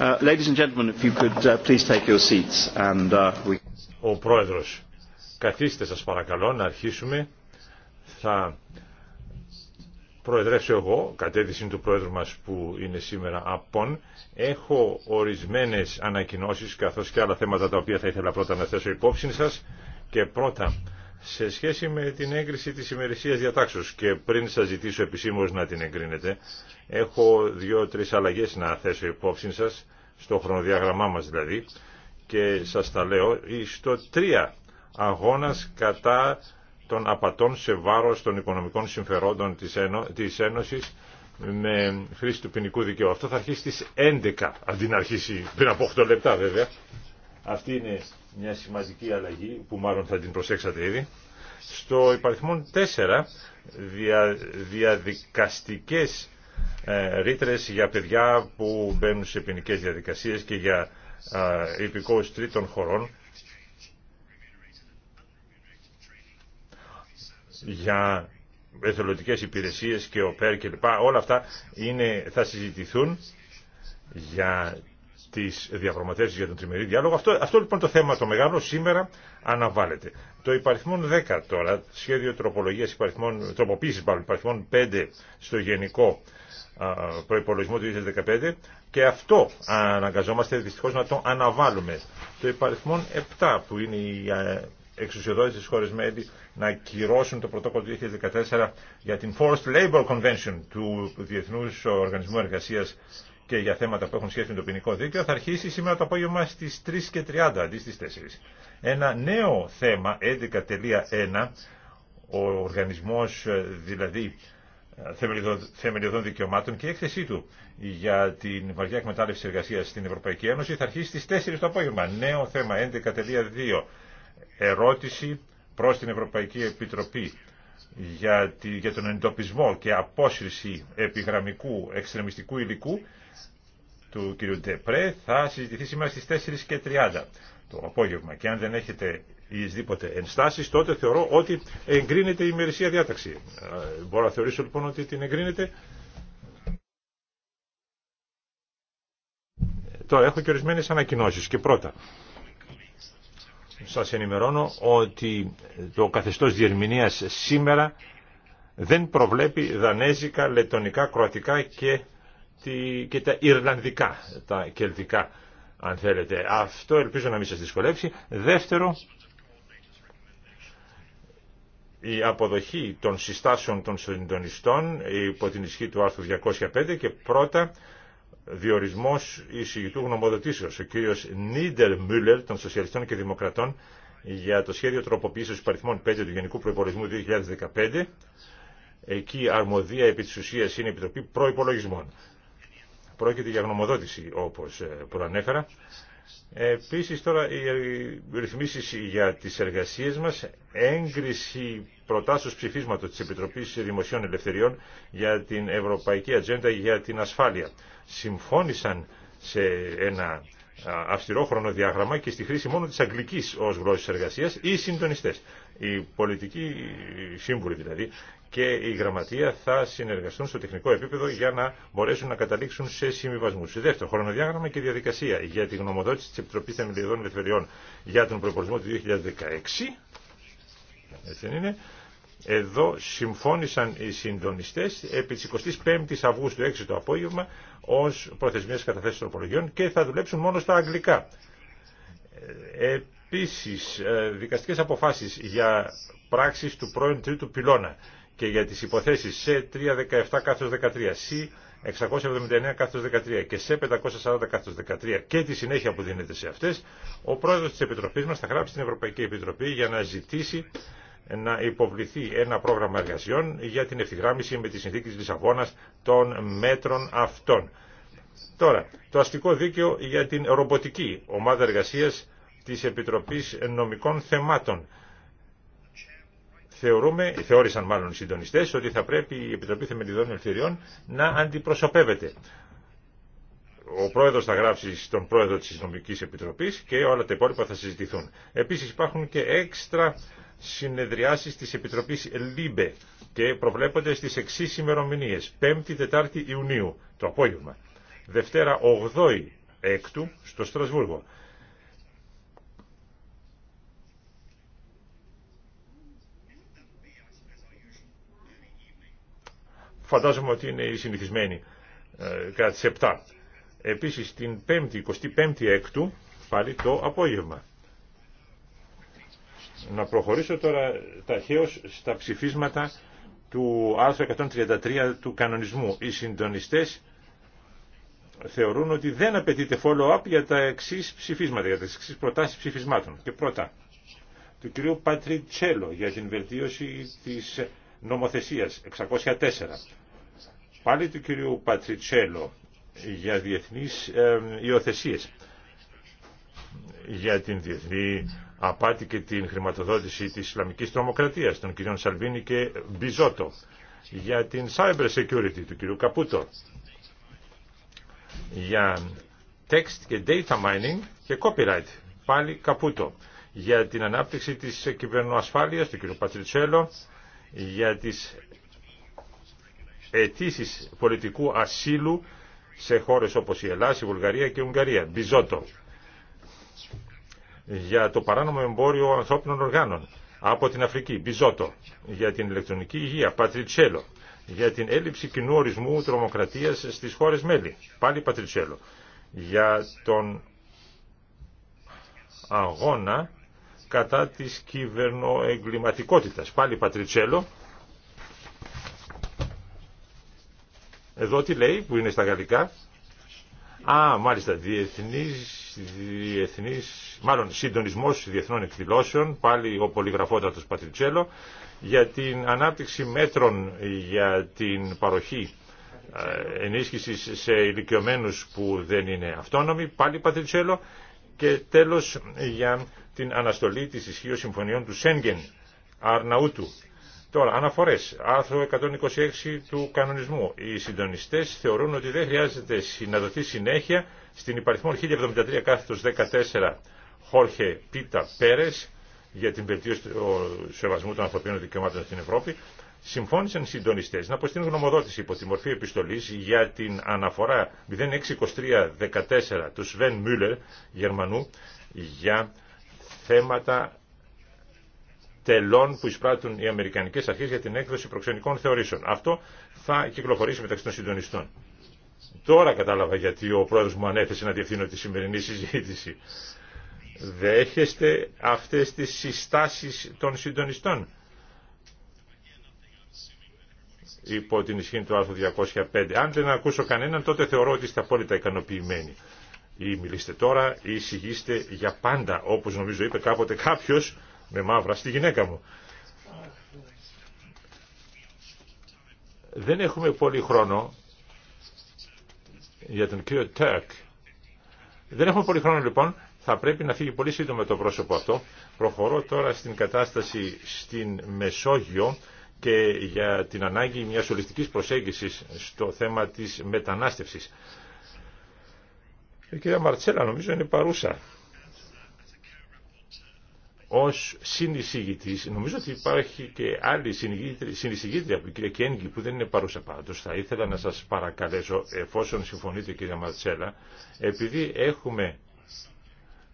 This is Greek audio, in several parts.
Uh, ladies and gentlemen, if you could uh, please take your seats and uh, we... Ο πρόεδρος, καθίστε σας παρακαλώ να αρχίσουμε. Θα προεδρεύσω εγώ, κατέδυση του πρόεδρου μας που είναι σήμερα απόν. Έχω ορισμένες ανακοινώσεις καθώς και άλλα θέματα τα οποία θα ήθελα πρώτα να θέσω υπόψη σας και πρώτα σε σχέση με την έγκριση της ημερησίας διατάξεως και πριν σας ζητήσω επισήμως να την εγκρίνετε, έχω δύο-τρεις αλλαγές να θέσω υπόψη σας, στο χρονοδιάγραμμά μας δηλαδή, και σας τα λέω, στο τρία αγώνας κατά των απατών σε βάρος των οικονομικών συμφερόντων της, Ένω, της Ένωσης με χρήση του ποινικού δικαίου. Αυτό θα αρχίσει στις 11, αντί να αρχίσει πριν από 8 λεπτά βέβαια. Αυτή είναι μια σημαντική αλλαγή που μάλλον θα την προσέξατε ήδη. Στο υπαριθμόν 4 δια, διαδικαστικές ε, για παιδιά που μπαίνουν σε ποινικέ διαδικασίες και για ε, υπηκόους τρίτων χωρών για εθελοντικές υπηρεσίες και ΟΠΕΡ κλπ. Όλα αυτά είναι, θα συζητηθούν για τι διαπραγματεύσει για τον τριμερή διάλογο. Αυτό, αυτό λοιπόν το θέμα το μεγάλο σήμερα αναβάλλεται. Το υπαριθμόν 10 τώρα, σχέδιο τροπολογίας υπαριθμών, τροποποίησης υπαριθμών 5 στο γενικό προϋπολογισμό του 2015 και αυτό αναγκαζόμαστε δυστυχώ να το αναβάλουμε. Το υπαριθμόν 7 που είναι η εξουσιοδότηση της μέλη να κυρώσουν το πρωτόκολλο του 2014 για την Forced Labor Convention του Διεθνούς Οργανισμού Εργασίας και για θέματα που έχουν σχέση με το ποινικό δίκαιο θα αρχίσει σήμερα το απόγευμα στις 3.30 αντί στις 4. Ένα νέο θέμα, 11.1, ο οργανισμός δηλαδή θεμελιωδών δικαιωμάτων και η έκθεσή του για την βαριά εκμετάλλευση εργασία στην Ευρωπαϊκή Ένωση θα αρχίσει στις 4 το απόγευμα. Νέο θέμα 11.2. Ερώτηση προς την Ευρωπαϊκή Επιτροπή για, για τον εντοπισμό και απόσυρση επιγραμμικού εξτρεμιστικού υλικού του κ. Ντεπρέ θα συζητηθεί σήμερα στις 4.30 το απόγευμα. Και αν δεν έχετε ιεσδήποτε ενστάσεις, τότε θεωρώ ότι εγκρίνεται η ημερησία διάταξη. Ε, μπορώ να θεωρήσω λοιπόν ότι την εγκρίνεται. Ε, τώρα έχω και ορισμένε ανακοινώσει. Και πρώτα, σας ενημερώνω ότι το καθεστώς διερμηνίας σήμερα δεν προβλέπει δανέζικα, λετονικά, κροατικά και, και τα Ιρλανδικά, τα κελτικά αν θέλετε. Αυτό ελπίζω να μην σας δυσκολεύσει. Δεύτερο, η αποδοχή των συστάσεων των συντονιστών υπό την ισχύ του άρθρου 205 και πρώτα διορισμός εισηγητού γνωμοδοτήσεως. Ο κύριος Νίντερ Μούλερ των Σοσιαλιστών και Δημοκρατών για το σχέδιο τροποποίησης παριθμών 5 του Γενικού Προϋπολογισμού 2015. Εκεί αρμοδία επί της ουσίας είναι η Επιτροπή Προϋπολογισμών. Πρόκειται για γνωμοδότηση όπως ε, προανέφερα Επίσης τώρα οι ρυθμίσεις για τις εργασίες μας, έγκριση προτάσεως ψηφίσματος της Επιτροπής Δημοσίων Ελευθεριών για την Ευρωπαϊκή Ατζέντα για την Ασφάλεια. Συμφώνησαν σε ένα αυστηρό χρονοδιάγραμμα και στη χρήση μόνο της αγγλικής ως γλώσσης εργασίας ή συντονιστές. Οι πολιτικοί σύμβουλοι δηλαδή και η Γραμματεία θα συνεργαστούν στο τεχνικό επίπεδο για να μπορέσουν να καταλήξουν σε συμβιβασμού. Σε δεύτερο, χρονοδιάγραμμα και διαδικασία για τη γνωμοδότηση τη Επιτροπή Θεμελιωδών Ελευθεριών για τον προπολισμό του 2016. Έτσι είναι. Εδώ συμφώνησαν οι συντονιστέ επί τη 25 η Αυγούστου 6 το απόγευμα ω προθεσμίες καταθέσει τροπολογιών και θα δουλέψουν μόνο στα αγγλικά. Επίση, ε, δικαστικέ αποφάσει για πράξεις του πρώην τρίτου πυλώνα και για τις υποθέσεις c 317 κάθος 13, C 679 κάθος 13 και c 540 κάθος 13 και τη συνέχεια που δίνεται σε αυτές, ο πρόεδρος της Επιτροπής μας θα γράψει στην Ευρωπαϊκή Επιτροπή για να ζητήσει να υποβληθεί ένα πρόγραμμα εργασιών για την ευθυγράμμιση με τη συνθήκη της Λισαβόνας των μέτρων αυτών. Τώρα, το αστικό δίκαιο για την ρομποτική ομάδα εργασίας της Επιτροπής Νομικών Θεμάτων θεωρούμε, θεώρησαν μάλλον οι συντονιστές, ότι θα πρέπει η Επιτροπή Θεμελιδών Ελευθεριών να αντιπροσωπεύεται. Ο πρόεδρος θα γράψει στον πρόεδρο της Νομικής Επιτροπής και όλα τα υπόλοιπα θα συζητηθούν. Επίσης υπάρχουν και έξτρα συνεδριάσεις της Επιτροπής ΛΥΜΠΕ και προβλέπονται στις εξή ημερομηνίε. 5η 4η Ιουνίου το απόγευμα. Δευτέρα 8η Έκτου στο Στρασβούργο. φαντάζομαι ότι είναι η συνηθισμένη ε, κατά τις 7. Επίσης την 5η, 25η έκτου, πάλι το απόγευμα. Να προχωρήσω τώρα ταχαίως στα ψηφίσματα του άρθρου 133 του κανονισμού. Οι συντονιστές θεωρούν ότι δεν απαιτείται follow-up για τα εξή ψηφίσματα, για τις εξή προτάσεις ψηφισμάτων. Και πρώτα, του κυρίου Πατριτσέλο για την βελτίωση της νομοθεσίας 604 πάλι του κυρίου Πατριτσέλο για διεθνείς ε, για την διεθνή απάτη και την χρηματοδότηση της Ισλαμικής τρομοκρατίας των κυρίων Σαλβίνη και Μπιζότο για την cyber security του κυρίου Καπούτο για text και data mining και copyright πάλι Καπούτο για την ανάπτυξη της κυβερνοασφάλειας του κ. Πατριτσέλο για τις αιτήσει πολιτικού ασύλου σε χώρες όπως η Ελλάδα, η Βουλγαρία και η Ουγγαρία. Μπιζότο. Για το παράνομο εμπόριο ανθρώπινων οργάνων από την Αφρική. Μπιζότο. Για την ηλεκτρονική υγεία. Πατριτσέλο. Για την έλλειψη κοινού ορισμού τρομοκρατίας στις χώρες μέλη. Πάλι Πατριτσέλο. Για τον αγώνα κατά της κυβερνοεγκληματικότητας. Πάλι Πατριτσέλο. Εδώ τι λέει που είναι στα γαλλικά. Α, μάλιστα, διεθνής, διεθνής μάλλον συντονισμός διεθνών εκδηλώσεων, πάλι ο πολυγραφότατος Πατριτσέλο, για την ανάπτυξη μέτρων για την παροχή ε, ενίσχυσης σε ηλικιωμένους που δεν είναι αυτόνομοι, πάλι Πατριτσέλο, και τέλος για την αναστολή της ισχύω συμφωνιών του Σέγγεν Αρναούτου. Τώρα, αναφορές. Άρθρο 126 του κανονισμού. Οι συντονιστές θεωρούν ότι δεν χρειάζεται να δοθεί συνέχεια στην υπαριθμό 1073 κάθετος 14 Χόρχε Πίτα Πέρες για την βελτίωση του σεβασμού των ανθρωπίνων δικαιωμάτων στην Ευρώπη, συμφώνησαν οι συντονιστέ να αποστείλουν γνωμοδότηση υπό τη μορφή επιστολή για την αναφορά 063-14 του Σβέν Μούλερ, Γερμανού, για θέματα τελών που εισπράττουν οι Αμερικανικές αρχές για την έκδοση προξενικών θεωρήσεων. Αυτό θα κυκλοφορήσει μεταξύ των συντονιστών. Τώρα κατάλαβα γιατί ο πρόεδρος μου ανέθεσε να διευθύνω τη σημερινή συζήτηση. Δέχεστε αυτές τις συστάσεις των συντονιστών. Υπό την ισχύ του άρθρου 205. Αν δεν ακούσω κανέναν τότε θεωρώ ότι είστε απόλυτα ικανοποιημένοι. Ή μιλήστε τώρα ή εισηγήστε για πάντα, όπως νομίζω είπε κάποτε κάποιος με μαύρα στη γυναίκα μου. Δεν έχουμε πολύ χρόνο για τον κύριο Τέρκ. Δεν έχουμε πολύ χρόνο λοιπόν, θα πρέπει να φύγει πολύ σύντομα το πρόσωπο αυτό. Προχωρώ τώρα στην κατάσταση στην Μεσόγειο και για την ανάγκη μιας ολιστικής προσέγγισης στο θέμα της μετανάστευσης. Η κυρία Μαρτσέλα νομίζω είναι παρούσα. Ως συνεισηγητής, νομίζω ότι υπάρχει και άλλη συνεισηγήτρια από την κυρία Κένγκη που δεν είναι παρούσα πάντως. Θα ήθελα να σας παρακαλέσω, εφόσον συμφωνείτε κυρία Μαρτσέλα, επειδή έχουμε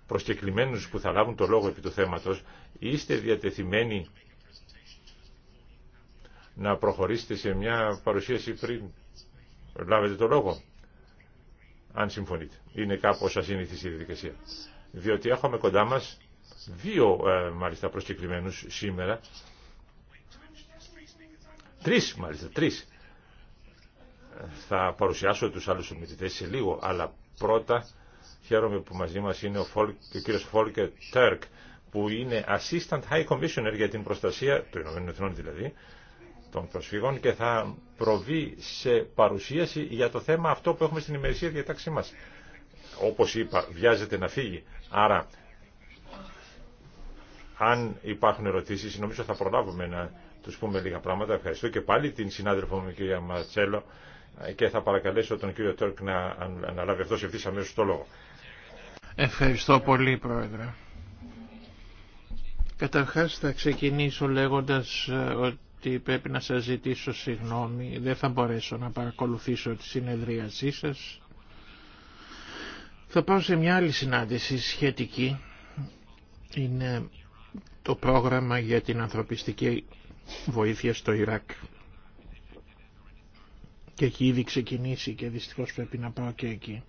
προσκεκλημένους που θα λάβουν το λόγο επί του θέματος, είστε διατεθειμένοι να προχωρήσετε σε μια παρουσίαση πριν λάβετε το λόγο αν συμφωνείτε. Είναι κάπως ασύνηθιστη η διαδικασία. Διότι έχουμε κοντά μας δύο ε, μάλιστα προσκεκλημένους σήμερα. Τρεις μάλιστα, τρεις. Θα παρουσιάσω τους άλλους ομιλητές σε λίγο, αλλά πρώτα χαίρομαι που μαζί μας είναι ο, Φόλκ, ο κύριος Φόλκε Τέρκ, που είναι Assistant High Commissioner για την προστασία, του Ηνωμένου Εθνών δηλαδή, των προσφύγων και θα προβεί σε παρουσίαση για το θέμα αυτό που έχουμε στην ημερησία διατάξη μας. Όπως είπα, βιάζεται να φύγει. Άρα, αν υπάρχουν ερωτήσεις, νομίζω θα προλάβουμε να τους πούμε λίγα πράγματα. Ευχαριστώ και πάλι την συνάδελφο μου, κυρία Ματσέλο, και θα παρακαλέσω τον κύριο Τόρκ να αναλάβει αυτός ευθύς αμέσως το λόγο. Ευχαριστώ πολύ, Πρόεδρε. Καταρχάς θα ξεκινήσω λέγοντας ότι ε, ότι πρέπει να σας ζητήσω συγγνώμη, δεν θα μπορέσω να παρακολουθήσω τη συνεδρίασή σας. Θα πάω σε μια άλλη συνάντηση σχετική. Είναι το πρόγραμμα για την ανθρωπιστική βοήθεια στο Ιράκ. Και έχει ήδη ξεκινήσει και δυστυχώς πρέπει να πάω και εκεί.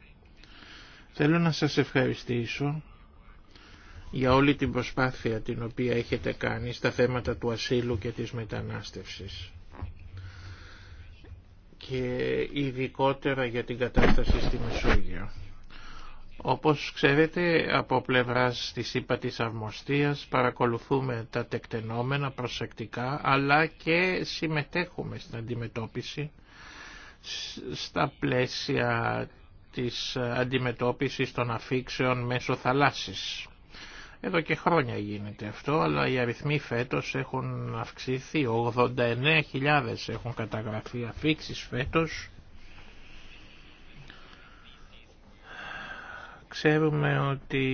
Θέλω να σας ευχαριστήσω για όλη την προσπάθεια την οποία έχετε κάνει στα θέματα του ασύλου και της μετανάστευσης και ειδικότερα για την κατάσταση στη Μεσόγειο. Όπως ξέρετε από πλευράς της ΥΠΑ της Αρμοστίας παρακολουθούμε τα τεκτενόμενα προσεκτικά αλλά και συμμετέχουμε στην αντιμετώπιση στα πλαίσια της αντιμετώπισης των αφήξεων μέσω θαλάσσης. Εδώ και χρόνια γίνεται αυτό, αλλά οι αριθμοί φέτος έχουν αυξηθεί. 89.000 έχουν καταγραφεί αφήξεις φέτος. Ξέρουμε ότι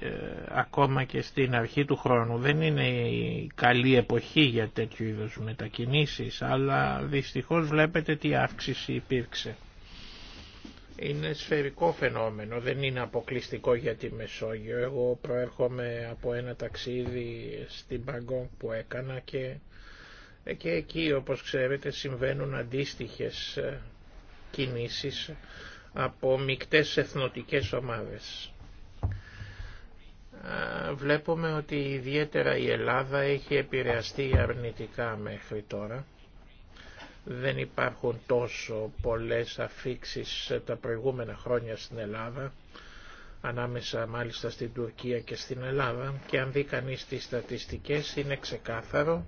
ε, ακόμα και στην αρχή του χρόνου δεν είναι η καλή εποχή για τέτοιου είδους μετακινήσεις, αλλά δυστυχώς βλέπετε τι αύξηση υπήρξε είναι σφαιρικό φαινόμενο, δεν είναι αποκλειστικό για τη Μεσόγειο. Εγώ προέρχομαι από ένα ταξίδι στην Παγκόγκ που έκανα και, και εκεί όπως ξέρετε συμβαίνουν αντίστοιχες ε, κινήσεις από μικτές εθνοτικές ομάδες. Βλέπουμε ότι ιδιαίτερα η Ελλάδα έχει επηρεαστεί αρνητικά μέχρι τώρα δεν υπάρχουν τόσο πολλές αφήξεις τα προηγούμενα χρόνια στην Ελλάδα, ανάμεσα μάλιστα στην Τουρκία και στην Ελλάδα και αν δει κανείς τις στατιστικές είναι ξεκάθαρο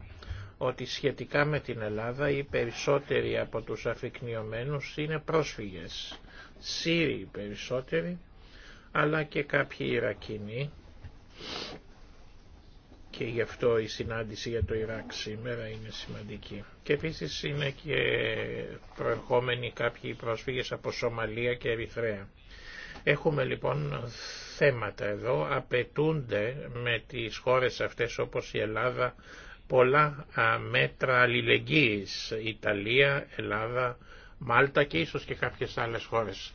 ότι σχετικά με την Ελλάδα οι περισσότεροι από τους αφικνιωμένους είναι πρόσφυγες, Σύριοι περισσότεροι, αλλά και κάποιοι Ιρακινοί και γι' αυτό η συνάντηση για το Ιράκ σήμερα είναι σημαντική. Και επίσης είναι και προερχόμενοι κάποιοι πρόσφυγες από Σομαλία και Ερυθρέα. Έχουμε λοιπόν θέματα εδώ, απαιτούνται με τις χώρες αυτές όπως η Ελλάδα πολλά μέτρα αλληλεγγύης, Ιταλία, Ελλάδα, Μάλτα και ίσως και κάποιες άλλες χώρες.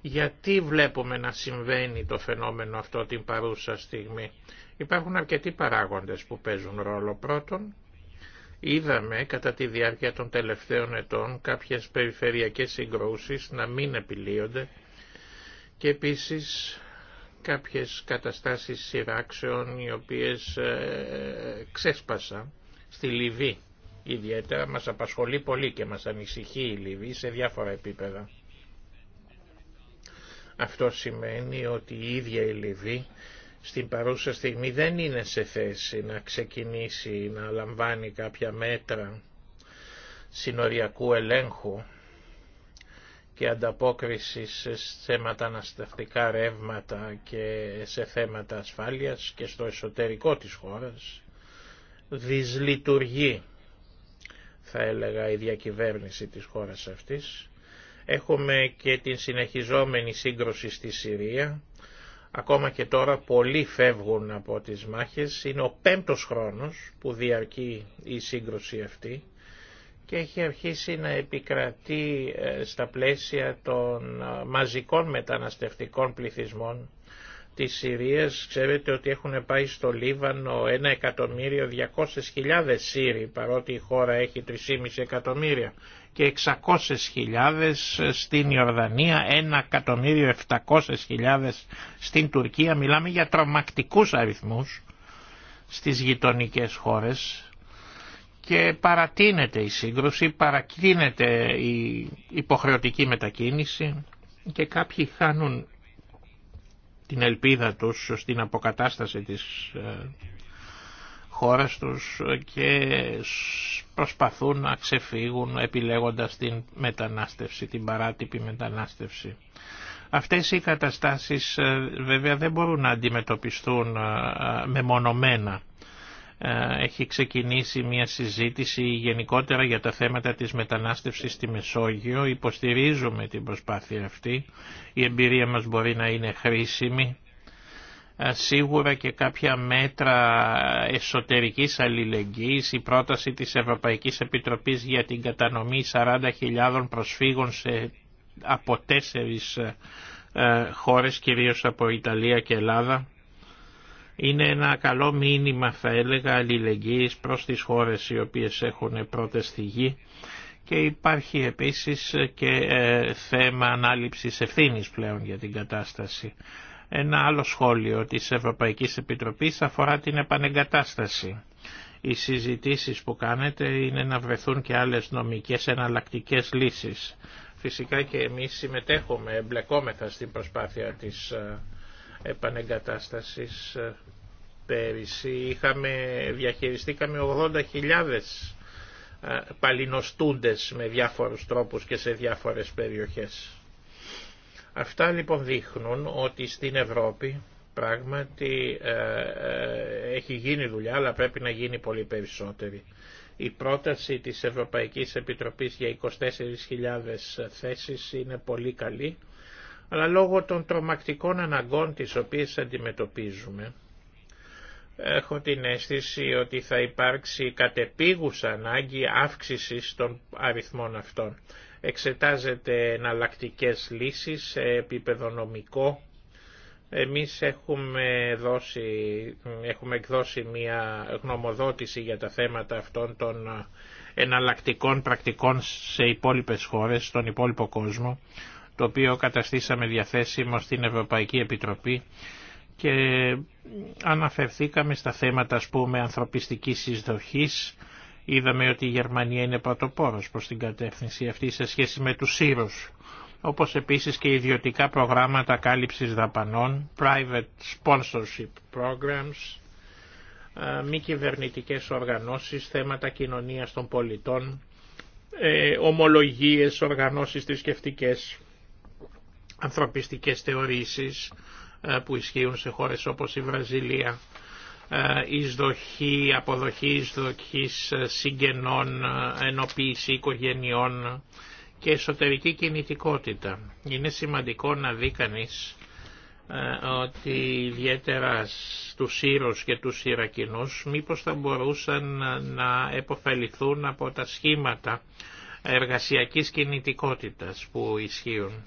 Γιατί βλέπουμε να συμβαίνει το φαινόμενο αυτό την παρούσα στιγμή. Υπάρχουν αρκετοί παράγοντες που παίζουν ρόλο. Πρώτον, είδαμε κατά τη διάρκεια των τελευταίων ετών κάποιες περιφερειακές συγκρούσεις να μην επιλύονται και επίσης κάποιες καταστάσεις σειράξεων οι οποίες ε, ξέσπασαν στη Λιβύη. Ιδιαίτερα μας απασχολεί πολύ και μας ανησυχεί η Λιβύη σε διάφορα επίπεδα. Αυτό σημαίνει ότι η ίδια η Λιβύη στην παρούσα στιγμή δεν είναι σε θέση να ξεκινήσει να λαμβάνει κάποια μέτρα συνοριακού ελέγχου και ανταπόκριση σε θέματα μεταναστευτικά ρεύματα και σε θέματα ασφάλειας και στο εσωτερικό της χώρας δυσλειτουργεί θα έλεγα η διακυβέρνηση της χώρας αυτής. Έχουμε και την συνεχιζόμενη σύγκρουση στη Συρία Ακόμα και τώρα πολλοί φεύγουν από τις μάχες. Είναι ο πέμπτος χρόνος που διαρκεί η σύγκρουση αυτή και έχει αρχίσει να επικρατεί ε, στα πλαίσια των ε, μαζικών μεταναστευτικών πληθυσμών της Συρίας. Ξέρετε ότι έχουν πάει στο Λίβανο 1.200.000 Σύριοι, παρότι η χώρα έχει 3,5 εκατομμύρια και 600.000 στην Ιορδανία, 1.700.000 στην Τουρκία. Μιλάμε για τρομακτικούς αριθμούς στις γειτονικές χώρες και παρατείνεται η σύγκρουση, παρατείνεται η υποχρεωτική μετακίνηση και κάποιοι χάνουν την ελπίδα τους στην αποκατάσταση της ε, χώρας τους και προσπαθούν να ξεφύγουν επιλέγοντας την μετανάστευση, την παράτυπη μετανάστευση. Αυτές οι καταστάσεις ε, βέβαια δεν μπορούν να αντιμετωπιστούν ε, ε, μεμονωμένα. Έχει ξεκινήσει μια συζήτηση γενικότερα για τα θέματα της μετανάστευσης στη Μεσόγειο. Υποστηρίζουμε την προσπάθεια αυτή. Η εμπειρία μας μπορεί να είναι χρήσιμη ε, σίγουρα και κάποια μέτρα εσωτερικής αλληλεγγύης, η πρόταση της Ευρωπαϊκής Επιτροπής για την κατανομή 40.000 προσφύγων σε, από τέσσερις ε, χώρες, κυρίως από Ιταλία και Ελλάδα, είναι ένα καλό μήνυμα θα έλεγα αλληλεγγύης προς τις χώρες οι οποίες έχουν πρώτε στη και υπάρχει επίσης και ε, θέμα ανάληψης ευθύνης πλέον για την κατάσταση. Ένα άλλο σχόλιο της Ευρωπαϊκής Επιτροπής αφορά την επανεγκατάσταση. Οι συζητήσεις που κάνετε είναι να βρεθούν και άλλες νομικές εναλλακτικέ λύσεις. Φυσικά και εμείς συμμετέχουμε, εμπλεκόμεθα στην προσπάθεια της ε, επανεγκατάστασης. Ε, πέρυσι είχαμε, διαχειριστήκαμε 80.000 ε, παλινοστούντες με διάφορους τρόπους και σε διάφορες περιοχές. Αυτά λοιπόν δείχνουν ότι στην Ευρώπη πράγματι ε, ε, έχει γίνει δουλειά αλλά πρέπει να γίνει πολύ περισσότερη. Η πρόταση της Ευρωπαϊκής Επιτροπής για 24.000 θέσεις είναι πολύ καλή αλλά λόγω των τρομακτικών αναγκών τις οποίες αντιμετωπίζουμε έχω την αίσθηση ότι θα υπάρξει κατεπίγουσα ανάγκη αύξησης των αριθμών αυτών εξετάζεται εναλλακτικέ λύσεις σε επίπεδο νομικό. Εμείς έχουμε, δώσει, έχουμε εκδώσει μια γνωμοδότηση για τα θέματα αυτών των εναλλακτικών πρακτικών σε υπόλοιπες χώρες, στον υπόλοιπο κόσμο, το οποίο καταστήσαμε διαθέσιμο στην Ευρωπαϊκή Επιτροπή και αναφερθήκαμε στα θέματα, ας πούμε, ανθρωπιστικής εισδοχής, Είδαμε ότι η Γερμανία είναι πρωτοπόρος προς την κατεύθυνση αυτή σε σχέση με τους ήρου. όπως επίσης και ιδιωτικά προγράμματα κάλυψης δαπανών, private sponsorship programs, ε, μη κυβερνητικέ οργανώσεις, θέματα κοινωνίας των πολιτών, ε, ομολογίες, οργανώσεις θρησκευτικέ, ανθρωπιστικές θεωρήσεις ε, που ισχύουν σε χώρες όπως η Βραζιλία ε, εισδοχή, αποδοχή εισδοχής ε, συγγενών, ε, ενοποίηση οικογενειών και εσωτερική κινητικότητα. Είναι σημαντικό να δει κανείς ότι ιδιαίτερα του Σύρους και του Ιρακινούς μήπως θα μπορούσαν να επωφεληθούν από τα σχήματα εργασιακής κινητικότητας που ισχύουν.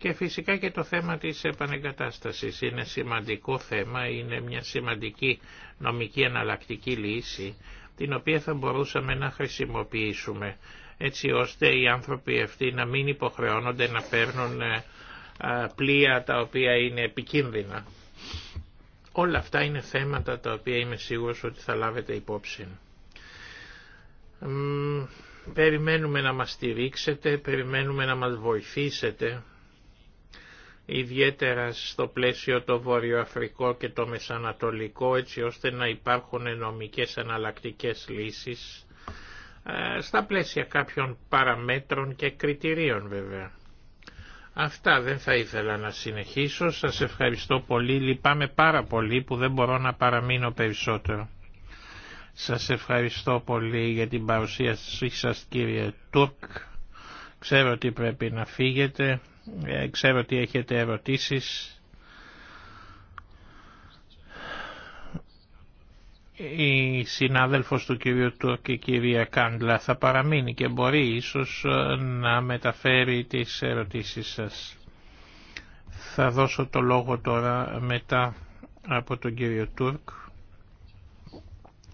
Και φυσικά και το θέμα της επανεγκατάστασης είναι σημαντικό θέμα, είναι μια σημαντική νομική εναλλακτική λύση, την οποία θα μπορούσαμε να χρησιμοποιήσουμε, έτσι ώστε οι άνθρωποι αυτοί να μην υποχρεώνονται να παίρνουν ε, πλοία τα οποία είναι επικίνδυνα. Όλα αυτά είναι θέματα τα οποία είμαι σίγουρος ότι θα λάβετε υπόψη. Περιμένουμε να μας στηρίξετε, περιμένουμε να μας βοηθήσετε ιδιαίτερα στο πλαίσιο το βορειοαφρικό και το μεσανατολικό έτσι ώστε να υπάρχουν νομικές εναλλακτικές λύσεις ε, στα πλαίσια κάποιων παραμέτρων και κριτηρίων βέβαια. Αυτά δεν θα ήθελα να συνεχίσω. Σας ευχαριστώ πολύ. Λυπάμαι πάρα πολύ που δεν μπορώ να παραμείνω περισσότερο. Σας ευχαριστώ πολύ για την παρουσία σας κύριε Τούρκ. Ξέρω ότι πρέπει να φύγετε. Ε, ξέρω ότι έχετε ερωτήσεις. η συνάδελφος του κυρίου Τούρκ, η κυρία Κάντλα, θα παραμείνει και μπορεί ίσως ε, να μεταφέρει τις ερωτήσεις σας. Θα δώσω το λόγο τώρα μετά από τον κύριο Τούρκ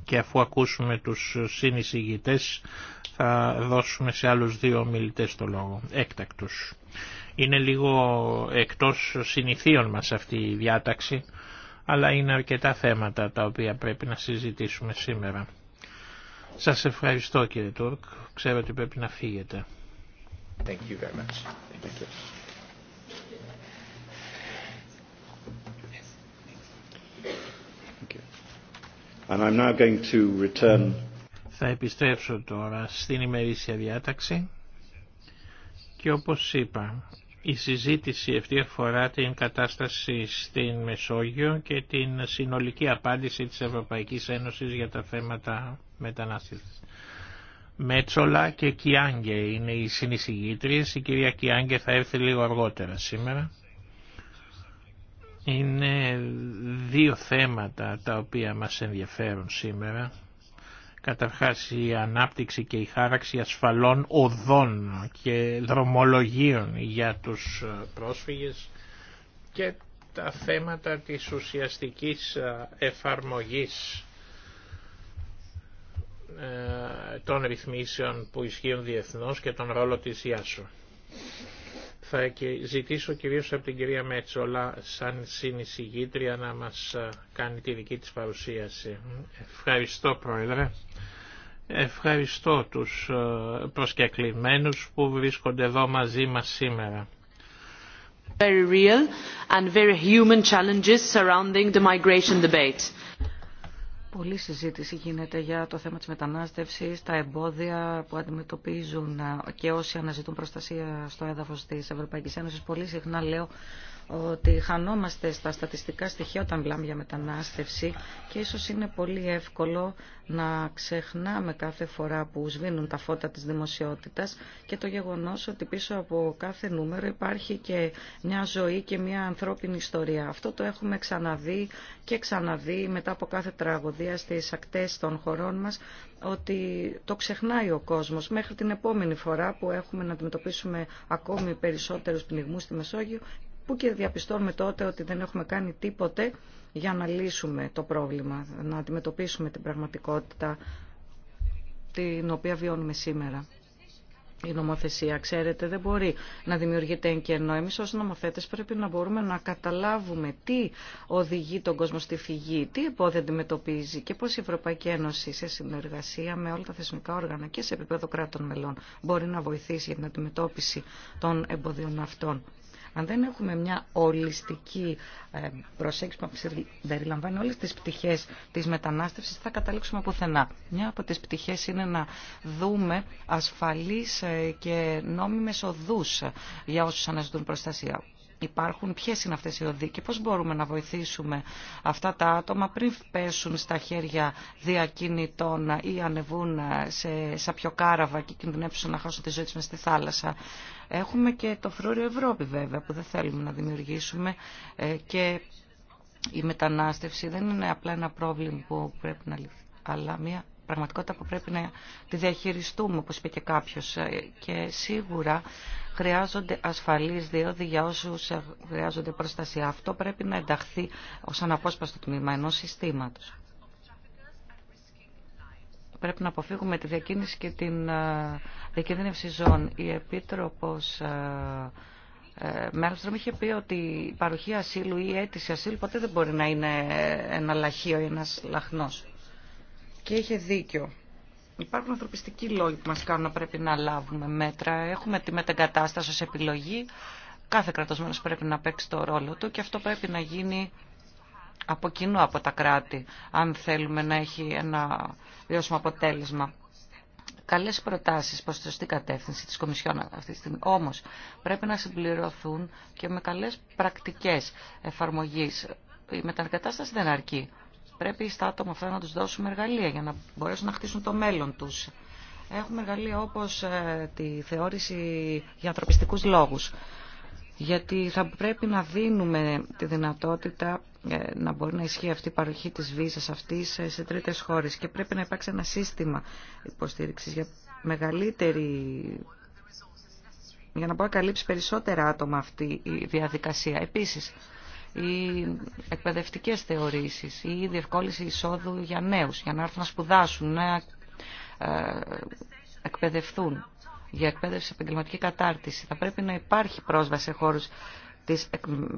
και αφού ακούσουμε τους συνεισηγητές θα δώσουμε σε άλλους δύο ομιλητές το λόγο, έκτακτους. Είναι λίγο εκτός συνηθίων μας αυτή η διάταξη, αλλά είναι αρκετά θέματα τα οποία πρέπει να συζητήσουμε σήμερα. Σας ευχαριστώ κύριε Τούρκ, ξέρω ότι πρέπει να φύγετε. Θα επιστρέψω τώρα στην ημερήσια διάταξη και όπως είπα η συζήτηση αυτή αφορά την κατάσταση στην Μεσόγειο και την συνολική απάντηση της Ευρωπαϊκής Ένωσης για τα θέματα μετανάστευσης. Μέτσολα και Κιάνγκε είναι οι συνεισηγήτριες. Η κυρία Κιάνγκε θα έρθει λίγο αργότερα σήμερα. Είναι δύο θέματα τα οποία μας ενδιαφέρουν σήμερα. Καταρχάς η ανάπτυξη και η χάραξη ασφαλών οδών και δρομολογίων για τους ε, πρόσφυγες και τα θέματα της ουσιαστικής ε, εφαρμογής ε, των ρυθμίσεων που ισχύουν διεθνώς και τον ρόλο της ΙΑΣΟ. Θα ζητήσω κυρίως από την κυρία Μέτσολα σαν συνεισηγήτρια να μας ε, κάνει τη δική της παρουσίαση. Ευχαριστώ Πρόεδρε. Ευχαριστώ τους ε, προσκεκλημένους που βρίσκονται εδώ μαζί μας σήμερα. and the migration Πολλή συζήτηση γίνεται για το θέμα της μετανάστευσης, τα εμπόδια που αντιμετωπίζουν ε, και όσοι αναζητούν προστασία στο έδαφος της Ευρωπαϊκής Ένωσης. Πολύ συχνά λέω ότι χανόμαστε στα στατιστικά στοιχεία όταν μιλάμε για μετανάστευση και ίσως είναι πολύ εύκολο να ξεχνάμε κάθε φορά που σβήνουν τα φώτα της δημοσιότητας και το γεγονός ότι πίσω από κάθε νούμερο υπάρχει και μια ζωή και μια ανθρώπινη ιστορία. Αυτό το έχουμε ξαναδεί και ξαναδεί μετά από κάθε τραγωδία στις ακτές των χωρών μας ότι το ξεχνάει ο κόσμος μέχρι την επόμενη φορά που έχουμε να αντιμετωπίσουμε ακόμη περισσότερους πνιγμούς στη Μεσόγειο που και διαπιστώνουμε τότε ότι δεν έχουμε κάνει τίποτε για να λύσουμε το πρόβλημα, να αντιμετωπίσουμε την πραγματικότητα την οποία βιώνουμε σήμερα. Η νομοθεσία, ξέρετε, δεν μπορεί να δημιουργείται εν κενό. Εμεί ω νομοθέτε πρέπει να μπορούμε να καταλάβουμε τι οδηγεί τον κόσμο στη φυγή, τι εμπόδια αντιμετωπίζει και πώ η Ευρωπαϊκή Ένωση σε συνεργασία με όλα τα θεσμικά όργανα και σε επίπεδο κράτων μελών μπορεί να βοηθήσει για την αντιμετώπιση των εμποδιών αυτών. Αν δεν έχουμε μια ολιστική ε, προσέγγιση που περιλαμβάνει όλες τις πτυχές της μετανάστευσης, θα καταλήξουμε πουθενά. Μια από τις πτυχές είναι να δούμε ασφαλείς ε, και νόμιμες οδούς ε, για όσους αναζητούν προστασία υπάρχουν, ποιε είναι αυτέ οι οδοί και πώ μπορούμε να βοηθήσουμε αυτά τα άτομα πριν πέσουν στα χέρια διακινητών ή ανεβούν σε σαπιοκάραβα και κινδυνεύσουν να χάσουν τη ζωή του στη θάλασσα. Έχουμε και το φρούριο Ευρώπη βέβαια που δεν θέλουμε να δημιουργήσουμε ε, και η μετανάστευση δεν είναι απλά ένα πρόβλημα που πρέπει να λυθεί, αλλά μια πραγματικότητα που πρέπει να τη διαχειριστούμε, όπως είπε και κάποιος. Ε, και σίγουρα χρειάζονται ασφαλείς διόδι για όσους χρειάζονται προστασία. Αυτό πρέπει να ενταχθεί ως αναπόσπαστο τμήμα ενός συστήματος πρέπει να αποφύγουμε τη διακίνηση και την ε, διακίνδυνευση ζών. Η Επίτροπος ε, ε, Μέλστρομ είχε πει ότι η παροχή ασύλου ή η αίτηση ασύλου ποτέ δεν μπορεί να είναι ένα λαχείο ή ένας λαχνός. Και είχε δίκιο. Υπάρχουν ανθρωπιστικοί λόγοι που μας κάνουν να πρέπει να λάβουμε μέτρα. Έχουμε τη μετεγκατάσταση ως επιλογή. Κάθε κρατοσμένος πρέπει να παίξει το ρόλο του και αυτό πρέπει να γίνει από κοινού από τα κράτη, αν θέλουμε να έχει ένα βιώσιμο αποτέλεσμα. Καλές προτάσεις προς τη σωστή κατεύθυνση της Κομισιόν αυτή τη στιγμή. Όμως πρέπει να συμπληρωθούν και με καλές πρακτικές εφαρμογής. Η μετανακατάσταση δεν αρκεί. Πρέπει στα άτομα αυτά να τους δώσουμε εργαλεία για να μπορέσουν να χτίσουν το μέλλον τους. Έχουμε εργαλεία όπως ε, τη θεώρηση για ανθρωπιστικούς λόγους γιατί θα πρέπει να δίνουμε τη δυνατότητα ε, να μπορεί να ισχύει αυτή η παροχή της βίζας αυτής ε, σε τρίτες χώρες και πρέπει να υπάρξει ένα σύστημα υποστήριξης για μεγαλύτερη για να μπορεί να καλύψει περισσότερα άτομα αυτή η διαδικασία. Επίσης, οι εκπαιδευτικές θεωρήσεις ή η διευκόλυνση εισόδου για νέους, για να έρθουν να σπουδάσουν, να ε, εκπαιδευτούν για εκπαίδευση επαγγελματική κατάρτιση. Θα πρέπει να υπάρχει πρόσβαση σε χώρου τη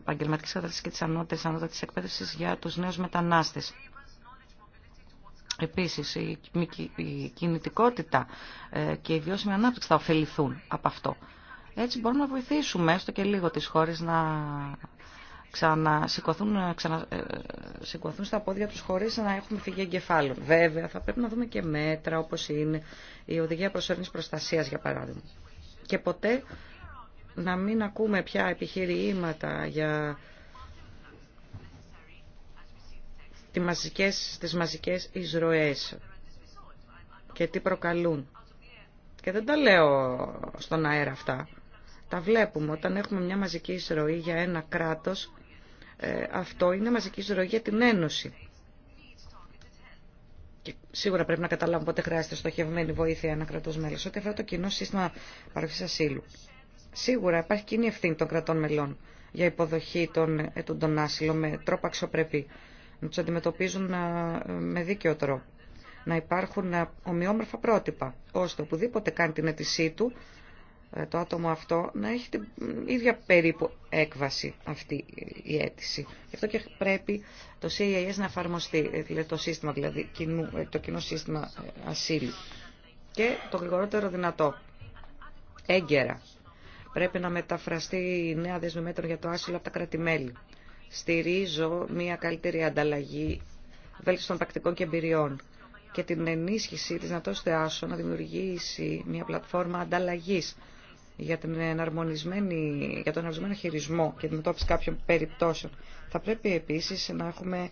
επαγγελματική κατάρτιση και τη ανώτατη εκπαίδευση για του νέου μετανάστε. Επίση, η κινητικότητα ε, και η βιώσιμη ανάπτυξη θα ωφεληθούν από αυτό. Έτσι μπορούμε να βοηθήσουμε έστω και λίγο τις χώρες να ξανασηκωθούν, ε, ξανασηκωθούν ε, στα πόδια τους χωρίς να έχουμε φυγή εγκεφάλων. Βέβαια, θα πρέπει να δούμε και μέτρα όπως είναι η οδηγία προσωρινής προστασίας, για παράδειγμα. Και ποτέ να μην ακούμε πια επιχειρήματα για τις μαζικές, τις μαζικές εισρωές και τι προκαλούν. Και δεν τα λέω στον αέρα αυτά. Τα βλέπουμε όταν έχουμε μια μαζική εισρωή για ένα κράτος, ε, αυτό είναι μαζική εισρωή για την Ένωση. Και σίγουρα πρέπει να καταλάβουμε πότε χρειάζεται στοχευμένη βοήθεια ένα κράτος μέλος. Ό,τι αφορά το κοινό σύστημα παροχή ασύλου. Σίγουρα υπάρχει κοινή ευθύνη των κρατών μελών για υποδοχή των άσυλων με τρόπο αξιοπρεπή. Να του αντιμετωπίζουν ε, με δίκαιο τρόπο. Να υπάρχουν ε, ομοιόμορφα πρότυπα, ώστε οπουδήποτε κάνει την αίτησή του ε, το άτομο αυτό να έχει την ίδια περίπου έκβαση αυτή η αίτηση. Γι' αυτό και πρέπει το CIS να εφαρμοστεί, ε, δηλαδή το, σύστημα, δηλαδή, ε, το κοινό σύστημα ασύλου. Και το γρηγορότερο δυνατό, έγκαιρα, πρέπει να μεταφραστεί η νέα δέσμη μέτρων για το άσυλο από τα κράτη-μέλη. Στηρίζω μια καλύτερη ανταλλαγή βέλτιστων πρακτικών και εμπειριών και την ενίσχυση της δυνατότητας άσο να δημιουργήσει μια πλατφόρμα ανταλλαγής για, την για τον εναρμονισμένο χειρισμό και αντιμετώπιση κάποιων περιπτώσεων. Θα πρέπει επίσης να έχουμε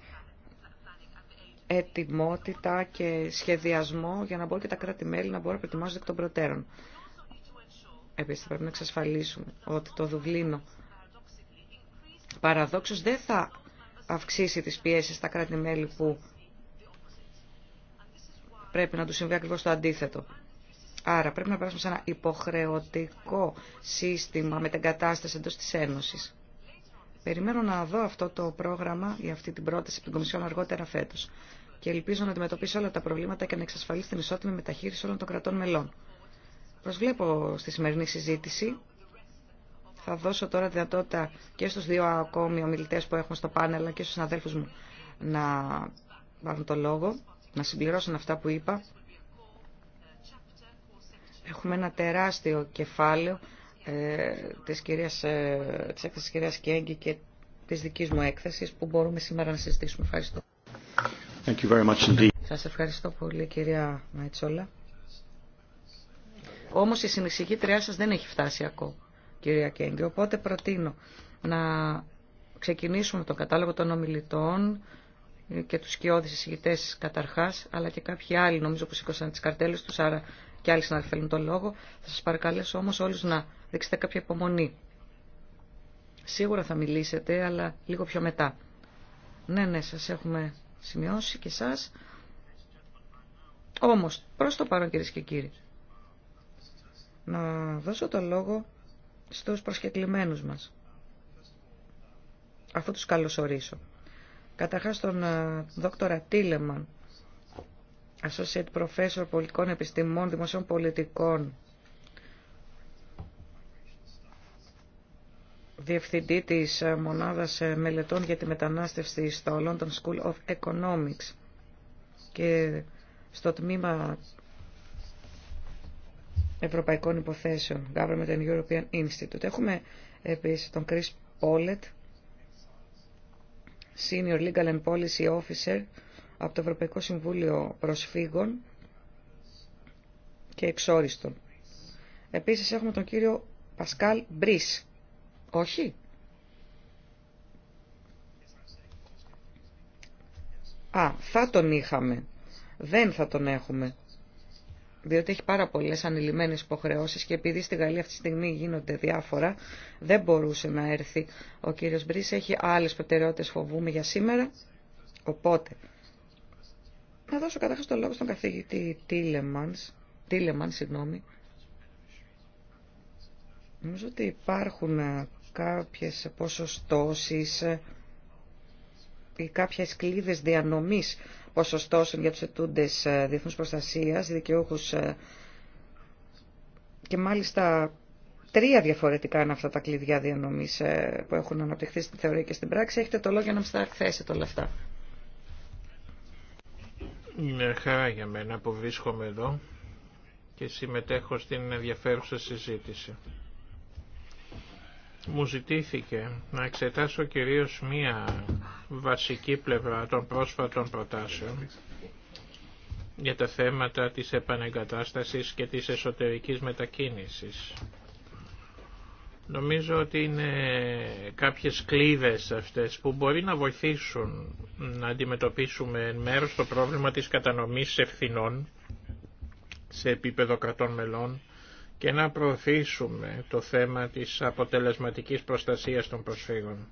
ετοιμότητα και σχεδιασμό για να μπορούν και τα κράτη-μέλη να μπορούν να προετοιμάζονται εκ των προτέρων. Επίσης θα πρέπει να εξασφαλίσουμε ότι το Δουβλίνο παραδόξως δεν θα αυξήσει τις πιέσεις στα κράτη-μέλη που πρέπει να του συμβεί ακριβώς το αντίθετο. Άρα πρέπει να περάσουμε σε ένα υποχρεωτικό σύστημα με την κατάσταση εντός της Ένωσης. Περιμένω να δω αυτό το πρόγραμμα ή αυτή την πρόταση από την Κομισιόν αργότερα φέτος και ελπίζω να αντιμετωπίσει όλα τα προβλήματα και να εξασφαλίσει την ισότιμη μεταχείριση όλων των κρατών μελών. Προσβλέπω στη σημερινή συζήτηση. Θα δώσω τώρα δυνατότητα και στους δύο ακόμη ομιλητές που έχουμε στο πάνελ αλλά και στους συναδέλφου μου να πάρουν το λόγο, να συμπληρώσουν αυτά που είπα Έχουμε ένα τεράστιο κεφάλαιο ε, της, κυρίας, ε, της κυρίας και της δικής μου έκθεσης που μπορούμε σήμερα να συζητήσουμε. Ευχαριστώ. Thank you very much indeed. Σας ευχαριστώ πολύ κυρία Μαϊτσόλα. Όμως η συνεισηγήτριά σας δεν έχει φτάσει ακόμα, κυρία Κέγγι. Οπότε προτείνω να ξεκινήσουμε τον κατάλογο των ομιλητών και τους σκιώδεις εισηγητές καταρχάς, αλλά και κάποιοι άλλοι νομίζω που σήκωσαν τις καρτέλες τους, άρα και άλλοι συνάδελφοι θέλουν τον λόγο. Θα σας παρακαλέσω όμως όλους να δείξετε κάποια υπομονή. Σίγουρα θα μιλήσετε, αλλά λίγο πιο μετά. Ναι, ναι, σας έχουμε σημειώσει και σας. Όμως, προς το παρόν κύριε και κύριοι, να δώσω το λόγο στους προσκεκλημένους μας, αφού τους καλωσορίσω. Καταρχάς τον ε, δόκτορα Τίλεμαν, Associate Professor Πολιτικών Επιστημών Δημοσίων Πολιτικών Διευθυντή της ε, Μονάδας ε, Μελετών για τη Μετανάστευση στο London School of Economics και στο τμήμα Ευρωπαϊκών Υποθέσεων, Government and European Institute. Έχουμε επίσης τον Chris Pollett, Senior Legal and Policy Officer από το Ευρωπαϊκό Συμβούλιο Προσφύγων και Εξόριστων. Επίσης έχουμε τον κύριο Πασκάλ Μπρίς. Όχι. Α, θα τον είχαμε. Δεν θα τον έχουμε. Διότι έχει πάρα πολλές ανηλυμένες υποχρεώσεις και επειδή στη Γαλλία αυτή τη στιγμή γίνονται διάφορα, δεν μπορούσε να έρθει ο κύριος Μπρίς. Έχει άλλες προτεραιότητες φοβούμε για σήμερα. Οπότε, να δώσω καταρχά το λόγο στον καθηγητή Τίλεμανς, Τίλεμαν, συγγνώμη. Νομίζω ότι υπάρχουν ε, κάποιες ποσοστώσεις ε, ή κάποιες κλίδες διανομής ποσοστώσεων για τους ετούντες ε, διεθνούς προστασίας, δικαιούχους και μάλιστα τρία διαφορετικά είναι αυτά τα κλειδιά διανομής που έχουν αναπτυχθεί στην θεωρία και στην πράξη. Έχετε το λόγο για να μας τα θέσετε όλα αυτά. Είναι χαρά για μένα που βρίσκομαι εδώ και συμμετέχω στην ενδιαφέρουσα συζήτηση. Μου ζητήθηκε να εξετάσω κυρίως μία βασική πλευρά των πρόσφατων προτάσεων για τα θέματα της επανεγκατάστασης και της εσωτερικής μετακίνησης. Νομίζω ότι είναι κάποιες κλίδες αυτές που μπορεί να βοηθήσουν να αντιμετωπίσουμε εν μέρος το πρόβλημα της κατανομής ευθυνών σε επίπεδο κρατών μελών και να προωθήσουμε το θέμα της αποτελεσματικής προστασίας των προσφύγων.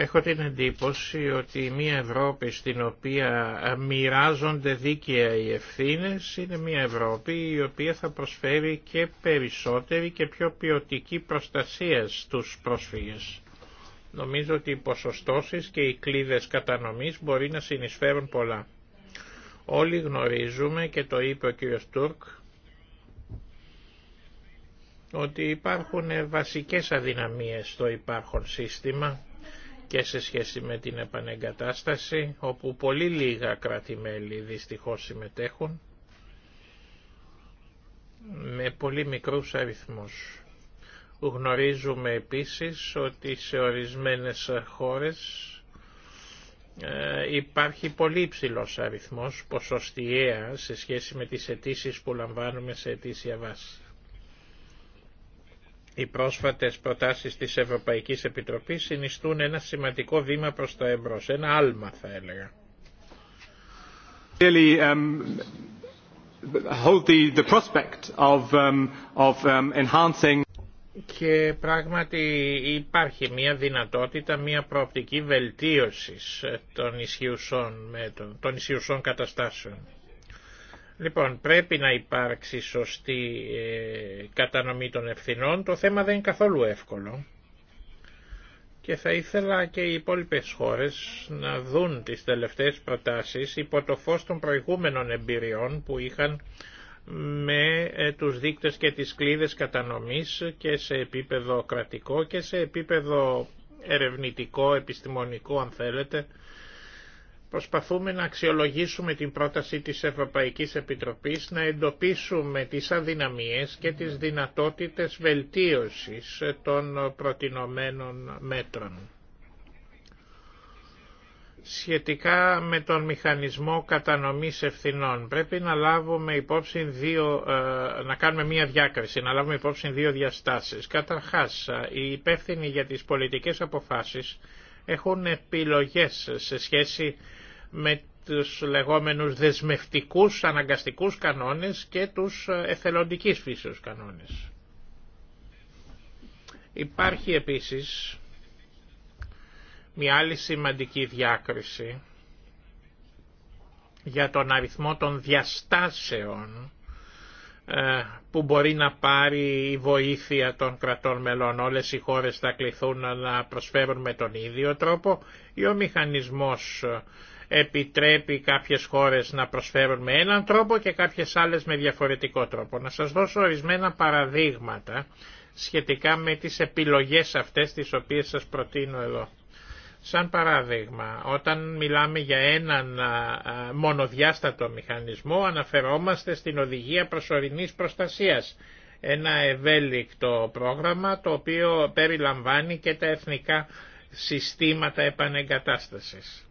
Έχω την εντύπωση ότι μια Ευρώπη στην οποία μοιράζονται δίκαια οι ευθυνε είναι μια Ευρώπη η οποία θα προσφέρει και περισσότερη και πιο ποιοτική προστασία στους πρόσφυγες. Νομίζω ότι οι ποσοστώσεις και οι κλίδες κατανομής μπορεί να συνεισφέρουν πολλά. Όλοι γνωρίζουμε και το είπε ο κ. Τούρκ ότι υπάρχουν βασικές αδυναμίες στο υπάρχον σύστημα και σε σχέση με την επανεγκατάσταση, όπου πολύ λίγα κράτη-μέλη δυστυχώς συμμετέχουν, με πολύ μικρούς αριθμούς. Γνωρίζουμε επίσης ότι σε ορισμένες χώρες ε, υπάρχει πολύ υψηλός αριθμός, ποσοστιαία, σε σχέση με τις αιτήσει που λαμβάνουμε σε αιτήσια βάση. Οι πρόσφατες προτάσεις της Ευρωπαϊκής Επιτροπής συνιστούν ένα σημαντικό βήμα προς τα εμπρός, ένα άλμα θα έλεγα. και πράγματι υπάρχει μια δυνατότητα, μια προοπτική βελτίωση των ισχυουσών, των ισχυουσών καταστάσεων. Λοιπόν, πρέπει να υπάρξει σωστή ε, κατανομή των ευθυνών. Το θέμα δεν είναι καθόλου εύκολο. Και θα ήθελα και οι υπόλοιπε χώρες να δουν τις τελευταίες προτάσεις υπό το φως των προηγούμενων εμπειριών που είχαν με ε, τους δείκτες και τις κλίδες κατανομής και σε επίπεδο κρατικό και σε επίπεδο ερευνητικό, επιστημονικό αν θέλετε, Προσπαθούμε να αξιολογήσουμε την πρόταση της Ευρωπαϊκής Επιτροπής να εντοπίσουμε τις αδυναμίες και τις δυνατότητες βελτίωσης των προτινομένων μέτρων. Σχετικά με τον μηχανισμό κατανομής ευθυνών, πρέπει να λάβουμε υπόψη δύο, ε, να κάνουμε μία διάκριση, να λάβουμε υπόψη δύο διαστάσεις. Καταρχάς, οι υπεύθυνοι για τις πολιτικές αποφάσεις έχουν επιλογές σε σχέση με τους λεγόμενους δεσμευτικούς αναγκαστικούς κανόνες και τους ε, εθελοντικής φύσεως κανόνες. Υπάρχει επίσης μια άλλη σημαντική διάκριση για τον αριθμό των διαστάσεων ε, που μπορεί να πάρει η βοήθεια των κρατών μελών. Όλες οι χώρες θα κληθούν να προσφέρουν με τον ίδιο τρόπο ή ο μηχανισμός ε, επιτρέπει κάποιες χώρες να προσφέρουν με έναν τρόπο και κάποιες άλλες με διαφορετικό τρόπο. Να σας δώσω ορισμένα παραδείγματα σχετικά με τις επιλογές αυτές τις οποίες σας προτείνω εδώ. Σαν παράδειγμα, όταν μιλάμε για έναν μονοδιάστατο μηχανισμό αναφερόμαστε στην οδηγία προσωρινής προστασίας. Ένα ευέλικτο πρόγραμμα το οποίο περιλαμβάνει και τα εθνικά συστήματα επανεγκατάστασης.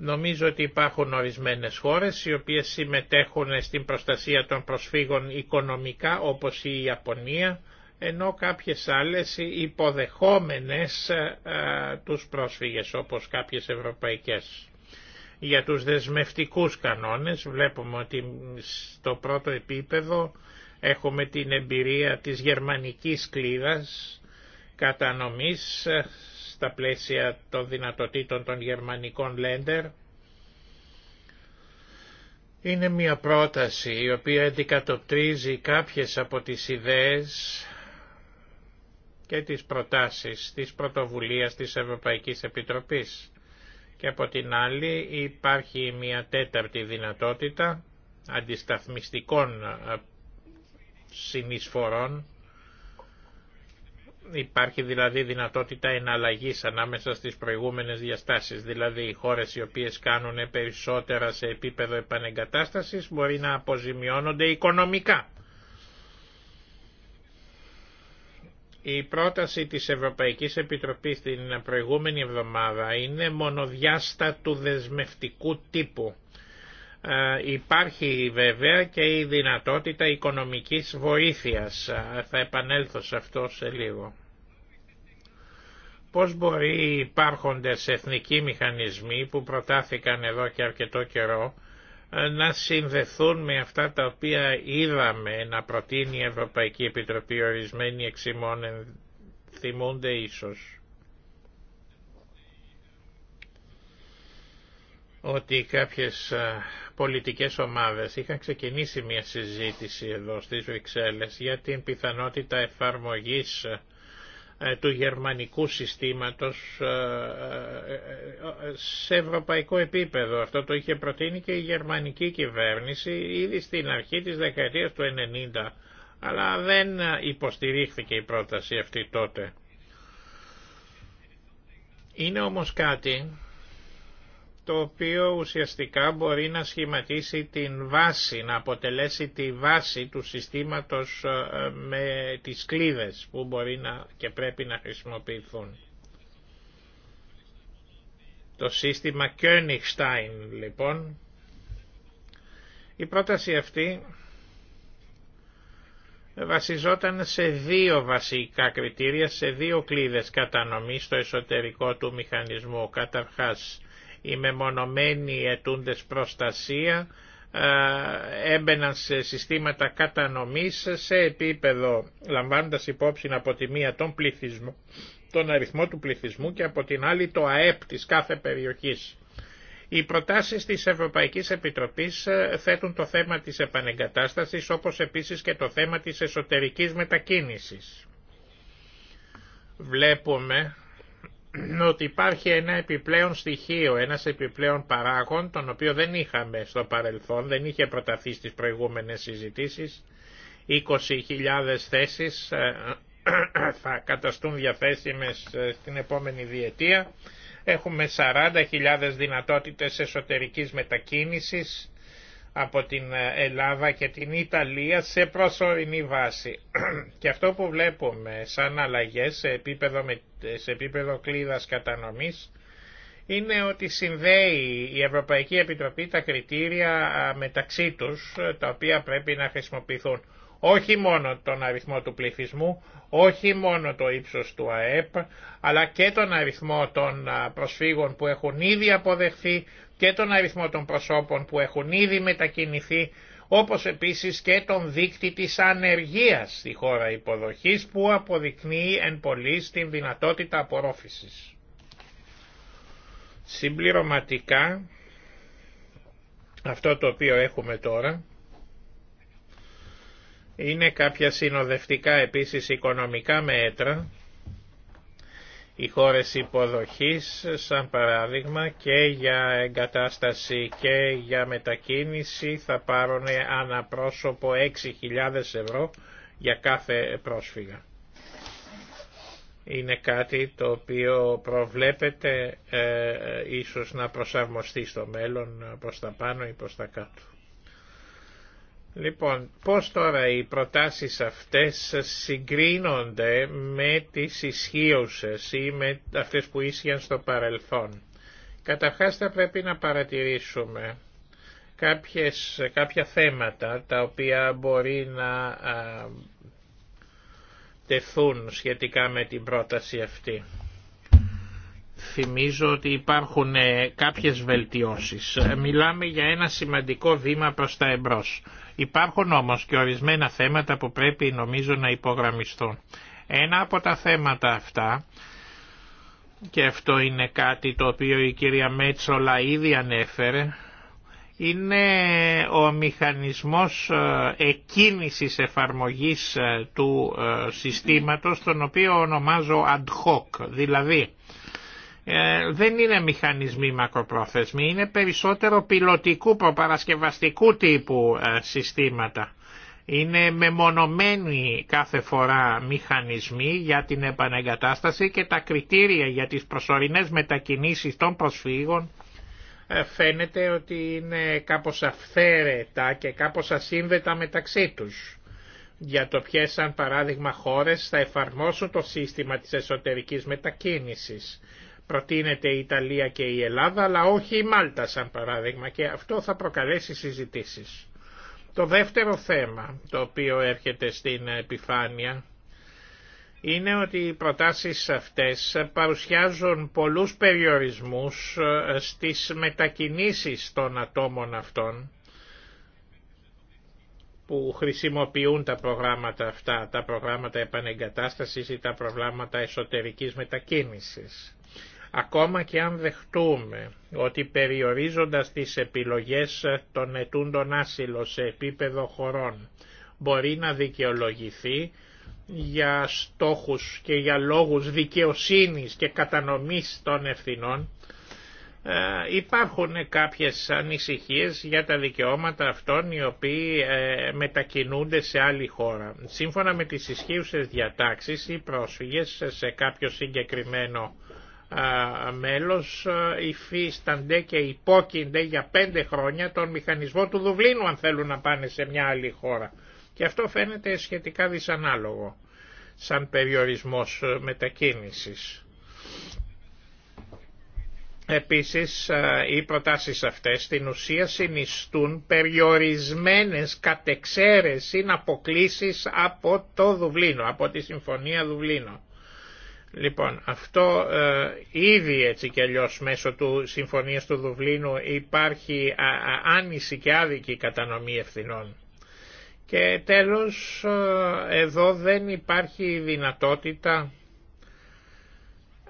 Νομίζω ότι υπάρχουν ορισμένες χώρες οι οποίες συμμετέχουν στην προστασία των προσφύγων οικονομικά όπως η Ιαπωνία ενώ κάποιες άλλες υποδεχόμενες ε, ε, τους πρόσφυγες όπως κάποιες ευρωπαϊκές. Για τους δεσμευτικούς κανόνες βλέπουμε ότι στο πρώτο επίπεδο έχουμε την εμπειρία της γερμανικής κλίδας κατανομής ε, στα πλαίσια των δυνατοτήτων των γερμανικών Λέντερ. Είναι μια πρόταση η οποία αντικατοπτρίζει κάποιες από τις ιδέες και τις προτάσεις της πρωτοβουλίας της Ευρωπαϊκής Επιτροπής. Και από την άλλη υπάρχει μια τέταρτη δυνατότητα αντισταθμιστικών ε, συνεισφορών Υπάρχει δηλαδή δυνατότητα εναλλαγής ανάμεσα στις προηγούμενες διαστάσεις, δηλαδή οι χώρες οι οποίες κάνουν περισσότερα σε επίπεδο επανεγκατάστασης μπορεί να αποζημιώνονται οικονομικά. Η πρόταση της Ευρωπαϊκής Επιτροπής την προηγούμενη εβδομάδα είναι μονοδιάστα του δεσμευτικού τύπου. Ε, υπάρχει βέβαια και η δυνατότητα οικονομικής βοήθειας. Ε, θα επανέλθω σε αυτό σε λίγο. Πώς μπορεί οι υπάρχοντες εθνικοί μηχανισμοί που προτάθηκαν εδώ και αρκετό καιρό ε, να συνδεθούν με αυτά τα οποία είδαμε να προτείνει η Ευρωπαϊκή Επιτροπή ορισμένοι εξημών θυμούνται ίσως. ότι κάποιες ε, πολιτικές ομάδες είχαν ξεκινήσει μια συζήτηση εδώ στις Βρυξέλλες για την πιθανότητα εφαρμογής ε, ε, του γερμανικού συστήματος ε, ε, σε ευρωπαϊκό επίπεδο. Αυτό το είχε προτείνει και η γερμανική κυβέρνηση ήδη στην αρχή της δεκαετίας του 90, αλλά δεν υποστηρίχθηκε η πρόταση αυτή τότε. Είναι όμως κάτι το οποίο ουσιαστικά μπορεί να σχηματίσει την βάση, να αποτελέσει τη βάση του συστήματος ε, με τις κλίδες που μπορεί να και πρέπει να χρησιμοποιηθούν. Το σύστημα Königstein λοιπόν. Η πρόταση αυτή βασιζόταν σε δύο βασικά κριτήρια, σε δύο κλίδες κατανομής στο εσωτερικό του μηχανισμού. Καταρχάς οι μεμονωμένοι αιτούντες προστασία έμπαιναν σε συστήματα κατανομής σε επίπεδο λαμβάνοντας υπόψη από τη μία τον τον αριθμό του πληθυσμού και από την άλλη το ΑΕΠ της κάθε περιοχής. Οι προτάσεις της Ευρωπαϊκής Επιτροπής ε, θέτουν το θέμα της επανεγκατάστασης όπως επίσης και το θέμα της εσωτερικής μετακίνησης. Βλέπουμε ότι υπάρχει ένα επιπλέον στοιχείο, ένα επιπλέον παράγον, τον οποίο δεν είχαμε στο παρελθόν, δεν είχε προταθεί στις προηγούμενες συζητήσεις. 20.000 θέσεις ε, θα καταστούν διαθέσιμες ε, στην επόμενη διετία. Έχουμε 40.000 δυνατότητες εσωτερικής μετακίνησης από την ε, Ελλάδα και την Ιταλία σε προσωρινή βάση. Και αυτό που βλέπουμε σαν αλλαγές σε επίπεδο, σε επίπεδο κλίδας κατανομής είναι ότι συνδέει η Ευρωπαϊκή Επιτροπή τα κριτήρια μεταξύ τους ε, τα οποία πρέπει να χρησιμοποιηθούν όχι μόνο τον αριθμό του πληθυσμού, όχι μόνο το ύψος του ΑΕΠ, αλλά και τον αριθμό των προσφύγων που έχουν ήδη αποδεχθεί και τον αριθμό των προσώπων που έχουν ήδη μετακινηθεί, όπως επίσης και τον δείκτη της ανεργίας στη χώρα υποδοχής που αποδεικνύει εν πολύ την δυνατότητα απορρόφησης. Συμπληρωματικά, αυτό το οποίο έχουμε τώρα, είναι κάποια συνοδευτικά επίσης οικονομικά μέτρα, οι χώρες υποδοχής σαν παράδειγμα και για εγκατάσταση και για μετακίνηση θα πάρουν αναπρόσωπο 6.000 ευρώ για κάθε πρόσφυγα. Είναι κάτι το οποίο προβλέπεται ε, ε, ίσως να προσαρμοστεί στο μέλλον προς τα πάνω ή προς τα κάτω. Λοιπόν, πώς τώρα οι προτάσεις αυτές συγκρίνονται με τις ισχύουσες ή με αυτές που ίσχυαν στο παρελθόν. Καταρχάς θα πρέπει να παρατηρήσουμε κάποιες, κάποια θέματα τα οποία μπορεί να τεθούν σχετικά με την πρόταση αυτή θυμίζω ότι υπάρχουν ε, κάποιες βελτιώσεις. Ε, μιλάμε για ένα σημαντικό βήμα προς τα εμπρός. Υπάρχουν όμως και ορισμένα θέματα που πρέπει νομίζω να υπογραμμιστούν. Ένα από τα θέματα αυτά, και αυτό είναι κάτι το οποίο η κυρία Μέτσολα ήδη ανέφερε, είναι ο μηχανισμός ε, εκκίνησης εφαρμογής του συστήματος, τον οποίο ονομάζω ad hoc, δηλαδή ε, δεν είναι μηχανισμοί μακροπρόθεσμοι, είναι περισσότερο πιλωτικού προπαρασκευαστικού τύπου ε, συστήματα. Είναι μεμονωμένοι κάθε φορά μηχανισμοί για την επανεγκατάσταση και τα κριτήρια για τις προσωρινές μετακινήσεις των προσφύγων ε, φαίνεται ότι είναι κάπως αυθαίρετα και κάπως ασύνδετα μεταξύ τους. Για το ποιες σαν παράδειγμα χώρες θα εφαρμόσουν το σύστημα της εσωτερικής μετακίνησης Προτείνεται η Ιταλία και η Ελλάδα, αλλά όχι η Μάλτα σαν παράδειγμα και αυτό θα προκαλέσει συζητήσεις. Το δεύτερο θέμα το οποίο έρχεται στην επιφάνεια είναι ότι οι προτάσεις αυτές παρουσιάζουν πολλούς περιορισμούς ε, στις μετακινήσεις των ατόμων αυτών που χρησιμοποιούν τα προγράμματα αυτά, τα προγράμματα επανεγκατάστασης ή τα προγράμματα εσωτερικής μετακίνησης. Ακόμα και αν δεχτούμε ότι περιορίζοντας τις επιλογές των ετούντων άσυλο σε επίπεδο χωρών μπορεί να δικαιολογηθεί για στόχους και για λόγους δικαιοσύνης και κατανομής των ευθυνών, ε, υπάρχουν κάποιες ανησυχίες για τα δικαιώματα αυτών οι οποίοι ε, μετακινούνται σε άλλη χώρα. Σύμφωνα με τις ισχύουσες διατάξεις, οι πρόσφυγες σε κάποιο συγκεκριμένο μέλος υφίστανται και υπόκεινται για πέντε χρόνια τον μηχανισμό του Δουβλίνου αν θέλουν να πάνε σε μια άλλη χώρα. Και αυτό φαίνεται σχετικά δυσανάλογο σαν περιορισμός ε, μετακίνησης. Επίσης οι προτάσεις αυτές στην ουσία συνιστούν περιορισμένες κατεξαίρεση αποκλήσεις από το Δουβλίνο, από τη Συμφωνία Δουβλίνο. Λοιπόν, αυτό ε, ήδη έτσι κι αλλιώς μέσω του Συμφωνίας του Δουβλίνου υπάρχει α, άνηση και άδικη κατανομή ευθυνών. Και τέλος, ε, εδώ δεν υπάρχει δυνατότητα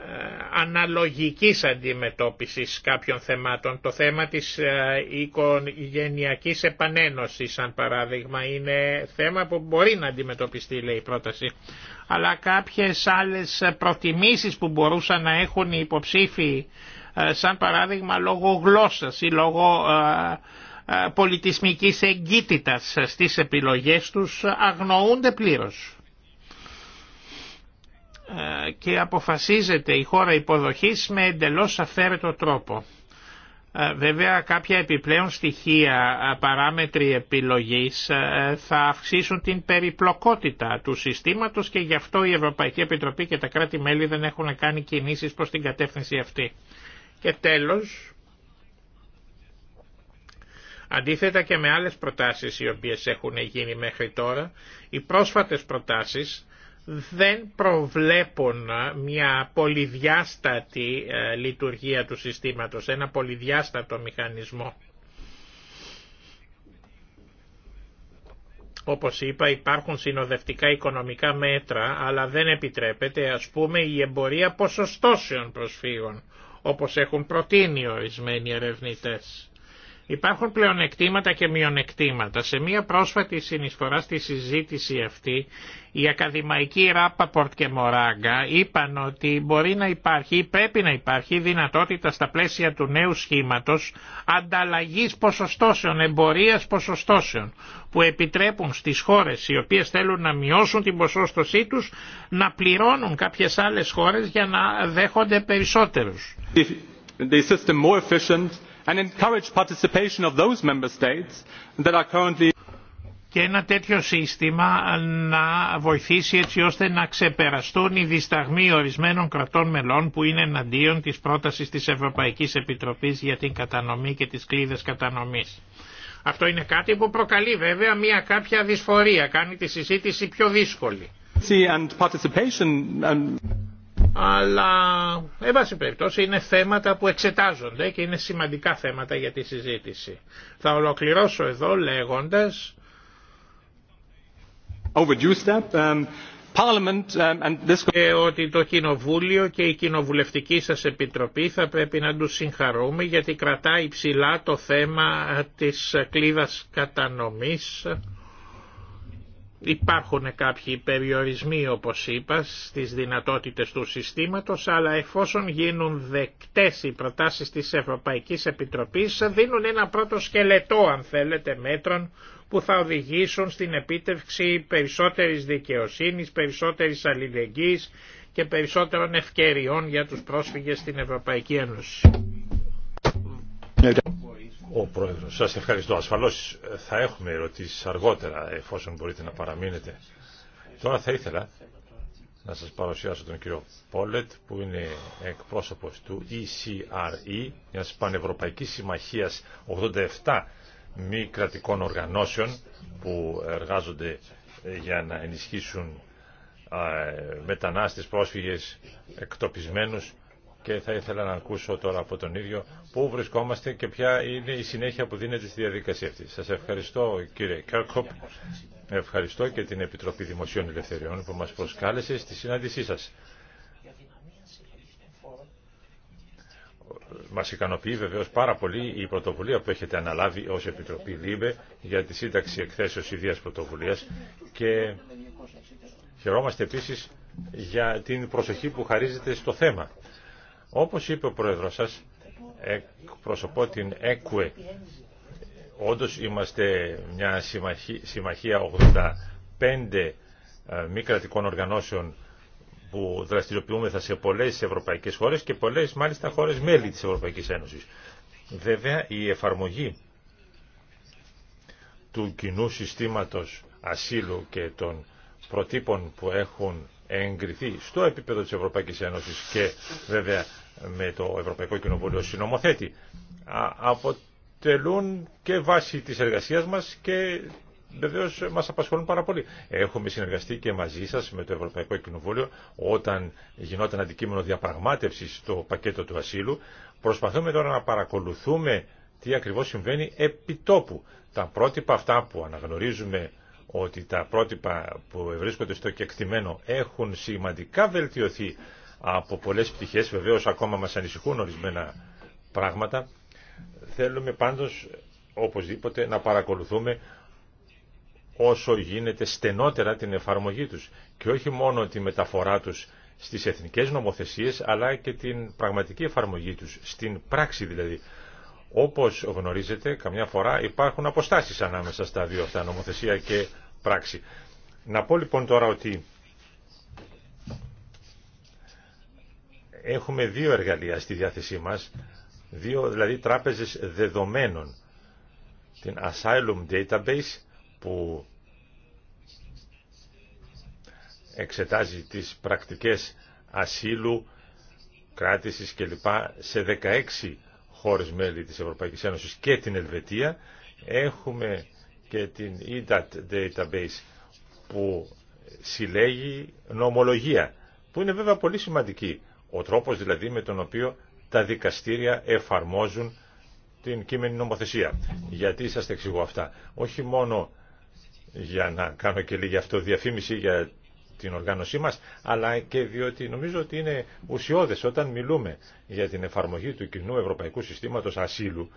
ε, αναλογικής αντιμετώπισης κάποιων θεμάτων. Το θέμα της ε, οικογενειακής επανένωσης, σαν παράδειγμα, είναι θέμα που μπορεί να αντιμετωπιστεί, λέει η πρόταση. Αλλά κάποιες άλλες προτιμήσεις που μπορούσαν να έχουν οι υποψήφοι, ε, σαν παράδειγμα λόγω γλώσσας ή λόγω πολιτισμικής εγκύτητας στις επιλογές τους, αγνοούνται πλήρως. Ε, και αποφασίζεται η χώρα υποδοχής με εντελώς αφαίρετο τρόπο. Ε, βέβαια κάποια επιπλέον στοιχεία ε, παράμετροι επιλογής θα αυξήσουν την περιπλοκότητα του συστήματος και γι' αυτό η Ευρωπαϊκή Επιτροπή και τα κράτη-μέλη δεν έχουν κάνει κινήσεις προς την κατεύθυνση αυτή. Και τέλος, αντίθετα και με άλλες προτάσεις οι οποίες έχουν γίνει μέχρι τώρα, οι πρόσφατες προτάσεις δεν προβλέπουν μια πολυδιάστατη ε, λειτουργία του συστήματος, ένα πολυδιάστατο μηχανισμό. Όπως είπα υπάρχουν συνοδευτικά οικονομικά μέτρα, αλλά δεν επιτρέπεται ας πούμε η εμπορία ποσοστώσεων προσφύγων, όπως έχουν προτείνει ορισμένοι ερευνητές. Υπάρχουν πλεονεκτήματα και μειονεκτήματα. Σε μία πρόσφατη συνεισφορά στη συζήτηση αυτή, οι ακαδημαϊκοί Ράπαπορτ και Μοράγκα είπαν ότι μπορεί να υπάρχει ή πρέπει να υπάρχει δυνατότητα στα πλαίσια του νέου σχήματος ανταλλαγής ποσοστώσεων, εμπορίας ποσοστώσεων, που επιτρέπουν στις χώρες οι οποίες θέλουν να μειώσουν την ποσόστοσή τους να πληρώνουν κάποιες άλλες χώρες για να δέχονται περισσότερους and encourage participation και ένα τέτοιο σύστημα να βοηθήσει έτσι ώστε να ξεπεραστούν οι δισταγμοί ορισμένων κρατών μελών που είναι εναντίον της πρότασης της Ευρωπαϊκής Επιτροπής για την κατανομή και τις κλίδες κατανομής. Αυτό είναι κάτι που προκαλεί βέβαια μια κάποια δυσφορία, κάνει τη συζήτηση πιο δύσκολη αλλά εν πάση περιπτώσει είναι θέματα που εξετάζονται και είναι σημαντικά θέματα για τη συζήτηση. Θα ολοκληρώσω εδώ λέγοντας um, parliament, και um, ε, ότι το Κοινοβούλιο και η Κοινοβουλευτική σας Επιτροπή θα πρέπει να τους συγχαρούμε γιατί κρατάει ψηλά το θέμα της κλίδας κατανομής Υπάρχουν κάποιοι περιορισμοί όπως είπα στις δυνατότητες του συστήματος αλλά εφόσον γίνουν δεκτές οι προτάσεις της Ευρωπαϊκής Επιτροπής δίνουν ένα πρώτο σκελετό αν θέλετε μέτρων που θα οδηγήσουν στην επίτευξη περισσότερης δικαιοσύνης, περισσότερης αλληλεγγύης και περισσότερων ευκαιριών για τους πρόσφυγες στην Ευρωπαϊκή Ένωση ο Πρόεδρος. Σας ευχαριστώ. Ασφαλώς ε, θα έχουμε ερωτήσεις αργότερα εφόσον μπορείτε να παραμείνετε. Τώρα θα ήθελα να σας παρουσιάσω τον κύριο Πόλετ που είναι εκπρόσωπος του ECRE, e, μιας πανευρωπαϊκής συμμαχίας 87 μη κρατικών οργανώσεων που εργάζονται ε, για να ενισχύσουν ε, μετανάστες, πρόσφυγες, εκτοπισμένους και θα ήθελα να ακούσω τώρα από τον ίδιο πού βρισκόμαστε και ποια είναι η συνέχεια που δίνεται στη διαδικασία αυτή. Σας ευχαριστώ κύριε Κέρκοπ, ευχαριστώ και την Επιτροπή Δημοσίων Ελευθεριών που μας προσκάλεσε στη συνάντησή σας. Μας ικανοποιεί βεβαίως πάρα πολύ η πρωτοβουλία που έχετε αναλάβει ως Επιτροπή ΛΥΜΕ για τη σύνταξη εκθέσεως ιδίας πρωτοβουλίας και χαιρόμαστε επίσης για την προσοχή που χαρίζεται στο θέμα. Όπως είπε ο Πρόεδρος σας, εκπροσωπώ την ΕΚΟΕ. Όντως είμαστε μια συμμαχία 85 ε, μη κρατικών οργανώσεων που δραστηριοποιούμεθα σε πολλές ευρωπαϊκές χώρες και πολλές μάλιστα χώρες μέλη της Ευρωπαϊκής Ένωσης. Βέβαια η εφαρμογή του κοινού συστήματος ασύλου και των προτύπων που έχουν εγκριθεί στο επίπεδο της Ευρωπαϊκής Ένωσης και βέβαια με το Ευρωπαϊκό Κοινοβούλιο συνομοθέτη. αποτελούν και βάση της εργασίας μας και βεβαίω μας απασχολούν πάρα πολύ. Έχουμε συνεργαστεί και μαζί σας με το Ευρωπαϊκό Κοινοβούλιο όταν γινόταν αντικείμενο διαπραγμάτευσης στο πακέτο του ασύλου. Προσπαθούμε τώρα να παρακολουθούμε τι ακριβώς συμβαίνει επί τόπου. Τα πρότυπα αυτά που αναγνωρίζουμε ότι τα πρότυπα που βρίσκονται στο κεκτημένο έχουν σημαντικά βελτιωθεί από πολλές πτυχές, βεβαίως ακόμα μας ανησυχούν ορισμένα πράγματα. Θέλουμε πάντως οπωσδήποτε να παρακολουθούμε όσο γίνεται στενότερα την εφαρμογή τους και όχι μόνο τη μεταφορά τους στις εθνικές νομοθεσίες αλλά και την πραγματική εφαρμογή τους, στην πράξη δηλαδή. Όπως γνωρίζετε, καμιά φορά υπάρχουν αποστάσεις ανάμεσα στα δύο αυτά, νομοθεσία και πράξη. Να πω λοιπόν τώρα ότι έχουμε δύο εργαλεία στη διάθεσή μας, δύο δηλαδή τράπεζες δεδομένων. Την Asylum Database που εξετάζει τις πρακτικές ασύλου, κράτησης κλπ. σε 16 χώρες μέλη της Ευρωπαϊκής Ένωσης και την Ελβετία. Έχουμε και την EDAT Database που συλλέγει νομολογία, που είναι βέβαια πολύ σημαντική ο τρόπος δηλαδή με τον οποίο τα δικαστήρια εφαρμόζουν την κείμενη νομοθεσία. Γιατί σας τα εξηγώ αυτά. Όχι μόνο για να κάνω και λίγη αυτοδιαφήμιση για την οργάνωσή μας, αλλά και διότι νομίζω ότι είναι ουσιώδες όταν μιλούμε για την εφαρμογή του κοινού ευρωπαϊκού συστήματος ασύλου,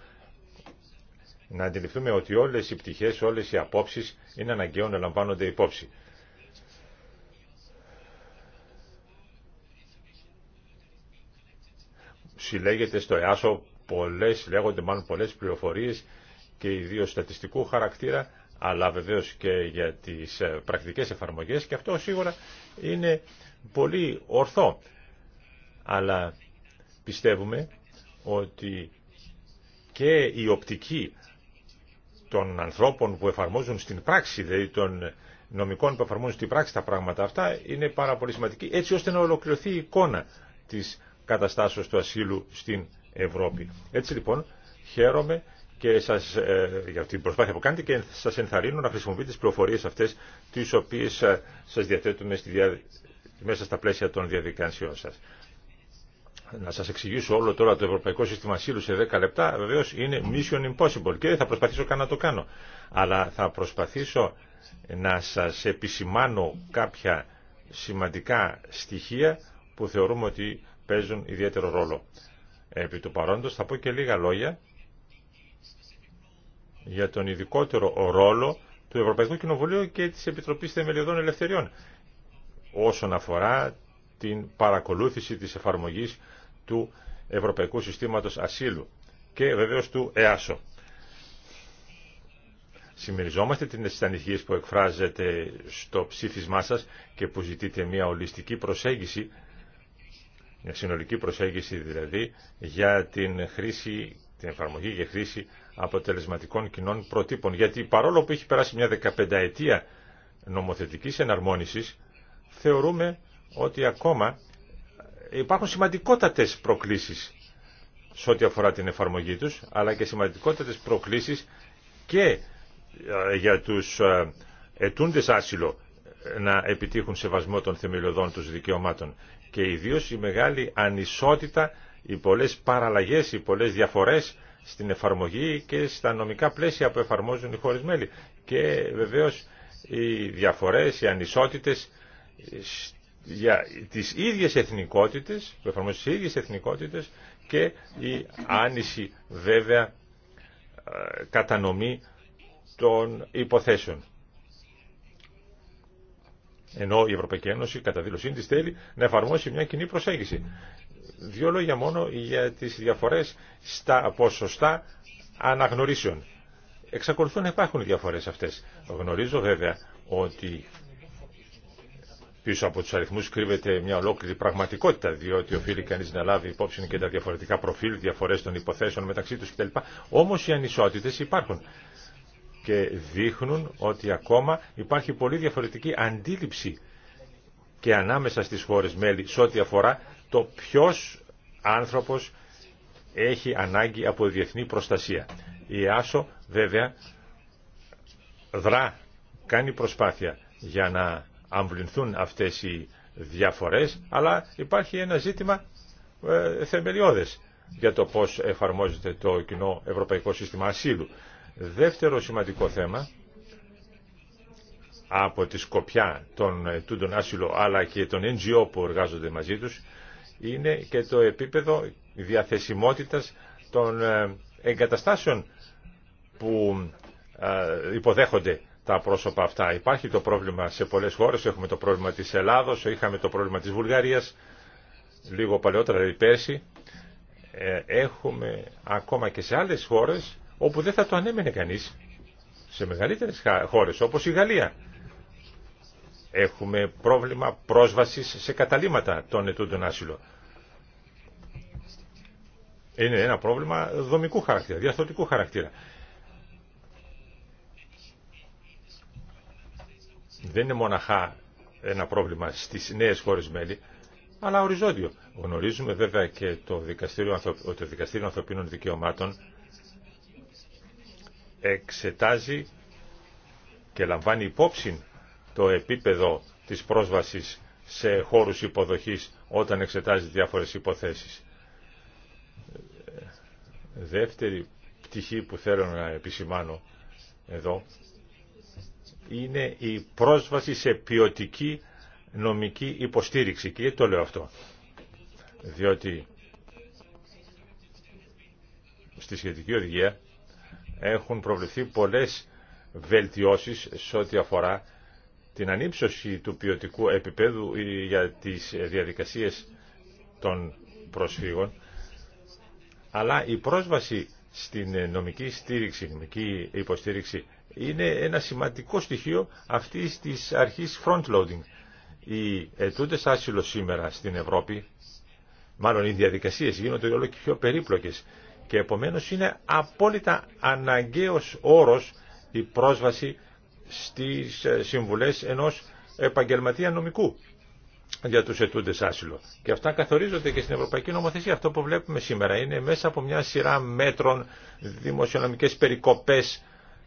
να αντιληφθούμε ότι όλες οι πτυχές, όλες οι απόψεις είναι αναγκαίο να λαμβάνονται υπόψη. συλλέγεται στο ΕΑΣΟ, πολλές, λέγονται μάλλον πολλές πληροφορίες και ιδίως στατιστικού χαρακτήρα, αλλά βεβαίως και για τις ε, πρακτικές εφαρμογές και αυτό σίγουρα είναι πολύ ορθό. Αλλά πιστεύουμε ότι και η οπτική των ανθρώπων που εφαρμόζουν στην πράξη, δηλαδή των νομικών που εφαρμόζουν στην πράξη τα πράγματα αυτά, είναι πάρα πολύ σημαντική, έτσι ώστε να ολοκληρωθεί η εικόνα της καταστάσεως του ασύλου στην Ευρώπη. Έτσι λοιπόν χαίρομαι και σας, ε, για την προσπάθεια που κάνετε και σας ενθαρρύνω να χρησιμοποιείτε τις πληροφορίες αυτές τις οποίες ε, σας διαθέτουμε στη δια... μέσα στα πλαίσια των διαδικασιών σας. Να σας εξηγήσω όλο τώρα το Ευρωπαϊκό Σύστημα Ασύλου σε 10 λεπτά βεβαίως είναι mission impossible και δεν θα προσπαθήσω καν να το κάνω. Αλλά θα προσπαθήσω να σας επισημάνω κάποια σημαντικά στοιχεία που θεωρούμε ότι παίζουν ιδιαίτερο ρόλο. Επί του παρόντος θα πω και λίγα λόγια για τον ειδικότερο ρόλο του Ευρωπαϊκού Κοινοβουλίου και της Επιτροπής Θεμελιωδών Ελευθεριών όσον αφορά την παρακολούθηση της εφαρμογής του Ευρωπαϊκού Συστήματος Ασύλου και βεβαίως του ΕΑΣΟ. Συμμεριζόμαστε την ανησυχίε που εκφράζεται στο ψήφισμά σα και που ζητείτε μια ολιστική προσέγγιση συνολική προσέγγιση δηλαδή για την χρήση, την εφαρμογή και χρήση αποτελεσματικών κοινών προτύπων. Γιατί παρόλο που έχει περάσει μια 15 ετία νομοθετικής εναρμόνισης, θεωρούμε ότι ακόμα υπάρχουν σημαντικότατες προκλήσεις σε ό,τι αφορά την εφαρμογή τους, αλλά και σημαντικότατες προκλήσεις και ε, για τους ε, ετούντες άσυλο να επιτύχουν σεβασμό των θεμελιωδών τους δικαιωμάτων. Και ιδίως η μεγάλη ανισότητα, οι πολλές παραλλαγές, οι πολλές διαφορές στην εφαρμογή και στα νομικά πλαίσια που εφαρμόζουν οι χώρες μέλη. Και βεβαίως οι διαφορές, οι ανισότητες για τις ίδιες εθνικότητες, που εφαρμόζουν τις ίδιες εθνικότητες και η άνηση βέβαια κατανομή των υποθέσεων. Ενώ η Ευρωπαϊκή Ένωση κατά δήλωσή τη θέλει να εφαρμόσει μια κοινή προσέγγιση. Δύο λόγια μόνο για τις διαφορές στα ποσοστά αναγνωρίσεων. Εξακολουθούν να υπάρχουν διαφορές αυτές. Γνωρίζω βέβαια ότι πίσω από του αριθμού κρύβεται μια ολόκληρη πραγματικότητα, διότι οφείλει κανεί να λάβει υπόψη και τα διαφορετικά προφίλ, διαφορέ των υποθέσεων μεταξύ του κτλ. Όμω οι ανισότητε υπάρχουν και δείχνουν ότι ακόμα υπάρχει πολύ διαφορετική αντίληψη και ανάμεσα στις χώρες μέλη σε ό,τι αφορά το ποιος άνθρωπος έχει ανάγκη από διεθνή προστασία. Η ΆΣΟ βέβαια δρά, κάνει προσπάθεια για να αμβληνθούν αυτές οι διαφορές, αλλά υπάρχει ένα ζήτημα ε, θεμελιώδες για το πώς εφαρμόζεται το κοινό ευρωπαϊκό σύστημα ασύλου. Δεύτερο σημαντικό θέμα από τη σκοπιά των ε, τούντων άσυλο αλλά και των NGO που εργάζονται μαζί τους είναι και το επίπεδο διαθεσιμότητας των ε, εγκαταστάσεων που ε, υποδέχονται τα πρόσωπα αυτά. Υπάρχει το πρόβλημα σε πολλές χώρες, έχουμε το πρόβλημα της Ελλάδος, είχαμε το πρόβλημα της Βουλγαρίας, λίγο παλαιότερα δηλαδή πέρσι. Έχουμε ακόμα και σε άλλες χώρες όπου δεν θα το ανέμενε κανείς σε μεγαλύτερες χώρες όπως η Γαλλία. Έχουμε πρόβλημα πρόσβασης σε καταλήματα των ετούντων άσυλων. Είναι ένα πρόβλημα δομικού χαρακτήρα, διαθωτικού χαρακτήρα. Δεν είναι μοναχά ένα πρόβλημα στις νέες χώρες μέλη, αλλά οριζόντιο. Γνωρίζουμε βέβαια και το Δικαστήριο, το Δικαστήριο Ανθρωπίνων Δικαιωμάτων εξετάζει και λαμβάνει υπόψη το επίπεδο της πρόσβασης σε χώρους υποδοχής όταν εξετάζει διάφορες υποθέσεις. Δεύτερη πτυχή που θέλω να επισημάνω εδώ είναι η πρόσβαση σε ποιοτική νομική υποστήριξη. Και γιατί το λέω αυτό. Διότι στη σχετική οδηγία έχουν προβληθεί πολλές βελτιώσεις σε ό,τι αφορά την ανύψωση του ποιοτικού επίπεδου για τις διαδικασίες των προσφύγων, αλλά η πρόσβαση στην νομική στήριξη, νομική υποστήριξη, είναι ένα σημαντικό στοιχείο αυτής της αρχής front-loading. Οι ετούντε άσυλο σήμερα στην Ευρώπη, μάλλον οι διαδικασίες γίνονται όλο και πιο περίπλοκες και επομένως είναι απόλυτα αναγκαίος όρος η πρόσβαση στις ε, συμβουλές ενός επαγγελματία νομικού για τους ετούντες άσυλο. Και αυτά καθορίζονται και στην Ευρωπαϊκή Νομοθεσία. Αυτό που βλέπουμε σήμερα είναι μέσα από μια σειρά μέτρων, δημοσιονομικές περικοπές,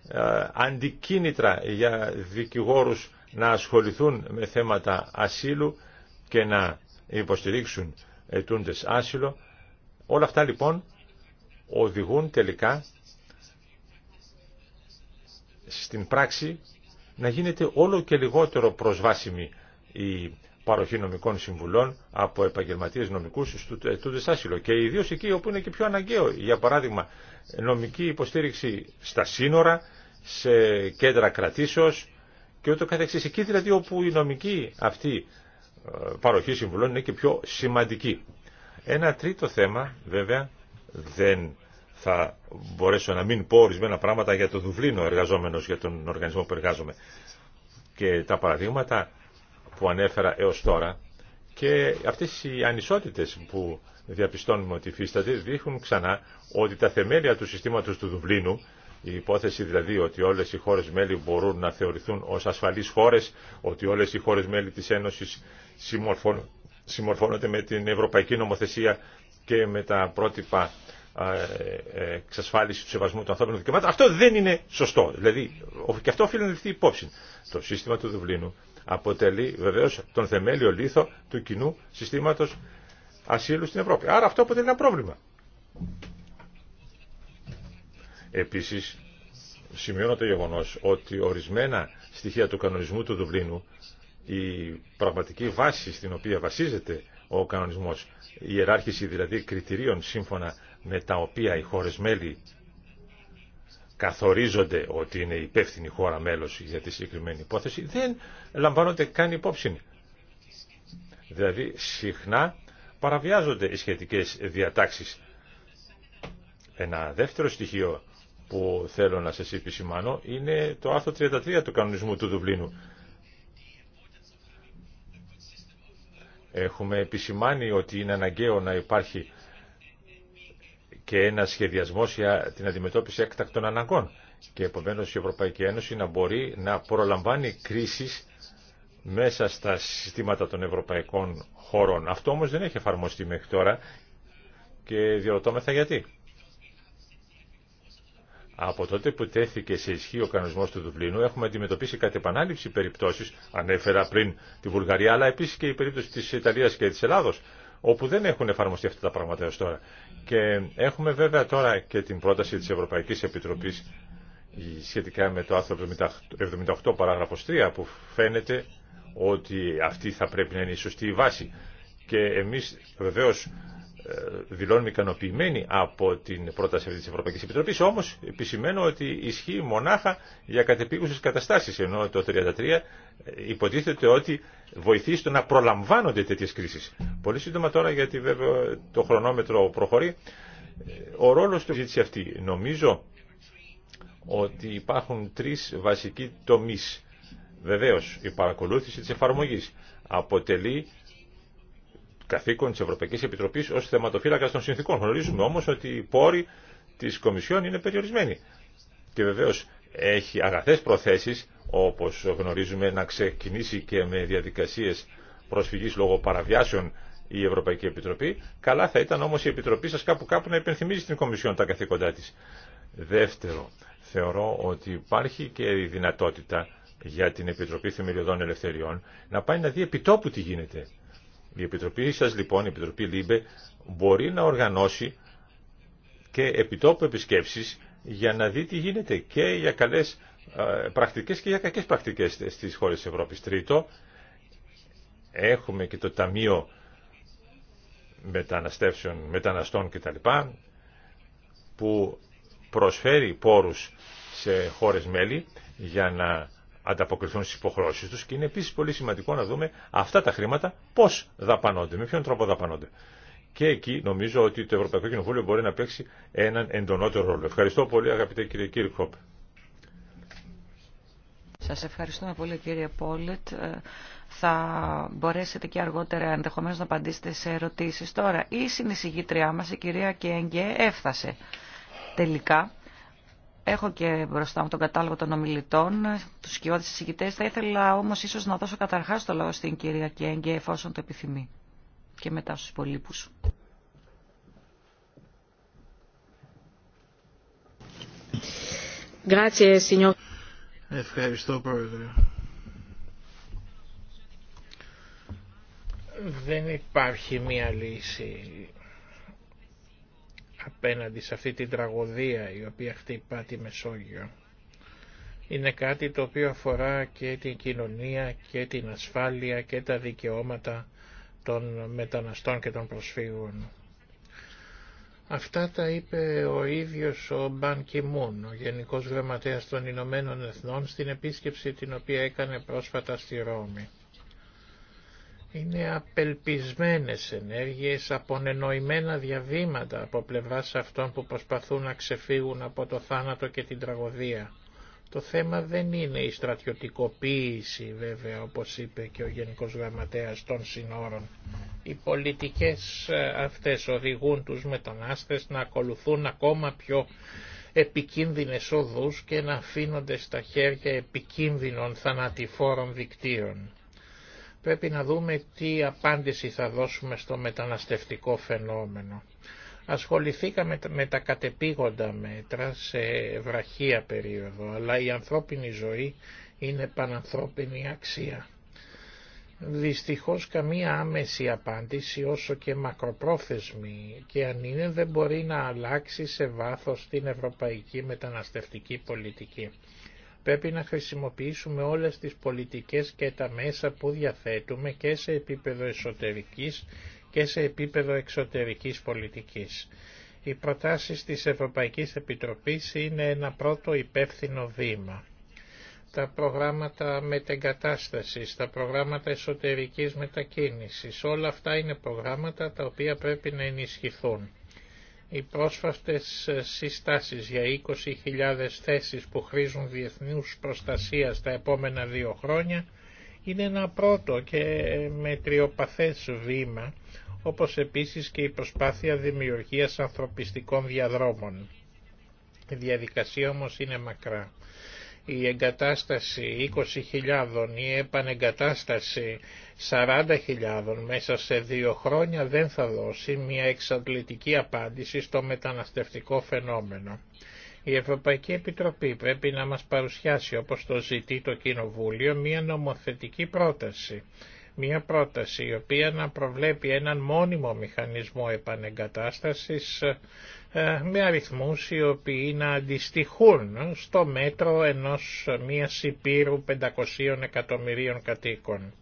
ε, αντικίνητρα για δικηγόρους να ασχοληθούν με θέματα ασύλου και να υποστηρίξουν ετούντες άσυλο. Όλα αυτά λοιπόν οδηγούν τελικά στην πράξη να γίνεται όλο και λιγότερο προσβάσιμη η παροχή νομικών συμβουλών από επαγγελματίε νομικού του το άσυλο. Και ιδίω εκεί όπου είναι και πιο αναγκαίο. Για παράδειγμα, νομική υποστήριξη στα σύνορα, σε κέντρα κρατήσεω και ούτω καθεξής. Εκεί δηλαδή όπου η νομική αυτή ε, παροχή συμβουλών είναι και πιο σημαντική. Ένα τρίτο θέμα βέβαια δεν θα μπορέσω να μην πω ορισμένα πράγματα για το Δουβλίνο εργαζόμενος για τον οργανισμό που εργάζομαι. Και τα παραδείγματα που ανέφερα έως τώρα και αυτές οι ανισότητες που διαπιστώνουμε ότι υφίσταται δείχνουν ξανά ότι τα θεμέλια του συστήματος του Δουβλίνου η υπόθεση δηλαδή ότι όλες οι χώρες μέλη μπορούν να θεωρηθούν ως ασφαλείς χώρες, ότι όλες οι χώρες μέλη της Ένωσης συμμορφώνονται με την Ευρωπαϊκή Νομοθεσία και με τα πρότυπα ε, ε, εξασφάλιση του σεβασμού των ανθρώπινων δικαιωμάτων. Αυτό δεν είναι σωστό. Δηλαδή, και αυτό οφείλει να ληφθεί υπόψη. Το σύστημα του Δουβλίνου αποτελεί βεβαίω τον θεμέλιο λίθο του κοινού συστήματο ασύλου στην Ευρώπη. Άρα αυτό αποτελεί ένα πρόβλημα. Επίση, σημειώνω το γεγονό ότι ορισμένα στοιχεία του κανονισμού του Δουβλίνου, η πραγματική βάση στην οποία βασίζεται ο κανονισμός, η ιεράρχηση δηλαδή κριτηρίων σύμφωνα με τα οποία οι χώρες μέλη καθορίζονται ότι είναι υπεύθυνη χώρα μέλος για τη συγκεκριμένη υπόθεση, δεν λαμβάνονται καν υπόψη. Δηλαδή συχνά παραβιάζονται οι σχετικές διατάξεις. Ένα δεύτερο στοιχείο που θέλω να σας επισημάνω είναι το άρθρο 33 του κανονισμού του Δουβλίνου. Έχουμε επισημάνει ότι είναι αναγκαίο να υπάρχει και ένα σχεδιασμό για την αντιμετώπιση έκτακτων αναγκών. Και επομένω η Ευρωπαϊκή Ένωση να μπορεί να προλαμβάνει κρίσει μέσα στα συστήματα των ευρωπαϊκών χωρών. Αυτό όμω δεν έχει εφαρμοστεί μέχρι τώρα και διερωτώμεθα γιατί. Από τότε που τέθηκε σε ισχύ ο κανονισμό του Δουβλίνου, έχουμε αντιμετωπίσει κατ' επανάληψη περιπτώσει, ανέφερα πριν τη Βουλγαρία, αλλά επίση και η περίπτωση τη Ιταλία και τη Ελλάδο, όπου δεν έχουν εφαρμοστεί αυτά τα πράγματα έως τώρα. Και έχουμε βέβαια τώρα και την πρόταση της Ευρωπαϊκής Επιτροπής σχετικά με το άρθρο 78 παράγραφος 3 που φαίνεται ότι αυτή θα πρέπει να είναι η σωστή βάση. Και εμείς βεβαίως ε, δηλώνουμε ικανοποιημένοι από την πρόταση αυτή της Ευρωπαϊκής Επιτροπής, όμως επισημαίνω ότι ισχύει μονάχα για κατεπίγουσες καταστάσεις, ενώ το 33 ε, υποτίθεται ότι βοηθεί στο να προλαμβάνονται τέτοιες κρίσεις. Πολύ σύντομα τώρα, γιατί βέβαια το χρονόμετρο προχωρεί, ε, ο ρόλος του ζήτηση αυτή νομίζω ότι υπάρχουν τρεις βασικοί τομείς. Βεβαίως, η παρακολούθηση της εφαρμογής αποτελεί καθήκον τη Ευρωπαϊκή Επιτροπή ως θεματοφύλακα των συνθήκων. Γνωρίζουμε όμω ότι οι πόροι τη Κομισιόν είναι περιορισμένοι. Και βεβαίω έχει αγαθές προθέσει, όπω γνωρίζουμε, να ξεκινήσει και με διαδικασίε προσφυγή λόγω παραβιάσεων η Ευρωπαϊκή Επιτροπή. Καλά θα ήταν όμως η Επιτροπή σα κάπου κάπου να υπενθυμίζει στην Κομισιόν τα καθήκοντά τη. Δεύτερο, θεωρώ ότι υπάρχει και η δυνατότητα για την Επιτροπή Θεμελιωδών Ελευθεριών να πάει να δει επιτόπου τι γίνεται η Επιτροπή σας λοιπόν, η Επιτροπή ΛΥΜΠΕ, μπορεί να οργανώσει και επιτόπου επισκέψεις για να δει τι γίνεται και για καλές ε, πρακτικές και για κακές πρακτικές στις χώρες της Ευρώπης. Τρίτο, έχουμε και το Ταμείο Μεταναστεύσεων, Μεταναστών κτλ. που προσφέρει πόρους σε χώρες μέλη για να ανταποκριθούν στι υποχρεώσει του, και είναι επίση πολύ σημαντικό να δούμε αυτά τα χρήματα πώ δαπανώνται, με ποιον τρόπο δαπανώνται. Και εκεί νομίζω ότι το Ευρωπαϊκό Κοινοβούλιο μπορεί να παίξει έναν εντονότερο ρόλο. Ευχαριστώ πολύ αγαπητέ κύριε Κύρκοπ. Σα ευχαριστούμε πολύ κύριε Πόλετ. Ε, θα μπορέσετε και αργότερα ενδεχομένω να απαντήσετε σε ερωτήσει. Τώρα η συνεισηγήτριά μα η κυρία Κέγγε έφτασε τελικά. Έχω και μπροστά μου τον κατάλογο των ομιλητών, τους σκιώδεις εισηγητέ. Θα ήθελα όμως ίσως να δώσω καταρχάς το λόγο στην κυρία Κέγγε εφόσον το επιθυμεί και μετά στους υπολείπου. Ευχαριστώ πρόεδρε. Δεν υπάρχει μία λύση απέναντι σε αυτή την τραγωδία η οποία χτυπά τη Μεσόγειο. Είναι κάτι το οποίο αφορά και την κοινωνία και την ασφάλεια και τα δικαιώματα των μεταναστών και των προσφύγων. Αυτά τα είπε ο ίδιος ο Μπαν Κιμούν, ο Γενικός Γραμματέας των Ηνωμένων Εθνών, στην επίσκεψη την οποία έκανε πρόσφατα στη Ρώμη είναι απελπισμένες ενέργειες, απονενοημένα διαβήματα από πλευράς αυτών που προσπαθούν να ξεφύγουν από το θάνατο και την τραγωδία. Το θέμα δεν είναι η στρατιωτικοποίηση βέβαια όπως είπε και ο Γενικός Γραμματέας των Συνόρων. Οι πολιτικές ε, αυτές οδηγούν τους μετανάστες να ακολουθούν ακόμα πιο επικίνδυνες οδούς και να αφήνονται στα χέρια επικίνδυνων θανατηφόρων δικτύων. Πρέπει να δούμε τι απάντηση θα δώσουμε στο μεταναστευτικό φαινόμενο. Ασχοληθήκαμε με τα κατεπήγοντα μέτρα σε βραχία περίοδο, αλλά η ανθρώπινη ζωή είναι πανανθρώπινη αξία. Δυστυχώς καμία άμεση απάντηση όσο και μακροπρόθεσμη και αν είναι δεν μπορεί να αλλάξει σε βάθος την ευρωπαϊκή μεταναστευτική πολιτική πρέπει να χρησιμοποιήσουμε όλες τις πολιτικές και τα μέσα που διαθέτουμε και σε επίπεδο εσωτερικής και σε επίπεδο εξωτερικής πολιτικής. Οι προτάσεις της Ευρωπαϊκής Επιτροπής είναι ένα πρώτο υπεύθυνο βήμα. Τα προγράμματα μετεγκατάστασης, τα προγράμματα εσωτερικής μετακίνησης, όλα αυτά είναι προγράμματα τα οποία πρέπει να ενισχυθούν. Οι πρόσφατες ε, συστάσεις για 20.000 θέσεις που χρήζουν διεθνούς προστασία τα επόμενα δύο χρόνια είναι ένα πρώτο και ε, μετριοπαθές βήμα, όπως επίσης και η προσπάθεια δημιουργίας ανθρωπιστικών διαδρόμων. Η διαδικασία όμως είναι μακρά η εγκατάσταση 20.000 ή επανεγκατάσταση 40.000 μέσα σε δύο χρόνια δεν θα δώσει μια εξαντλητική απάντηση στο μεταναστευτικό φαινόμενο. Η Ευρωπαϊκή Επιτροπή πρέπει να μας παρουσιάσει όπως το ζητεί το Κοινοβούλιο μια νομοθετική πρόταση. Μια πρόταση η οποία να προβλέπει έναν μόνιμο μηχανισμό επανεγκατάστασης ε, με αριθμούς οι οποίοι να αντιστοιχούν στο μέτρο ενός μίας υπήρου 500 εκατομμυρίων κατοίκων.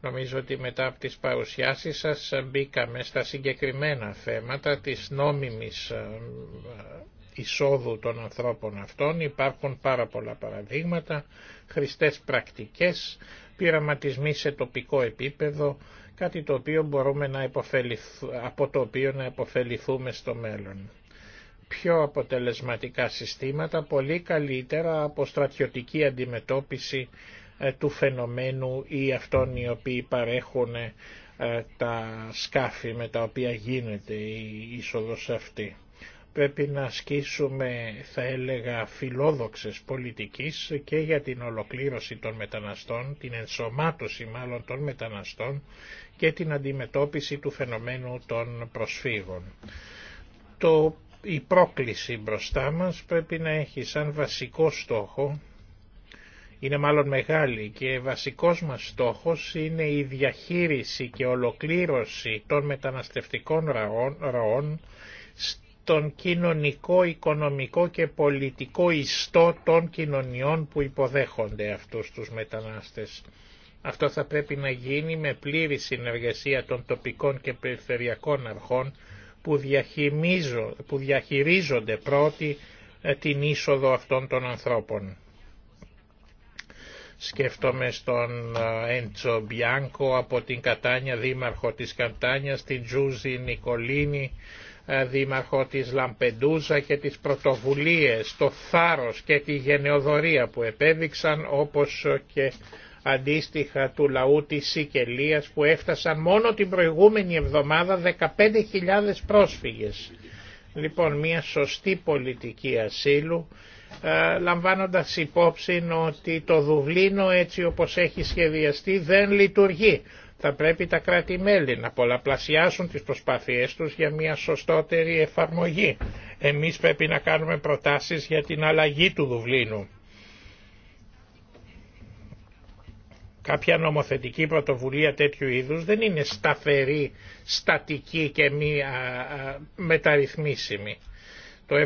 Νομίζω ότι μετά από τις παρουσιάσεις σας μπήκαμε στα συγκεκριμένα θέματα της νόμιμης ε, εισόδου των ανθρώπων αυτών. Υπάρχουν πάρα πολλά παραδείγματα, χρηστές πρακτικές, πειραματισμοί σε τοπικό επίπεδο, κάτι το οποίο μπορούμε να από το οποίο να υποφεληθούμε στο μέλλον. Πιο αποτελεσματικά συστήματα, πολύ καλύτερα από στρατιωτική αντιμετώπιση ε, του φαινομένου ή αυτών οι οποίοι παρέχουν ε, τα σκάφη με τα οποία γίνεται η είσοδος αυτή πρέπει να ασκήσουμε θα έλεγα φιλόδοξες πολιτικής και για την ολοκλήρωση των μεταναστών, την ενσωμάτωση μάλλον των μεταναστών και την αντιμετώπιση του φαινομένου των προσφύγων. Το, η πρόκληση μπροστά μας πρέπει να έχει σαν βασικό στόχο, είναι μάλλον μεγάλη και βασικός μας στόχος είναι η διαχείριση και ολοκλήρωση των μεταναστευτικών ραών, ραών τον κοινωνικό, οικονομικό και πολιτικό ιστό των κοινωνιών που υποδέχονται αυτούς τους μετανάστες. Αυτό θα πρέπει να γίνει με πλήρη συνεργασία των τοπικών και περιφερειακών αρχών που, που διαχειρίζονται πρώτοι ε, την είσοδο αυτών των ανθρώπων. Σκέφτομαι στον ε, Έντσο Μπιάνκο από την Κατάνια, δήμαρχο της Κατάνιας, την Τζούζη Νικολίνη, δήμαρχο της Λαμπεντούζα και τις πρωτοβουλίες, το θάρρος και τη γενεοδορία που επέδειξαν όπως και αντίστοιχα του λαού της Σικελίας που έφτασαν μόνο την προηγούμενη εβδομάδα 15.000 πρόσφυγες. Λοιπόν, μια σωστή πολιτική ασύλου, ε, λαμβάνοντας υπόψη ότι το Δουβλίνο έτσι όπως έχει σχεδιαστεί δεν λειτουργεί. Θα πρέπει τα κράτη-μέλη να πολλαπλασιάσουν τις προσπάθειές τους για μια σωστότερη εφαρμογή. Εμείς πρέπει να κάνουμε προτάσεις για την αλλαγή του Δουβλίνου. Κάποια νομοθετική πρωτοβουλία τέτοιου είδους δεν είναι σταθερή, στατική και μη μεταρρυθμίσιμη. Το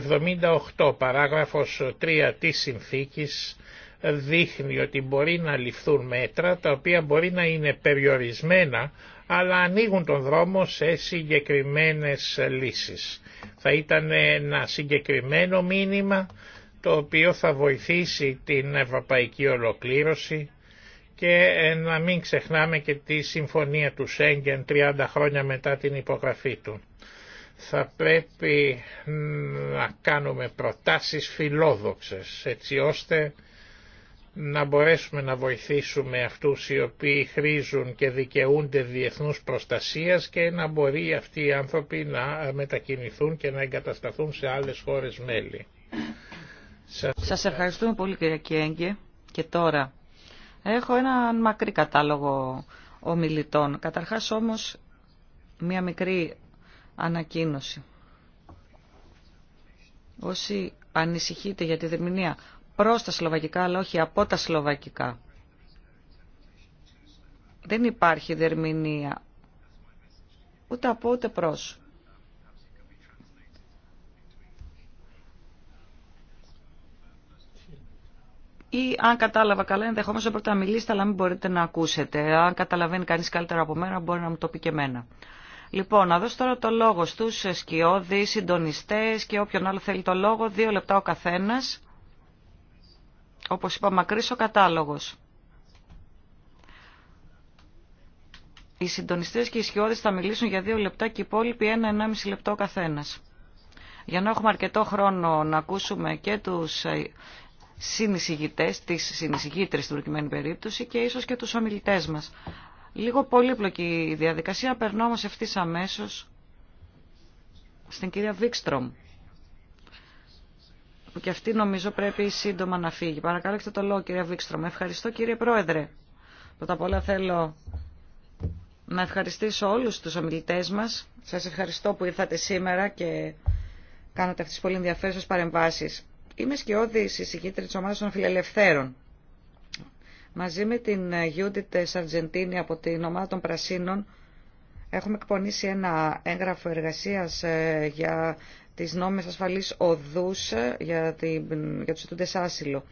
78 παράγραφος 3 της συνθήκης δείχνει ότι μπορεί να ληφθούν μέτρα τα οποία μπορεί να είναι περιορισμένα αλλά ανοίγουν τον δρόμο σε συγκεκριμένες λύσεις. Θα ήταν ένα συγκεκριμένο μήνυμα το οποίο θα βοηθήσει την ευρωπαϊκή ολοκλήρωση και ε, να μην ξεχνάμε και τη συμφωνία του Σέγγεν 30 χρόνια μετά την υπογραφή του. Θα πρέπει να κάνουμε προτάσεις φιλόδοξες έτσι ώστε να μπορέσουμε να βοηθήσουμε αυτούς οι οποίοι χρήζουν και δικαιούνται διεθνούς προστασίας και να μπορεί αυτοί οι άνθρωποι να μετακινηθούν και να εγκατασταθούν σε άλλες χώρες μέλη. Σας ευχαριστούμε πολύ κυρία Κιέγγε. Και τώρα έχω έναν μακρύ κατάλογο ομιλητών. Καταρχάς όμως μία μικρή ανακοίνωση. Όσοι ανησυχείτε για τη δερμηνία προς τα σλοβακικά αλλά όχι από τα σλοβακικά. Δεν υπάρχει δερμηνία ούτε από ούτε προς. Ή αν κατάλαβα καλά, ενδεχομένω πρώτα να μιλήσετε, αλλά μην μπορείτε να ακούσετε. Αν καταλαβαίνει κανείς καλύτερα από μένα, μπορεί να μου το πει και εμένα. Λοιπόν, να δώσω τώρα το λόγο στου σκιώδεις, συντονιστές και όποιον άλλο θέλει το λόγο. Δύο λεπτά ο καθένα όπως είπα, μακρύς ο κατάλογος. Οι συντονιστές και οι ισχυώδεις θα μιλήσουν για δύο λεπτά και οι υπόλοιποι ένα-ενάμιση λεπτό ο καθένας. Για να έχουμε αρκετό χρόνο να ακούσουμε και τους ε, συνεισηγητές, τις συνεισηγήτρες στην προκειμένη περίπτωση και ίσως και τους ομιλητές μας. Λίγο πολύπλοκη η διαδικασία, περνώ όμως ευθύς αμέσω στην κυρία Βίξτρομ που και αυτή νομίζω πρέπει σύντομα να φύγει. Παρακαλώ έχετε το λόγο κυρία Βίξτρομ. Ευχαριστώ κύριε Πρόεδρε. Πρώτα απ' όλα θέλω να ευχαριστήσω όλους τους ομιλητές μας. Σας ευχαριστώ που ήρθατε σήμερα και κάνατε αυτές τις πολύ ενδιαφέρουσες παρεμβάσεις. Είμαι σκιώδη συζητήτρια της ομάδα των φιλελευθέρων. Μαζί με την Γιούντιτ Σαρτζεντίνη από την ομάδα των Πρασίνων έχουμε εκπονήσει ένα έγγραφο εργασίας ε, για τις νόμιμες ασφαλείς οδούς ε, για, την, για τους ετούντες άσυλο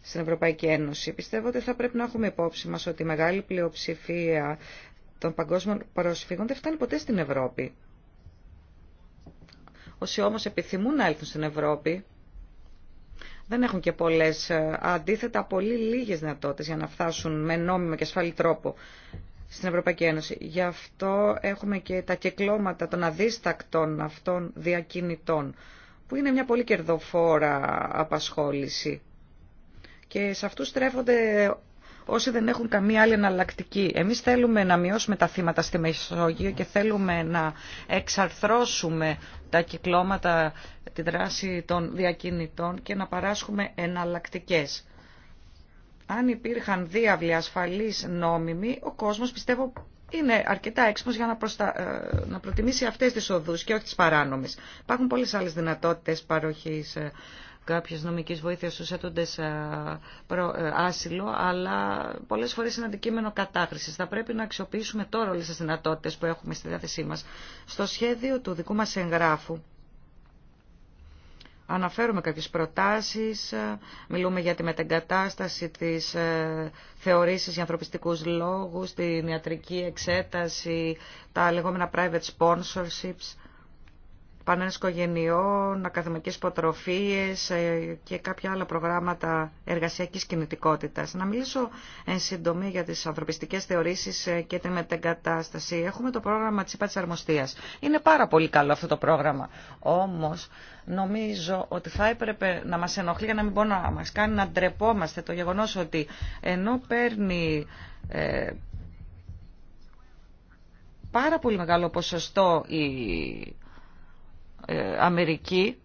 στην Ευρωπαϊκή Ένωση. Πιστεύω ότι θα πρέπει να έχουμε υπόψη μας ότι η μεγάλη πλειοψηφία των παγκόσμιων προσφύγων δεν φτάνει ποτέ στην Ευρώπη. Όσοι όμως επιθυμούν να έλθουν στην Ευρώπη, δεν έχουν και πολλές, ε, αντίθετα πολύ λίγες δυνατότητες για να φτάσουν με νόμιμο και ασφαλή τρόπο στην Ευρωπαϊκή Ένωση. Γι' αυτό έχουμε και τα κεκλώματα των αδίστακτων αυτών διακινητών, που είναι μια πολύ κερδοφόρα απασχόληση. Και σε αυτούς στρέφονται όσοι δεν έχουν καμία άλλη εναλλακτική. Εμείς θέλουμε να μειώσουμε τα θύματα στη Μεσόγειο και θέλουμε να εξαρθρώσουμε τα κυκλώματα, τη δράση των διακινητών και να παράσχουμε εναλλακτικές αν υπήρχαν διάβλοι ασφαλείς νόμιμοι, ο κόσμος πιστεύω είναι αρκετά έξυπνος για να, προστα... Ε, να προτιμήσει αυτές τις οδούς και όχι τις παράνομες. Υπάρχουν πολλές άλλες δυνατότητες παροχής ε, κάποιες νομικής βοήθειας στους έτοντες ε, άσυλο, αλλά πολλές φορές είναι αντικείμενο κατάχρησης. Θα πρέπει να αξιοποιήσουμε τώρα όλες τις δυνατότητες που έχουμε στη διάθεσή μας. Στο σχέδιο του δικού μας εγγράφου Αναφέρουμε κάποιες προτάσεις, ε, μιλούμε για τη μετεγκατάσταση της ε, θεωρήσεις για ανθρωπιστικούς λόγους, την ιατρική εξέταση, τα λεγόμενα private sponsorships επανένωση οικογενειών, ακαδημαϊκές υποτροφίες ε, και κάποια άλλα προγράμματα εργασιακής κινητικότητας. Να μιλήσω εν συντομή για τις ανθρωπιστικές θεωρήσεις ε, και την μετεγκατάσταση. Έχουμε το πρόγραμμα της ΥΠΑ Αρμοστίας. Είναι πάρα πολύ καλό αυτό το πρόγραμμα. Όμως νομίζω ότι θα έπρεπε να μας ενοχλεί για να μην μπορεί να μας κάνει να ντρεπόμαστε το γεγονός ότι ενώ παίρνει... Ε, πάρα πολύ μεγάλο ποσοστό η ε, Αμερική,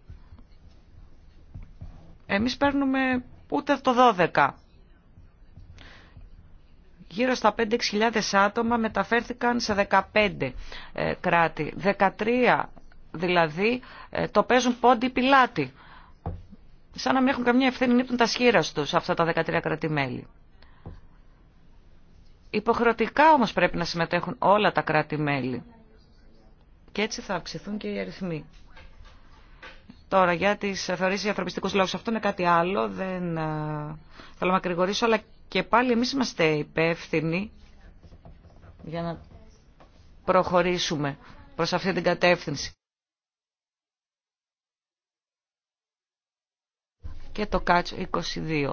εμείς παίρνουμε ούτε το 12. Γύρω στα 5-6 άτομα μεταφέρθηκαν σε 15 ε, κράτη. 13 δηλαδή ε, το παίζουν πόντι πιλάτη. Σαν να μην έχουν καμία ευθύνη νύπτουν τα σχήρα τους αυτά τα 13 κράτη-μέλη. Υποχρεωτικά όμως πρέπει να συμμετέχουν όλα τα κράτη-μέλη. Και έτσι θα αυξηθούν και οι αριθμοί. Τώρα για τι θεωρήσει για λόγου. αυτό είναι κάτι άλλο, δεν ε, θέλω να ακρηγορήσω, αλλά και πάλι εμείς είμαστε υπεύθυνοι για να προχωρήσουμε προς αυτή την κατεύθυνση. Και το κάτσο 22.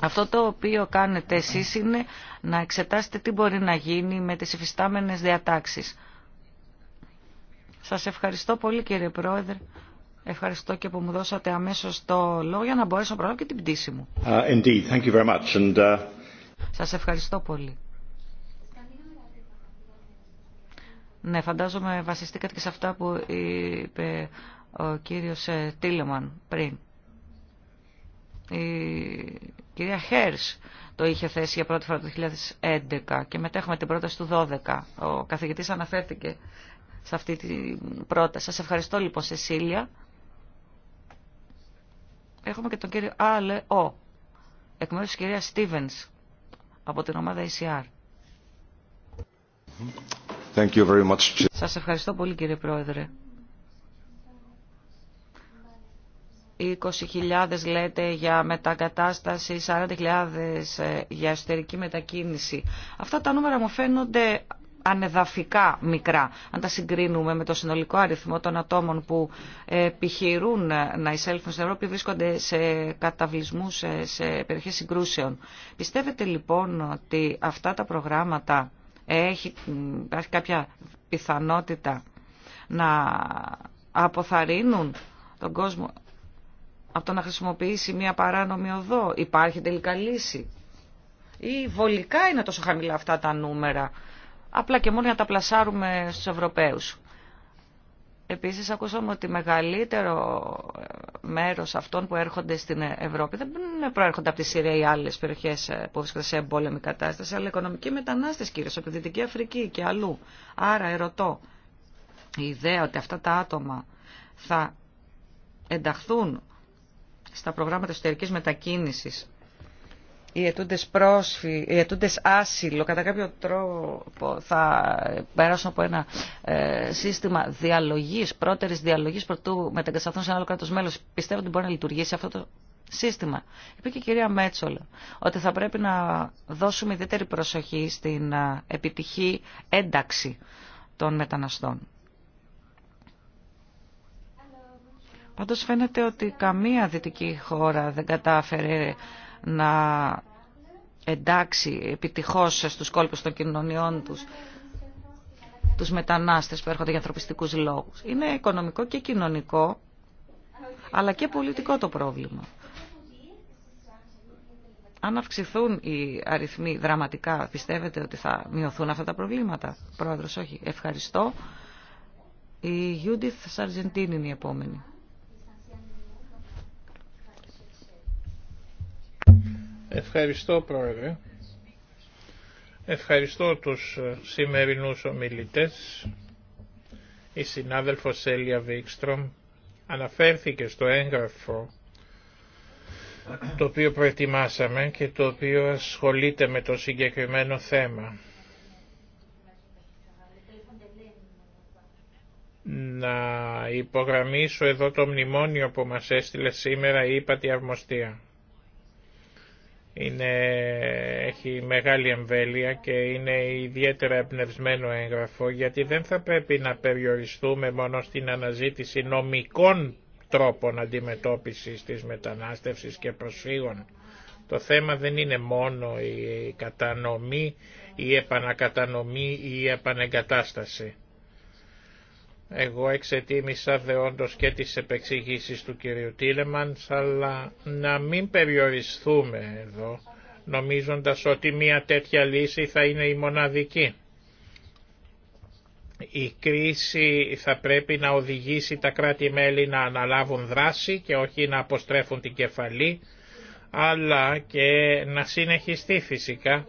Αυτό το οποίο κάνετε εσείς είναι να εξετάσετε τι μπορεί να γίνει με τις υφιστάμενες διατάξεις. Σας ευχαριστώ πολύ κύριε Πρόεδρε. Ευχαριστώ και που μου δώσατε αμέσως το λόγο για να μπορέσω να προλάβω και την πτήση μου. Uh, Thank you very much. Uh, Σας ευχαριστώ πολύ. Ναι, φαντάζομαι βασιστήκατε και σε αυτά που είπε ο κύριος ε, Τίλεμαν πριν. Η κυρία Χέρς το είχε θέσει για πρώτη φορά το 2011 και μετά έχουμε την πρόταση του 2012. Ο καθηγητής αναφέρθηκε σε αυτή την πρόταση. Σας ευχαριστώ λοιπόν Σεσίλια. Έχουμε και τον κύριο Άλε Ο, εκ μέρους της κυρίας Στίβενς, από την ομάδα ECR. Thank Σας ευχαριστώ πολύ κύριε Πρόεδρε. Οι 20.000 λέτε για μετακατάσταση, 40.000 ε, για εσωτερική μετακίνηση. Αυτά τα νούμερα μου φαίνονται ανεδαφικά μικρά, αν τα συγκρίνουμε με το συνολικό αριθμό των ατόμων που ε, επιχειρούν ε, να εισέλθουν στην Ευρώπη, βρίσκονται σε καταβλισμού σε περιοχέ συγκρούσεων. Πιστεύετε λοιπόν ότι αυτά τα προγράμματα έχει, υπάρχει κάποια πιθανότητα να αποθαρρύνουν τον κόσμο από το να χρησιμοποιήσει μια παράνομη οδό. Υπάρχει τελικά λύση. Ή βολικά είναι τόσο χαμηλά αυτά τα νούμερα απλά και μόνο για να τα πλασάρουμε στους Ευρωπαίους. Επίσης ακούσαμε ότι μεγαλύτερο ε, μέρος αυτών που έρχονται στην ε, Ευρώπη δεν προέρχονται από τη Συρία ή άλλες περιοχές ε, που βρίσκονται σε εμπόλεμη κατάσταση, αλλά οικονομικοί μετανάστες κυρίως από τη Δυτική Αφρική και αλλού. Άρα ερωτώ, η ιδέα ότι αυτά τα άτομα θα ενταχθούν στα προγράμματα εσωτερικής μετακίνησης οι αιτούντες, πρόσφυ, οι αιτούντες άσυλο κατά κάποιο τρόπο θα περάσουν από ένα ε, σύστημα διαλογής, πρώτερης διαλογής προτού μεταγκασταθούν σε ένα άλλο κράτος μέλος. Πιστεύω ότι μπορεί να λειτουργήσει αυτό το σύστημα. Είπε και η κυρία Μέτσολα ότι θα πρέπει να δώσουμε ιδιαίτερη προσοχή στην ε, επιτυχή ένταξη των μεταναστών. Πάντως φαίνεται ότι καμία δυτική χώρα δεν κατάφερε να εντάξει επιτυχώς στους κόλπους των κοινωνιών τους τους μετανάστες που έρχονται για ανθρωπιστικούς λόγους. Είναι οικονομικό και κοινωνικό, αλλά και πολιτικό το πρόβλημα. Αν αυξηθούν οι αριθμοί δραματικά, πιστεύετε ότι θα μειωθούν αυτά τα προβλήματα. Πρόεδρος, όχι. Ευχαριστώ. Η Judith Sargentini είναι η επόμενη. Ευχαριστώ Πρόεδρε. Ευχαριστώ τους σημερινούς ομιλητές. Η συνάδελφος Έλια Βίξτρομ αναφέρθηκε στο έγγραφο το οποίο προετοιμάσαμε και το οποίο ασχολείται με το συγκεκριμένο θέμα. Να υπογραμμίσω εδώ το μνημόνιο που μας έστειλε σήμερα η ύπατη αρμοστία είναι, έχει μεγάλη εμβέλεια και είναι ιδιαίτερα εμπνευσμένο έγγραφο γιατί δεν θα πρέπει να περιοριστούμε μόνο στην αναζήτηση νομικών τρόπων αντιμετώπισης της μετανάστευσης και προσφύγων. Το θέμα δεν είναι μόνο η κατανομή, η επανακατανομή ή η επανεγκατάσταση. Εγώ εξετίμησα δεόντως και τις επεξηγήσεις του κυρίου Τίλεμανς, αλλά να μην περιοριστούμε εδώ, νομίζοντας ότι μια τέτοια λύση θα είναι η μοναδική. Η κρίση θα πρέπει να οδηγήσει τα κράτη-μέλη να αναλάβουν δράση και όχι να αποστρέφουν την κεφαλή, αλλά και να συνεχιστεί φυσικά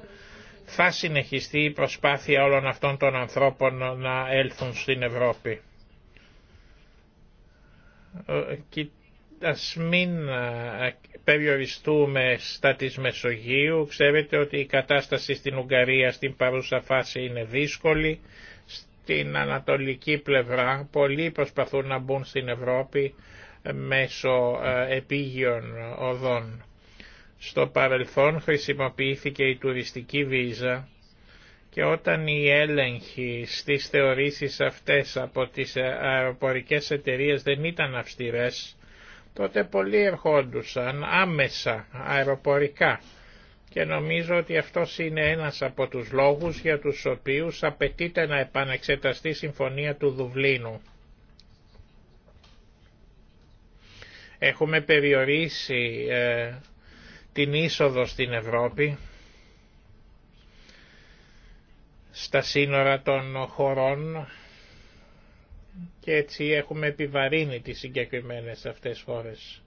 θα συνεχιστεί η προσπάθεια όλων αυτών των ανθρώπων να έλθουν στην Ευρώπη. Ε, ας μην ε, περιοριστούμε στα της Μεσογείου. Ξέρετε ότι η κατάσταση στην Ουγγαρία στην παρούσα φάση είναι δύσκολη. Στην ανατολική πλευρά πολλοί προσπαθούν να μπουν στην Ευρώπη ε, μέσω επίγειων οδών. Στο παρελθόν χρησιμοποιήθηκε η τουριστική βίζα και όταν οι έλεγχοι στις θεωρήσεις αυτές από τις ε, αεροπορικές εταιρείες δεν ήταν αυστηρές, τότε πολλοί ερχόντουσαν άμεσα αεροπορικά και νομίζω ότι αυτό είναι ένας από τους λόγους για τους οποίους απαιτείται να επανεξεταστεί η Συμφωνία του Δουβλίνου. Έχουμε περιορίσει ε, την είσοδο στην Ευρώπη στα σύνορα των χωρών και έτσι έχουμε επιβαρύνει τις συγκεκριμένες αυτές χώρες.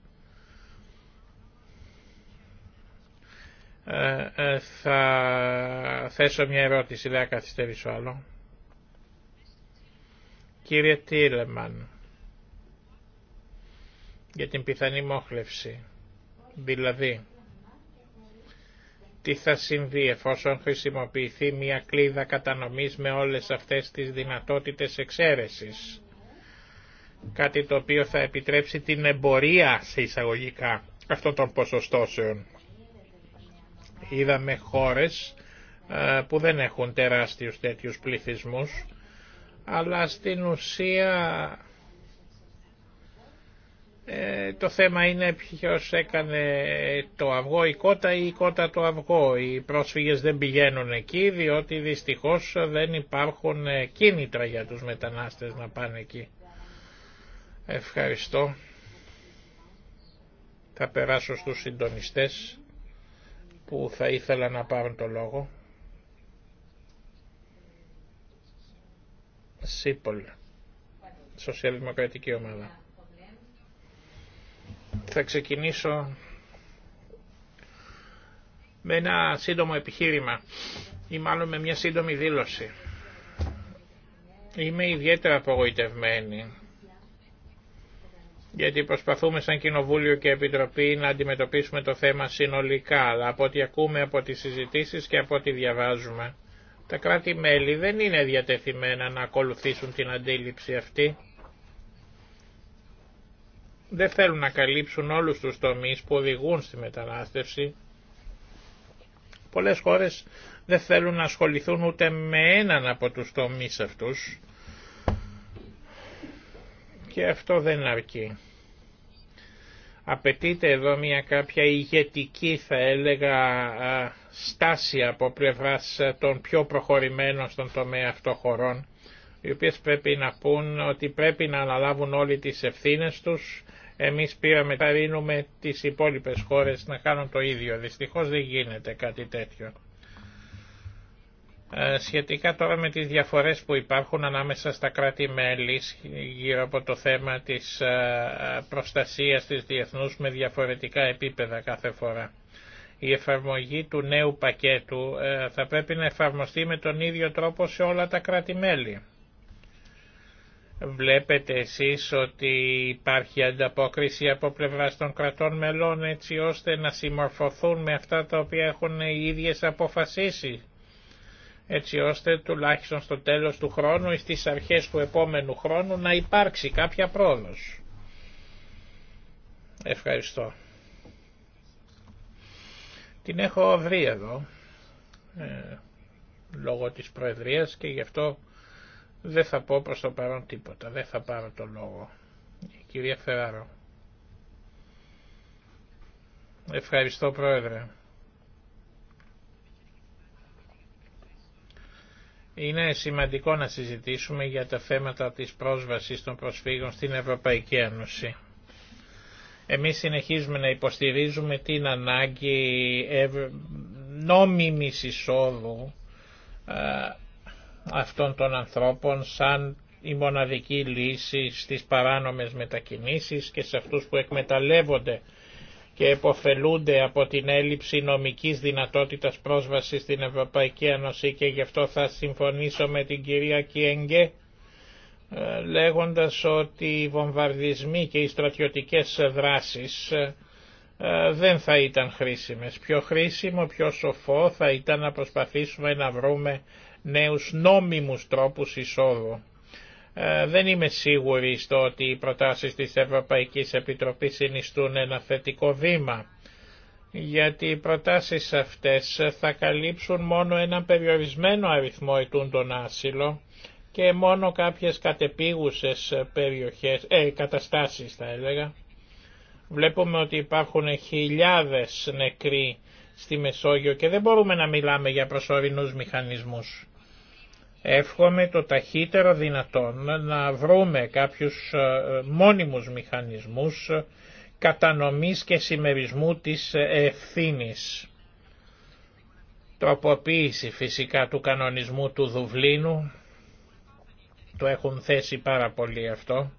Ε, ε, θα θέσω μια ερώτηση, δεν θα καθυστερήσω άλλο. Κύριε Τίλεμαν, για την πιθανή μόχλευση, δηλαδή τι θα συμβεί εφόσον χρησιμοποιηθεί μια κλίδα κατανομής με όλες αυτές τις δυνατότητες εξαίρεσης. Κάτι το οποίο θα επιτρέψει την εμπορία σε εισαγωγικά αυτών των ποσοστώσεων. Είδαμε χώρες ε, που δεν έχουν τεράστιους τέτοιους πληθυσμούς, αλλά στην ουσία ε, το θέμα είναι ποιος έκανε το αυγό η κότα ή η κότα το αυγό. Οι πρόσφυγες δεν πηγαίνουν εκεί διότι δυστυχώς δεν υπάρχουν ε, κίνητρα για τους μετανάστες να πάνε εκεί. Ευχαριστώ. Θα περάσω στους συντονιστές που θα ήθελα να πάρουν το λόγο. Σίπολ, Σοσιαλδημοκρατική Ομάδα. Θα ξεκινήσω με ένα σύντομο επιχείρημα ή μάλλον με μια σύντομη δήλωση. Είμαι ιδιαίτερα απογοητευμένη γιατί προσπαθούμε σαν Κοινοβούλιο και Επιτροπή να αντιμετωπίσουμε το θέμα συνολικά, αλλά από ό,τι ακούμε από τις συζητήσεις και από ό,τι διαβάζουμε, τα κράτη-μέλη δεν είναι διατεθειμένα να ακολουθήσουν την αντίληψη αυτή δεν θέλουν να καλύψουν όλους τους τομείς που οδηγούν στη μετανάστευση. Πολλές χώρες δεν θέλουν να ασχοληθούν ούτε με έναν από τους τομείς αυτούς και αυτό δεν αρκεί. Απαιτείται εδώ μια κάποια ηγετική θα έλεγα στάση από πλευράς των πιο προχωρημένων στον τομέα αυτών χωρών οι οποίες πρέπει να πούν ότι πρέπει να αναλάβουν όλοι τις ευθύνες τους εμείς πήραμε τα ρίνουμε τις υπόλοιπες χώρες να κάνουν το ίδιο. Δυστυχώς δεν γίνεται κάτι τέτοιο. Ε, σχετικά τώρα με τις διαφορές που υπάρχουν ανάμεσα στα κράτη-μέλη γύρω από το θέμα της ε, προστασίας της διεθνούς με διαφορετικά επίπεδα κάθε φορά. Η εφαρμογή του νέου πακέτου ε, θα πρέπει να εφαρμοστεί με τον ίδιο τρόπο σε όλα τα κράτη-μέλη. Βλέπετε εσείς ότι υπάρχει ανταπόκριση από πλευρά των κρατών μελών έτσι ώστε να συμμορφωθούν με αυτά τα οποία έχουν οι ίδιες αποφασίσει έτσι ώστε τουλάχιστον στο τέλος του χρόνου ή στις αρχές του επόμενου χρόνου να υπάρξει κάποια πρόοδος. Ευχαριστώ. Την έχω βρει εδώ, ε, λόγω της Προεδρίας και γι' αυτό δεν θα πω προς το παρόν τίποτα, δεν θα πάρω το λόγο. κυρία Φεράρο. Ευχαριστώ Πρόεδρε. Είναι σημαντικό να συζητήσουμε για τα θέματα της πρόσβασης των προσφύγων στην Ευρωπαϊκή Ένωση. Εμείς συνεχίζουμε να υποστηρίζουμε την ανάγκη ευ... νόμιμης εισόδου αυτών των ανθρώπων σαν η μοναδική λύση στις παράνομες μετακινήσεις και σε αυτούς που εκμεταλλεύονται και εποφελούνται από την έλλειψη νομικής δυνατότητας πρόσβασης στην Ευρωπαϊκή Ένωση και γι' αυτό θα συμφωνήσω με την κυρία Κιέγκε ε, λέγοντας ότι οι βομβαρδισμοί και οι στρατιωτικές δράσεις ε, δεν θα ήταν χρήσιμες. Πιο χρήσιμο, πιο σοφό θα ήταν να προσπαθήσουμε να βρούμε νέους νόμιμους τρόπους εισόδου. Ε, δεν είμαι σίγουρη στο ότι οι προτάσεις της Ευρωπαϊκής Επιτροπής συνιστούν ένα θετικό βήμα, γιατί οι προτάσεις αυτές θα καλύψουν μόνο ένα περιορισμένο αριθμό ετούν τον άσυλο και μόνο κάποιες κατεπίγουσες περιοχές, ε, καταστάσεις θα έλεγα. Βλέπουμε ότι υπάρχουν χιλιάδες νεκροί στη Μεσόγειο και δεν μπορούμε να μιλάμε για προσωρινούς μηχανισμούς. Εύχομαι το ταχύτερο δυνατόν να βρούμε κάποιους ε, μόνιμους μηχανισμούς κατανομής και συμμερισμού της ε, ευθύνης. Τροποποίηση φυσικά του κανονισμού του Δουβλίνου, το έχουν θέσει πάρα πολύ αυτό,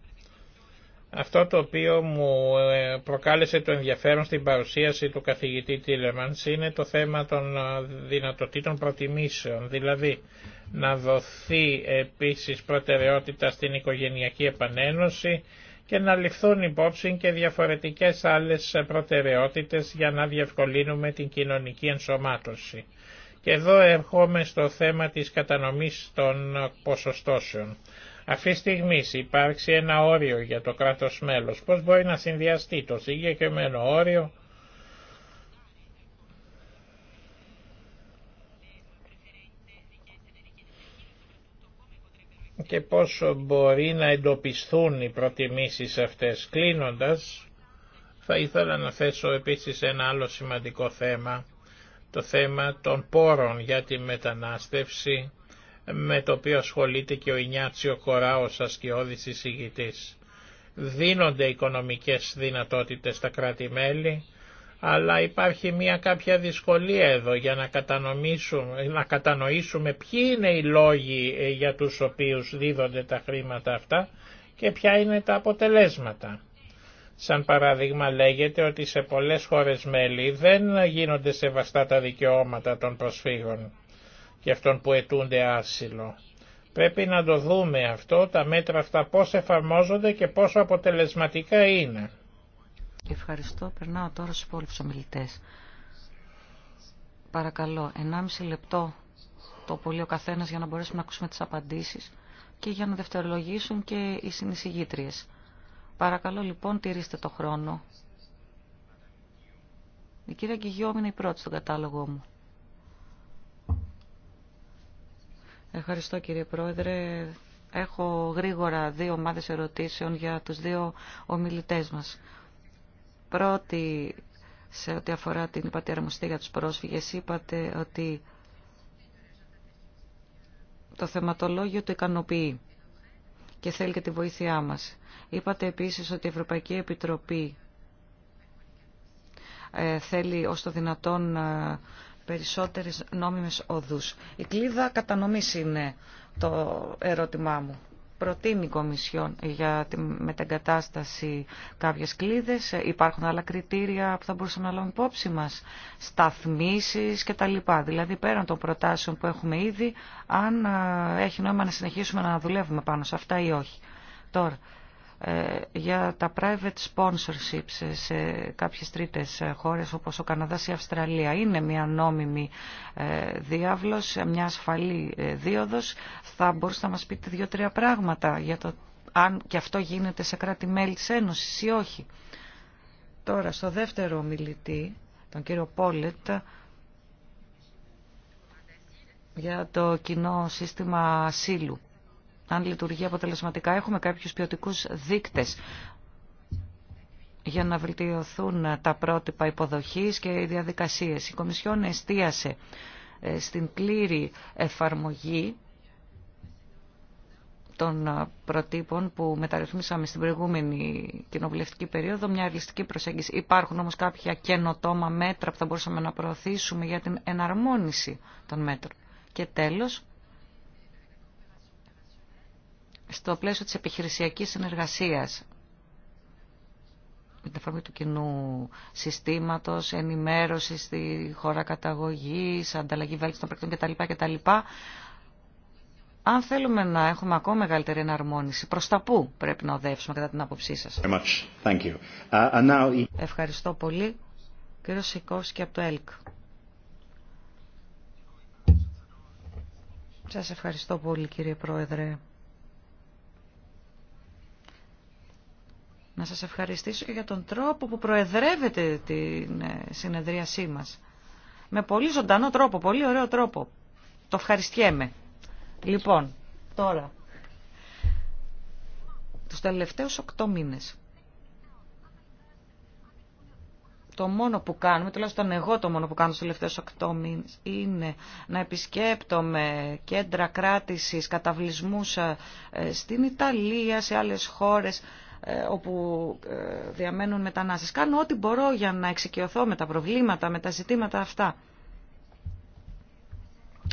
αυτό το οποίο μου ε, προκάλεσε το ενδιαφέρον στην παρουσίαση του καθηγητή Τίλεμανς είναι το θέμα των ε, δυνατοτήτων προτιμήσεων, δηλαδή να δοθεί επίσης προτεραιότητα στην οικογενειακή επανένωση και να ληφθούν υπόψη και διαφορετικές άλλες προτεραιότητες για να διευκολύνουμε την κοινωνική ενσωμάτωση. Και εδώ ερχόμαι στο θέμα της κατανομής των ποσοστώσεων. Αυτή τη στιγμή υπάρξει ένα όριο για το κράτος μέλος. Πώς μπορεί να συνδυαστεί το συγκεκριμένο όριο και πόσο μπορεί να εντοπισθούν οι προτιμήσεις αυτές. Κλείνοντας, θα ήθελα να θέσω επίσης ένα άλλο σημαντικό θέμα, το θέμα των πόρων για τη μετανάστευση με το οποίο ασχολείται και ο Ινιάτσιο Κοράος ασκιώδης εισηγητής. Δίνονται οικονομικές δυνατότητες στα κράτη-μέλη, αλλά υπάρχει μια κάποια δυσκολία εδώ για να, να κατανοήσουμε ποιοι είναι οι λόγοι ε, για τους οποίους δίδονται τα χρήματα αυτά και ποια είναι τα αποτελέσματα. Σαν παράδειγμα λέγεται ότι σε πολλές χώρες μέλη δεν γίνονται σεβαστά τα δικαιώματα των προσφύγων και αυτών που αιτούνται άσυλο. Πρέπει να το δούμε αυτό, τα μέτρα αυτά πώς εφαρμόζονται και πόσο αποτελεσματικά είναι. Ευχαριστώ. Περνάω τώρα στους υπόλοιπους ομιλητές. Παρακαλώ, 1,5 λεπτό το πολύ ο καθένας για να μπορέσουμε να ακούσουμε τις απαντήσεις και για να δευτερολογήσουν και οι συνεισηγήτριες. Παρακαλώ λοιπόν τηρήστε το χρόνο. Η κυρία Κιγιώμη είναι η πρώτη στον κατάλογό μου. Ευχαριστώ κύριε Πρόεδρε. Έχω γρήγορα δύο ομάδες ερωτήσεων για τους δύο ομιλητές μας. Πρώτη, σε ό,τι αφορά την πατέρα αρμοστή για τους πρόσφυγες, είπατε ότι το θεματολόγιο το ικανοποιεί και θέλει και τη βοήθειά μας. Είπατε επίσης ότι η Ευρωπαϊκή Επιτροπή ε, θέλει ως το δυνατόν ε, περισσότερες νόμιμες οδούς. Η κλίδα κατανομής είναι το ερώτημά μου. Προτείνει η Κομισιόν για τη μετεγκατάσταση κάποιες κλίδες. Υπάρχουν άλλα κριτήρια που θα μπορούσαμε να λάβουμε υπόψη μας. Σταθμίσεις κτλ. Δηλαδή πέραν των προτάσεων που έχουμε ήδη, αν ε, έχει νόημα να συνεχίσουμε να δουλεύουμε πάνω σε αυτά ή όχι. Τώρα, ε, για τα private sponsorships σε κάποιες τρίτες χώρες όπως ο Καναδάς ή η Αυστραλία. Είναι μια νόμιμη ε, διάβλος, μια ασφαλή ε, δίωδος. Θα μπορούσατε να μας πείτε δύο-τρία πράγματα για το αν και αυτό γίνεται σε κράτη-μέλη της Ένωσης ή όχι. Τώρα, στο δεύτερο μιλητή, τον κύριο Πόλετ, για το κοινό σύστημα ασύλου αν λειτουργεί αποτελεσματικά, έχουμε κάποιους ποιοτικού δείκτες για να βελτιωθούν τα πρότυπα υποδοχής και οι διαδικασίες. Η Κομισιόν εστίασε ε, στην πλήρη εφαρμογή των ε, προτύπων που μεταρρυθμίσαμε στην προηγούμενη κοινοβουλευτική περίοδο, μια αριστική προσέγγιση. Υπάρχουν όμως κάποια καινοτόμα μέτρα που θα μπορούσαμε να προωθήσουμε για την εναρμόνιση των μέτρων. Και τέλος, στο πλαίσιο της επιχειρησιακής συνεργασίας με την αφορμή του κοινού συστήματος, ενημέρωση στη χώρα καταγωγής, ανταλλαγή βέλτιστων των πρακτών κτλ. κτλ. Αν θέλουμε να έχουμε ακόμα μεγαλύτερη εναρμόνιση, προς τα πού πρέπει να οδεύσουμε κατά την άποψή σας. Uh, now... Ευχαριστώ πολύ. Κύριο Σικόφσκι από το ΕΛΚ. Σας ευχαριστώ πολύ κύριε Πρόεδρε. να σας ευχαριστήσω και για τον τρόπο που προεδρεύετε την ε, συνεδρίασή μας. Με πολύ ζωντανό τρόπο, πολύ ωραίο τρόπο. Το ευχαριστιέμαι. Λοιπόν, τώρα, τους τελευταίους οκτώ μήνες. Το μόνο που κάνουμε, τουλάχιστον εγώ το μόνο που κάνω τους τελευταίους οκτώ μήνες, είναι να επισκέπτομαι κέντρα κράτησης, καταβλισμούς ε, ε, στην Ιταλία, σε άλλες χώρες, ε, όπου ε, διαμένουν μετανάστες. Κάνω ό,τι μπορώ για να εξοικειωθώ με τα προβλήματα, με τα ζητήματα αυτά.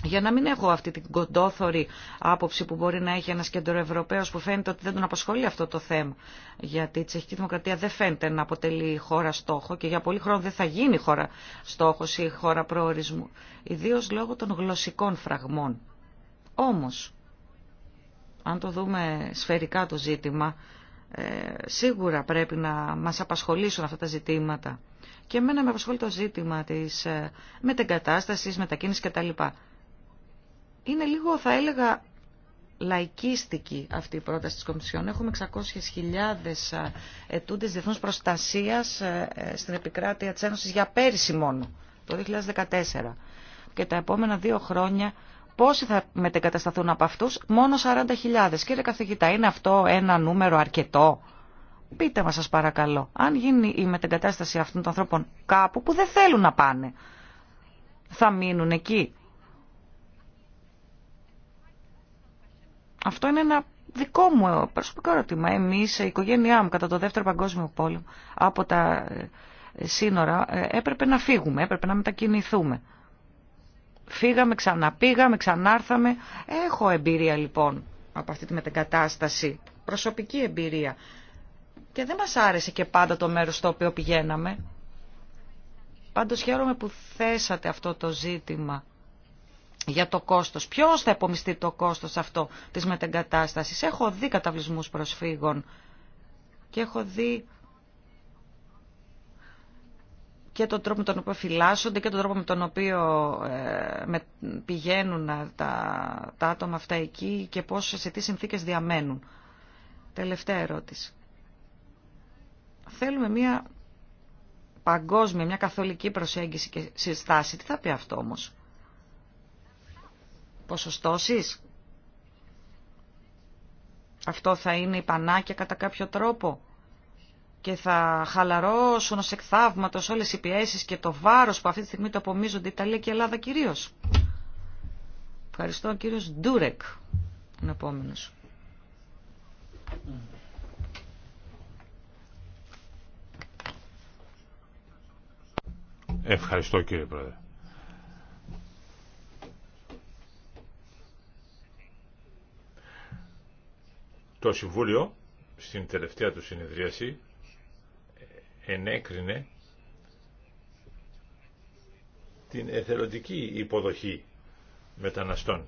Για να μην έχω αυτή την κοντόθωρη άποψη που μπορεί να έχει ένας κεντροευρωπαίος που φαίνεται ότι δεν τον απασχολεί αυτό το θέμα. Γιατί η Τσεχική Δημοκρατία δεν φαίνεται να αποτελεί χώρα στόχο και για πολύ χρόνο δεν θα γίνει χώρα στόχος ή χώρα προορισμού. Ιδίως λόγω των γλωσσικών φραγμών. Όμως, αν το δούμε σφαιρικά το ζήτημα, ε, σίγουρα πρέπει να μας απασχολήσουν αυτά τα ζητήματα. Και εμένα με απασχολεί το ζήτημα της ε, μετεγκατάστασης, μετακίνησης κτλ. Είναι λίγο, θα έλεγα, λαϊκίστικη αυτή η πρόταση της Κομισιόν. Έχουμε 600.000 ε, ετούντες διεθνούς προστασίας ε, στην επικράτεια της Ένωσης για πέρυσι μόνο, το 2014. Και τα επόμενα δύο χρόνια Πόσοι θα μετεγκατασταθούν από αυτούς, μόνο 40.000. Κύριε καθηγητά, είναι αυτό ένα νούμερο αρκετό. Πείτε μας σας παρακαλώ, αν γίνει η μετεγκατάσταση αυτών των ανθρώπων κάπου που δεν θέλουν να πάνε, θα μείνουν εκεί. Αυτό είναι ένα δικό μου προσωπικό ερώτημα. Εμείς, η οικογένειά μου κατά το δεύτερο παγκόσμιο πόλεμο, από τα ε, σύνορα ε, έπρεπε να φύγουμε, έπρεπε να μετακινηθούμε. Φύγαμε, ξαναπήγαμε, ξανάρθαμε. Έχω εμπειρία λοιπόν από αυτή τη μετεγκατάσταση, προσωπική εμπειρία. Και δεν μας άρεσε και πάντα το μέρος στο οποίο πηγαίναμε. Πάντως χαίρομαι που θέσατε αυτό το ζήτημα για το κόστος. Ποιος θα επομιστεί το κόστος αυτό της μετεγκατάστασης. Έχω δει καταβλισμούς προσφύγων και έχω δει και τον τρόπο με τον οποίο φυλάσσονται και τον τρόπο με τον οποίο ε, πηγαίνουν τα, τα άτομα αυτά εκεί και πώς, σε τι συνθήκες διαμένουν. Τελευταία ερώτηση. Θέλουμε μια παγκόσμια, μια καθολική προσέγγιση και συστάση. Τι θα πει αυτό όμως. Ποσοστώσεις. Αυτό θα είναι η πανάκια κατά κάποιο τρόπο και θα χαλαρώσουν ως εκθαύματος όλες οι πιέσεις και το βάρος που αυτή τη στιγμή το απομίζονται Ιταλία και Ελλάδα κυρίως. Ευχαριστώ κύριος Ντούρεκ, είναι επόμενος. Ευχαριστώ κύριε Πρόεδρε. Το Συμβούλιο στην τελευταία του συνεδρίαση ενέκρινε την εθελοντική υποδοχή μεταναστών.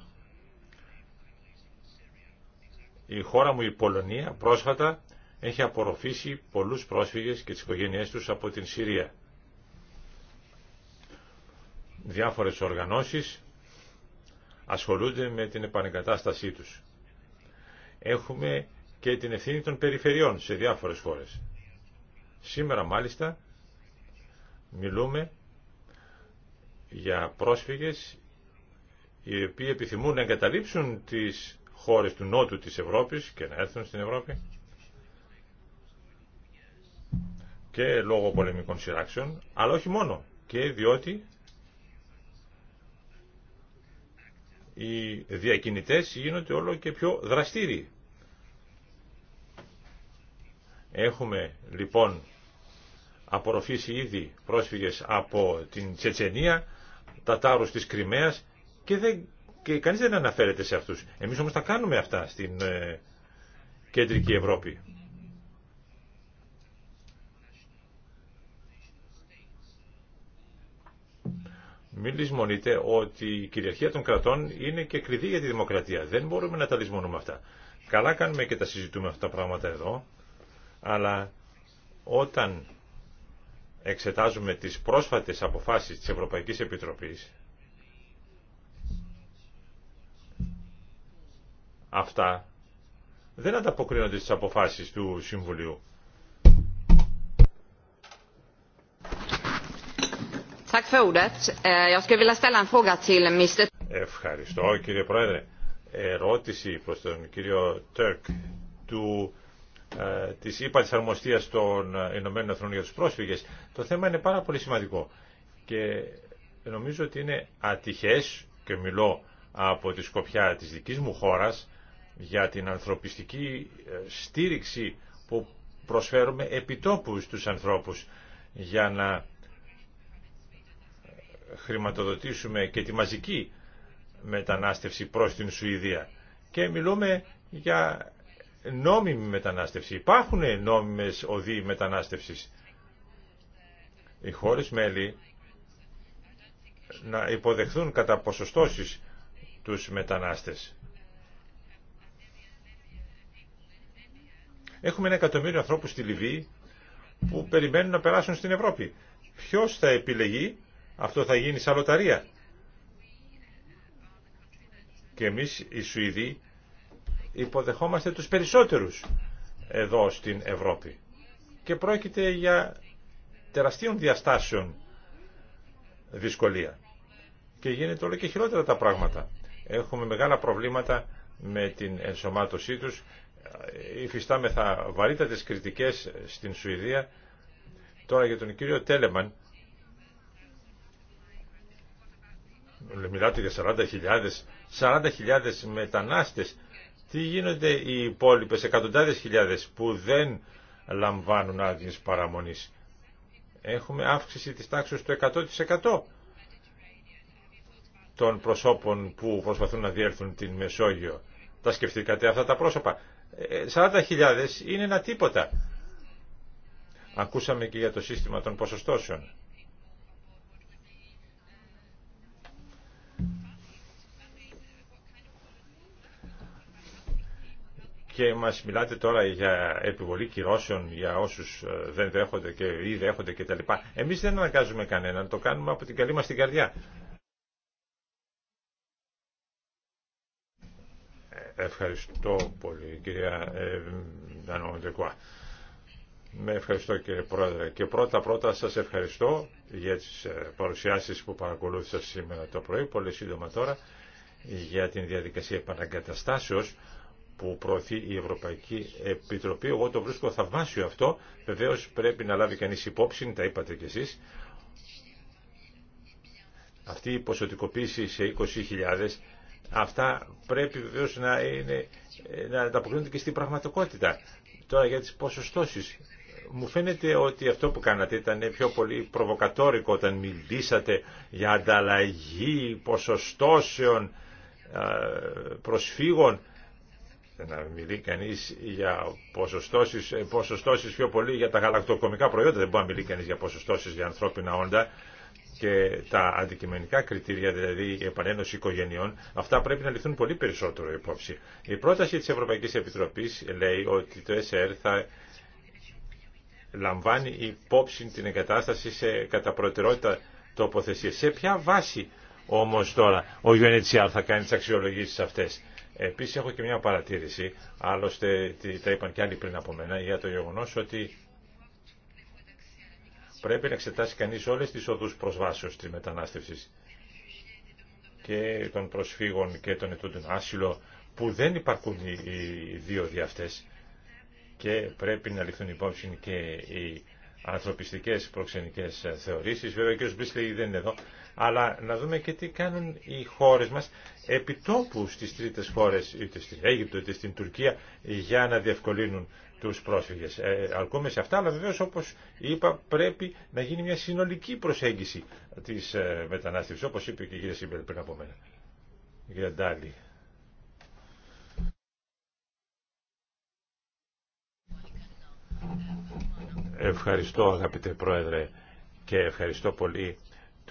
Η χώρα μου, η Πολωνία, πρόσφατα έχει απορροφήσει πολλούς πρόσφυγες και τις οικογένειές τους από την Συρία. Διάφορες οργανώσεις ασχολούνται με την επανεγκατάστασή τους. Έχουμε και την ευθύνη των περιφερειών σε διάφορες χώρες. Σήμερα μάλιστα μιλούμε για πρόσφυγες οι οποίοι επιθυμούν να εγκαταλείψουν τις χώρες του νότου της Ευρώπης και να έρθουν στην Ευρώπη και λόγω πολεμικών σειράξεων, αλλά όχι μόνο και διότι οι διακινητές γίνονται όλο και πιο δραστήριοι. Έχουμε λοιπόν απορροφήσει ήδη πρόσφυγες από την Τσετσενία, Τατάρους της Κρυμαίας και, δεν, και κανείς δεν αναφέρεται σε αυτούς. Εμείς όμως τα κάνουμε αυτά στην ε, κεντρική Ευρώπη. Μην λησμονείτε ότι η κυριαρχία των κρατών είναι και κλειδί για τη δημοκρατία. Δεν μπορούμε να τα λησμονούμε αυτά. Καλά κάνουμε και τα συζητούμε αυτά τα πράγματα εδώ, αλλά όταν εξετάζουμε τις πρόσφατες αποφάσεις της Ευρωπαϊκής Επιτροπής, αυτά δεν ανταποκρίνονται στις αποφάσεις του Συμβουλίου. Ευχαριστώ κύριε Πρόεδρε. Ερώτηση προς τον κύριο Τέρκ του ε, της ΥΠΑ της Αρμοστίας των Ηνωμένων Εθνών για τους πρόσφυγες. Το θέμα είναι πάρα πολύ σημαντικό και νομίζω ότι είναι ατυχές και μιλώ από τη σκοπιά της δικής μου χώρας για την ανθρωπιστική ε, στήριξη που προσφέρουμε επιτόπου στους ανθρώπους για να χρηματοδοτήσουμε και τη μαζική μετανάστευση προς την Σουηδία. Και μιλούμε για νόμιμη μετανάστευση. Υπάρχουν νόμιμες οδοί μετανάστευσης. Οι χώρες μέλη να υποδεχθούν κατά ποσοστώσεις τους μετανάστες. Έχουμε ένα εκατομμύριο ανθρώπους στη Λιβύη που περιμένουν να περάσουν στην Ευρώπη. Ποιος θα επιλεγεί, αυτό θα γίνει σαλοταρία. Και εμείς οι Σουηδοί υποδεχόμαστε τους περισσότερους εδώ στην Ευρώπη. Και πρόκειται για τεραστίων διαστάσεων δυσκολία. Και γίνεται όλο και χειρότερα τα πράγματα. Έχουμε μεγάλα προβλήματα με την ενσωμάτωσή τους. Υφιστάμεθα βαρύτατες κριτικές στην Σουηδία. Τώρα για τον κύριο Τέλεμαν. Μιλάτε για 40.000. 40.000 μετανάστες τι γίνονται οι υπόλοιπε εκατοντάδες χιλιάδες που δεν λαμβάνουν άδειες παραμονής. Έχουμε αύξηση της τάξης του 100% των προσώπων που προσπαθούν να διέλθουν την Μεσόγειο. Τα σκεφτήκατε αυτά τα πρόσωπα. 40.000 ε, είναι ένα τίποτα. Ακούσαμε και για το σύστημα των ποσοστώσεων. και μας μιλάτε τώρα για επιβολή κυρώσεων για όσους ε, δεν δέχονται και ή δέχονται κτλ. Εμείς δεν αναγκάζουμε κανέναν, το κάνουμε από την καλή μας την καρδιά. Ε, ευχαριστώ πολύ κυρία ε, Κουά. Με ευχαριστώ κύριε Πρόεδρε και πρώτα πρώτα σας ευχαριστώ για τις παρουσιάσεις που παρακολούθησα σήμερα το πρωί, πολύ σύντομα τώρα, για την διαδικασία επαναγκαταστάσεως που προωθεί η Ευρωπαϊκή Επιτροπή. Εγώ το βρίσκω θαυμάσιο αυτό. Βεβαίω πρέπει να λάβει κανεί υπόψη, τα είπατε κι εσεί. Αυτή η ποσοτικοποίηση σε 20.000, αυτά πρέπει βεβαίω να, είναι, να ανταποκρίνονται και στην πραγματικότητα. Τώρα για τι ποσοστώσει. Μου φαίνεται ότι αυτό που κάνατε ήταν πιο πολύ προβοκατόρικο όταν μιλήσατε για ανταλλαγή ποσοστώσεων ε, προσφύγων να μιλεί κανεί για ποσοστώσεις, ε, ποσοστώσεις πιο πολύ για τα γαλακτοκομικά προϊόντα, δεν μπορεί να μιλεί κανεί για ποσοστώσεις για ανθρώπινα όντα και τα αντικειμενικά κριτήρια, δηλαδή η επανένωση οικογενειών, αυτά πρέπει να ληφθούν πολύ περισσότερο υπόψη. Η πρόταση της Ευρωπαϊκής Επιτροπής λέει ότι το SR θα λαμβάνει υπόψη την εγκατάσταση σε κατά προτεραιότητα τοποθεσία. Σε ποια βάση όμω τώρα ο UNHCR θα κάνει τι αξιολογήσει αυτές. Επίσης έχω και μια παρατήρηση, άλλωστε τα είπαν και άλλοι πριν από μένα, για το γεγονό ότι πρέπει να εξετάσει κανείς όλες τις οδούς προσβάσεως τη μετανάστευσης και των προσφύγων και των ετούντων άσυλο που δεν υπάρχουν οι δύο διαυτές και πρέπει να ληφθούν υπόψη και οι ανθρωπιστικές προξενικές θεωρήσεις. Βέβαια ο κ. δεν είναι εδώ αλλά να δούμε και τι κάνουν οι χώρες μας επιτόπου στις τρίτες χώρε, είτε στην Αίγυπτο είτε στην Τουρκία, για να διευκολύνουν τους πρόσφυγες. Ε, αρκούμε σε αυτά, αλλά βεβαίω όπω είπα πρέπει να γίνει μια συνολική προσέγγιση της ε, μετανάστευσης, όπως είπε και η κυρία Σίμπελ πριν από μένα. Ευχαριστώ αγαπητέ Πρόεδρε και ευχαριστώ πολύ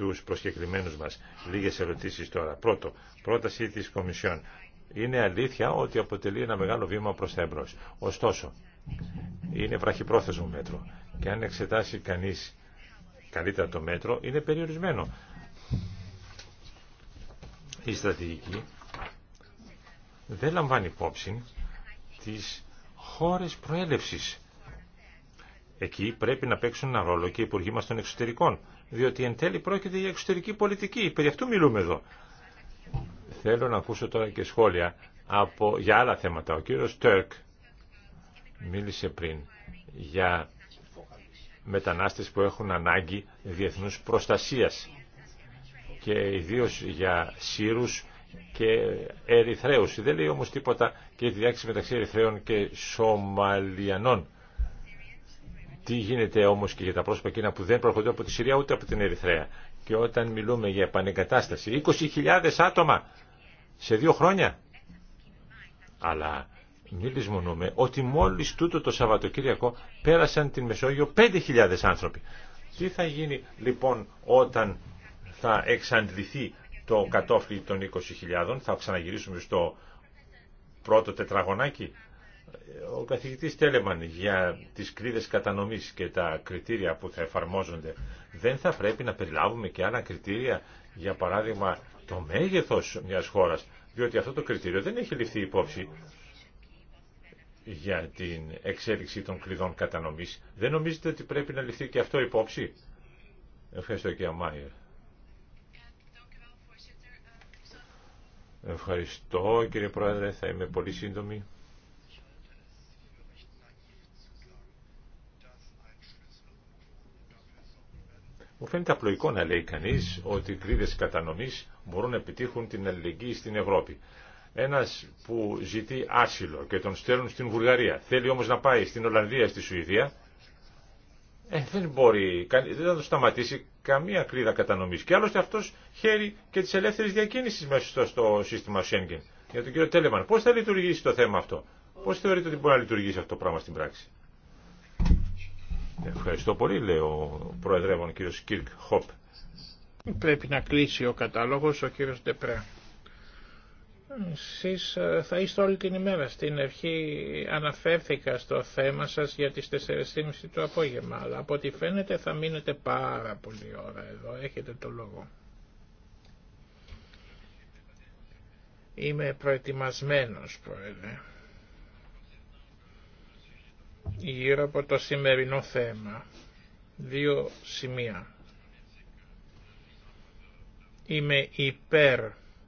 τους προσκεκλημένους μας. Λίγες ερωτήσεις τώρα. Πρώτο, πρόταση της Κομισιόν. Είναι αλήθεια ότι αποτελεί ένα μεγάλο βήμα προς τα εμπρός. Ωστόσο, είναι βραχυπρόθεσμο μέτρο και αν εξετάσει κανείς καλύτερα το μέτρο, είναι περιορισμένο. Η στρατηγική δεν λαμβάνει υπόψη τις χώρες προέλευσης. Εκεί πρέπει να παίξουν ένα ρόλο και οι υπουργοί μας των εξωτερικών διότι εν τέλει πρόκειται για εξωτερική πολιτική. Περί αυτού μιλούμε εδώ. Θέλω να ακούσω τώρα και σχόλια από, για άλλα θέματα. Ο κύριος Τέρκ μίλησε πριν για μετανάστες που έχουν ανάγκη διεθνούς προστασίας και ιδίως για Σύρους και Ερυθρέους. Δεν λέει όμως τίποτα και τη διάκριση μεταξύ Ερυθρέων και Σομαλιανών. Τι γίνεται όμως και για τα πρόσωπα εκείνα που δεν προχωρούν από τη Συρία ούτε από την Ερυθρέα. Και όταν μιλούμε για επανεγκατάσταση, 20.000 άτομα σε δύο χρόνια. Αλλά μην λησμονούμε ότι μόλις τούτο το Σαββατοκύριακο πέρασαν την Μεσόγειο 5.000 άνθρωποι. Τι θα γίνει λοιπόν όταν θα εξαντληθεί το κατόφλι των 20.000, θα ξαναγυρίσουμε στο πρώτο τετραγωνάκι ο καθηγητής Τέλεμαν για τις κρίδες κατανομής και τα κριτήρια που θα εφαρμόζονται, δεν θα πρέπει να περιλάβουμε και άλλα κριτήρια, για παράδειγμα το μέγεθος μιας χώρας, διότι αυτό το κριτήριο δεν έχει ληφθεί υπόψη για την εξέλιξη των κλειδών κατανομής. Δεν νομίζετε ότι πρέπει να ληφθεί και αυτό υπόψη. Ευχαριστώ κύριε Μάιερ. Ευχαριστώ κύριε Πρόεδρε, θα είμαι πολύ σύντομη. Μου φαίνεται απλοϊκό να λέει κανεί ότι οι κλίδες κατανομής μπορούν να επιτύχουν την αλληλεγγύη στην Ευρώπη. Ένα που ζητεί άσυλο και τον στέλνουν στην Βουλγαρία, θέλει όμω να πάει στην Ολλανδία, στη Σουηδία, ε, δεν μπορεί, δεν θα το σταματήσει καμία κλίδα κατανομή. Και άλλωστε αυτό χαίρει και τη ελεύθερη διακίνηση μέσα στο, σύστημα Schengen. Για τον κύριο Τέλεμαν, πώ θα λειτουργήσει το θέμα αυτό. πώ θεωρείτε ότι μπορεί να λειτουργήσει αυτό το πράγμα στην πράξη. Ευχαριστώ πολύ, λέει ο Προεδρεύων κύριος Κίρκ Χοπ. Πρέπει να κλείσει ο κατάλογος ο κύριος Ντεπρέ. Εσείς ε, θα είστε όλη την ημέρα. Στην αρχή αναφέρθηκα στο θέμα σας για τις 4.30 το απόγευμα, αλλά από ό,τι φαίνεται θα μείνετε πάρα πολύ ώρα εδώ. Έχετε το λόγο. Είμαι προετοιμασμένος, Πρόεδρε γύρω από το σημερινό θέμα. Δύο σημεία. Είμαι υπέρ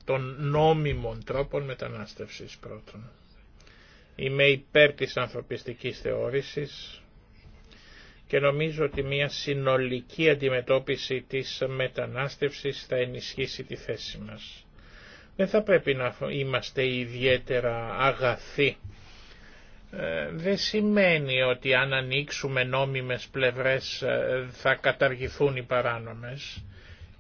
των νόμιμων τρόπων μετανάστευσης πρώτον. Είμαι υπέρ της ανθρωπιστικής θεώρησης και νομίζω ότι μια συνολική αντιμετώπιση της μετανάστευσης θα ενισχύσει τη θέση μας. Δεν θα πρέπει να είμαστε ιδιαίτερα αγαθοί ε, δεν σημαίνει ότι αν ανοίξουμε νόμιμες πλευρές ε, θα καταργηθούν οι παράνομες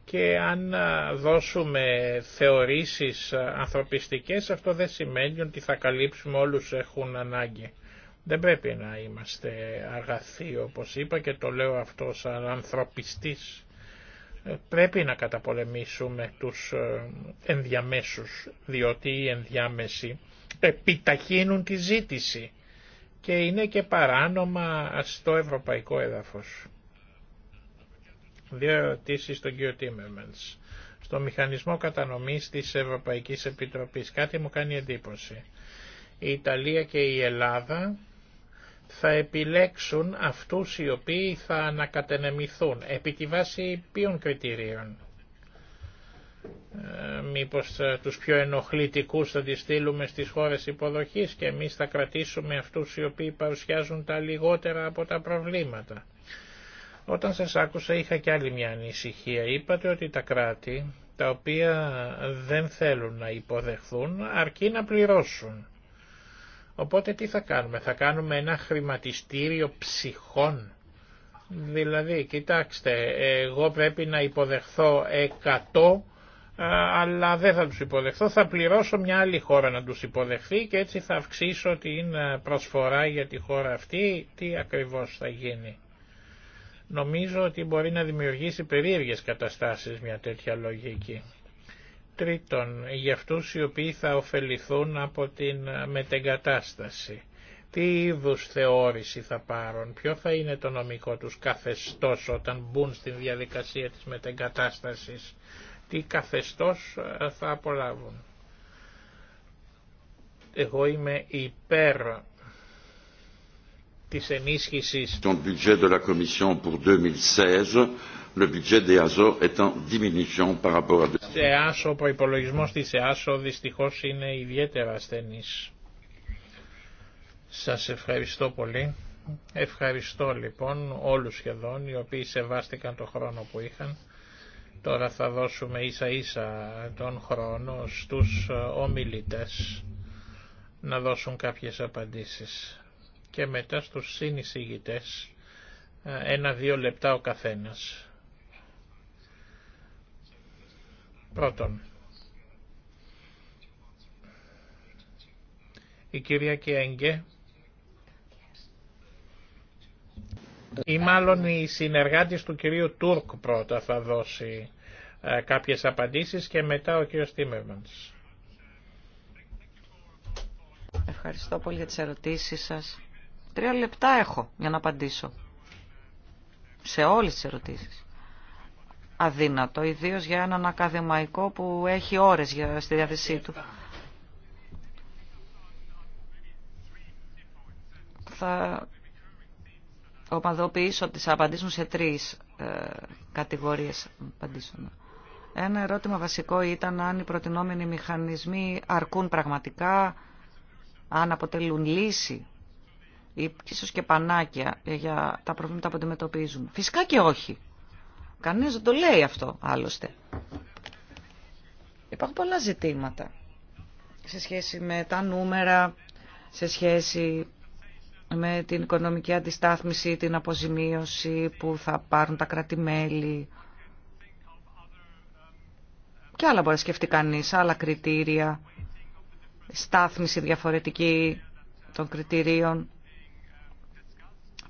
και αν ε, δώσουμε θεωρήσεις ανθρωπιστικές αυτό δεν σημαίνει ότι θα καλύψουμε όλους έχουν ανάγκη. Δεν πρέπει να είμαστε αγαθοί όπως είπα και το λέω αυτό σαν ανθρωπιστής. Πρέπει να καταπολεμήσουμε τους ενδιαμέσους διότι οι ενδιάμεσοι επιταχύνουν τη ζήτηση και είναι και παράνομα στο ευρωπαϊκό έδαφος. Δύο ερωτήσει στον κύριο Τίμερμαντς. Στο μηχανισμό κατανομής της Ευρωπαϊκής Επιτροπής κάτι μου κάνει εντύπωση. Η Ιταλία και η Ελλάδα θα επιλέξουν αυτούς οι οποίοι θα ανακατενεμηθούν επί τη βάση ποιων κριτηρίων. Ε, μήπως ε, τους πιο ενοχλητικούς θα τις στείλουμε στις χώρες υποδοχής και εμείς θα κρατήσουμε αυτούς οι οποίοι παρουσιάζουν τα λιγότερα από τα προβλήματα. Όταν σας άκουσα είχα και άλλη μια ανησυχία. Είπατε ότι τα κράτη τα οποία δεν θέλουν να υποδεχθούν αρκεί να πληρώσουν. Οπότε τι θα κάνουμε, θα κάνουμε ένα χρηματιστήριο ψυχών. Δηλαδή, κοιτάξτε, εγώ πρέπει να υποδεχθώ 100 ε, αλλά δεν θα τους υποδεχθώ, θα πληρώσω μια άλλη χώρα να τους υποδεχθεί και έτσι θα αυξήσω την ε, προσφορά για τη χώρα αυτή, τι ακριβώς θα γίνει. Νομίζω ότι μπορεί να δημιουργήσει περίεργες καταστάσεις μια τέτοια λογική. Τρίτον, για αυτούς οι οποίοι θα ωφεληθούν από την ε, μετεγκατάσταση. Τι είδου θεώρηση θα πάρουν, ποιο θα είναι το νομικό τους καθεστώς όταν μπουν στη διαδικασία της μετεγκατάστασης τι καθεστώς ε, θα απολάβουν. Εγώ είμαι υπέρ της ενίσχυσης Το budget de la Commission ΕΑΣΟ, ο προϋπολογισμός της ΕΑΣΟ δυστυχώς είναι ιδιαίτερα ασθενής. Σας ευχαριστώ πολύ. Ευχαριστώ λοιπόν όλους σχεδόν οι οποίοι σεβάστηκαν το χρόνο που είχαν. Τώρα θα δώσουμε ίσα ίσα τον χρόνο στους ε, ομιλητές να δώσουν κάποιες απαντήσεις και μετά στους συνεισηγητές ε, ένα-δύο λεπτά ο καθένας. Πρώτον, η κυρία Κιέγκε... Ή μάλλον η συνεργάτης του κυρίου Τούρκ πρώτα θα δώσει ε, κάποιες απαντήσεις και μετά ο κύριος Τίμερμαντς. Ευχαριστώ πολύ για τις ερωτήσεις σας. Τρία λεπτά έχω για να απαντήσω σε όλες τις ερωτήσεις. Αδύνατο, ιδίω για έναν ακαδημαϊκό που έχει ώρες για, στη διάθεσή του. Θα ομαδοποιήσω τις απαντήσουν σε τρεις ε, κατηγορίες Ένα ερώτημα βασικό ήταν αν οι προτινόμενοι μηχανισμοί αρκούν πραγματικά, αν αποτελούν λύση ή ίσως και πανάκια για τα προβλήματα που αντιμετωπίζουμε. Φυσικά και όχι. Κανείς δεν το λέει αυτό άλλωστε. Υπάρχουν πολλά ζητήματα σε σχέση με τα νούμερα, σε σχέση με την οικονομική αντιστάθμιση, την αποζημίωση που θα πάρουν τα κρατημέλη. Και άλλα μπορεί να σκεφτεί κανείς, άλλα κριτήρια, στάθμιση διαφορετική των κριτηρίων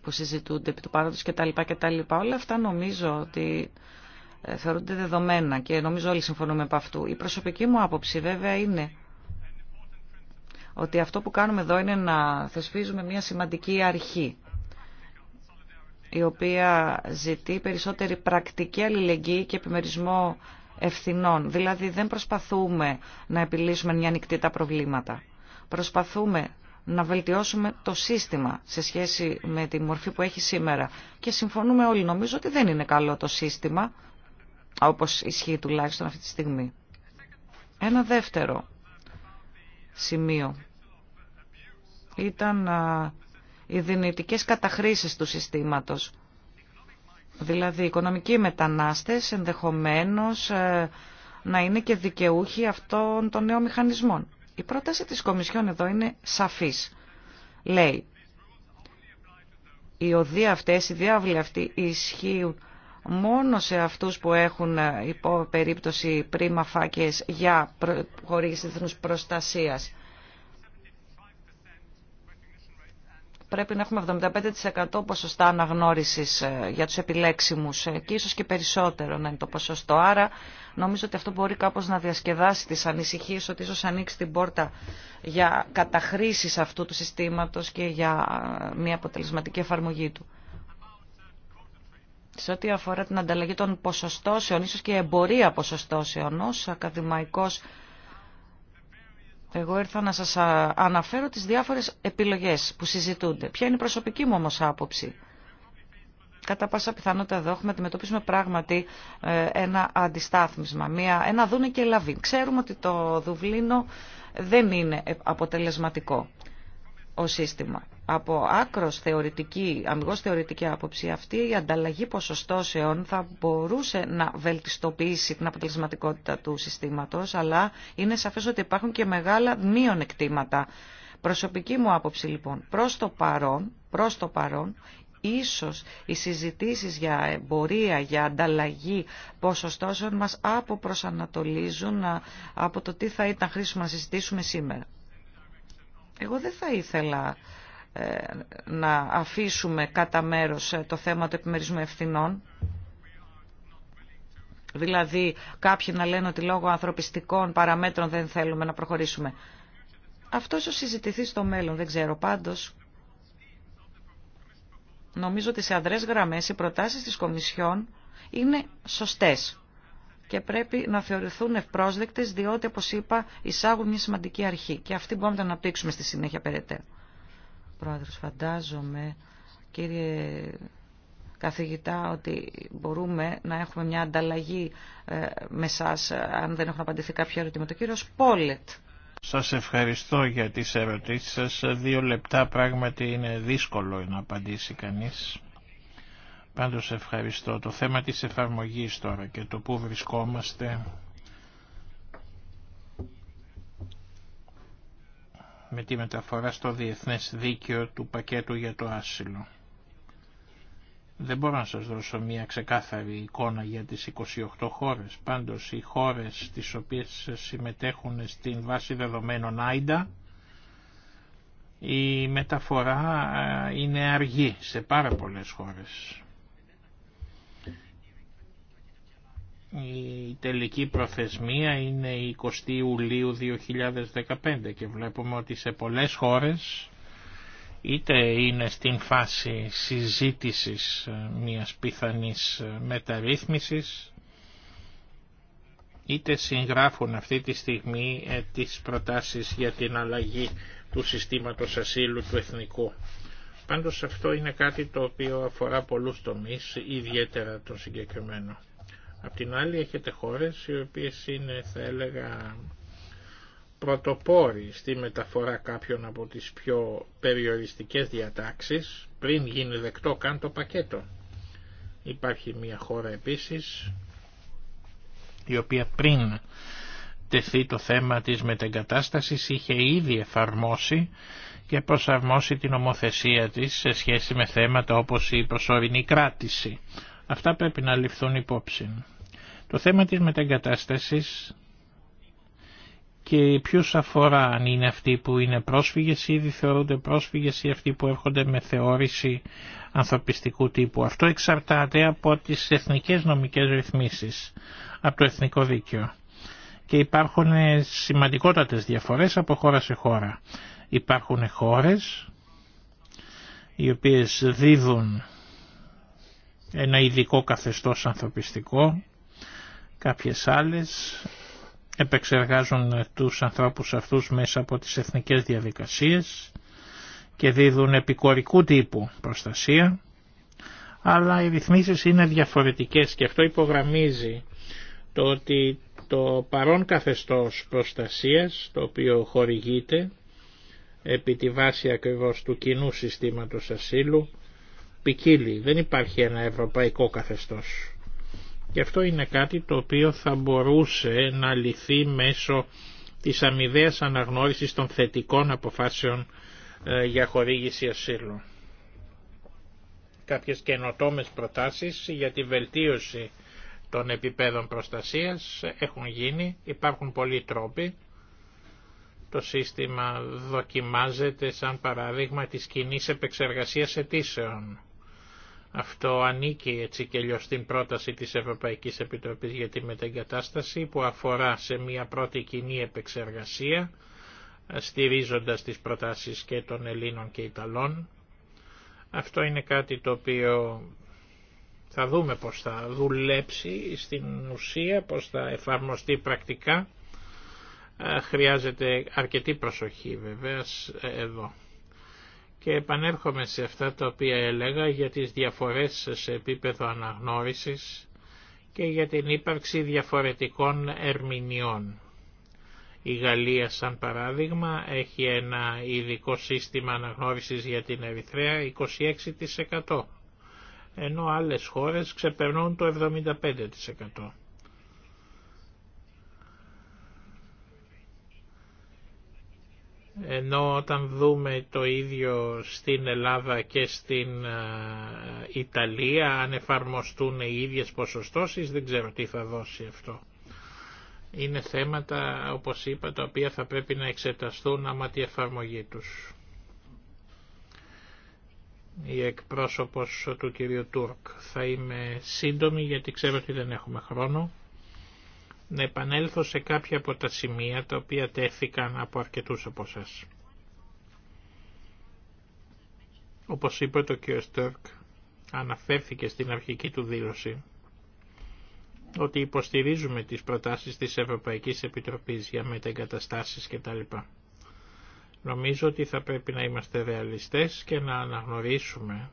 που συζητούνται επί του παρόντος κτλ. κτλ. Όλα αυτά νομίζω ότι ε, θεωρούνται δεδομένα και νομίζω όλοι συμφωνούμε από αυτού. Η προσωπική μου άποψη βέβαια είναι ότι αυτό που κάνουμε εδώ είναι να θεσπίζουμε μια σημαντική αρχή η οποία ζητεί περισσότερη πρακτική αλληλεγγύη και επιμερισμό ευθυνών. Δηλαδή δεν προσπαθούμε να επιλύσουμε μια ανοιχτη τα προβλήματα. Προσπαθούμε να βελτιώσουμε το σύστημα σε σχέση με τη μορφή που έχει σήμερα. Και συμφωνούμε όλοι, νομίζω ότι δεν είναι καλό το σύστημα, όπως ισχύει τουλάχιστον αυτή τη στιγμή. Ένα δεύτερο σημείο ήταν οι δυνητικές καταχρήσεις του συστήματος. Δηλαδή, οι οικονομικοί μετανάστες ενδεχομένως ε, να είναι και δικαιούχοι αυτών των νέων μηχανισμών. Η πρόταση της Κομισιόν εδώ είναι σαφής. Λέει, οι οδοί αυτές, οι διάβλοι αυτοί ισχύουν μόνο σε αυτούς που έχουν ε, υπό περίπτωση πρίμα φάκες για χορήγηση διεθνούς προστασίας. Πρέπει να έχουμε 75% ποσοστά αναγνώρισης ε, για τους επιλέξιμους ε, και ίσως και περισσότερο να είναι το ποσοστό. Άρα νομίζω ότι αυτό μπορεί κάπως να διασκεδάσει τις ανησυχίες ότι ίσως ανοίξει την πόρτα για καταχρήσεις αυτού του συστήματος και για μια αποτελεσματική εφαρμογή του σε ό,τι αφορά την ανταλλαγή των ποσοστώσεων, ίσως και εμπορία ποσοστώσεων ως ακαδημαϊκός, εγώ ήρθα να σας αναφέρω τις διάφορες επιλογές που συζητούνται. Ποια είναι η προσωπική μου όμως άποψη. Κατά πάσα πιθανότητα εδώ έχουμε αντιμετωπίσουμε πράγματι ε, ένα αντιστάθμισμα, μια, ένα δούνε και λαβή. Ξέρουμε ότι το Δουβλίνο δεν είναι αποτελεσματικό ο σύστημα από άκρος θεωρητική, αμυγός θεωρητική άποψη, αυτή η ανταλλαγή ποσοστώσεων θα μπορούσε να βελτιστοποιήσει την αποτελεσματικότητα του συστήματος, αλλά είναι σαφές ότι υπάρχουν και μεγάλα μειονεκτήματα. Προσωπική μου άποψη λοιπόν, προς το παρόν, προς το παρόν ίσως οι συζητήσεις για εμπορία, για ανταλλαγή ποσοστώσεων μας αποπροσανατολίζουν από το τι θα ήταν χρήσιμο να συζητήσουμε σήμερα. Εγώ δεν θα ήθελα ε, να αφήσουμε κατά μέρος ε, το θέμα του επιμερισμού ευθυνών. Δηλαδή κάποιοι να λένε ότι λόγω ανθρωπιστικών παραμέτρων δεν θέλουμε να προχωρήσουμε. Αυτό ίσως συζητηθεί στο μέλλον, δεν ξέρω. Πάντως, νομίζω ότι σε αδρές γραμμές οι προτάσεις της Κομισιόν είναι σωστές και πρέπει να θεωρηθούν ευπρόσδεκτες διότι, όπως είπα, εισάγουν μια σημαντική αρχή και αυτή μπορούμε να αναπτύξουμε στη συνέχεια περαιτέρω. Πρόεδρος. Φαντάζομαι, κύριε καθηγητά, ότι μπορούμε να έχουμε μια ανταλλαγή ε, με ε, αν δεν έχουν απαντηθεί κάποια ερωτήματα. Το κύριος Πόλετ. Σας ευχαριστώ για τις ερωτήσεις σας. Δύο λεπτά πράγματι είναι δύσκολο να απαντήσει κανείς. Πάντως ευχαριστώ. Το θέμα της εφαρμογής τώρα και το πού βρισκόμαστε με τη μεταφορά στο διεθνές δίκαιο του πακέτου για το άσυλο. Δεν μπορώ να σας δώσω μια ξεκάθαρη εικόνα για τις 28 χώρες. Πάντως οι χώρες τις οποίες συμμετέχουν στην βάση δεδομένων Άιντα, η μεταφορά ε, είναι αργή σε πάρα πολλές χώρες. Η τελική προθεσμία είναι η 20 Ιουλίου 2015 και βλέπουμε ότι σε πολλές χώρες είτε είναι στην φάση συζήτησης μιας πιθανής μεταρρύθμισης είτε συγγράφουν αυτή τη στιγμή ε, τις προτάσεις για την αλλαγή του συστήματος ασύλου του εθνικού. Πάντως αυτό είναι κάτι το οποίο αφορά πολλούς τομείς, ιδιαίτερα τον συγκεκριμένο. Απ' την άλλη έχετε χώρες οι οποίες είναι θα έλεγα πρωτοπόροι στη μεταφορά κάποιων από τις πιο περιοριστικές διατάξεις πριν γίνει δεκτό καν το πακέτο. Υπάρχει μια χώρα επίσης η οποία πριν τεθεί το θέμα της μετεγκατάστασης είχε ήδη εφαρμόσει και προσαρμόσει την ομοθεσία της σε σχέση με θέματα όπως η προσωρινή κράτηση. Αυτά πρέπει να ληφθούν υπόψη. Το θέμα της μεταγκατάστασης και ποιους αφορά αν είναι αυτοί που είναι πρόσφυγες ή ήδη θεωρούνται πρόσφυγες ή αυτοί που έρχονται με θεώρηση ανθρωπιστικού τύπου. Αυτό εξαρτάται από τις εθνικές νομικές ρυθμίσεις, από το εθνικό δίκαιο. Και υπάρχουν σημαντικότατες διαφορές από χώρα σε χώρα. Υπάρχουν χώρες οι οποίες δίδουν ένα ειδικό καθεστώς ανθρωπιστικό, κάποιες άλλες επεξεργάζουν τους ανθρώπους αυτούς μέσα από τις εθνικές διαδικασίες και δίδουν επικορικού τύπου προστασία, αλλά οι ρυθμίσεις είναι διαφορετικές και αυτό υπογραμμίζει το ότι το παρόν καθεστώς προστασίας το οποίο χορηγείται επί τη βάση ακριβώς του κοινού συστήματος ασύλου ποικίλει, δεν υπάρχει ένα ευρωπαϊκό καθεστώς. Και αυτό είναι κάτι το οποίο θα μπορούσε να λυθεί μέσω της αμοιβαίας αναγνώρισης των θετικών αποφάσεων ε, για χορήγηση ασύλου. Κάποιες καινοτόμες προτάσεις για τη βελτίωση των επιπέδων προστασίας έχουν γίνει, υπάρχουν πολλοί τρόποι. Το σύστημα δοκιμάζεται σαν παράδειγμα της κοινή επεξεργασίας αιτήσεων αυτό ανήκει έτσι και λιώς στην πρόταση της Ευρωπαϊκής Επιτροπής για τη μετεγκατάσταση που αφορά σε μια πρώτη κοινή επεξεργασία στηρίζοντας τις προτάσεις και των Ελλήνων και Ιταλών. Αυτό είναι κάτι το οποίο θα δούμε πώς θα δουλέψει στην ουσία, πώς θα εφαρμοστεί πρακτικά. Ε, χρειάζεται αρκετή προσοχή βέβαια εδώ. Και επανέρχομαι σε αυτά τα οποία έλεγα για τις διαφορές σε επίπεδο αναγνώρισης και για την ύπαρξη διαφορετικών ερμηνεών. Η Γαλλία σαν παράδειγμα έχει ένα ειδικό σύστημα αναγνώρισης για την Ερυθρέα 26% ενώ άλλες χώρες ξεπερνούν το 75%. ενώ όταν δούμε το ίδιο στην Ελλάδα και στην Ιταλία, αν εφαρμοστούν οι ίδιες ποσοστώσεις, δεν ξέρω τι θα δώσει αυτό. Είναι θέματα, όπως είπα, τα οποία θα πρέπει να εξεταστούν άμα τη εφαρμογή τους. Η εκπρόσωπος του κυρίου Τούρκ θα είμαι σύντομη γιατί ξέρω ότι δεν έχουμε χρόνο να επανέλθω σε κάποια από τα σημεία τα οποία τέθηκαν από αρκετούς από σας. Όπως είπε το κ. Στέρκ, αναφέρθηκε στην αρχική του δήλωση ότι υποστηρίζουμε τις προτάσεις της Ευρωπαϊκής Επιτροπής για μετεγκαταστάσεις κτλ. Νομίζω ότι θα πρέπει να είμαστε ρεαλιστές και να αναγνωρίσουμε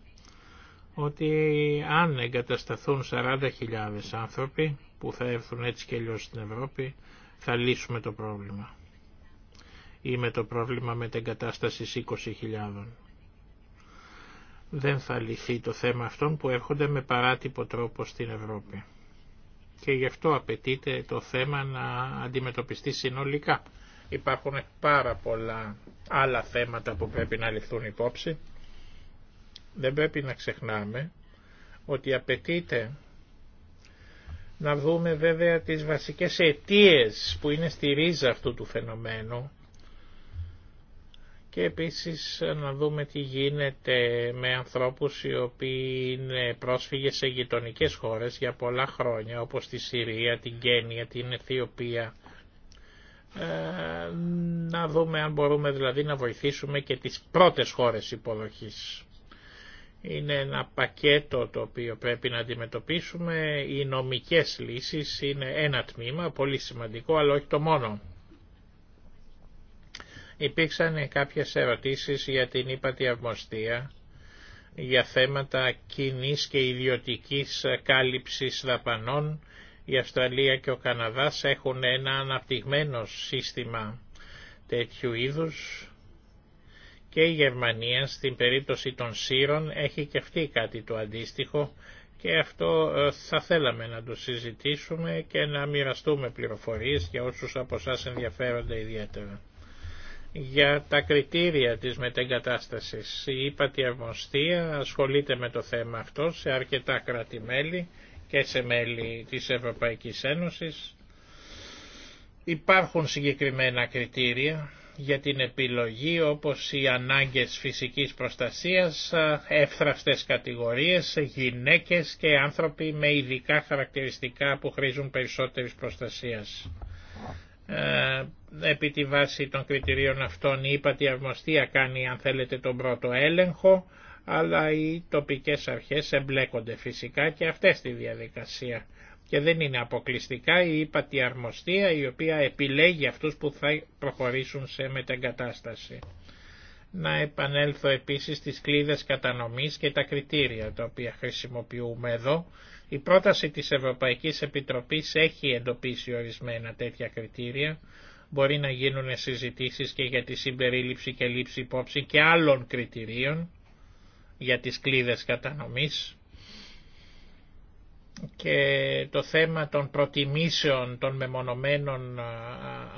ότι αν εγκατασταθούν 40.000 άνθρωποι που θα έρθουν έτσι και αλλιώς στην Ευρώπη θα λύσουμε το πρόβλημα ή με το πρόβλημα με την εγκατάσταση 20.000. Δεν θα λυθεί το θέμα αυτών που έρχονται με παράτυπο τρόπο στην Ευρώπη. Και γι' αυτό απαιτείται το θέμα να αντιμετωπιστεί συνολικά. Υπάρχουν πάρα πολλά άλλα θέματα που πρέπει να ληφθούν υπόψη δεν πρέπει να ξεχνάμε ότι απαιτείται να δούμε βέβαια τις βασικές αιτίες που είναι στη ρίζα αυτού του φαινομένου και επίσης να δούμε τι γίνεται με ανθρώπους οι οποίοι είναι πρόσφυγες σε γειτονικέ χώρες για πολλά χρόνια όπως τη Συρία, την Κένια, την Αιθιοπία. Ε, να δούμε αν μπορούμε δηλαδή να βοηθήσουμε και τις πρώτες χώρες υποδοχής είναι ένα πακέτο το οποίο πρέπει να αντιμετωπίσουμε. Οι νομικές λύσεις είναι ένα τμήμα, πολύ σημαντικό, αλλά όχι το μόνο. Υπήρξαν κάποιες ερωτήσεις για την ύπατη αυμοστία, για θέματα κοινή και ιδιωτικής κάλυψης δαπανών. Η Αυστραλία και ο Καναδάς έχουν ένα αναπτυγμένο σύστημα τέτοιου είδους και η Γερμανία στην περίπτωση των Σύρων έχει και αυτή κάτι το αντίστοιχο και αυτό ε, θα θέλαμε να το συζητήσουμε και να μοιραστούμε πληροφορίες για όσους από εσά ενδιαφέρονται ιδιαίτερα. Για τα κριτήρια της μετεγκατάστασης, η ύπατη ασχολείται με το θέμα αυτό σε αρκετά κράτη-μέλη και σε μέλη της Ευρωπαϊκής Ένωσης. Υπάρχουν συγκεκριμένα κριτήρια για την επιλογή όπως οι ανάγκες φυσικής προστασίας, εύθραυστες κατηγορίες, γυναίκες και άνθρωποι με ειδικά χαρακτηριστικά που χρήζουν περισσότερης προστασίας. Ε, επί τη βάση των κριτηρίων αυτών η ύπατη αρμοστία κάνει αν θέλετε τον πρώτο έλεγχο, αλλά οι τοπικές αρχές εμπλέκονται φυσικά και αυτές στη διαδικασία και δεν είναι αποκλειστικά η ύπατη αρμοστία η οποία επιλέγει αυτούς που θα προχωρήσουν σε μετεγκατάσταση. Να επανέλθω επίσης στις κλίδες κατανομής και τα κριτήρια τα οποία χρησιμοποιούμε εδώ. Η πρόταση της Ευρωπαϊκής Επιτροπής έχει εντοπίσει ορισμένα τέτοια κριτήρια. Μπορεί να γίνουν συζητήσεις και για τη συμπερίληψη και λήψη υπόψη και άλλων κριτηρίων για τις κλίδες κατανομής και το θέμα των προτιμήσεων των μεμονωμένων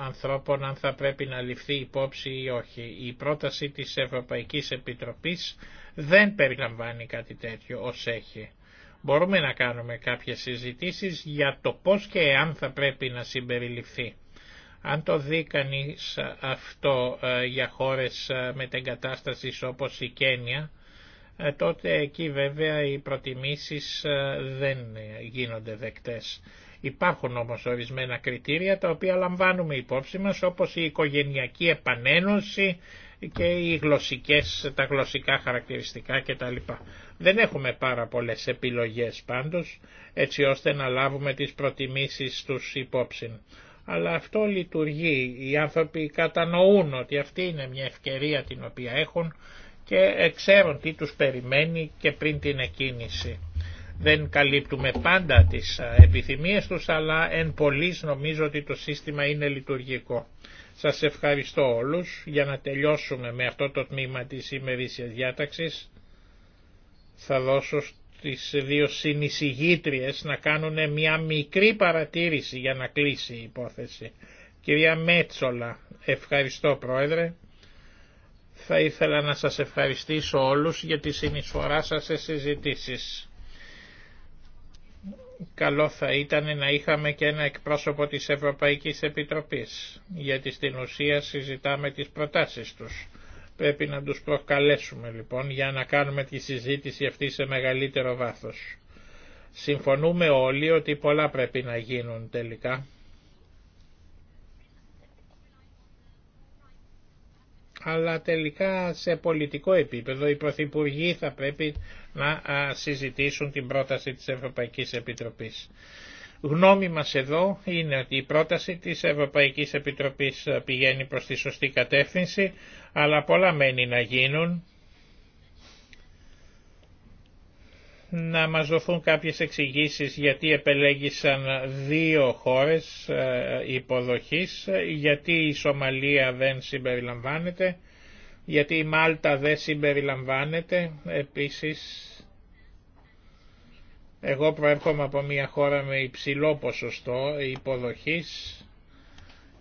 ανθρώπων αν θα πρέπει να ληφθεί υπόψη ή όχι. Η πρόταση της Ευρωπαϊκής Επιτροπής δεν περιλαμβάνει κάτι τέτοιο ως έχει. Μπορούμε να κάνουμε κάποιες συζητήσεις για το πώς και αν θα πρέπει να συμπεριληφθεί. Αν το δει κανείς αυτό ε, για χώρες ε, κατάσταση όπως η Κένια, ε, τότε εκεί βέβαια οι προτιμήσεις ε, δεν γίνονται δεκτές. Υπάρχουν όμως ορισμένα κριτήρια τα οποία λαμβάνουμε υπόψη μας όπως η οικογενειακή επανένωση και οι γλωσσικές, τα γλωσσικά χαρακτηριστικά κτλ. Δεν έχουμε πάρα πολλές επιλογές πάντως έτσι ώστε να λάβουμε τις προτιμήσεις τους υπόψη. Αλλά αυτό λειτουργεί, οι άνθρωποι κατανοούν ότι αυτή είναι μια ευκαιρία την οποία έχουν και ξέρουν τι τους περιμένει και πριν την εκκίνηση. Δεν καλύπτουμε πάντα τις επιθυμίες τους, αλλά εν πολλής νομίζω ότι το σύστημα είναι λειτουργικό. Σας ευχαριστώ όλους για να τελειώσουμε με αυτό το τμήμα της ημερήσιας διάταξης. Θα δώσω στις δύο συνεισηγήτριες να κάνουν μια μικρή παρατήρηση για να κλείσει η υπόθεση. Κυρία Μέτσολα, ευχαριστώ Πρόεδρε. Θα ήθελα να σας ευχαριστήσω όλους για τη συνεισφορά σας σε συζητήσεις. Καλό θα ήταν να είχαμε και ένα εκπρόσωπο της Ευρωπαϊκής Επιτροπής, γιατί στην ουσία συζητάμε τις προτάσεις τους. Πρέπει να τους προκαλέσουμε λοιπόν για να κάνουμε τη συζήτηση αυτή σε μεγαλύτερο βάθος. Συμφωνούμε όλοι ότι πολλά πρέπει να γίνουν τελικά. αλλά τελικά σε πολιτικό επίπεδο οι πρωθυπουργοί θα πρέπει να συζητήσουν την πρόταση της Ευρωπαϊκής Επιτροπής. Γνώμη μας εδώ είναι ότι η πρόταση της Ευρωπαϊκής Επιτροπής πηγαίνει προς τη σωστή κατεύθυνση, αλλά πολλά μένει να γίνουν να μας δοθούν κάποιες εξηγήσεις γιατί επελέγησαν δύο χώρες ε, υποδοχής, γιατί η Σομαλία δεν συμπεριλαμβάνεται, γιατί η Μάλτα δεν συμπεριλαμβάνεται. Επίσης, εγώ προέρχομαι από μια χώρα με υψηλό ποσοστό υποδοχής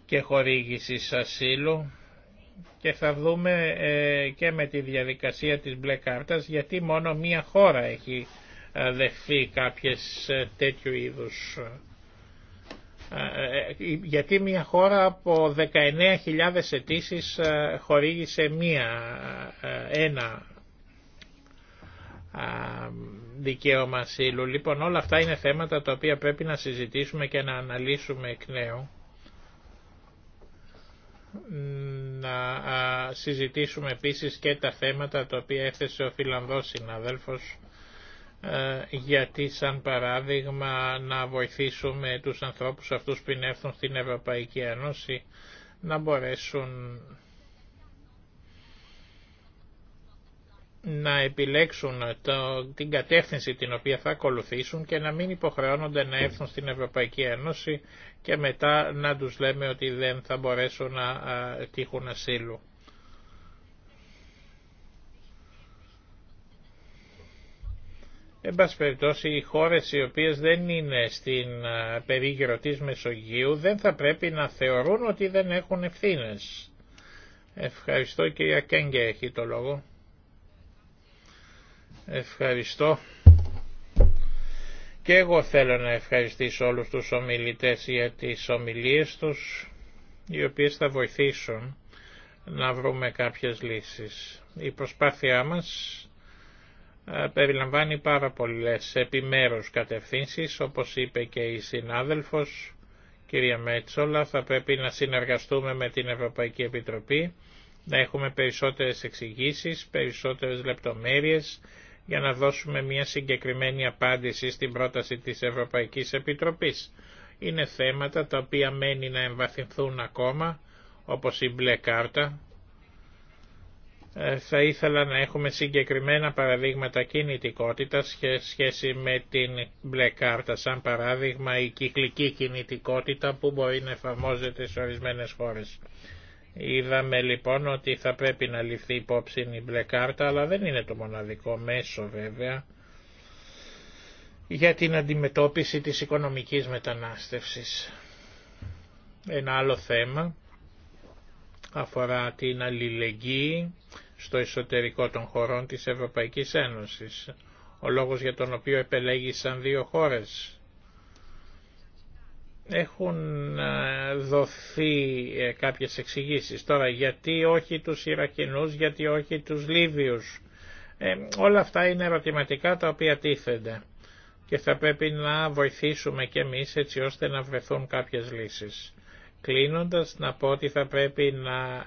και χορήγησης ασύλου και θα δούμε ε, και με τη διαδικασία της μπλε κάρτας γιατί μόνο μία χώρα έχει ε, δεχθεί κάποιες ε, τέτοιου είδους ε, γιατί μια χώρα από 19.000 αιτήσει χορήγησε μία, ένα δικαίωμα ασύλου. Λοιπόν όλα αυτά είναι θέματα τα οποία πρέπει να συζητήσουμε και να αναλύσουμε εκ νέου. Να συζητήσουμε επίσης και τα θέματα τα οποία έθεσε ο Φιλανδός συναδέλφος ε, γιατί σαν παράδειγμα να βοηθήσουμε τους ανθρώπους αυτούς που έρθουν στην Ευρωπαϊκή Ένωση να μπορέσουν να επιλέξουν την κατεύθυνση την οποία θα ακολουθήσουν και να μην υποχρεώνονται να έρθουν στην Ευρωπαϊκή Ένωση και μετά να τους λέμε ότι δεν θα μπορέσουν να τύχουν ασύλου. Εν πάση περιπτώσει οι χώρες οι οποίες δεν είναι στην περίγυρο της Μεσογείου δεν θα πρέπει να θεωρούν ότι δεν έχουν ευθύνες. Ευχαριστώ κυρία Κέγκε έχει το λόγο. Ευχαριστώ. Και εγώ θέλω να ευχαριστήσω όλους τους ομιλητές για τις ομιλίες τους, οι οποίες θα βοηθήσουν να βρούμε κάποιες λύσεις. Η προσπάθειά μας ε, περιλαμβάνει πάρα πολλές επιμέρους κατευθύνσεις, όπως είπε και η συνάδελφος, κυρία Μέτσολα, θα πρέπει να συνεργαστούμε με την Ευρωπαϊκή Επιτροπή, να έχουμε περισσότερες εξηγήσει, περισσότερες λεπτομέρειες, για να δώσουμε μια συγκεκριμένη απάντηση στην πρόταση της Ευρωπαϊκής Επιτροπής. Είναι θέματα τα οποία μένει να εμβαθυνθούν ακόμα, όπως η μπλε κάρτα, ε, θα ήθελα να έχουμε συγκεκριμένα παραδείγματα κινητικότητας σε σχέση με την μπλε κάρτα, σαν παράδειγμα η κυκλική κινητικότητα που μπορεί να εφαρμόζεται σε ορισμένες χώρες. Είδαμε λοιπόν ότι θα πρέπει να ληφθεί υπόψη η μπλε κάρτα, αλλά δεν είναι το μοναδικό μέσο βέβαια για την αντιμετώπιση της οικονομικής μετανάστευσης. Ένα άλλο θέμα αφορά την αλληλεγγύη στο εσωτερικό των χωρών της Ευρωπαϊκής Ένωσης, ο λόγος για τον οποίο επελέγησαν δύο χώρες. Έχουν ε, δοθεί ε, κάποιες εξηγήσεις. Τώρα, γιατί όχι τους Ιρακινούς, γιατί όχι τους Λίβιους. Ε, όλα αυτά είναι ερωτηματικά τα οποία τίθενται και θα πρέπει να βοηθήσουμε και εμείς έτσι ώστε να βρεθούν κάποιες λύσεις. Κλείνοντας να πω ότι θα πρέπει να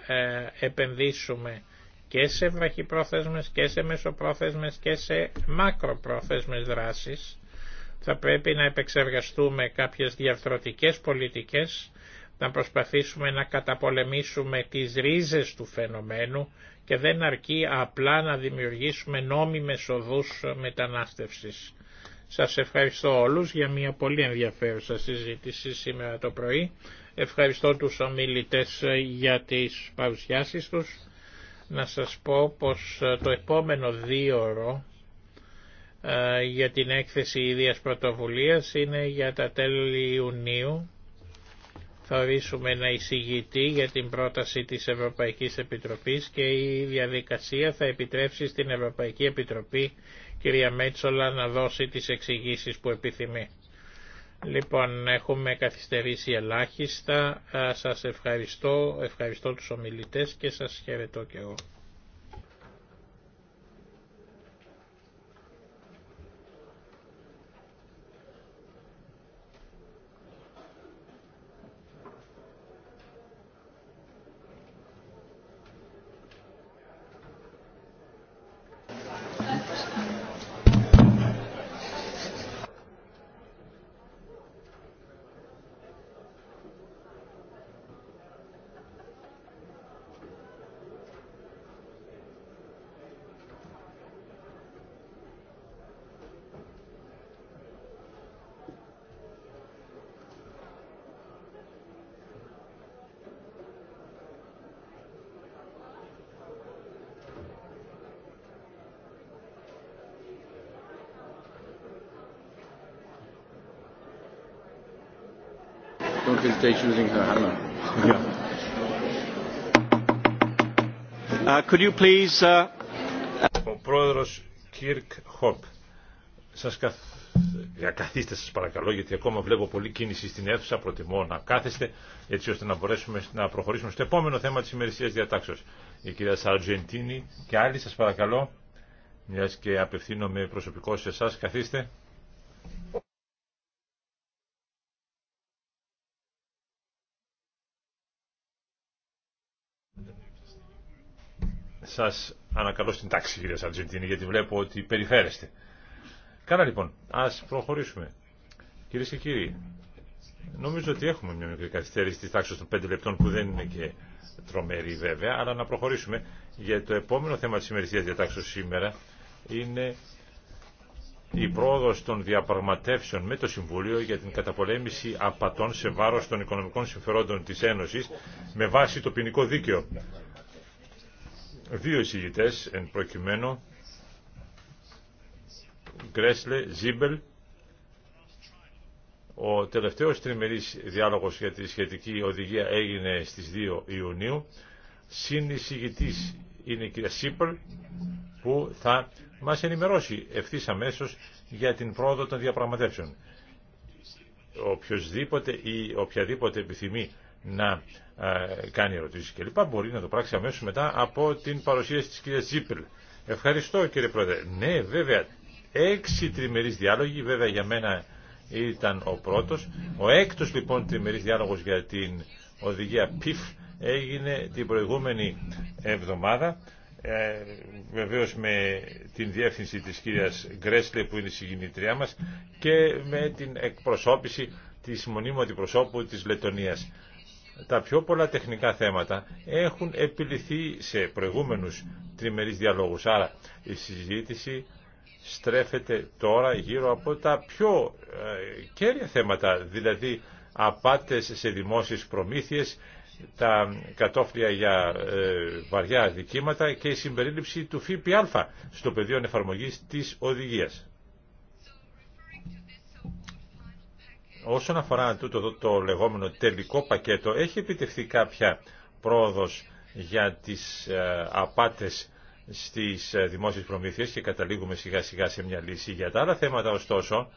επενδύσουμε και σε βραχυπρόθεσμες και σε μεσοπρόθεσμες και σε μακροπρόθεσμες δράσεις. Θα πρέπει να επεξεργαστούμε κάποιες διαρθρωτικές πολιτικές, να προσπαθήσουμε να καταπολεμήσουμε τις ρίζες του φαινομένου και δεν αρκεί απλά να δημιουργήσουμε νόμιμες οδούς μετανάστευσης. Σας ευχαριστώ όλους για μια πολύ ενδιαφέρουσα συζήτηση σήμερα το πρωί. Ευχαριστώ τους ομιλητές για τις παρουσιάσεις τους να σας πω πως ε, το επόμενο δίωρο ε, για την έκθεση ίδιας πρωτοβουλίας είναι για τα τέλη Ιουνίου. Θα ορίσουμε ένα εισηγητή για την πρόταση της Ευρωπαϊκής Επιτροπής και η διαδικασία θα επιτρέψει στην Ευρωπαϊκή Επιτροπή κυρία Μέτσολα να δώσει τις εξηγήσεις που επιθυμεί. Λοιπόν, έχουμε καθυστερήσει ελάχιστα. Σας ευχαριστώ, ευχαριστώ τους ομιλητές και σας χαιρετώ και εγώ. mistake using her hammer. Uh, could you please... Uh, Ο πρόεδρος Κίρκ Χόπ. Σας καθ... καθίστε σας παρακαλώ γιατί ακόμα βλέπω πολλή κίνηση στην αίθουσα. Προτιμώ να κάθεστε έτσι ώστε να μπορέσουμε να προχωρήσουμε στο επόμενο θέμα της ημερησίας διατάξεως. Η κυρία Σαρτζεντίνη και άλλοι σας παρακαλώ. Μιας και απευθύνομαι προσωπικό σε εσά Καθίστε. Σας ανακαλώ στην τάξη κυρία Σαρτζεντίνη γιατί βλέπω ότι περιφέρεστε. Καλά λοιπόν, ας προχωρήσουμε. Κυρίε και κύριοι, νομίζω ότι έχουμε μια μικρή καθυστέρηση της τάξης των 5 λεπτών που δεν είναι και τρομερή βέβαια, αλλά να προχωρήσουμε για το επόμενο θέμα της ημερησία διατάξεως σήμερα είναι η πρόοδος των διαπραγματεύσεων με το Συμβούλιο για την καταπολέμηση απατών σε βάρος των οικονομικών συμφερόντων της Ένωσης με βάση το ποινικό δίκαιο. Δύο εισηγητές εν προκειμένου, Γκρέσλε, Ζίμπελ, ο τελευταίος τριμερής διάλογος για τη σχετική οδηγία έγινε στις 2 Ιουνίου. Συνεισηγητής είναι η κυρία Σίπελ που θα μας ενημερώσει ευθύς αμέσως για την πρόοδο των διαπραγματεύσεων. Οποιοςδήποτε ή οποιαδήποτε επιθυμεί να ε, κάνει ερωτήσεις κλπ. Μπορεί να το πράξει αμέσως μετά από την παρουσίαση της κυρίας Τζίπελ. Ευχαριστώ κύριε Πρόεδρε. Ναι βέβαια έξι τριμερείς διάλογοι βέβαια για μένα ήταν ο πρώτος. Ο έκτος λοιπόν τριμερείς διάλογος για την οδηγία PIF έγινε την προηγούμενη εβδομάδα ε, βεβαίως με την διεύθυνση της κυρίας Γκρέσλε που είναι η συγκινητριά μας και με την εκπροσώπηση της μονίμου αντιπροσώπου της Λετωνίας τα πιο πολλά τεχνικά θέματα έχουν επιληθεί σε προηγούμενους τριμερείς διαλόγους. Άρα η συζήτηση στρέφεται τώρα γύρω από τα πιο ε, κέρια θέματα, δηλαδή απάτες σε δημόσιες προμήθειες, τα κατόφλια για ε, βαριά δικήματα και η συμπερίληψη του ΦΠΑ στο πεδίο εφαρμογής της οδηγίας. Όσον αφορά τούτο το, το λεγόμενο τελικό πακέτο, έχει επιτευχθεί κάποια πρόοδος για τις ε, απάτες στις ε, δημόσιες προμήθειες και καταλήγουμε σιγά σιγά σε μια λύση. Για τα άλλα θέματα ωστόσο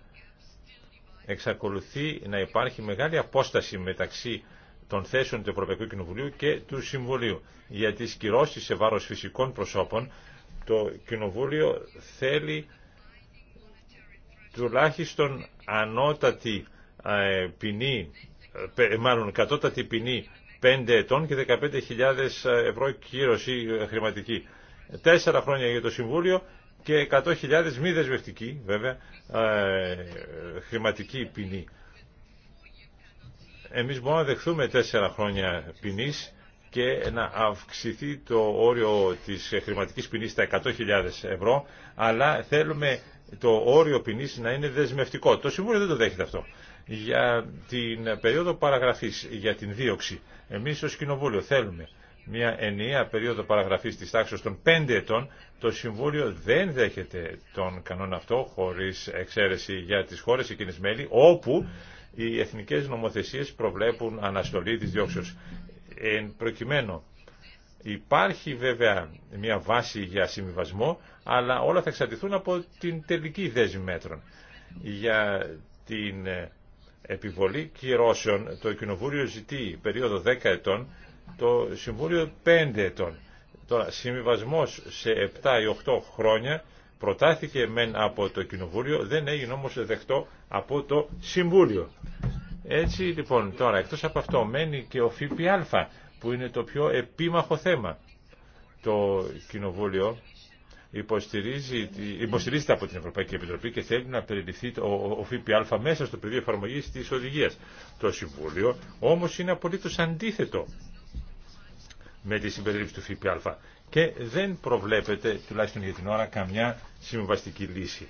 εξακολουθεί να υπάρχει μεγάλη απόσταση μεταξύ των θέσεων του Ευρωπαϊκού Κοινοβουλίου και του Συμβουλίου. Για τις κυρώσεις σε βάρος φυσικών προσώπων το Κοινοβούλιο θέλει τουλάχιστον ανώτατη ε, ποινή, ε, μάλλον κατώτατη ποινή 5 ετών και 15.000 ε, ευρώ κύρωση χρηματική. Τέσσερα χρόνια για το Συμβούλιο και 100.000 μη δεσμευτική βέβαια χρηματική ποινή. Εμείς μπορούμε να δεχθούμε τέσσερα χρόνια ποινή και να αυξηθεί το όριο της χρηματικής ποινής στα 100.000 ευρώ, αλλά θέλουμε το όριο ποινής να είναι δεσμευτικό. Το Συμβούλιο δεν το δέχεται αυτό για την περίοδο παραγραφής, για την δίωξη. Εμείς ως Κοινοβούλιο θέλουμε μια ενιαία περίοδο παραγραφής της τάξης των 5 ετών. Το Συμβούλιο δεν δέχεται τον κανόνα αυτό χωρίς εξαίρεση για τις χώρες εκείνες μέλη όπου οι εθνικές νομοθεσίες προβλέπουν αναστολή της διώξεως. Εν προκειμένου, Υπάρχει βέβαια μια βάση για συμβιβασμό, αλλά όλα θα εξαρτηθούν από την τελική δέσμη μέτρων. Ε, επιβολή κυρώσεων το Κοινοβούλιο ζητεί περίοδο 10 ετών, το Συμβούλιο 5 ετών. Τώρα, συμβιβασμό σε 7 ή 8 χρόνια προτάθηκε μεν από το Κοινοβούλιο, δεν έγινε όμως δεκτό από το Συμβούλιο. Έτσι λοιπόν τώρα, εκτός από αυτό, μένει και ο ΦΠΑ που είναι το πιο επίμαχο θέμα. Το Κοινοβούλιο υποστηρίζεται από την Ευρωπαϊκή Επιτροπή και θέλει να περιληφθεί ο, ο ΦΠΑ μέσα στο πεδίο εφαρμογή τη οδηγία. Το Συμβούλιο όμω είναι απολύτω αντίθετο με τη συμπερίληψη του ΦΠΑ και δεν προβλέπεται τουλάχιστον για την ώρα καμιά συμβαστική λύση.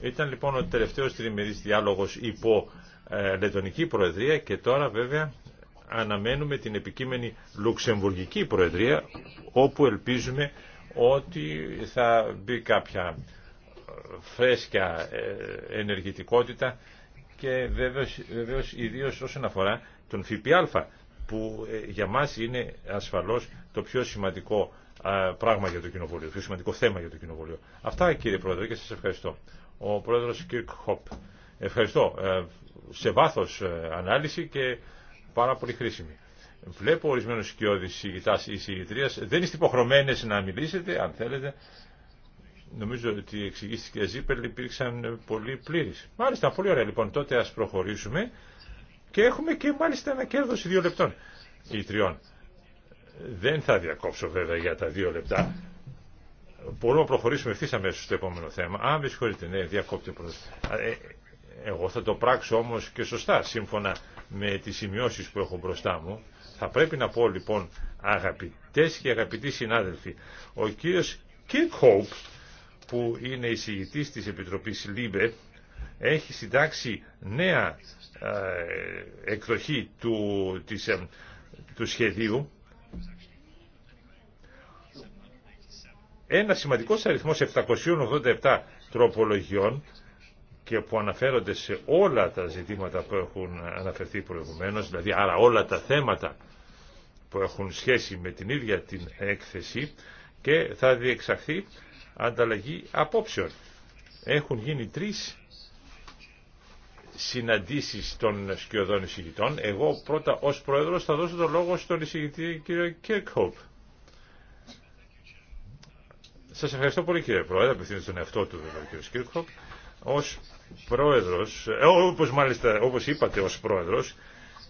Ήταν λοιπόν ο τελευταίος τριμερής διάλογος υπό ε, Λετωνική Προεδρία και τώρα βέβαια αναμένουμε την επικείμενη Λουξεμβουργική Προεδρία όπου ελπίζουμε ότι θα μπει κάποια φρέσκια ε, ενεργητικότητα και βεβαίως, βεβαίως ιδίως όσον αφορά τον ΦΠΑ που ε, για μας είναι ασφαλώς το πιο σημαντικό πράγμα για το κοινοβούλιο, το πιο σημαντικό θέμα για το κοινοβούλιο. Αυτά κύριε Πρόεδρε και σας ευχαριστώ. Ο Πρόεδρος Κίρκ Χοπ. Ευχαριστώ. Ε, σε βάθος ανάλυση και πάρα πολύ χρήσιμη. Βλέπω ορισμένου σκιώδη συγητά ή συγητρία. Δεν είστε υποχρεωμένε να μιλήσετε, αν θέλετε. Νομίζω ότι οι εξηγήσει και Ζήπερ υπήρξαν πολύ πλήρε. Μάλιστα, πολύ ωραία. Λοιπόν, τότε α προχωρήσουμε και έχουμε και μάλιστα ένα κέρδο δύο λεπτών ή τριών. Δεν θα διακόψω βέβαια για τα δύο λεπτά. Μπορούμε να προχωρήσουμε ευθύ αμέσω στο επόμενο θέμα. Α, με συγχωρείτε, ναι, διακόπτε Εγώ θα το πράξω όμω και σωστά, σύμφωνα με τι σημειώσει που έχω μπροστά μου. Θα πρέπει να πω λοιπόν αγαπητές και αγαπητοί συνάδελφοι, ο κύριος Κίρκοπ, που είναι εισηγητής της Επιτροπής ΛΥΜΠΕ έχει συντάξει νέα ε, εκδοχή του, της, ε, του σχεδίου ένα σημαντικός αριθμός 787 τροπολογιών και που αναφέρονται σε όλα τα ζητήματα που έχουν αναφερθεί προηγουμένως, δηλαδή άρα όλα τα θέματα που έχουν σχέση με την ίδια την έκθεση και θα διεξαχθεί ανταλλαγή απόψεων. Έχουν γίνει τρεις συναντήσεις των σκιωδών εισηγητών. Εγώ πρώτα ως πρόεδρος θα δώσω το λόγο στον εισηγητή κύριο Κίρκχοπ. Σας ευχαριστώ πολύ κύριε Πρόεδρε, απευθύνω στον εαυτό του κύριο Κίρκχοπ. Ως πρόεδρος, ε, όπως μάλιστα όπως είπατε ως πρόεδρος,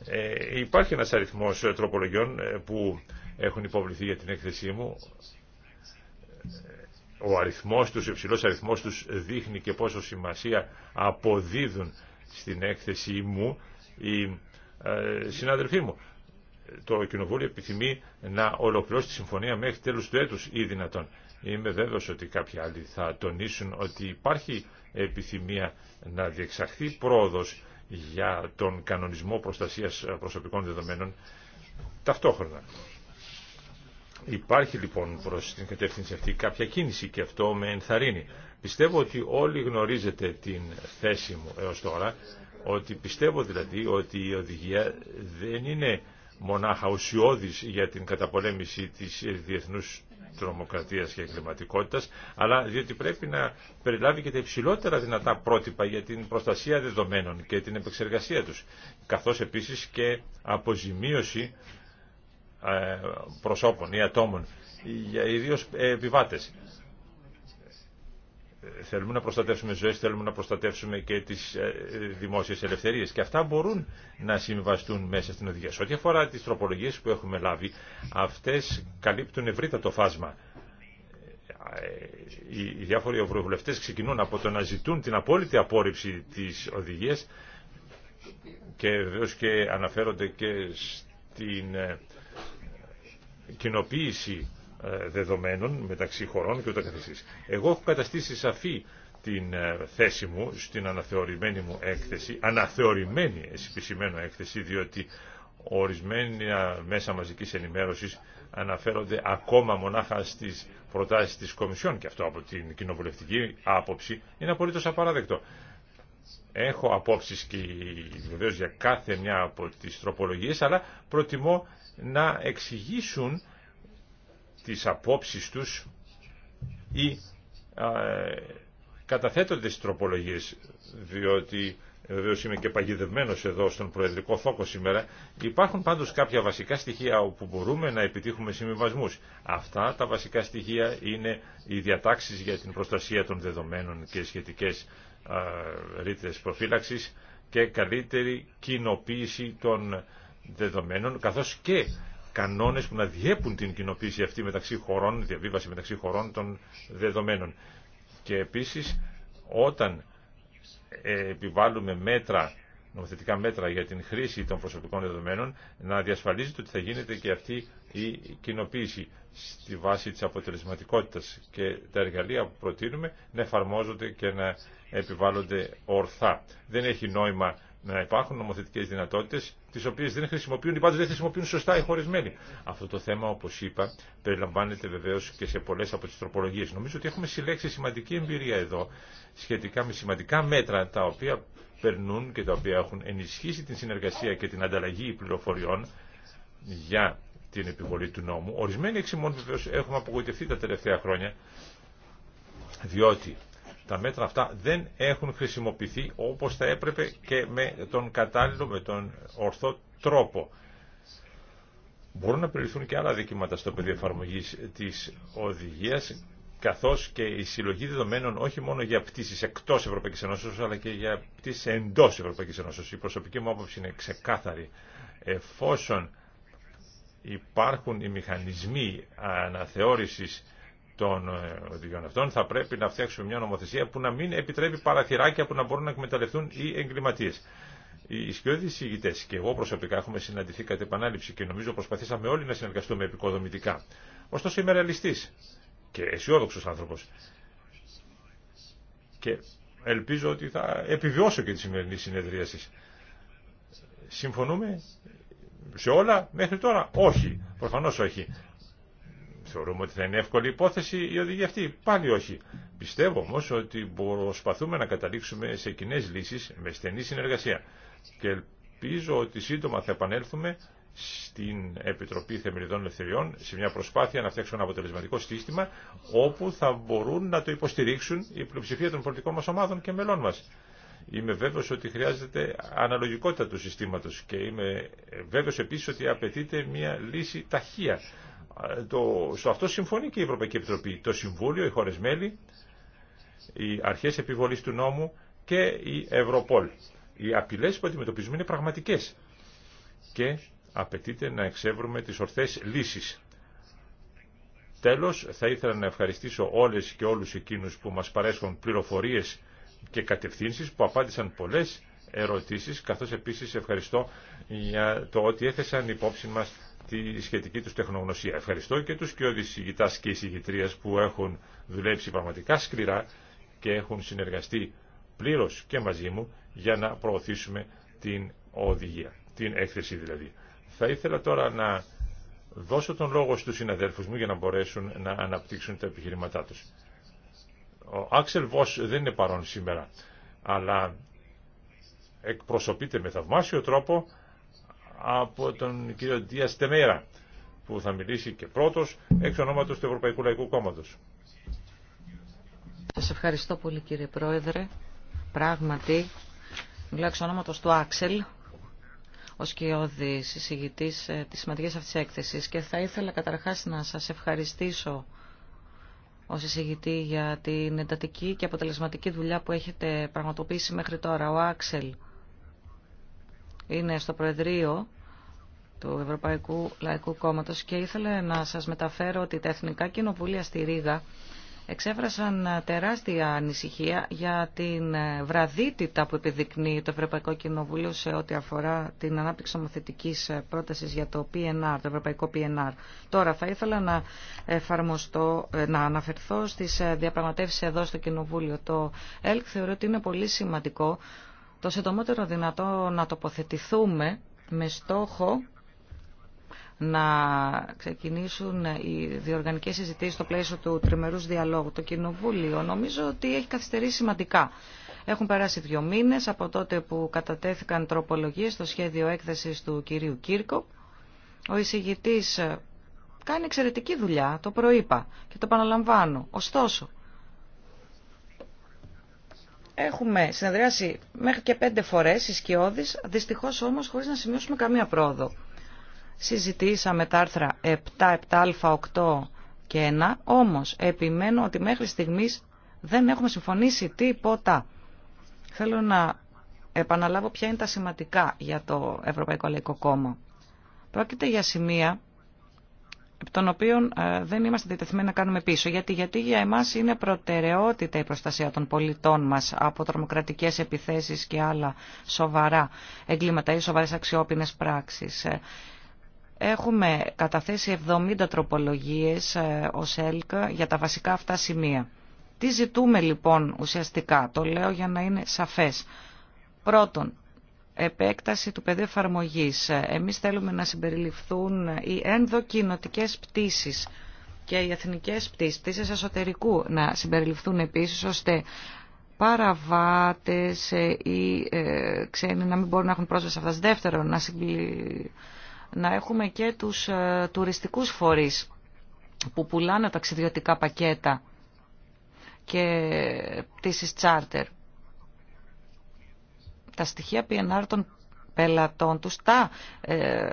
ε, υπάρχει ένας αριθμός τροπολογιών ε, που έχουν υποβληθεί για την έκθεσή μου. Ο αριθμός τους, ο υψηλός αριθμός τους δείχνει και πόσο σημασία αποδίδουν στην έκθεσή μου οι συναδελφοί μου. Το Κοινοβούλιο επιθυμεί να ολοκληρώσει τη συμφωνία μέχρι τέλους του έτους ή δυνατόν. Είμαι βέβαιος ότι κάποιοι άλλοι θα τονίσουν ότι υπάρχει επιθυμία να διεξαχθεί πρόοδος για τον κανονισμό προστασίας προσωπικών δεδομένων ταυτόχρονα. Υπάρχει λοιπόν προς την κατεύθυνση αυτή κάποια κίνηση και αυτό με ενθαρρύνει. Πιστεύω ότι όλοι γνωρίζετε την θέση μου έως τώρα, ότι πιστεύω δηλαδή ότι η οδηγία δεν είναι μονάχα ουσιώδης για την καταπολέμηση της διεθνούς τρομοκρατίας και εγκληματικότητας, αλλά διότι πρέπει να περιλάβει και τα υψηλότερα δυνατά πρότυπα για την προστασία δεδομένων και την επεξεργασία τους, καθώς επίσης και αποζημίωση ε, προσώπων ή ατόμων για ιδίως επιβάτες. Θέλουμε να προστατεύσουμε ζωές, θέλουμε να προστατεύσουμε και τις ε, δημόσιες ελευθερίες και αυτά μπορούν να συμβαστούν μέσα στην οδηγία. Σε ό,τι αφορά τις τροπολογίες που έχουμε λάβει, αυτές καλύπτουν ευρύτατο φάσμα. Ε, οι διάφοροι ευρωβουλευτές ξεκινούν από το να ζητούν την απόλυτη απόρριψη της οδηγίας και βεβαίω και αναφέρονται και στην ε, κοινοποίηση ε, δεδομένων μεταξύ χωρών και ούτω καθεσής. Εγώ έχω καταστήσει σαφή την ε, θέση μου στην αναθεωρημένη μου έκθεση, αναθεωρημένη επισημένο έκθεση, διότι ορισμένα μέσα μαζικής ενημέρωσης αναφέρονται ακόμα μονάχα στις προτάσεις της Κομισιόν και αυτό από την κοινοβουλευτική άποψη είναι απολύτως απαράδεκτο. Έχω απόψεις και βεβαίως για κάθε μια από τις τροπολογίες, αλλά προτιμώ να εξηγήσουν τις απόψεις τους ή καταθέτονται στις τροπολογίες, διότι βεβαίω είμαι και παγιδευμένος εδώ στον προεδρικό φόκο σήμερα, υπάρχουν πάντως κάποια βασικά στοιχεία όπου μπορούμε να επιτύχουμε συμβιβασμούς. Αυτά τα βασικά στοιχεία είναι οι διατάξει για την προστασία των δεδομένων και σχετικές ρήτρε προφύλαξη και καλύτερη κοινοποίηση των δεδομένων, καθώς και κανόνες που να διέπουν την κοινοποίηση αυτή μεταξύ χωρών, διαβίβαση μεταξύ χωρών των δεδομένων. Και επίσης όταν ε, επιβάλλουμε μέτρα, νομοθετικά μέτρα για την χρήση των προσωπικών δεδομένων, να διασφαλίζεται ότι θα γίνεται και αυτή η κοινοποίηση στη βάση της αποτελεσματικότητας και τα εργαλεία που προτείνουμε να εφαρμόζονται και να επιβάλλονται ορθά. Δεν έχει νόημα να υπάρχουν νομοθετικέ δυνατότητε, τι οποίε δεν χρησιμοποιούν ή πάντω δεν χρησιμοποιούν σωστά οι χωρισμένοι. Αυτό το θέμα όπω είπα περιλαμβάνεται βεβαίω και σε πολλέ από τι τροπολογίε. Νομίζω ότι έχουμε συλλέξει σημαντική εμπειρία εδώ σχετικά με σημαντικά μέτρα τα οποία περνούν και τα οποία έχουν ενισχύσει την συνεργασία και την ανταλλαγή πληροφοριών για την επιβολή του νόμου. Ορισμένοι εξημών βεβαίως έχουμε απογοητευτεί τα τελευταία χρόνια διότι τα μέτρα αυτά δεν έχουν χρησιμοποιηθεί όπως θα έπρεπε και με τον κατάλληλο, με τον ορθό τρόπο. Μπορούν να περιληφθούν και άλλα δικήματα στο πεδίο εφαρμογή της οδηγία καθώς και η συλλογή δεδομένων όχι μόνο για πτήσει εκτός Ευρωπαϊκή Ένωση, αλλά και για πτήσει εντός Ευρωπαϊκή Ένωση. Η προσωπική μου άποψη είναι ξεκάθαρη. Εφόσον υπάρχουν οι μηχανισμοί αναθεώρησης των ε, οδηγιών αυτών θα πρέπει να φτιάξουμε μια νομοθεσία που να μην επιτρέπει παραθυράκια που να μπορούν να εκμεταλλευτούν οι εγκληματίε. Οι ισχυρότεροι ηγητέ και εγώ προσωπικά έχουμε συναντηθεί κατά επανάληψη και νομίζω προσπαθήσαμε όλοι να συνεργαστούμε επικοδομητικά. Ωστόσο είμαι ρεαλιστή και αισιόδοξο άνθρωπο. Και ελπίζω ότι θα επιβιώσω και τη σημερινή συνεδρίαση. Συμφωνούμε σε όλα μέχρι τώρα. Όχι. προφανώ όχι. Θεωρούμε ότι θα είναι εύκολη υπόθεση η οδηγία αυτή. Πάλι όχι. Πιστεύω όμω ότι προσπαθούμε να καταλήξουμε σε κοινέ λύσει με στενή συνεργασία. Και ελπίζω ότι σύντομα θα επανέλθουμε στην Επιτροπή Θεμελιδών Ελευθεριών σε μια προσπάθεια να φτιάξουμε ένα αποτελεσματικό σύστημα όπου θα μπορούν να το υποστηρίξουν η πλειοψηφία των πολιτικών μα ομάδων και μελών μα. Είμαι βέβαιο ότι χρειάζεται αναλογικότητα του συστήματο και είμαι βέβαιο επίση ότι απαιτείται μια λύση ταχεία το, στο αυτό συμφωνεί και η Ευρωπαϊκή Επιτροπή, το Συμβούλιο, οι χώρες μέλη, οι αρχές επιβολής του νόμου και η Ευρωπόλ. Οι απειλές που αντιμετωπίζουμε είναι πραγματικές και απαιτείται να εξεύρουμε τις ορθές λύσεις. Τέλος, θα ήθελα να ευχαριστήσω όλες και όλους εκείνους που μας παρέσχουν πληροφορίες και κατευθύνσεις που απάντησαν πολλές ερωτήσεις, καθώς επίσης ευχαριστώ για το ότι έθεσαν υπόψη μας τη σχετική τους τεχνογνωσία. Ευχαριστώ και τους και ηγητάς και εισηγητρίας που έχουν δουλέψει πραγματικά σκληρά και έχουν συνεργαστεί πλήρως και μαζί μου για να προωθήσουμε την οδηγία, την έκθεση δηλαδή. Θα ήθελα τώρα να δώσω τον λόγο στους συναδέλφους μου για να μπορέσουν να αναπτύξουν τα επιχειρηματά τους. Ο Άξελ Βος δεν είναι παρόν σήμερα, αλλά εκπροσωπείται με θαυμάσιο τρόπο από τον κύριο Ντία Στεμέρα που θα μιλήσει και πρώτος εξ ονόματο του Ευρωπαϊκού Λαϊκού Κόμματος. Σας ευχαριστώ πολύ κύριε Πρόεδρε. Πράγματι, μιλάω εξ ονόματο του Άξελ, ο σκιώδη ε, της τη σημαντική αυτή έκθεση. Και θα ήθελα καταρχά να σα ευχαριστήσω ω συζητητή για την εντατική και αποτελεσματική δουλειά που έχετε πραγματοποιήσει μέχρι τώρα. Ο Άξελ είναι στο Προεδρείο του Ευρωπαϊκού Λαϊκού Κόμματος και ήθελα να σας μεταφέρω ότι τα Εθνικά Κοινοβούλια στη Ρήγα εξέφρασαν τεράστια ανησυχία για την βραδύτητα που επιδεικνύει το Ευρωπαϊκό Κοινοβούλιο σε ό,τι αφορά την ανάπτυξη ομοθετικής πρότασης για το PNR, το Ευρωπαϊκό PNR. Τώρα θα ήθελα να, εφαρμοστώ, να αναφερθώ στις διαπραγματεύσεις εδώ στο Κοινοβούλιο. Το ΕΛΚ θεωρώ ότι είναι πολύ σημαντικό το συντομότερο δυνατό να τοποθετηθούμε με στόχο να ξεκινήσουν οι διοργανικές συζητήσεις στο πλαίσιο του τριμερούς διαλόγου. Το Κοινοβούλιο νομίζω ότι έχει καθυστερήσει σημαντικά. Έχουν περάσει δύο μήνες από τότε που κατατέθηκαν τροπολογίες στο σχέδιο έκθεσης του κυρίου Κύρκο. Ο εισηγητής κάνει εξαιρετική δουλειά, το προείπα και το παραλαμβάνω. Ωστόσο, Έχουμε συνεδριάσει μέχρι και πέντε φορές οι σκιώδεις, δυστυχώς όμως χωρίς να σημειώσουμε καμία πρόοδο. Συζητήσαμε τα άρθρα 7, 7α, 8 και 1, όμως επιμένω ότι μέχρι στιγμής δεν έχουμε συμφωνήσει τίποτα. Θέλω να επαναλάβω ποια είναι τα σημαντικά για το Ευρωπαϊκό Λαϊκό Κόμμα. Πρόκειται για σημεία των οποίων ε, δεν είμαστε διτεθειμένοι να κάνουμε πίσω. Γιατί, γιατί για εμάς είναι προτεραιότητα η προστασία των πολιτών μας από τρομοκρατικές επιθέσεις και άλλα σοβαρά εγκλήματα ή σοβαρές αξιόπινες πράξεις. Ε, έχουμε καταθέσει 70 τροπολογίες ε, ως Έλκ για τα βασικά αυτά σημεία. Τι ζητούμε λοιπόν ουσιαστικά, το λέω για να είναι σαφές. Πρώτον, επέκταση του πεδίου εφαρμογή. Εμείς θέλουμε να συμπεριληφθούν οι ενδοκινοτικές πτήσεις και οι εθνικέ πτήσεις, εσωτερικού να συμπεριληφθούν επίσης ώστε παραβάτες ή ε, ε, ξένοι να μην μπορούν να έχουν πρόσβαση αυτά. Δεύτερον, να, να έχουμε και τους ε, τουριστικούς φορείς που πουλάνε ταξιδιωτικά πακέτα και πτήσεις τσάρτερ τα στοιχεία PNR των πελατών τους τα ε,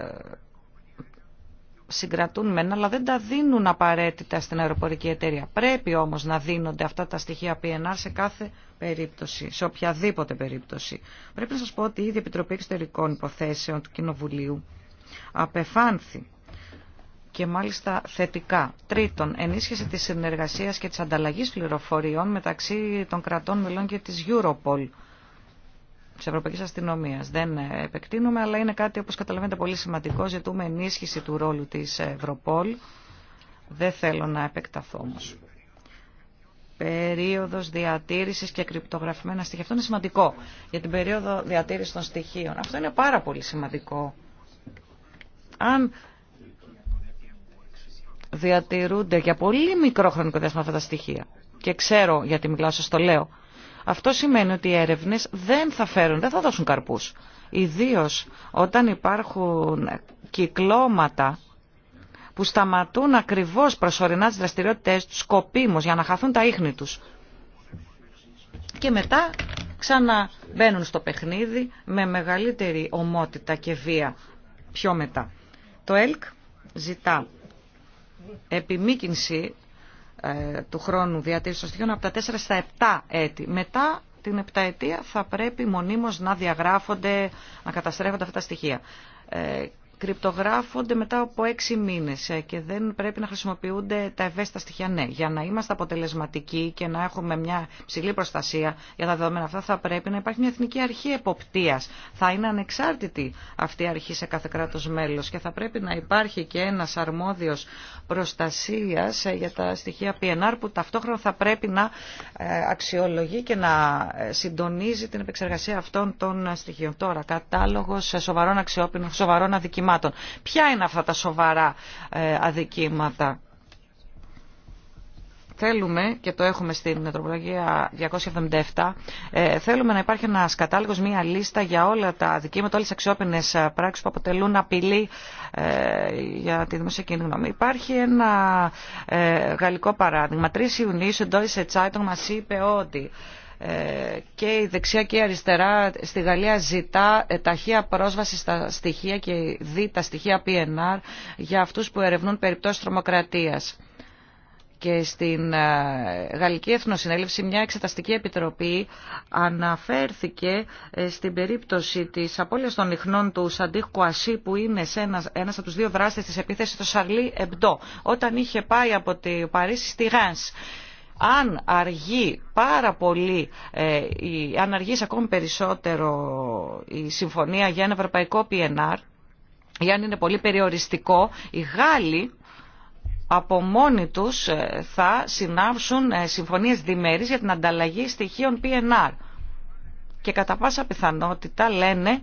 συγκρατούν μένα, αλλά δεν τα δίνουν απαραίτητα στην αεροπορική εταιρεία. Πρέπει όμως να δίνονται αυτά τα στοιχεία PNR σε κάθε περίπτωση, σε οποιαδήποτε περίπτωση. Πρέπει να σας πω ότι η ίδια Επιτροπή Εξωτερικών Υποθέσεων του Κοινοβουλίου απεφάνθη και μάλιστα θετικά. Τρίτον, ενίσχυση της συνεργασίας και της ανταλλαγής πληροφοριών μεταξύ των κρατών μελών και της Europol Τη Ευρωπαϊκή αστυνομία. Δεν ε, επεκτείνουμε, αλλά είναι κάτι, όπως καταλαβαίνετε, πολύ σημαντικό. Ζητούμε ενίσχυση του ρόλου της Ευρωπόλ. Δεν θέλω να επεκταθώ όμω. Περίοδος διατήρησης και κρυπτογραφημένα στοιχεία. Αυτό είναι σημαντικό για την περίοδο διατήρησης των στοιχείων. Αυτό είναι πάρα πολύ σημαντικό. Αν διατηρούνται για πολύ μικρό χρονικό διάστημα αυτά τα στοιχεία και ξέρω γιατί μιλάω, σας το λέω, αυτό σημαίνει ότι οι έρευνες δεν θα φέρουν, δεν θα δώσουν καρπούς. Ιδίως όταν υπάρχουν κυκλώματα που σταματούν ακριβώς προσωρινά τις δραστηριότητες τους σκοπίμως για να χαθούν τα ίχνη τους. Και μετά ξαναμπαίνουν στο παιχνίδι με μεγαλύτερη ομότητα και βία πιο μετά. Το ΕΛΚ ζητά επιμήκυνση ε, του χρόνου διατήρηση των στοιχείων από τα 4 στα 7 έτη. Μετά την 7η ετία θα πρέπει μονίμως να διαγράφονται, να καταστρέφονται αυτά τα στοιχεία. Ε, κρυπτογράφονται μετά από έξι μήνες ε, και δεν πρέπει να χρησιμοποιούνται τα ευαίσθητα στοιχεία. Ναι, για να είμαστε αποτελεσματικοί και να έχουμε μια ψηλή προστασία για τα δεδομένα αυτά θα πρέπει να υπάρχει μια εθνική αρχή εποπτείας. Θα είναι ανεξάρτητη αυτή η αρχή σε κάθε κράτος μέλος και θα πρέπει να υπάρχει και ένας αρμόδιος προστασίας ε, για τα στοιχεία PNR που ταυτόχρονα θα πρέπει να ε, αξιολογεί και να συντονίζει την επεξεργασία αυτών των στοιχείων. Τώρα, κατάλογος σοβαρών αξιόπινων, σοβαρών αδικημάτων Ποια είναι αυτά τα σοβαρά ε, αδικήματα. Θέλουμε, και το έχουμε στην τροπολογία 277, ε, θέλουμε να υπάρχει ένα κατάλογος, μία λίστα για όλα τα αδικήματα, όλες τι αξιόπινες ε, πράξεις που αποτελούν απειλή για τη δημόσια γνώμη. Υπάρχει ένα γαλλικό παράδειγμα. 3 Ιουνίου, ο Ντόι Σετσάιτον μα είπε ότι ε, και η δεξιά και η αριστερά στη Γαλλία ζητά ε, ταχεία πρόσβαση στα στοιχεία και δει τα στοιχεία PNR για αυτούς που ερευνούν περιπτώσεις τρομοκρατίας. Και στην ε, Γαλλική Εθνοσυνέλευση μια εξεταστική επιτροπή αναφέρθηκε στην περίπτωση της απώλειας των λιχνών του Σαντίχ Κουασί που είναι ένας, ένας από τους δύο δράστες της επίθεσης, του Σαρλί Εμπτό, όταν είχε πάει από τη Παρίσι στη Γάνς αν αργεί πάρα πολύ, ε, η, αν αργεί ακόμη περισσότερο η συμφωνία για ένα ευρωπαϊκό PNR, ή αν είναι πολύ περιοριστικό, οι Γάλλοι από μόνοι τους ε, θα συνάψουν ε, συμφωνίες διμέρης για την ανταλλαγή στοιχείων PNR. Και κατά πάσα πιθανότητα λένε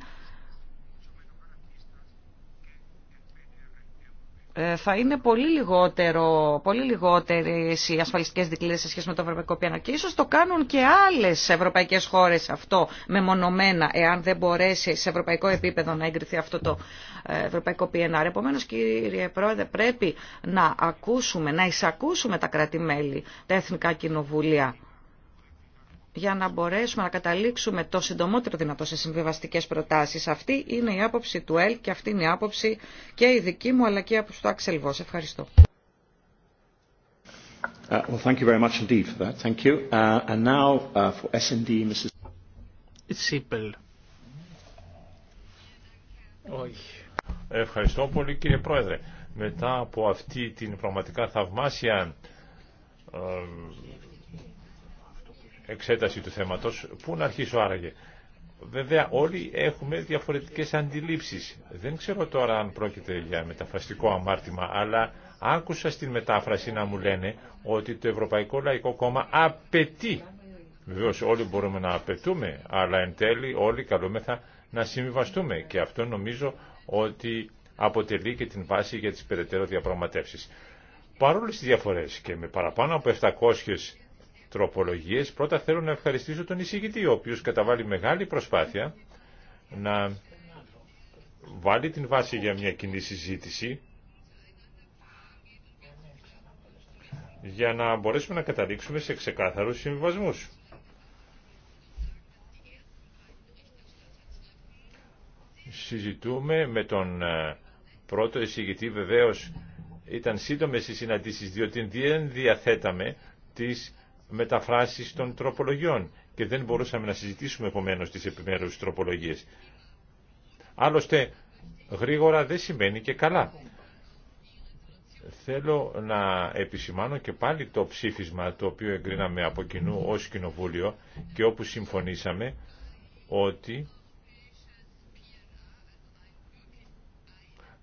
Ε, θα είναι πολύ, λιγότερο, πολύ λιγότερες οι ασφαλιστικές δικλείδες σε σχέση με το ευρωπαϊκό πιάνο και ίσως το κάνουν και άλλες ευρωπαϊκές χώρες αυτό μεμονωμένα εάν δεν μπορέσει σε ευρωπαϊκό επίπεδο να εγκριθεί αυτό το ε, ευρωπαϊκό PNR. Επομένω, κύριε Πρόεδρε, πρέπει να ακούσουμε, να εισακούσουμε τα κράτη-μέλη, τα εθνικά κοινοβούλια για να μπορέσουμε να καταλήξουμε το συντομότερο δυνατό σε συμβιβαστικές προτάσεις. Αυτή είναι η άποψη του ΕΛ και αυτή είναι η άποψη και η δική μου αλλά και η άποψη του Άξελ Ευχαριστώ. Ευχαριστώ πολύ κύριε Πρόεδρε. Μετά από αυτή την πραγματικά θαυμάσια εξέταση του θέματος. Πού να αρχίσω άραγε. Βέβαια όλοι έχουμε διαφορετικές αντιλήψεις. Δεν ξέρω τώρα αν πρόκειται για μεταφραστικό αμάρτημα, αλλά άκουσα στην μετάφραση να μου λένε ότι το Ευρωπαϊκό Λαϊκό Κόμμα απαιτεί. Βεβαίως όλοι μπορούμε να απαιτούμε, αλλά εν τέλει όλοι καλούμεθα να συμβιβαστούμε και αυτό νομίζω ότι αποτελεί και την βάση για τις περαιτέρω διαπραγματεύσεις. Παρόλες τις διαφορές και με παραπάνω από 700 τροπολογίες. Πρώτα θέλω να ευχαριστήσω τον εισηγητή, ο οποίος καταβάλει μεγάλη προσπάθεια να βάλει την βάση για μια κοινή συζήτηση για να μπορέσουμε να καταλήξουμε σε ξεκάθαρους συμβιβασμούς. Συζητούμε με τον ε, πρώτο εισηγητή βεβαίως ήταν σύντομες οι συναντήσεις διότι δεν διαθέταμε τις μεταφράσεις των τροπολογιών και δεν μπορούσαμε να συζητήσουμε επομένως τις επιμέρους τροπολογίες. Άλλωστε, γρήγορα δεν σημαίνει και καλά. Θέλω να επισημάνω και πάλι το ψήφισμα το οποίο εγκρίναμε από κοινού ως Κοινοβούλιο και όπου συμφωνήσαμε ότι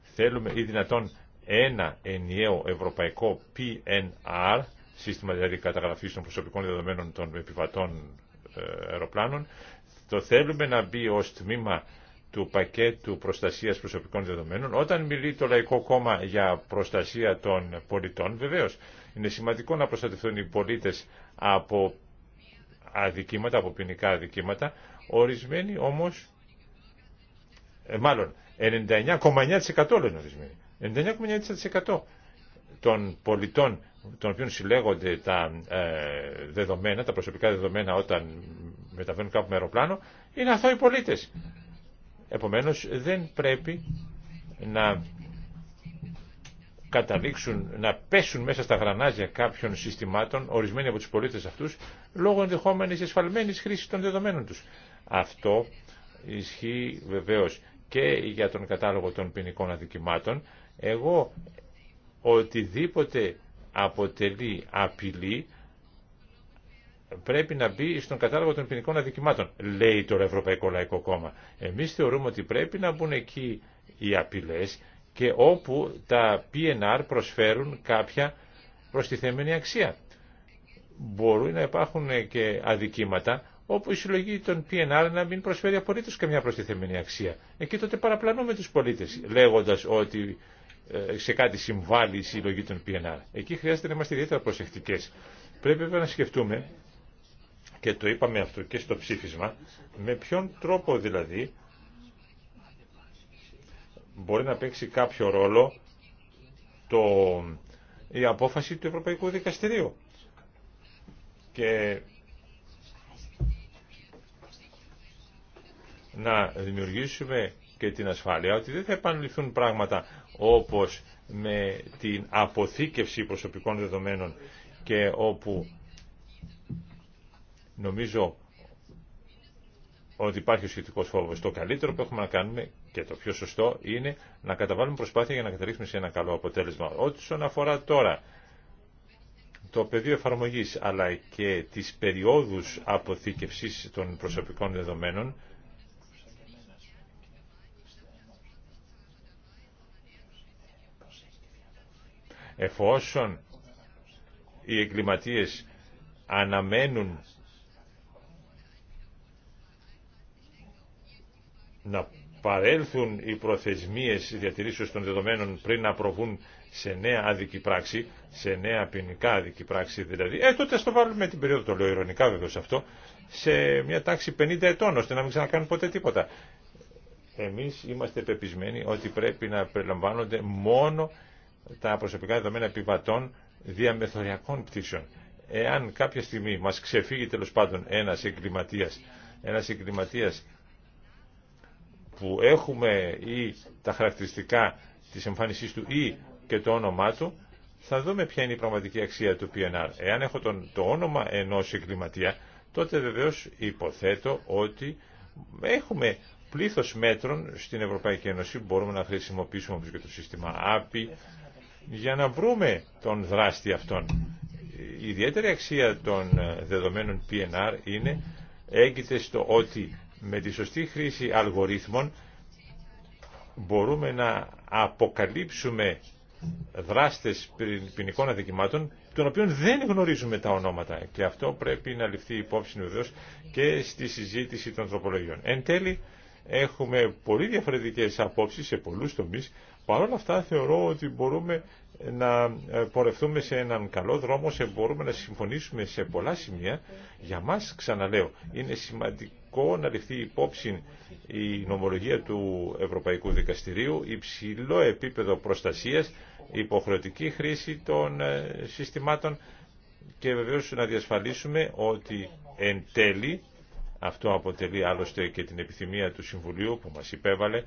θέλουμε ή δυνατόν ένα ενιαίο ευρωπαϊκό PNR σύστημα δηλαδή καταγραφή των προσωπικών δεδομένων των επιβατών ε, αεροπλάνων. Το θέλουμε να μπει ως τμήμα του πακέτου προστασίας προσωπικών δεδομένων. Όταν μιλεί το Λαϊκό Κόμμα για προστασία των πολιτών, βεβαίω, είναι σημαντικό να προστατευτούν οι πολίτες από αδικήματα, από ποινικά αδικήματα. Ορισμένοι όμω, ε, μάλλον 99,9% λένε ορισμένοι, 99,9% των πολιτών των οποίων συλλέγονται τα ε, δεδομένα, τα προσωπικά δεδομένα όταν μεταβαίνουν κάπου με αεροπλάνο, είναι αθώοι πολίτες. Επομένως δεν πρέπει να καταλήξουν, να πέσουν μέσα στα γρανάζια κάποιων συστημάτων, ορισμένοι από τους πολίτες αυτούς, λόγω ενδεχόμενης εσφαλμένης χρήσης των δεδομένων τους. Αυτό ισχύει βεβαίως και για τον κατάλογο των ποινικών αδικημάτων. Εγώ οτιδήποτε αποτελεί απειλή πρέπει να μπει στον κατάλογο των ποινικών αδικημάτων, λέει το Ευρωπαϊκό Λαϊκό Κόμμα. Εμείς θεωρούμε ότι πρέπει να μπουν εκεί οι απειλές και όπου τα PNR προσφέρουν κάποια προστιθέμενη αξία. Μπορούν να υπάρχουν και αδικήματα όπου η συλλογή των PNR να μην προσφέρει απολύτως καμιά προστιθέμενη αξία. Εκεί τότε παραπλανούμε τους πολίτες λέγοντας ότι ε, σε κάτι συμβάλλει η συλλογή των PNR. Εκεί χρειάζεται να είμαστε ιδιαίτερα προσεκτικέ. Πρέπει βέβαια να σκεφτούμε, και το είπαμε αυτό και στο ψήφισμα, με ποιον τρόπο δηλαδή μπορεί να παίξει κάποιο ρόλο το, η απόφαση του Ευρωπαϊκού Δικαστηρίου. Και να δημιουργήσουμε και την ασφάλεια ότι δεν θα επαναληφθούν πράγματα όπως με την αποθήκευση προσωπικών δεδομένων και όπου νομίζω ότι υπάρχει ο σχετικός φόβος. Το καλύτερο που έχουμε να κάνουμε και το πιο σωστό είναι να καταβάλουμε προσπάθεια για να καταλήξουμε σε ένα καλό αποτέλεσμα. Όσον αφορά τώρα το πεδίο εφαρμογής αλλά και τις περιόδους αποθήκευσης των προσωπικών δεδομένων Εφόσον οι εγκληματίες αναμένουν να παρέλθουν οι προθεσμίες διατηρήσεως των δεδομένων πριν να προβούν σε νέα αδική πράξη, σε νέα ποινικά αδική πράξη δηλαδή, ε, τότε ας το βάλουμε την περίοδο, το λέω ειρωνικά βέβαια αυτό, σε μια τάξη 50 ετών, ώστε να μην ξανακάνουν ποτέ τίποτα. Εμείς είμαστε πεπισμένοι ότι πρέπει να περιλαμβάνονται μόνο τα προσωπικά δεδομένα επιβατών διαμεθοριακών πτήσεων. Εάν κάποια στιγμή μας ξεφύγει τέλο πάντων ένας εγκληματίας, ένας εγκληματίας που έχουμε ή τα χαρακτηριστικά της εμφάνισής του ή και το όνομά του, θα δούμε ποια είναι η πραγματική αξία του PNR. Εάν έχω τον, το όνομα ενός εγκληματία, τότε βεβαίως υποθέτω ότι έχουμε πλήθος μέτρων στην Ευρωπαϊκή Ένωση που μπορούμε να χρησιμοποιήσουμε όπως και το σύστημα API, για να βρούμε τον δράστη αυτόν. Η ιδιαίτερη αξία των δεδομένων PNR είναι έγκυται στο ότι με τη σωστή χρήση αλγορίθμων μπορούμε να αποκαλύψουμε δράστες ποινικών αδικημάτων των οποίων δεν γνωρίζουμε τα ονόματα και αυτό πρέπει να ληφθεί υπόψη βεβαίως και στη συζήτηση των τροπολογιών. Εν τέλει έχουμε πολύ διαφορετικές απόψεις σε πολλούς τομείς Παρ' όλα αυτά θεωρώ ότι μπορούμε ε, να ε, πορευτούμε σε έναν καλό δρόμο, σε μπορούμε να συμφωνήσουμε σε πολλά σημεία. Για μας, ξαναλέω, είναι σημαντικό να ληφθεί υπόψη η νομολογία του Ευρωπαϊκού Δικαστηρίου, υψηλό επίπεδο προστασίας, υποχρεωτική χρήση των ε, συστημάτων και βεβαίως να διασφαλίσουμε ότι εν τέλει, αυτό αποτελεί άλλωστε και την επιθυμία του Συμβουλίου που μας υπέβαλε,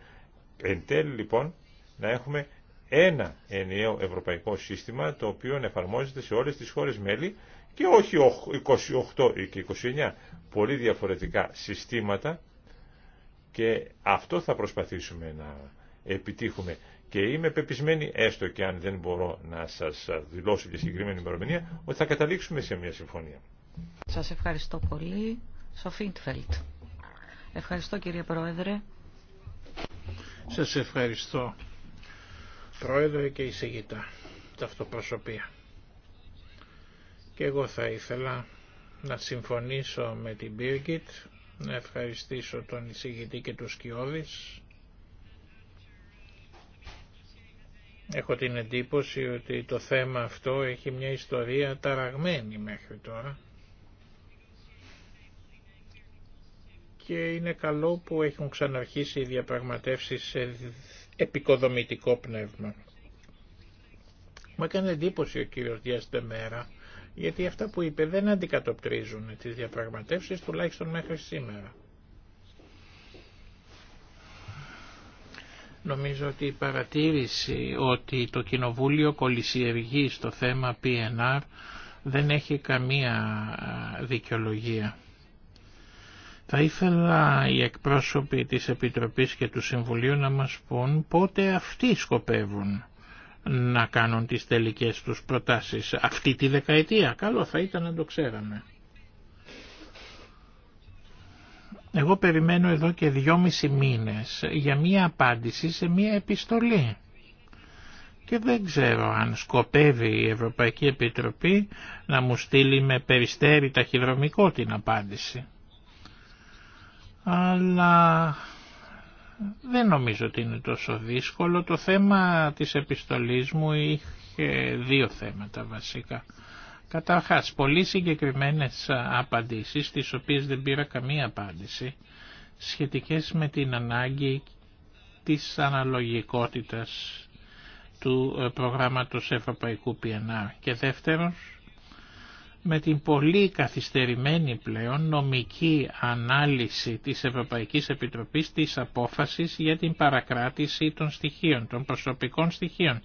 εν λοιπόν, να έχουμε ένα ενιαίο ευρωπαϊκό σύστημα το οποίο εφαρμόζεται σε όλες τις χώρες μέλη και όχι 28 ή και 29 πολύ διαφορετικά συστήματα και αυτό θα προσπαθήσουμε να επιτύχουμε και είμαι πεπισμένη έστω και αν δεν μπορώ να σας δηλώσω τη συγκεκριμένη ημερομηνία ότι θα καταλήξουμε σε μια συμφωνία. Σας ευχαριστώ πολύ. Σοφίντφελτ. Ευχαριστώ κύριε Πρόεδρε. Σας ευχαριστώ πρόεδρε και εισηγητά, ταυτοπροσωπεία. Και εγώ θα ήθελα να συμφωνήσω με την Birgit, να ευχαριστήσω τον εισηγητή και τους Σκιώδης. Έχω την εντύπωση ότι το θέμα αυτό έχει μια ιστορία ταραγμένη μέχρι τώρα. Και είναι καλό που έχουν ξαναρχίσει οι διαπραγματεύσεις σε επικοδομητικό πνεύμα. Μου έκανε εντύπωση ο κύριος Διάς γιατί αυτά που είπε δεν αντικατοπτρίζουν τις διαπραγματεύσεις τουλάχιστον μέχρι σήμερα. Νομίζω ότι η παρατήρηση ότι το Κοινοβούλιο κολυσιεργεί στο θέμα PNR δεν έχει καμία δικαιολογία. Θα ήθελα οι εκπρόσωποι της Επιτροπής και του Συμβουλίου να μας πούν πότε αυτοί σκοπεύουν να κάνουν τις τελικές τους προτάσεις. Αυτή τη δεκαετία, καλό θα ήταν να το ξέραμε. Εγώ περιμένω εδώ και δυόμισι μήνες για μία απάντηση σε μία επιστολή. Και δεν ξέρω αν σκοπεύει η Ευρωπαϊκή Επιτροπή να μου στείλει με περιστέρι ταχυδρομικό την απάντηση αλλά δεν νομίζω ότι είναι τόσο δύσκολο. Το θέμα της επιστολής μου είχε δύο θέματα βασικά. Καταρχάς, πολύ συγκεκριμένες απαντήσεις, τις οποίες δεν πήρα καμία απάντηση, σχετικές με την ανάγκη της αναλογικότητας του ε, προγράμματος Ευρωπαϊκού PNR. Και δεύτερος, με την πολύ καθυστερημένη πλέον νομική ανάλυση της Ευρωπαϊκής Επιτροπής της απόφασης για την παρακράτηση των στοιχείων, των προσωπικών στοιχείων.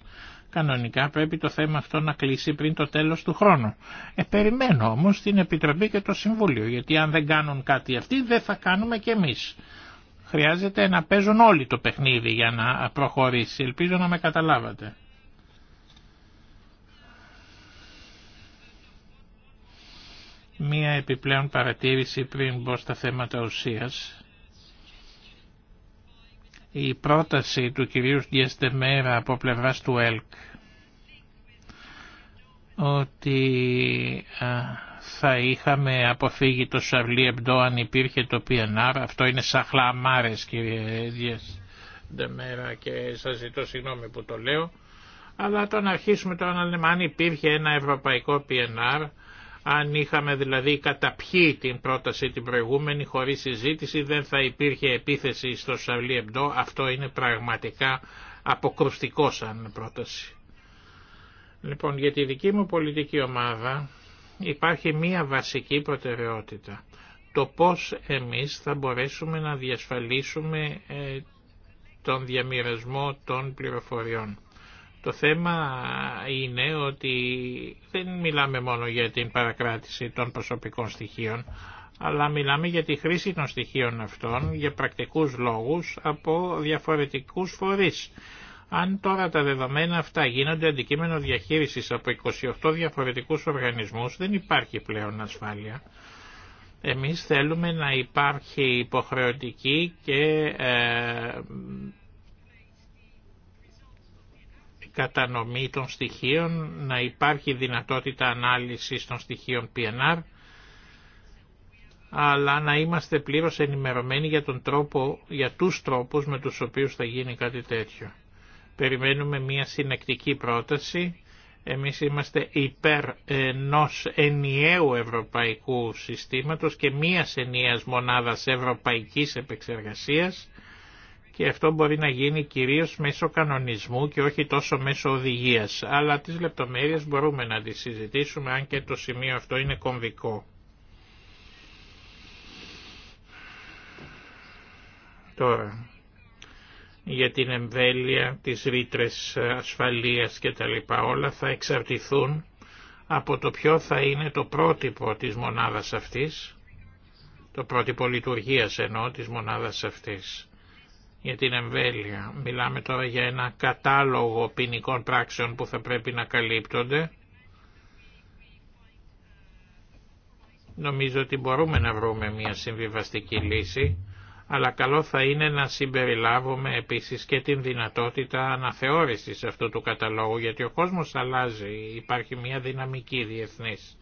Κανονικά πρέπει το θέμα αυτό να κλείσει πριν το τέλος του χρόνου. Ε, περιμένω όμως την Επιτροπή και το Συμβούλιο, γιατί αν δεν κάνουν κάτι αυτοί δεν θα κάνουμε κι εμείς. Χρειάζεται να παίζουν όλοι το παιχνίδι για να προχωρήσει. Ελπίζω να με καταλάβατε. Μία επιπλέον παρατήρηση πριν μπω στα θέματα ουσίας. Η πρόταση του κυρίου Διαστεμέρα από πλευράς του ΕΛΚ ότι θα είχαμε αποφύγει το Σαρλί Εμπτό αν υπήρχε το PNR. Αυτό είναι σαν χλαμάρες κύριε Έδιες και σας ζητώ συγγνώμη που το λέω. Αλλά το να αρχίσουμε τώρα να λέμε αν υπήρχε ένα ευρωπαϊκό PNR αν είχαμε δηλαδή καταπιεί την πρόταση την προηγούμενη χωρίς συζήτηση δεν θα υπήρχε επίθεση στο Σαβλί Εμπτό. Αυτό είναι πραγματικά αποκρουστικό σαν πρόταση. Λοιπόν, για τη δική μου πολιτική ομάδα υπάρχει μία βασική προτεραιότητα. Το πώς εμείς θα μπορέσουμε να διασφαλίσουμε ε, τον διαμοιρασμό των πληροφοριών. Το θέμα είναι ότι δεν μιλάμε μόνο για την παρακράτηση των προσωπικών στοιχείων, αλλά μιλάμε για τη χρήση των στοιχείων αυτών για πρακτικούς λόγους από διαφορετικούς φορείς. Αν τώρα τα δεδομένα αυτά γίνονται αντικείμενο διαχείρισης από 28 διαφορετικούς οργανισμούς, δεν υπάρχει πλέον ασφάλεια. Εμείς θέλουμε να υπάρχει υποχρεωτική και ε, κατανομή των στοιχείων, να υπάρχει δυνατότητα ανάλυσης των στοιχείων PNR, αλλά να είμαστε πλήρως ενημερωμένοι για, τον τρόπο, για τους τρόπους με τους οποίους θα γίνει κάτι τέτοιο. Περιμένουμε μια συνεκτική πρόταση. Εμείς είμαστε υπέρ ενός ενιαίου ευρωπαϊκού συστήματος και μίας ενιαίας μονάδας ευρωπαϊκής επεξεργασίας και αυτό μπορεί να γίνει κυρίως μέσω κανονισμού και όχι τόσο μέσω οδηγίας. Αλλά τις λεπτομέρειες μπορούμε να τις συζητήσουμε αν και το σημείο αυτό είναι κομβικό. Τώρα, για την εμβέλεια, τις ρήτρες ασφαλείας και τα λοιπά, όλα θα εξαρτηθούν από το ποιο θα είναι το πρότυπο της μονάδας αυτής, το πρότυπο λειτουργίας εννοώ της μονάδα αυτής για την εμβέλεια. Μιλάμε τώρα για ένα κατάλογο ποινικών πράξεων που θα πρέπει να καλύπτονται. Νομίζω ότι μπορούμε να βρούμε μια συμβιβαστική λύση, αλλά καλό θα είναι να συμπεριλάβουμε επίσης και την δυνατότητα αναθεώρησης αυτού του καταλόγου, γιατί ο κόσμος αλλάζει, υπάρχει μια δυναμική διεθνής.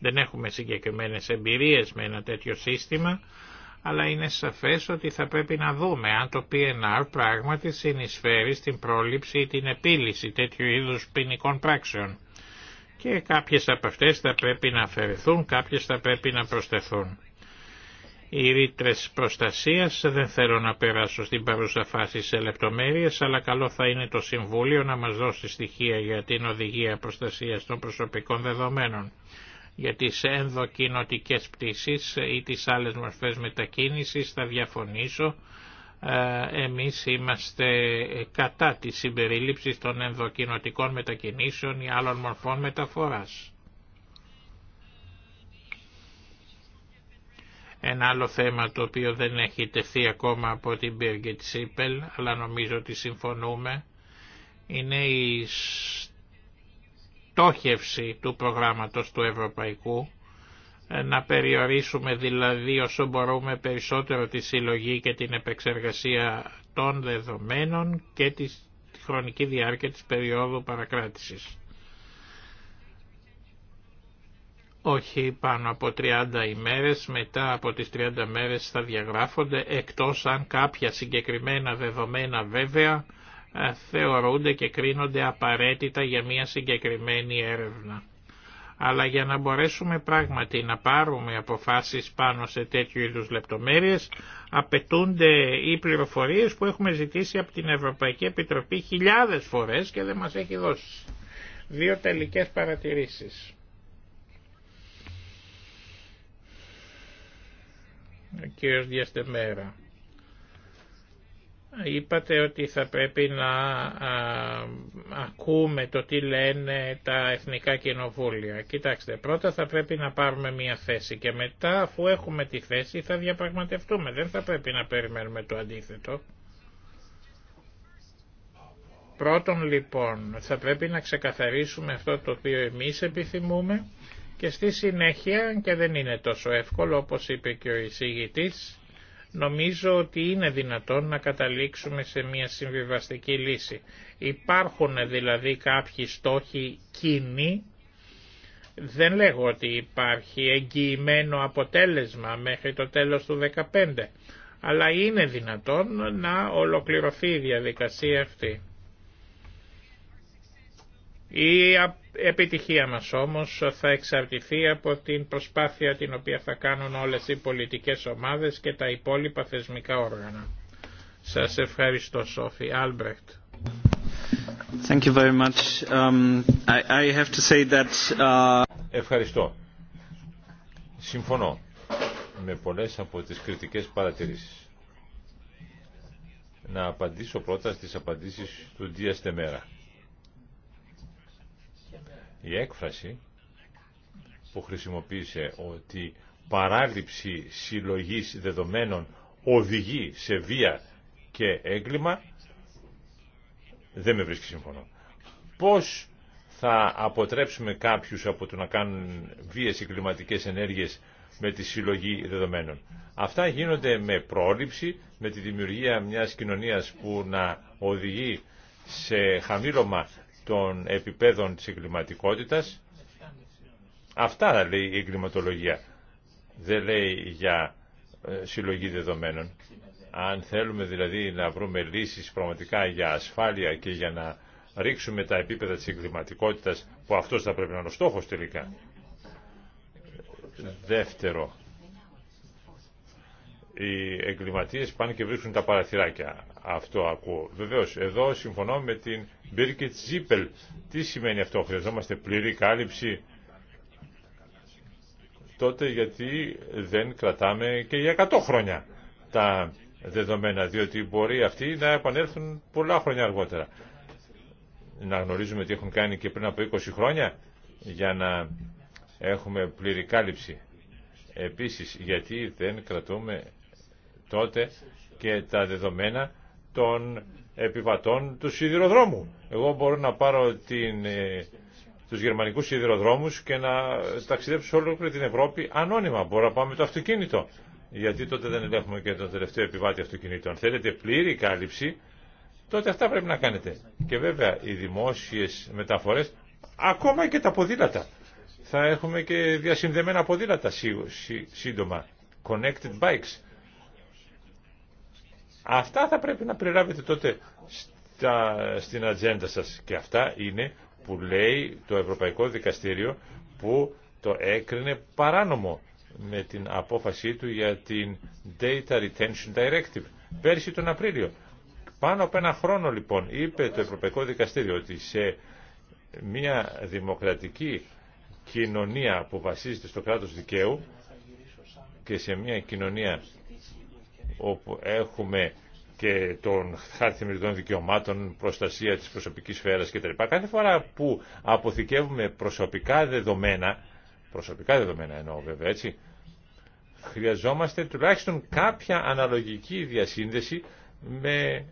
Δεν έχουμε συγκεκριμένες εμπειρίες με ένα τέτοιο σύστημα, αλλά είναι σαφές ότι θα πρέπει να δούμε αν το PNR πράγματι συνεισφέρει στην πρόληψη ή την επίλυση τέτοιου είδους ποινικών πράξεων. Και κάποιες από αυτές θα πρέπει να αφαιρεθούν, κάποιες θα πρέπει να προσθεθούν. Οι ρήτρε προστασία δεν θέλω να περάσω στην παρούσα φάση σε λεπτομέρειε, αλλά καλό θα είναι το Συμβούλιο να μα δώσει στοιχεία για την οδηγία προστασία των προσωπικών δεδομένων για τις ενδοκινοτικές πτήσεις ή τις άλλες μορφές μετακίνησης θα διαφωνήσω. Ε, εμείς είμαστε κατά τη συμπεριλήψη των ενδοκινοτικών μετακινήσεων ή άλλων μορφών μεταφοράς. Ένα άλλο θέμα το οποίο δεν έχει τεθεί ακόμα από την Birgit Σίπελ, αλλά νομίζω ότι συμφωνούμε, είναι η στόχευση του προγράμματος του Ευρωπαϊκού, ε, να περιορίσουμε δηλαδή όσο μπορούμε περισσότερο τη συλλογή και την επεξεργασία των δεδομένων και τη χρονική διάρκεια της περίοδου παρακράτησης. όχι πάνω από 30 ημέρες, μετά από τις 30 μέρες θα διαγράφονται, εκτός αν κάποια συγκεκριμένα δεδομένα βέβαια θεωρούνται και κρίνονται απαραίτητα για μια συγκεκριμένη έρευνα. Αλλά για να μπορέσουμε πράγματι να πάρουμε αποφάσεις πάνω σε τέτοιου είδους λεπτομέρειες, απαιτούνται οι πληροφορίες που έχουμε ζητήσει από την Ευρωπαϊκή Επιτροπή χιλιάδες φορές και δεν μας έχει δώσει. Δύο τελικές παρατηρήσεις. Ο κύριος Διαστεμέρα. Είπατε ότι θα πρέπει να ακούμε το τι λένε τα εθνικά κοινοβούλια. Κοιτάξτε, πρώτα θα πρέπει να πάρουμε μια θέση και μετά αφού έχουμε τη θέση θα διαπραγματευτούμε. Δεν θα πρέπει να περιμένουμε το αντίθετο. Πρώτον λοιπόν θα πρέπει να ξεκαθαρίσουμε αυτό το οποίο εμείς επιθυμούμε και στη συνέχεια, και δεν είναι τόσο εύκολο όπως είπε και ο εισηγητής, Νομίζω ότι είναι δυνατόν να καταλήξουμε σε μια συμβιβαστική λύση. Υπάρχουν δηλαδή κάποιοι στόχοι κοινοί. Δεν λέγω ότι υπάρχει εγγυημένο αποτέλεσμα μέχρι το τέλος του 2015, αλλά είναι δυνατόν να ολοκληρωθεί η διαδικασία αυτή. Η επιτυχία μας όμως θα εξαρτηθεί από την προσπάθεια την οποία θα κάνουν όλες οι πολιτικές ομάδες και τα υπόλοιπα θεσμικά όργανα. Σας ευχαριστώ Σοφή Άλμπρεχτ. Thank you Ευχαριστώ. Συμφωνώ με πολλές από τις κριτικές παρατηρήσεις. Να απαντήσω πρώτα στις απαντήσεις του Δίας Τεμέρα. Η έκφραση που χρησιμοποίησε ότι παράληψη συλλογής δεδομένων οδηγεί σε βία και έγκλημα δεν με βρίσκει σύμφωνο. Πώς θα αποτρέψουμε κάποιους από το να κάνουν βίες κλιματικές ενέργειες με τη συλλογή δεδομένων. Αυτά γίνονται με πρόληψη, με τη δημιουργία μιας κοινωνίας που να οδηγεί σε χαμήλωμα των επιπέδων της εγκληματικότητας. Αυτά λέει η εγκληματολογία. Δεν λέει για ε, συλλογή δεδομένων. Αν θέλουμε δηλαδή να βρούμε λύσεις πραγματικά για ασφάλεια και για να ρίξουμε τα επίπεδα της εγκληματικότητας που αυτός θα πρέπει να είναι ο στόχος τελικά. Δεύτερο, οι εγκληματίες πάνε και βρίσκουν τα παραθυράκια. Αυτό ακούω. Βεβαίως, εδώ συμφωνώ με την Μπίρκετ Ζίπελ. Τι σημαίνει αυτό, χρειαζόμαστε πλήρη κάλυψη τότε γιατί δεν κρατάμε και για 100 χρόνια τα δεδομένα, διότι μπορεί αυτοί να επανέλθουν πολλά χρόνια αργότερα. Να γνωρίζουμε τι έχουν κάνει και πριν από 20 χρόνια για να έχουμε πλήρη κάλυψη. Επίσης, γιατί δεν κρατούμε τότε και τα δεδομένα των επιβατών του σιδηροδρόμου. Εγώ μπορώ να πάρω την, ε, τους γερμανικούς σιδηροδρόμους και να ταξιδέψω σε όλη την Ευρώπη ανώνυμα. Μπορώ να πάω με το αυτοκίνητο. Γιατί τότε δεν ελέγχουμε και τον τελευταίο επιβάτη αυτοκινήτου. θέλετε πλήρη κάλυψη, τότε αυτά πρέπει να κάνετε. Και βέβαια οι δημόσιες μεταφορές, ακόμα και τα ποδήλατα. Θα έχουμε και διασυνδεμένα ποδήλατα σύντομα. Connected bikes Αυτά θα πρέπει να περιλάβετε τότε στα, στην ατζέντα σας. Και αυτά είναι που λέει το Ευρωπαϊκό Δικαστήριο που το έκρινε παράνομο με την απόφασή του για την Data Retention Directive πέρσι τον Απρίλιο. Πάνω από ένα χρόνο λοιπόν είπε το Ευρωπαϊκό Δικαστήριο ότι σε μια δημοκρατική κοινωνία που βασίζεται στο κράτος δικαίου και σε μια κοινωνία όπου έχουμε και των χάρτη μερικών δικαιωμάτων, προστασία της προσωπικής σφαίρας κτλ. Κάθε φορά που αποθηκεύουμε προσωπικά δεδομένα, προσωπικά δεδομένα εννοώ βέβαια έτσι, χρειαζόμαστε τουλάχιστον κάποια αναλογική διασύνδεση με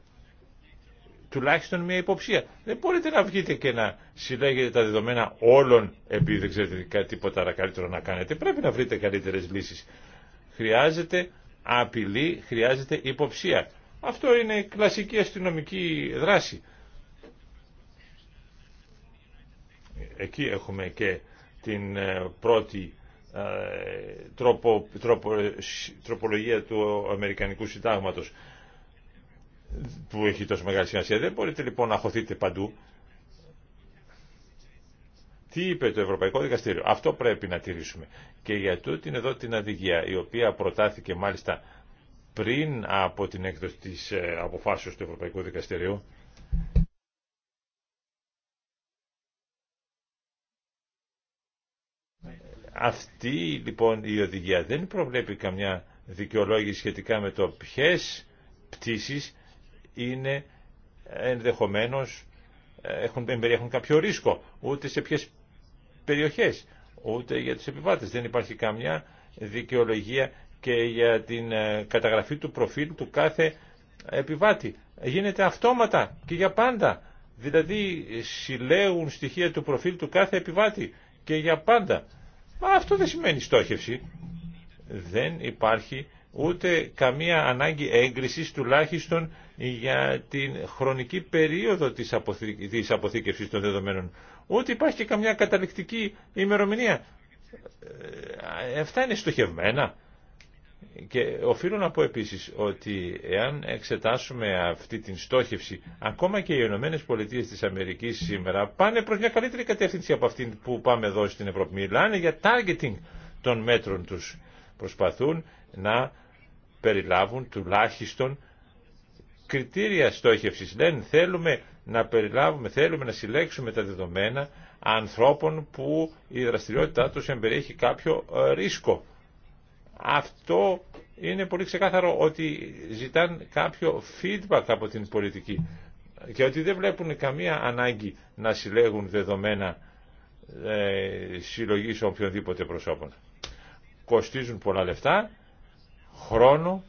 τουλάχιστον μια υποψία. Δεν μπορείτε να βγείτε και να συλλέγετε τα δεδομένα όλων επειδή δεν ξέρετε τίποτα καλύτερο να κάνετε. Πρέπει να βρείτε καλύτερες λύσεις. Χρειάζεται απειλή χρειάζεται υποψία. Αυτό είναι κλασική αστυνομική δράση. Εκεί έχουμε και την ε, πρώτη ε, τροπο, τροπολογία του Αμερικανικού Συντάγματος που έχει τόσο μεγάλη σημασία. Δεν μπορείτε λοιπόν να χωθείτε παντού. Τι είπε το Ευρωπαϊκό Δικαστήριο. Αυτό πρέπει να τηρήσουμε. Και για τούτην εδώ την αδικία η οποία προτάθηκε μάλιστα πριν από την έκδοση της ε, αποφάσεως του Ευρωπαϊκού Δικαστηρίου, Αυτή λοιπόν η οδηγία δεν προβλέπει καμιά δικαιολόγηση σχετικά με το ποιε πτήσεις είναι ενδεχομένως ε, έχουν, περιέχουν κάποιο ρίσκο, ούτε σε ποιες περιοχές, ούτε για τους επιβάτες. Δεν υπάρχει καμιά δικαιολογία και για την ε, καταγραφή του προφίλ του κάθε επιβάτη. Γίνεται αυτόματα και για πάντα. Δηλαδή συλλέγουν στοιχεία του προφίλ του κάθε επιβάτη και για πάντα. Μα αυτό δεν σημαίνει στόχευση. Δεν υπάρχει ούτε καμία ανάγκη έγκρισης τουλάχιστον για την χρονική περίοδο της αποθήκευσης των δεδομένων ούτε υπάρχει και καμιά καταληκτική ημερομηνία. Ε, αυτά είναι στοχευμένα. Και οφείλω να πω επίσης ότι εάν εξετάσουμε αυτή την στόχευση, ακόμα και οι Ηνωμένε Πολιτείες της Αμερικής σήμερα πάνε προς μια καλύτερη κατεύθυνση από αυτή που πάμε εδώ στην Ευρώπη. Μιλάνε για targeting των μέτρων τους. Προσπαθούν να περιλάβουν τουλάχιστον κριτήρια στόχευσης. Λένε θέλουμε να περιλάβουμε, θέλουμε να συλλέξουμε τα δεδομένα ανθρώπων που η δραστηριότητά τους εμπεριέχει κάποιο ε, ρίσκο. Αυτό είναι πολύ ξεκάθαρο ότι ζητάν κάποιο feedback από την πολιτική και ότι δεν βλέπουν καμία ανάγκη να συλλέγουν δεδομένα ε, συλλογής οποιονδήποτε προσώπων. Κοστίζουν πολλά λεφτά, χρόνο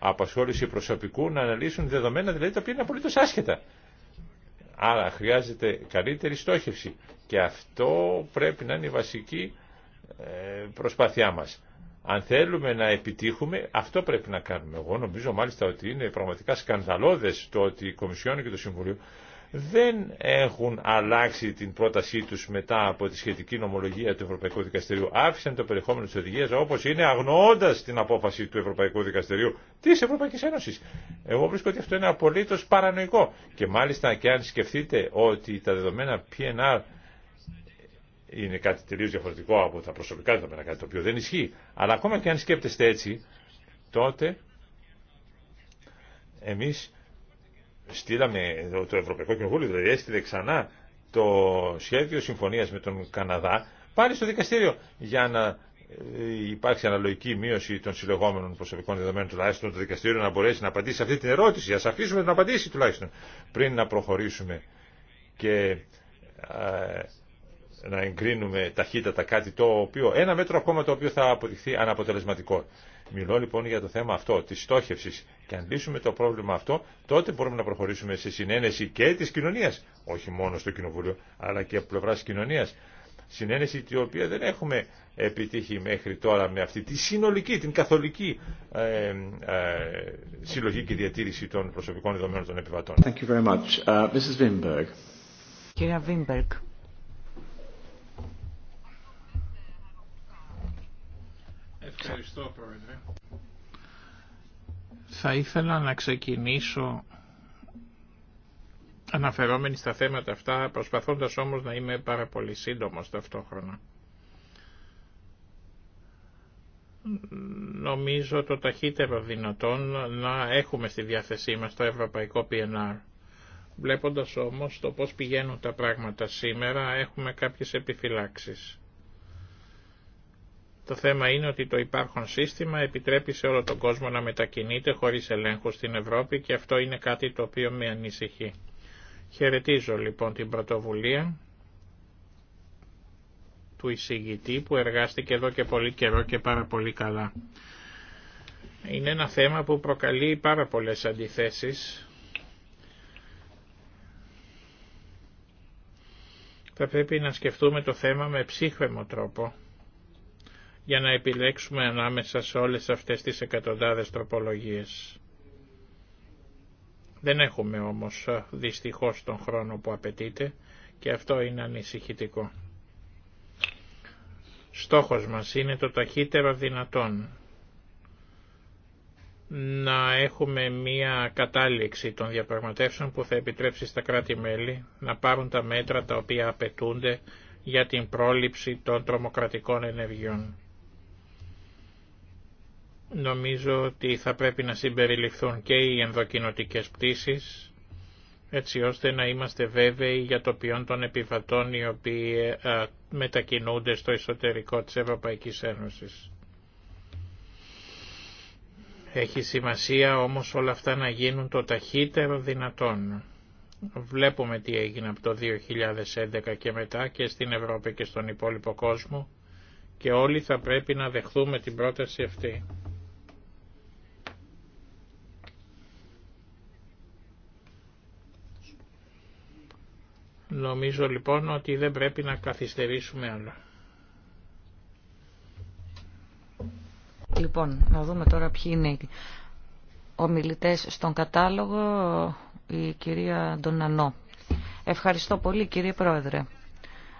απασχόληση προσωπικού να αναλύσουν δεδομένα δηλαδή τα οποία είναι απολύτως άσχετα. Άρα χρειάζεται καλύτερη στόχευση και αυτό πρέπει να είναι η βασική ε, προσπάθειά μας. Αν θέλουμε να επιτύχουμε, αυτό πρέπει να κάνουμε. Εγώ νομίζω μάλιστα ότι είναι πραγματικά σκανδαλώδες το ότι η Κομισιόν και το Συμβουλίο δεν έχουν αλλάξει την πρότασή τους μετά από τη σχετική νομολογία του Ευρωπαϊκού Δικαστηρίου. Άφησαν το περιεχόμενο της οδηγίας όπως είναι αγνοώντας την απόφαση του Ευρωπαϊκού Δικαστηρίου της Ευρωπαϊκής Ένωσης. Εγώ βρίσκω ότι αυτό είναι απολύτως παρανοϊκό. Και μάλιστα και αν σκεφτείτε ότι τα δεδομένα PNR είναι κάτι τελείως διαφορετικό από τα προσωπικά δεδομένα, κάτι το οποίο δεν ισχύει. Αλλά ακόμα και αν σκέπτεστε έτσι, τότε εμεί στείλαμε, το Ευρωπαϊκό Κοινοβούλιο δηλαδή έστειλε ξανά το σχέδιο συμφωνίας με τον Καναδά πάλι στο δικαστήριο για να ε, υπάρξει αναλογική μείωση των συλλεγόμενων προσωπικών δεδομένων τουλάχιστον το δικαστήριο να μπορέσει να απαντήσει σε αυτή την ερώτηση. Ας αφήσουμε να απαντήσει τουλάχιστον πριν να προχωρήσουμε και ε, να εγκρίνουμε ταχύτατα κάτι το οποίο, ένα μέτρο ακόμα το οποίο θα αποδειχθεί αναποτελεσματικό. Μιλώ λοιπόν για το θέμα αυτό, τη στόχευση. Και αν λύσουμε το πρόβλημα αυτό, τότε μπορούμε να προχωρήσουμε σε συνένεση και τη κοινωνία, όχι μόνο στο Κοινοβούλιο, αλλά και από πλευρά κοινωνία. Συνένεση την οποία δεν έχουμε επιτύχει μέχρι τώρα με αυτή τη συνολική, την καθολική ε, ε συλλογή και διατήρηση των προσωπικών δεδομένων των επιβατών. Uh, Ευχαριστώ, Πρόεδρε. Θα ήθελα να ξεκινήσω αναφερόμενοι στα θέματα αυτά, προσπαθώντας όμως να είμαι πάρα πολύ σύντομος ταυτόχρονα. Νομίζω το ταχύτερο δυνατόν να έχουμε στη διάθεσή μας το Ευρωπαϊκό PNR. Βλέποντας όμως το πώς πηγαίνουν τα πράγματα σήμερα, έχουμε κάποιες επιφυλάξεις. Το θέμα είναι ότι το υπάρχον σύστημα επιτρέπει σε όλο τον κόσμο να μετακινείται χωρίς ελέγχου στην Ευρώπη και αυτό είναι κάτι το οποίο με ανησυχεί. Χαιρετίζω λοιπόν την πρωτοβουλία του εισηγητή που εργάστηκε εδώ και πολύ καιρό και πάρα πολύ καλά. Είναι ένα θέμα που προκαλεί πάρα πολλές αντιθέσεις. Θα πρέπει να σκεφτούμε το θέμα με ψύχρεμο τρόπο για να επιλέξουμε ανάμεσα σε όλες αυτές τις εκατοντάδες τροπολογίες. Δεν έχουμε όμως ε, δυστυχώς τον χρόνο που απαιτείται και αυτό είναι ανησυχητικό. Στόχος μας είναι το ταχύτερο δυνατόν να έχουμε μία κατάληξη των διαπραγματεύσεων που θα επιτρέψει στα κράτη-μέλη να πάρουν τα μέτρα τα οποία απαιτούνται για την πρόληψη των τρομοκρατικών ενεργειών. Νομίζω ότι θα πρέπει να συμπεριληφθούν και οι ενδοκινοτικές πτήσεις, έτσι ώστε να είμαστε βέβαιοι για το ποιόν των επιβατών οι οποίοι ε, μετακινούνται στο εσωτερικό της Ευρωπαϊκής Ένωσης. Έχει σημασία όμως όλα αυτά να γίνουν το ταχύτερο δυνατόν. Βλέπουμε τι έγινε από το 2011 και μετά και στην Ευρώπη και στον υπόλοιπο κόσμο και όλοι θα πρέπει να δεχθούμε την πρόταση αυτή. Νομίζω λοιπόν ότι δεν πρέπει να καθυστερήσουμε άλλο. Λοιπόν, να δούμε τώρα ποιοι είναι οι ομιλητές στον κατάλογο. Η κυρία Ντονανό. Ευχαριστώ πολύ κύριε Πρόεδρε.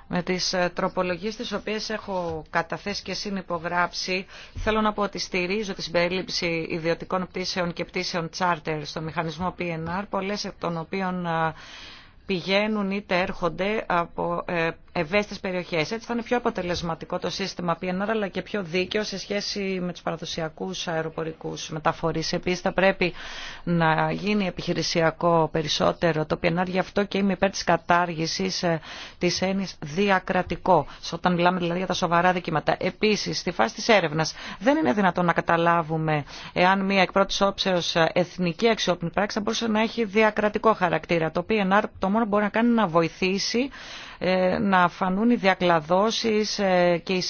Με τις ε, τροπολογίες τις οποίες έχω καταθέσει και συνυπογράψει, θέλω να πω ότι στηρίζω τη συμπερίληψη ιδιωτικών πτήσεων και πτήσεων Charter στο μηχανισμό PNR, πολλές εκ των οποίων ε, πηγαίνουν είτε έρχονται από ε, ευαίσθητε περιοχέ. Έτσι θα είναι πιο αποτελεσματικό το σύστημα PNR αλλά και πιο δίκαιο σε σχέση με του παραδοσιακού αεροπορικού μεταφορεί. Επίση θα πρέπει να γίνει επιχειρησιακό περισσότερο το PNR, γι' αυτό και είμαι υπέρ τη κατάργηση ε, τη έννοια διακρατικό, όταν μιλάμε δηλαδή για τα σοβαρά δικήματα. Επίση, στη φάση τη έρευνα δεν είναι δυνατόν να καταλάβουμε εάν μία εκ πρώτη όψεω εθνική αξιόπινη πράξη θα μπορούσε να έχει διακρατικό χαρακτήρα. Το PNR το μόνο μπορεί να κάνει να βοηθήσει ε, να φανούν οι διακλαδώσεις ε, και οι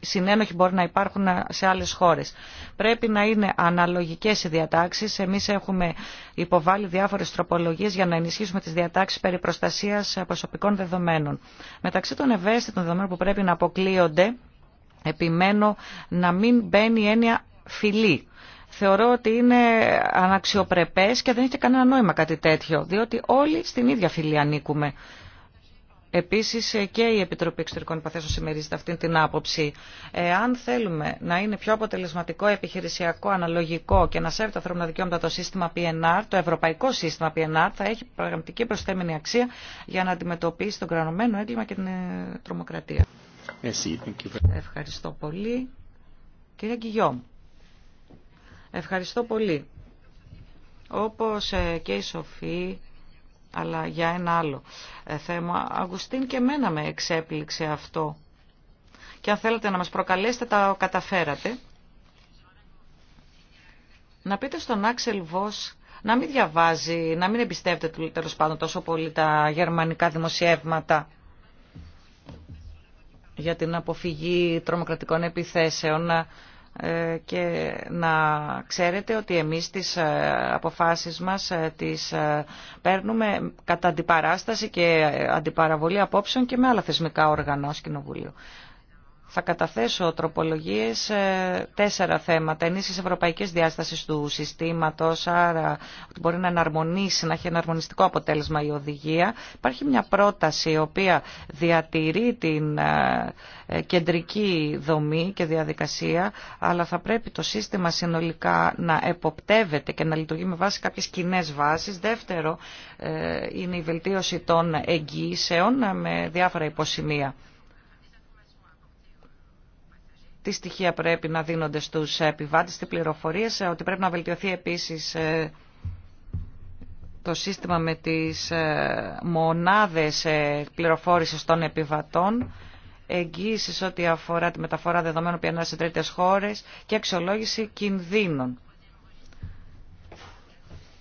συνένοχοι μπορεί να υπάρχουν ε, σε άλλες χώρες. Πρέπει να είναι αναλογικές οι διατάξεις. Εμείς έχουμε υποβάλει διάφορες τροπολογίες για να ενισχύσουμε τις διατάξεις περί προστασίας προσωπικών δεδομένων. Μεταξύ των ευαίσθητων δεδομένων που πρέπει να αποκλείονται, επιμένω να μην μπαίνει η έννοια φιλή θεωρώ ότι είναι αναξιοπρεπές και δεν έχει κανένα νόημα κάτι τέτοιο, διότι όλοι στην ίδια φυλή ανήκουμε. Επίσης ε, και η Επιτροπή Εξωτερικών Υποθέσεων συμμερίζεται αυτή την άποψη. Ε, αν θέλουμε να είναι πιο αποτελεσματικό, επιχειρησιακό, αναλογικό και να σέβεται τα ανθρώπινα δικαιώματα το σύστημα PNR, το ευρωπαϊκό σύστημα PNR θα έχει πραγματική προσθέμενη αξία για να αντιμετωπίσει τον κρανωμένο έγκλημα και την ε, τρομοκρατία. Ευχαριστώ πολύ. Κύριε Γκυγιόμ. Ευχαριστώ πολύ. Όπως ε, και η Σοφή, αλλά για ένα άλλο ε, θέμα, Αγουστίν και μένα με εξέπληξε αυτό. Και αν θέλετε να μας προκαλέσετε, τα καταφέρατε. Να πείτε στον Άξελ Βος να μην διαβάζει, να μην εμπιστεύεται τέλο πάντων τόσο πολύ τα γερμανικά δημοσιεύματα για την αποφυγή τρομοκρατικών επιθέσεων ε, και να ξέρετε ότι εμείς τις ε, αποφάσεις μας ε, τις παίρνουμε κατά αντιπαράσταση και αντιπαραβολή απόψεων και με άλλα θεσμικά όργανα ως θα καταθέσω τροπολογίες τέσσερα θέματα. Ενίσχυση ευρωπαϊκής διάστασης του συστήματος, άρα ότι μπορεί να εναρμονίσει, να έχει εναρμονιστικό αποτέλεσμα η οδηγία. Υπάρχει μια πρόταση η οποία διατηρεί την ε, κεντρική δομή και διαδικασία, αλλά θα πρέπει το σύστημα συνολικά να εποπτεύεται και να λειτουργεί με βάση κάποιες κοινέ βάσεις. Δεύτερο ε, είναι η βελτίωση των εγγύησεων με διάφορα υποσημεία τι στοιχεία πρέπει να δίνονται στους επιβάτες, τι πληροφορίες, ε, ότι πρέπει να βελτιωθεί επίσης ε, το σύστημα με τις ε, μονάδες πληροφόρησης των επιβατών, εγγύησης ό,τι αφορά τη μεταφορά δεδομένων που σε τρίτες χώρες και αξιολόγηση κινδύνων.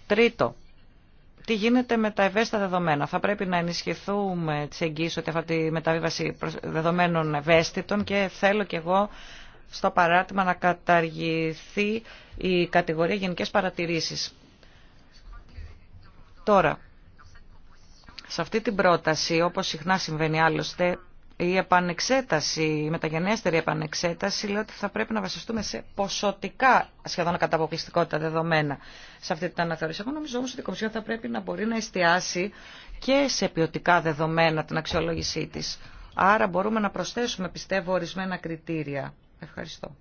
Τρίτο, τι γίνεται με τα ευαίσθητα δεδομένα. Θα πρέπει να ενισχυθούμε τις εγγύσει ότι αυτή τη μεταβίβαση δεδομένων ευαίσθητων και θέλω κι εγώ στο παράρτημα να καταργηθεί η κατηγορία γενικές παρατηρήσεις. Τώρα, σε αυτή την πρόταση, όπως συχνά συμβαίνει άλλωστε, η επανεξέταση, η μεταγενέστερη επανεξέταση λέει ότι θα πρέπει να βασιστούμε σε ποσοτικά σχεδόν κατά δεδομένα σε αυτή την αναθεώρηση. Εγώ νομίζω όμως ότι η Κομισιόν θα πρέπει να μπορεί να εστιάσει και σε ποιοτικά δεδομένα την αξιολόγησή της. Άρα μπορούμε να προσθέσουμε πιστεύω ορισμένα κριτήρια. Ευχαριστώ.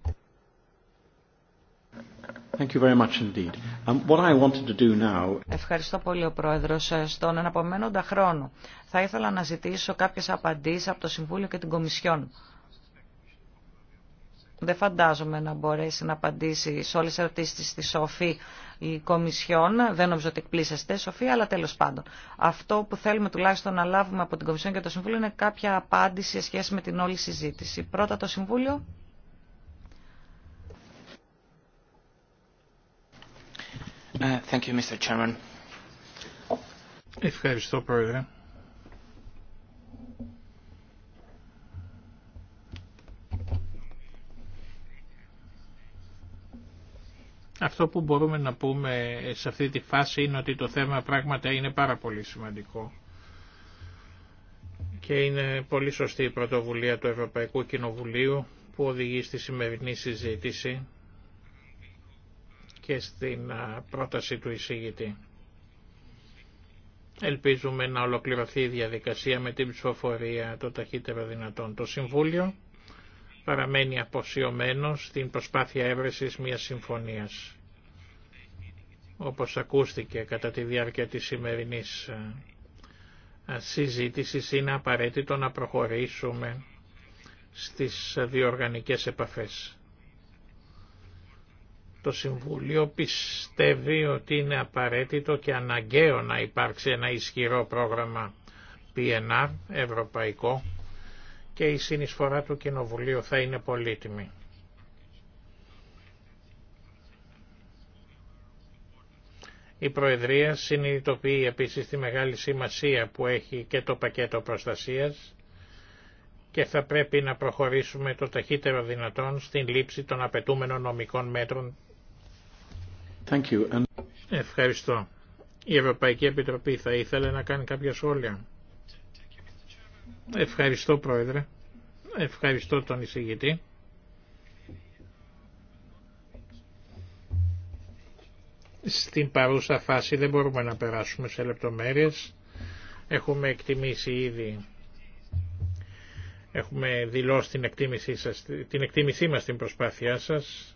Thank you very much indeed. Um, what I wanted to do now... Ευχαριστώ πολύ ο Πρόεδρος. Ε, στον εναπομένοντα χρόνο θα ήθελα να ζητήσω κάποιες απαντήσεις από το Συμβούλιο και την Κομισιόν. Δεν φαντάζομαι να μπορέσει να απαντήσει σε όλες τις ερωτήσεις της Σοφή η Κομισιόν. Δεν νομίζω ότι εκπλήσεστε, Σοφή, αλλά τέλος πάντων. Αυτό που θέλουμε τουλάχιστον να λάβουμε από την Κομισιόν και το Συμβούλιο είναι κάποια απάντηση σε σχέση με την όλη συζήτηση. Πρώτα το Συμβούλιο. Uh, Ευχαριστώ, Πρόεδρε. Αυτό που μπορούμε να πούμε σε αυτή τη φάση είναι ότι το θέμα πράγματα είναι πάρα πολύ σημαντικό και είναι πολύ σωστή η πρωτοβουλία του Ευρωπαϊκού Κοινοβουλίου που οδηγεί στη σημερινή συζήτηση και στην πρόταση του εισηγητή. Ελπίζουμε να ολοκληρωθεί η διαδικασία με την ψηφοφορία το ταχύτερο δυνατόν. Το Συμβούλιο παραμένει αποσιωμένο στην προσπάθεια έβρεσης μιας συμφωνίας. Όπως ακούστηκε κατά τη διάρκεια της σημερινής συζήτησης είναι απαραίτητο να προχωρήσουμε στις διοργανικές επαφές. Το Συμβούλιο πιστεύει ότι είναι απαραίτητο και αναγκαίο να υπάρξει ένα ισχυρό πρόγραμμα PNR ευρωπαϊκό και η συνεισφορά του Κοινοβουλίου θα είναι πολύτιμη. Η Προεδρία συνειδητοποιεί επίσης τη μεγάλη σημασία που έχει και το πακέτο προστασίας και θα πρέπει να προχωρήσουμε το ταχύτερο δυνατόν στην λήψη των απαιτούμενων νομικών μέτρων Ευχαριστώ. Η Ευρωπαϊκή Επιτροπή θα ήθελε να κάνει κάποια σχόλια. Ευχαριστώ Πρόεδρε. Ευχαριστώ τον εισηγητή. Στην παρούσα φάση δεν μπορούμε να περάσουμε σε λεπτομέρειες. Έχουμε εκτιμήσει ήδη έχουμε δηλώσει την εκτίμησή, σας, την εκτίμησή μας στην προσπάθειά σας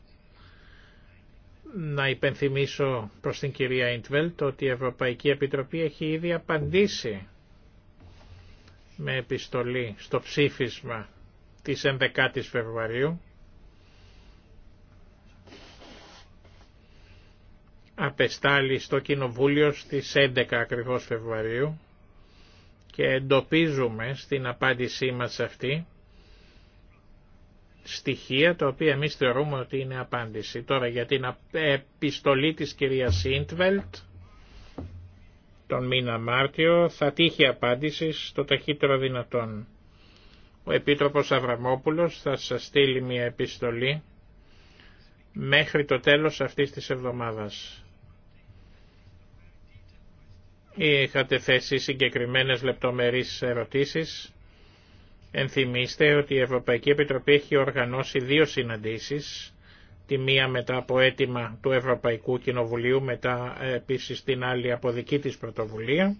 να υπενθυμίσω προς την κυρία Ιντβελτ ότι η Ευρωπαϊκή Επιτροπή έχει ήδη απαντήσει με επιστολή στο ψήφισμα της 11ης Φεβρουαρίου απεστάλει στο Κοινοβούλιο στις 11 ακριβώς Φεβρουαρίου και εντοπίζουμε στην απάντησή μας αυτή στοιχεία τα οποία εμείς θεωρούμε ότι είναι απάντηση. Τώρα για την επιστολή της κυρίας Σίντβελτ τον μήνα Μάρτιο θα τύχει απάντηση στο ταχύτερο δυνατόν. Ο Επίτροπος Αβραμόπουλος θα σας στείλει μια επιστολή μέχρι το τέλος αυτής της εβδομάδας. Είχατε θέσει συγκεκριμένες λεπτομερείς ερωτήσεις Ενθυμίστε ότι η Ευρωπαϊκή Επιτροπή έχει οργανώσει δύο συναντήσεις, τη μία μετά από αίτημα του Ευρωπαϊκού Κοινοβουλίου, μετά ε, επίσης την άλλη από δική της πρωτοβουλία.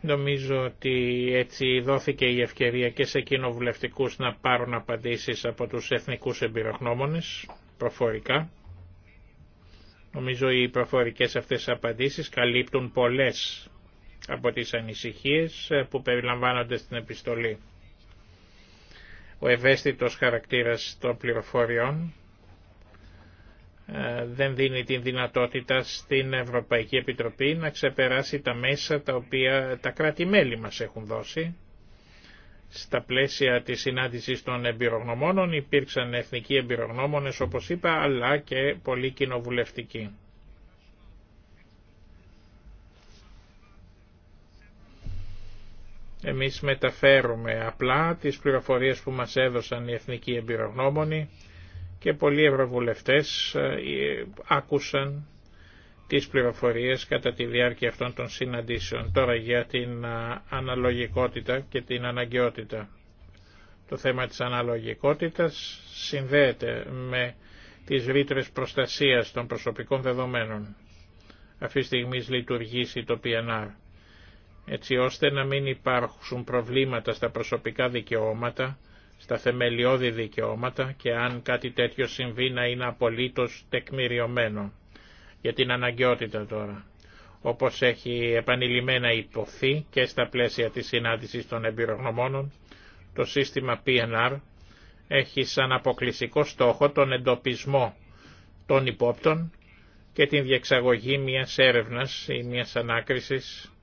Νομίζω ότι έτσι δόθηκε η ευκαιρία και σε κοινοβουλευτικούς να πάρουν απαντήσεις από τους εθνικούς εμπειρογνώμονες, προφορικά. Νομίζω οι προφορικές αυτές απαντήσεις καλύπτουν πολλές από τις ανησυχίες ε, που περιλαμβάνονται στην επιστολή. Ο ευαίσθητος χαρακτήρας των πληροφοριών ε, δεν δίνει την δυνατότητα στην Ευρωπαϊκή Επιτροπή να ξεπεράσει τα μέσα τα οποία τα κράτη-μέλη μας έχουν δώσει. Στα πλαίσια της συνάντησης των εμπειρογνωμόνων υπήρξαν εθνικοί εμπειρογνώμονες όπως είπα αλλά και πολλοί κοινοβουλευτικοί. Εμείς μεταφέρουμε απλά τις πληροφορίες που μας έδωσαν οι εθνικοί εμπειρογνώμονοι και πολλοί ευρωβουλευτές ε, ε, άκουσαν τις πληροφορίες κατά τη διάρκεια αυτών των συναντήσεων. Τώρα για την ε, αναλογικότητα και την αναγκαιότητα. Το θέμα της αναλογικότητας συνδέεται με τις ρήτρες προστασίας των προσωπικών δεδομένων. Αυτή τη στιγμή λειτουργήσει το PNR έτσι ώστε να μην υπάρχουν προβλήματα στα προσωπικά δικαιώματα, στα θεμελιώδη δικαιώματα και αν κάτι τέτοιο συμβεί να είναι απολύτως τεκμηριωμένο για την αναγκαιότητα τώρα. Όπως έχει επανειλημμένα υποθεί και στα πλαίσια της συνάντησης των εμπειρογνωμόνων, το σύστημα PNR έχει σαν αποκλειστικό στόχο τον εντοπισμό των υπόπτων και την διεξαγωγή μιας έρευνας ή μιας ανάκρισης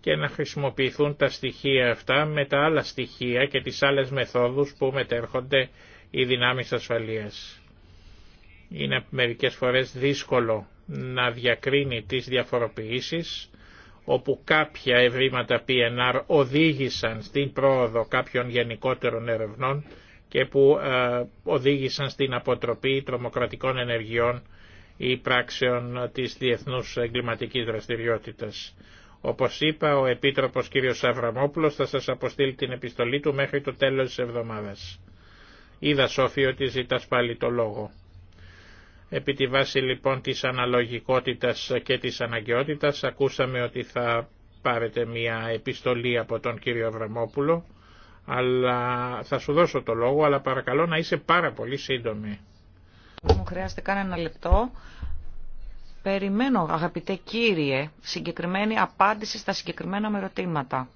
και να χρησιμοποιηθούν τα στοιχεία αυτά με τα άλλα στοιχεία και τις άλλες μεθόδους που μετέρχονται οι δυνάμεις ασφαλείας. Είναι μερικές φορές δύσκολο να διακρίνει τις διαφοροποιήσεις όπου κάποια ευρήματα PNR οδήγησαν στην πρόοδο κάποιων γενικότερων ερευνών και που ε, οδήγησαν στην αποτροπή τρομοκρατικών ενεργειών ή πράξεων της διεθνούς εγκληματικής δραστηριότητας. Όπως είπα, ο Επίτροπος κ. Αβραμόπουλος θα σας αποστείλει την επιστολή του μέχρι το τέλος της εβδομάδας. Είδα, Σόφη, ότι ζητάς πάλι το λόγο. Επί τη βάση λοιπόν της αναλογικότητας και της αναγκαιότητας ακούσαμε ότι θα πάρετε μια επιστολή από τον κύριο Αβραμόπουλο, αλλά θα σου δώσω το λόγο, αλλά παρακαλώ να είσαι πάρα πολύ σύντομη. Μου χρειάζεται κανένα λεπτό Περιμένω, αγαπητέ κύριε, συγκεκριμένη απάντηση στα συγκεκριμένα με ερωτήματα.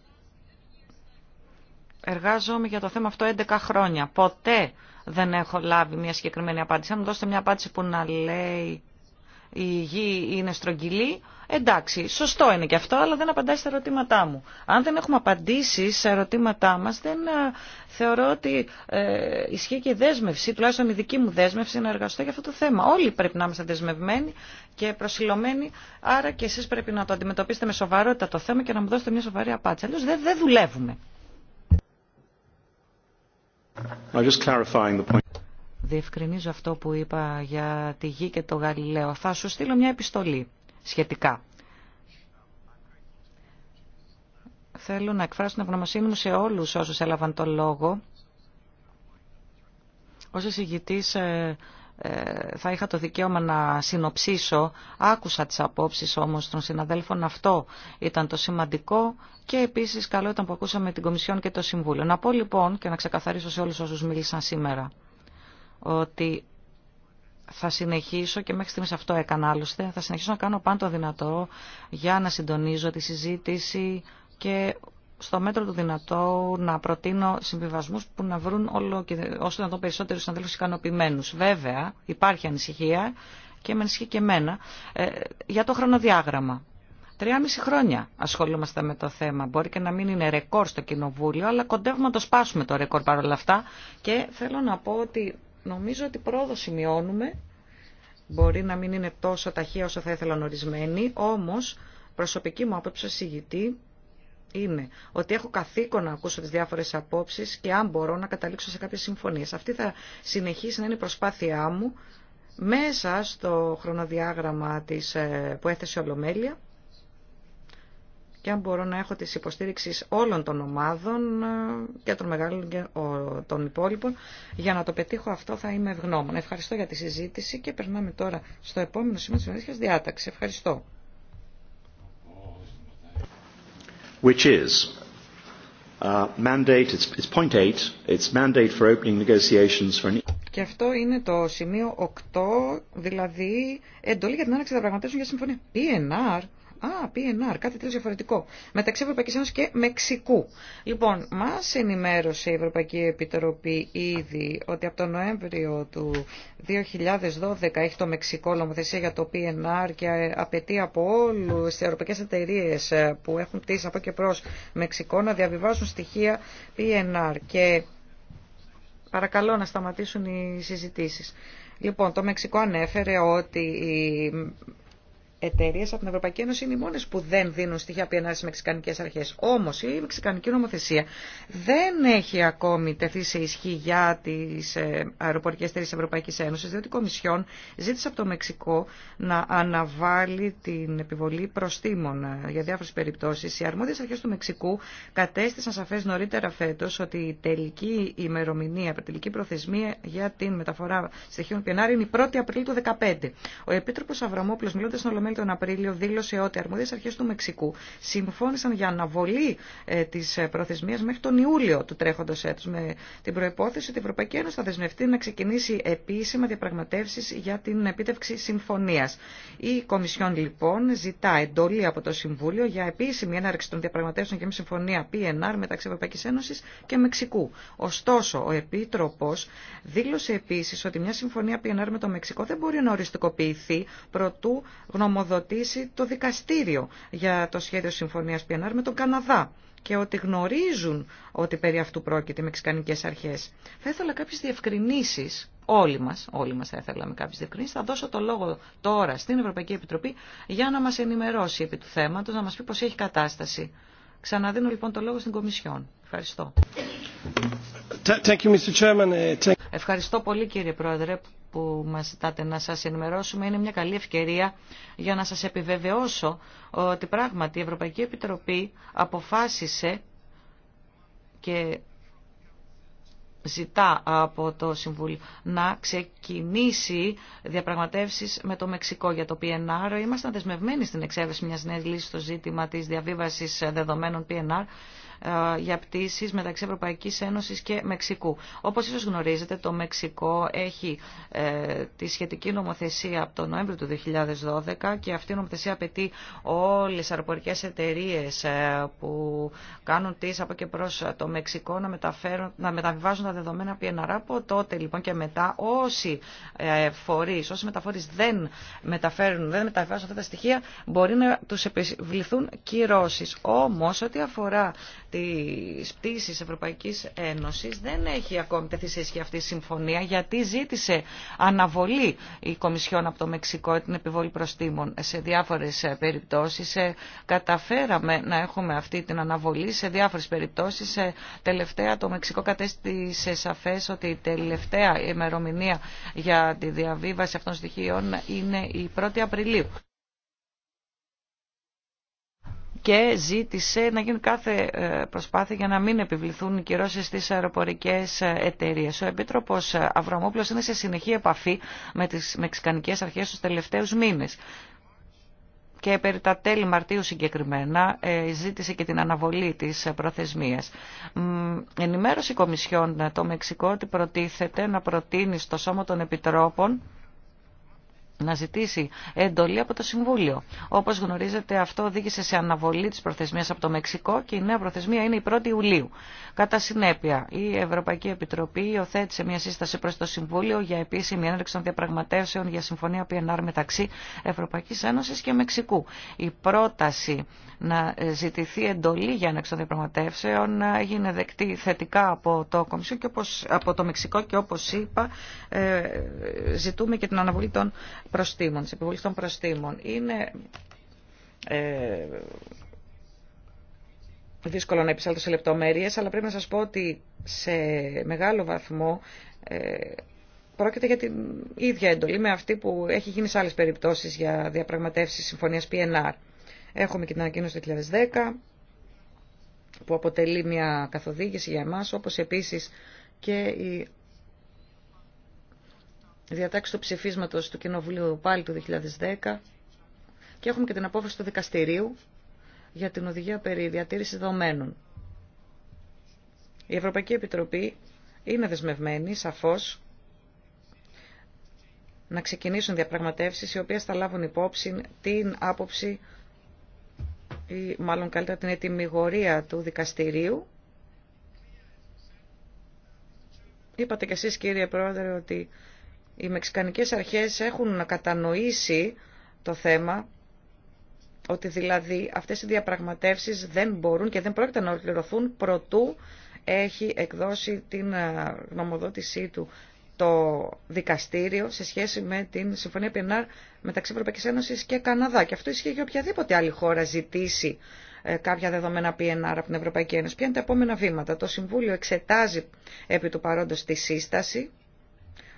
Εργάζομαι για το θέμα αυτό 11 χρόνια. Ποτέ δεν έχω λάβει μια συγκεκριμένη απάντηση. Αν μου δώσετε μια απάντηση που να λέει η γη είναι στρογγυλή, Εντάξει, σωστό είναι και αυτό, αλλά δεν απαντάει στα ερωτήματά μου. Αν δεν έχουμε απαντήσει στα ερωτήματά μα, δεν ε, θεωρώ ότι ε, ισχύει και η δέσμευση, τουλάχιστον η δική μου δέσμευση, να εργαστώ για αυτό το θέμα. Όλοι πρέπει να είμαστε δεσμευμένοι και προσιλωμένοι, άρα και εσεί πρέπει να το αντιμετωπίσετε με σοβαρότητα το θέμα και να μου δώσετε μια σοβαρή απάντηση. Αλλιώ δεν, δεν δουλεύουμε. Διευκρινίζω αυτό που είπα για τη γη και το Γαλιλαίο. Θα σου στείλω μια επιστολή σχετικά. Θέλω να εκφράσω την ευγνωμοσύνη μου σε όλους όσους έλαβαν το λόγο. Ως εισηγητής ε, ε, θα είχα το δικαίωμα να συνοψίσω. Άκουσα τις απόψεις όμως των συναδέλφων. Αυτό ήταν το σημαντικό και επίσης καλό ήταν που ακούσαμε την Κομισιόν και το Συμβούλιο. Να πω λοιπόν και να ξεκαθαρίσω σε όλους όσους μίλησαν σήμερα ότι θα συνεχίσω και μέχρι στιγμής αυτό έκανα άλλωστε, θα συνεχίσω να κάνω πάντο δυνατό για να συντονίζω τη συζήτηση και στο μέτρο του δυνατό να προτείνω συμβιβασμού που να βρουν όλο και όσο να δω περισσότερου συναδέλφου ικανοποιημένου. Βέβαια, υπάρχει ανησυχία και με ανησυχεί και εμένα ε, για το χρονοδιάγραμμα. Τρία μισή χρόνια ασχολούμαστε με το θέμα. Μπορεί και να μην είναι ρεκόρ στο Κοινοβούλιο, αλλά κοντεύουμε να το σπάσουμε το ρεκόρ παρόλα αυτά. Και θέλω να πω ότι Νομίζω ότι πρόοδο σημειώνουμε. Μπορεί να μην είναι τόσο ταχεία όσο θα ήθελαν ορισμένοι, όμως προσωπική μου άποψη ηγητή είναι ότι έχω καθήκον να ακούσω τις διάφορες απόψεις και αν μπορώ να καταλήξω σε κάποιες συμφωνίες. Αυτή θα συνεχίσει να είναι η προσπάθειά μου μέσα στο χρονοδιάγραμμα της, ε, που έθεσε η Ολομέλεια και αν μπορώ να έχω τις υποστήριξεις όλων των ομάδων ε, και των μεγάλων και των υπόλοιπων, για να το πετύχω αυτό θα είμαι ευγνώμων. Ευχαριστώ για τη συζήτηση και περνάμε τώρα στο επόμενο σημείο της Μεσικής Διάταξης. Ευχαριστώ. Which is uh, mandate, it's, point it's mandate for opening negotiations for an... E και αυτό είναι το σημείο 8, δηλαδή εντολή για την άνοιξη διαπραγματεύσεων για συμφωνία PNR Α, PNR, κάτι τελείω διαφορετικό. Μεταξύ Ευρωπαϊκή Ένωση και Μεξικού. Λοιπόν, μα ενημέρωσε η Ευρωπαϊκή Επιτροπή ήδη ότι από τον Νοέμβριο του 2012 έχει το Μεξικό λομοθεσία για το PNR και απαιτεί από όλου τι ευρωπαϊκέ εταιρείε που έχουν πτήσει από και προ Μεξικό να διαβιβάσουν στοιχεία PNR. Και παρακαλώ να σταματήσουν οι συζητήσει. Λοιπόν, το Μεξικό ανέφερε ότι εταιρείε από την Ευρωπαϊκή Ένωση είναι οι μόνε που δεν δίνουν στοιχεία PNR στι μεξικανικέ αρχέ. Όμω η μεξικανική νομοθεσία δεν έχει ακόμη τεθεί σε ισχύ για τι ε, αεροπορικέ εταιρείε τη Ευρωπαϊκή Ένωση, διότι η Κομισιόν ζήτησε από το Μεξικό να αναβάλει την επιβολή προστήμων ε, για διάφορε περιπτώσει. Οι αρμόδιε αρχέ του Μεξικού κατέστησαν σαφέ νωρίτερα φέτο ότι η τελική ημερομηνία, η τελική προθεσμία για την μεταφορά στοιχείων PNR είναι η 1η Απριλίου του 2015. Ο Επίτροπο Αβραμόπουλο, μιλώντα στην Ολομέλη τον Απρίλιο δήλωσε ότι οι αρμόδιες αρχές του Μεξικού συμφώνησαν για αναβολή ε, της ε, προθεσμίας μέχρι τον Ιούλιο του τρέχοντος έτους με την προϋπόθεση ότι η Ευρωπαϊκή Ένωση θα δεσμευτεί να ξεκινήσει επίσημα διαπραγματεύσεις για την επίτευξη συμφωνίας. Η Κομισιόν λοιπόν ζητά εντολή από το Συμβούλιο για επίσημη έναρξη των διαπραγματεύσεων και μια συμφωνία PNR μεταξύ Ευρωπαϊκής Ένωσης και Μεξικού. Ωστόσο, ο Επίτροπος δήλωσε επίσης ότι μια συμφωνία PNR με το Μεξικό δεν μπορεί να οριστικοποιηθεί προτού γνωμοποιηθεί γνωμοδοτήσει το δικαστήριο για το σχέδιο συμφωνίας PNR με τον Καναδά και ότι γνωρίζουν ότι περί αυτού πρόκειται οι μεξικανικές αρχές. Θα ήθελα κάποιες διευκρινήσεις, όλοι μας, όλοι μας θα ήθελαμε κάποιες διευκρινήσεις, θα δώσω το λόγο τώρα στην Ευρωπαϊκή Επιτροπή για να μας ενημερώσει επί του θέματος, να μας πει πως έχει κατάσταση. Ξαναδίνω λοιπόν το λόγο στην Κομισιόν. Ευχαριστώ. Thank you, Mr. Chairman. Ε, Ευχαριστώ πολύ κύριε Πρόεδρε που μας ζητάτε να σας ενημερώσουμε. Είναι μια καλή ευκαιρία για να σας επιβεβαιώσω ότι πράγματι η Ευρωπαϊκή Επιτροπή αποφάσισε και ζητά από το Συμβούλιο να ξεκινήσει διαπραγματεύσεις με το Μεξικό για το PNR. Ήμασταν δεσμευμένοι στην εξέβρεση μιας νέας λύσης στο ζήτημα της διαβίβασης δεδομένων PNR ε, για πτήσεις μεταξύ Ευρωπαϊκής Ένωσης και Μεξικού. Όπως ίσως γνωρίζετε, το Μεξικό έχει ε, τη σχετική νομοθεσία από τον Νοέμβριο του 2012 και αυτή η νομοθεσία απαιτεί όλες τις αεροπορικές εταιρείες ε, που κάνουν τις από και προς το Μεξικό να, μεταφέρουν, να μεταβιβάζουν τα δεδομένα PNR. Από τότε λοιπόν και μετά όσοι φορείς, όσοι μεταφορείς δεν μεταφέρουν, δεν μεταβιβάζουν αυτά τα στοιχεία μπορεί να τους επιβληθούν κυρώσεις. Όμως ό,τι αφορά της πτήσης Ευρωπαϊκής Ένωσης δεν έχει ακόμη τεθεί σε ισχύ αυτή η συμφωνία γιατί ζήτησε αναβολή η Κομισιόν από το Μεξικό την επιβολή προστήμων σε διάφορες ε, περιπτώσεις. Ε, καταφέραμε να έχουμε αυτή την αναβολή σε διάφορες περιπτώσεις. Ε, τελευταία το Μεξικό κατέστησε σαφές ότι η τελευταία ημερομηνία για τη διαβίβαση αυτών των στοιχείων είναι η 1η Απριλίου και ζήτησε να γίνει κάθε ε, προσπάθεια για να μην επιβληθούν οι κυρώσει στις αεροπορικές ε, εταιρείε. Ο Επίτροπος ε, Αβραμόπλος είναι σε συνεχή επαφή με τις μεξικανικές αρχές του τελευταίους μήνες. Και περί τα τέλη Μαρτίου συγκεκριμένα ζήτησε και την αναβολή της προθεσμίας. Ενημέρωση Κομισιόν το Μεξικό ότι προτίθεται να προτείνει στο Σώμα των Επιτρόπων να ζητήσει εντολή από το Συμβούλιο. Όπω γνωρίζετε, αυτό οδήγησε σε αναβολή τη προθεσμία από το Μεξικό και η νέα προθεσμία είναι η 1η Ιουλίου. Κατά συνέπεια, η Ευρωπαϊκή Επιτροπή υιοθέτησε μια σύσταση προ το Συμβούλιο για επίσημη έναρξη των διαπραγματεύσεων για συμφωνία PNR μεταξύ Ευρωπαϊκή Ένωση και Μεξικού. Η πρόταση να ζητηθεί εντολή για έναρξη των διαπραγματεύσεων έγινε δεκτή θετικά από το, Κομισιο και όπως, από το Μεξικό και όπω είπα, ε, ζητούμε και την αναβολή των προστήμων, της των προστήμων. Είναι ε, δύσκολο να επισέλθω σε λεπτομέρειες, αλλά πρέπει να σας πω ότι σε μεγάλο βαθμό ε, πρόκειται για την ίδια εντολή με αυτή που έχει γίνει σε άλλες περιπτώσεις για διαπραγματεύσει συμφωνίας PNR. Έχουμε και την ανακοίνωση του 2010 που αποτελεί μια καθοδήγηση για εμάς, όπως επίσης και η διατάξει του ψηφίσματο του Κοινοβουλίου πάλι του 2010 και έχουμε και την απόφαση του δικαστηρίου για την οδηγία περί διατήρησης δεδομένων. Η Ευρωπαϊκή Επιτροπή είναι δεσμευμένη, σαφώς, να ξεκινήσουν διαπραγματεύσεις οι οποίες θα λάβουν υπόψη την άποψη ή μάλλον καλύτερα την ετοιμιγορία του δικαστηρίου. Είπατε κι εσείς κύριε Πρόεδρε ότι οι μεξικανικές αρχές έχουν κατανοήσει το θέμα, ότι δηλαδή αυτές οι διαπραγματεύσεις δεν μπορούν και δεν πρόκειται να ολοκληρωθούν προτού έχει εκδώσει την ε, γνωμοδότησή του το δικαστήριο σε σχέση με την Συμφωνία PNR μεταξύ Ευρωπαϊκής Ένωσης και Καναδά. Και αυτό ισχύει για οποιαδήποτε άλλη χώρα ζητήσει ε, κάποια δεδομένα PNR από την Ευρωπαϊκή Ένωση. Ποια είναι τα επόμενα βήματα. Το Συμβούλιο εξετάζει επί του παρόντος τη σύσταση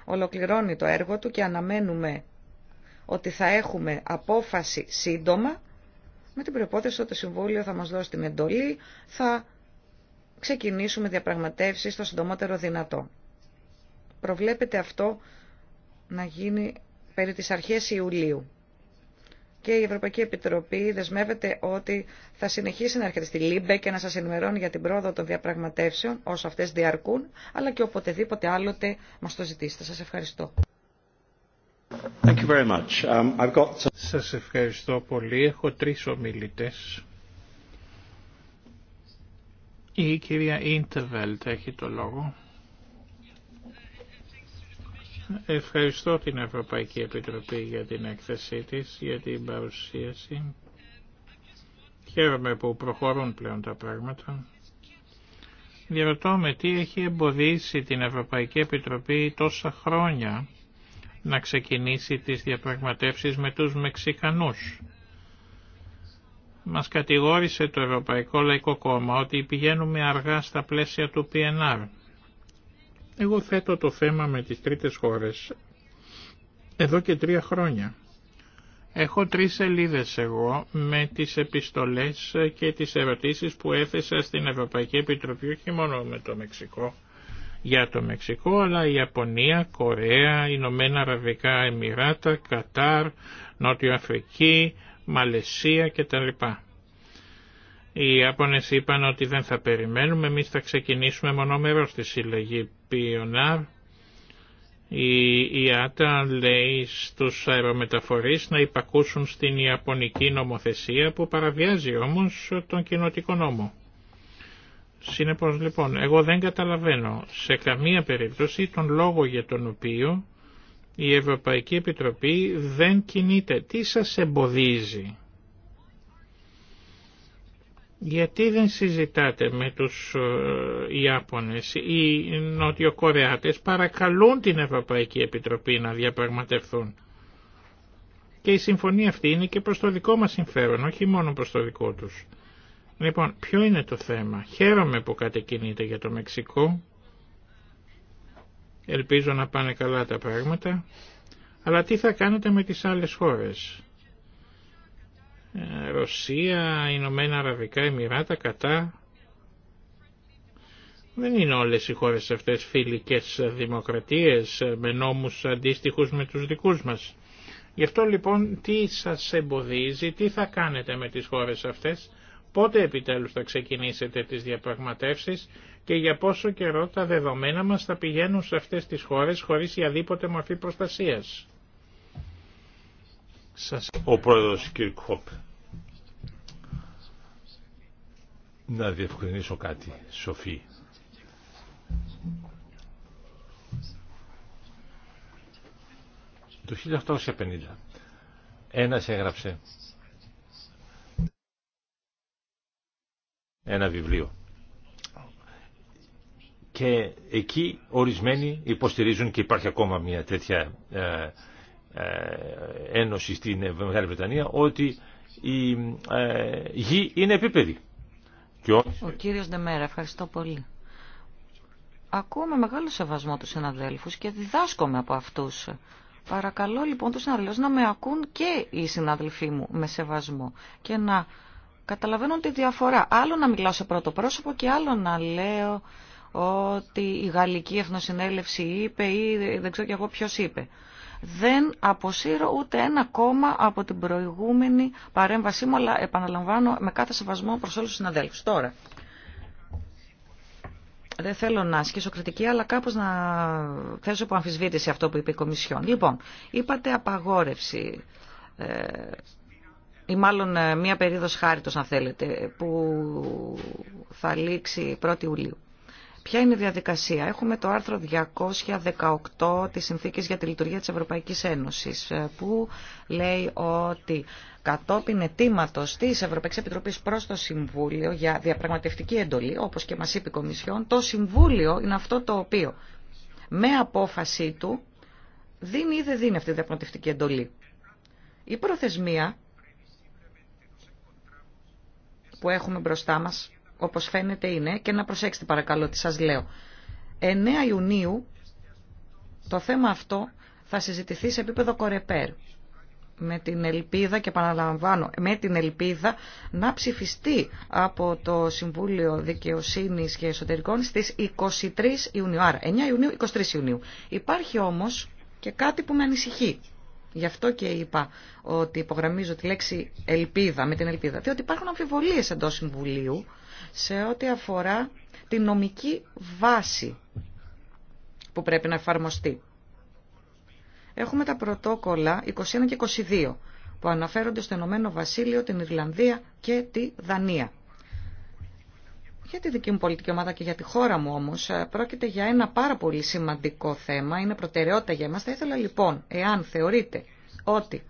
ολοκληρώνει το έργο του και αναμένουμε ότι θα έχουμε απόφαση σύντομα με την προπόθεση ότι το Συμβούλιο θα μας δώσει την εντολή, θα ξεκινήσουμε διαπραγματεύσεις το συντομότερο δυνατό. Προβλέπεται αυτό να γίνει περί τις αρχές Ιουλίου και η Ευρωπαϊκή Επιτροπή δεσμεύεται ότι θα συνεχίσει να έρχεται στη ΛΥΜΠΕ και να σας ενημερώνει για την πρόοδο των διαπραγματεύσεων όσο αυτές διαρκούν, αλλά και οποτεδήποτε άλλοτε μας το ζητήσετε. Σας ευχαριστώ. Thank um, got... Σας ευχαριστώ πολύ. Έχω τρεις ομιλητές. Η κυρία Ίντεβελτ έχει το λόγο. Ευχαριστώ την Ευρωπαϊκή Επιτροπή για την έκθεσή της, για την παρουσίαση. Χαίρομαι που προχωρούν πλέον τα πράγματα. Διερωτώ με τι έχει εμποδίσει την Ευρωπαϊκή Επιτροπή τόσα χρόνια να ξεκινήσει τις διαπραγματεύσεις με τους Μεξικανούς. Μας κατηγόρησε το Ευρωπαϊκό Λαϊκό Κόμμα ότι πηγαίνουμε αργά στα πλαίσια του PNR. Εγώ θέτω το θέμα με τις τρίτες χώρες εδώ και τρία χρόνια. Έχω τρεις σελίδε εγώ με τις επιστολές και τις ερωτήσεις που έθεσα στην Ευρωπαϊκή Επιτροπή, όχι μόνο με το Μεξικό, για το Μεξικό, αλλά η Ιαπωνία, Κορέα, Ηνωμένα Αραβικά Εμμυράτα, Κατάρ, Νότιο Αφρική, Μαλαισία κτλ. Οι Ιάπωνες είπαν ότι δεν θα περιμένουμε, εμείς θα ξεκινήσουμε μονομερό στη συλλογή Πιονάρ η ΙΑΤΑ λέει στους αερομεταφορείς να υπακούσουν στην Ιαπωνική νομοθεσία που παραβιάζει όμως τον κοινοτικό νόμο. Συνεπώς λοιπόν, εγώ δεν καταλαβαίνω σε καμία περίπτωση τον λόγο για τον οποίο η Ευρωπαϊκή Επιτροπή δεν κινείται. Τι σας εμποδίζει γιατί δεν συζητάτε με τους ε, Ιάπωνες ή Νοτιοκορεάτες παρακαλούν την Ευρωπαϊκή Επιτροπή να διαπραγματευθούν. Και η συμφωνία αυτή είναι και προς το δικό μας συμφέρον, όχι μόνο προς το δικό τους. Λοιπόν, ποιο είναι το θέμα. Χαίρομαι που κατεκινείτε για το Μεξικό. Ελπίζω να πάνε καλά τα πράγματα. Αλλά τι θα κάνετε με τις άλλες χώρες. Ε, Ρωσία, Ηνωμένα Αραβικά Εμμυράτα, κατά. Δεν είναι όλες οι χώρες αυτές φιλικές δημοκρατίες ε, με νόμους αντίστοιχους με τους δικούς μας. Γι' αυτό λοιπόν τι σας εμποδίζει, τι θα κάνετε με τις χώρες αυτές, πότε επιτέλους θα ξεκινήσετε τις διαπραγματεύσεις και για πόσο καιρό τα δεδομένα μας θα πηγαίνουν σε αυτές τις χώρες χωρίς η μορφή προστασίας. Σας... Ο πρόεδρος κ. να διευκρινίσω κάτι, Σοφή. Το 1850 ένας έγραψε ένα βιβλίο και εκεί ορισμένοι υποστηρίζουν και υπάρχει ακόμα μια τέτοια ε, ε, ένωση στην Μεγάλη Βρετανία ότι η ε, γη είναι επίπεδη. Ο κύριος Ντεμέρα, ευχαριστώ πολύ. Ακούω με μεγάλο σεβασμό τους συναδέλφους και διδάσκομαι από αυτούς. Παρακαλώ λοιπόν τους συναδέλφους να με ακούν και οι συναδελφοί μου με σεβασμό και να καταλαβαίνουν τη διαφορά. Άλλο να μιλάω σε πρώτο πρόσωπο και άλλο να λέω ότι η Γαλλική Εθνοσυνέλευση είπε ή δεν ξέρω κι εγώ ποιος είπε. Δεν αποσύρω ούτε ένα κόμμα από την προηγούμενη παρέμβασή μου, αλλά επαναλαμβάνω με κάθε σεβασμό προς όλους τους συναδέλφους. Τώρα, δεν θέλω να ασκήσω κριτική, αλλά κάπως να θέσω που αμφισβήτηση αυτό που είπε η Κομισιόν. Λοιπόν, είπατε απαγόρευση ε, ή μάλλον ε, μία περίοδος χάριτος, αν θέλετε, που θα λήξει 1η Ιουλίου. Ποια είναι η διαδικασία. Έχουμε το άρθρο 218 της Συνθήκης για τη Λειτουργία της Ευρωπαϊκής Ένωσης ε, που λέει ότι κατόπιν ετήματος της Ευρωπαϊκής Επιτροπής προς το Συμβούλιο για διαπραγματευτική εντολή, όπως και μας είπε η Κομισιόν, το Συμβούλιο είναι αυτό το οποίο με απόφασή του δίνει ή δεν δίνει αυτή τη διαπραγματευτική εντολή. Η προθεσμία που έχουμε μπροστά μας όπως φαίνεται είναι, και να προσέξετε παρακαλώ τι σας λέω. 9 Ιουνίου το θέμα αυτό θα συζητηθεί σε επίπεδο κορεπέρ. Με την ελπίδα, και παραλαμβάνω με την ελπίδα να ψηφιστεί από το Συμβούλιο Δικαιοσύνης και Εσωτερικών στις 23 Ιουνίου. Άρα, 9 Ιουνίου, 23 Ιουνίου. Υπάρχει όμως και κάτι που με ανησυχεί. Γι' αυτό και είπα ότι υπογραμμίζω τη λέξη ελπίδα με την ελπίδα. Διότι υπάρχουν αμφιβολίες εντό Συμβουλίου σε ό,τι αφορά τη νομική βάση που πρέπει να εφαρμοστεί. Έχουμε τα πρωτόκολλα 21 και 22 που αναφέρονται στο Ενωμένο Βασίλειο, την Ιρλανδία και τη Δανία. Για τη δική μου πολιτική ομάδα και για τη χώρα μου όμως ε, πρόκειται για ένα πάρα πολύ σημαντικό θέμα, είναι προτεραιότητα για εμάς. Θα ήθελα λοιπόν, εάν θεωρείτε ότι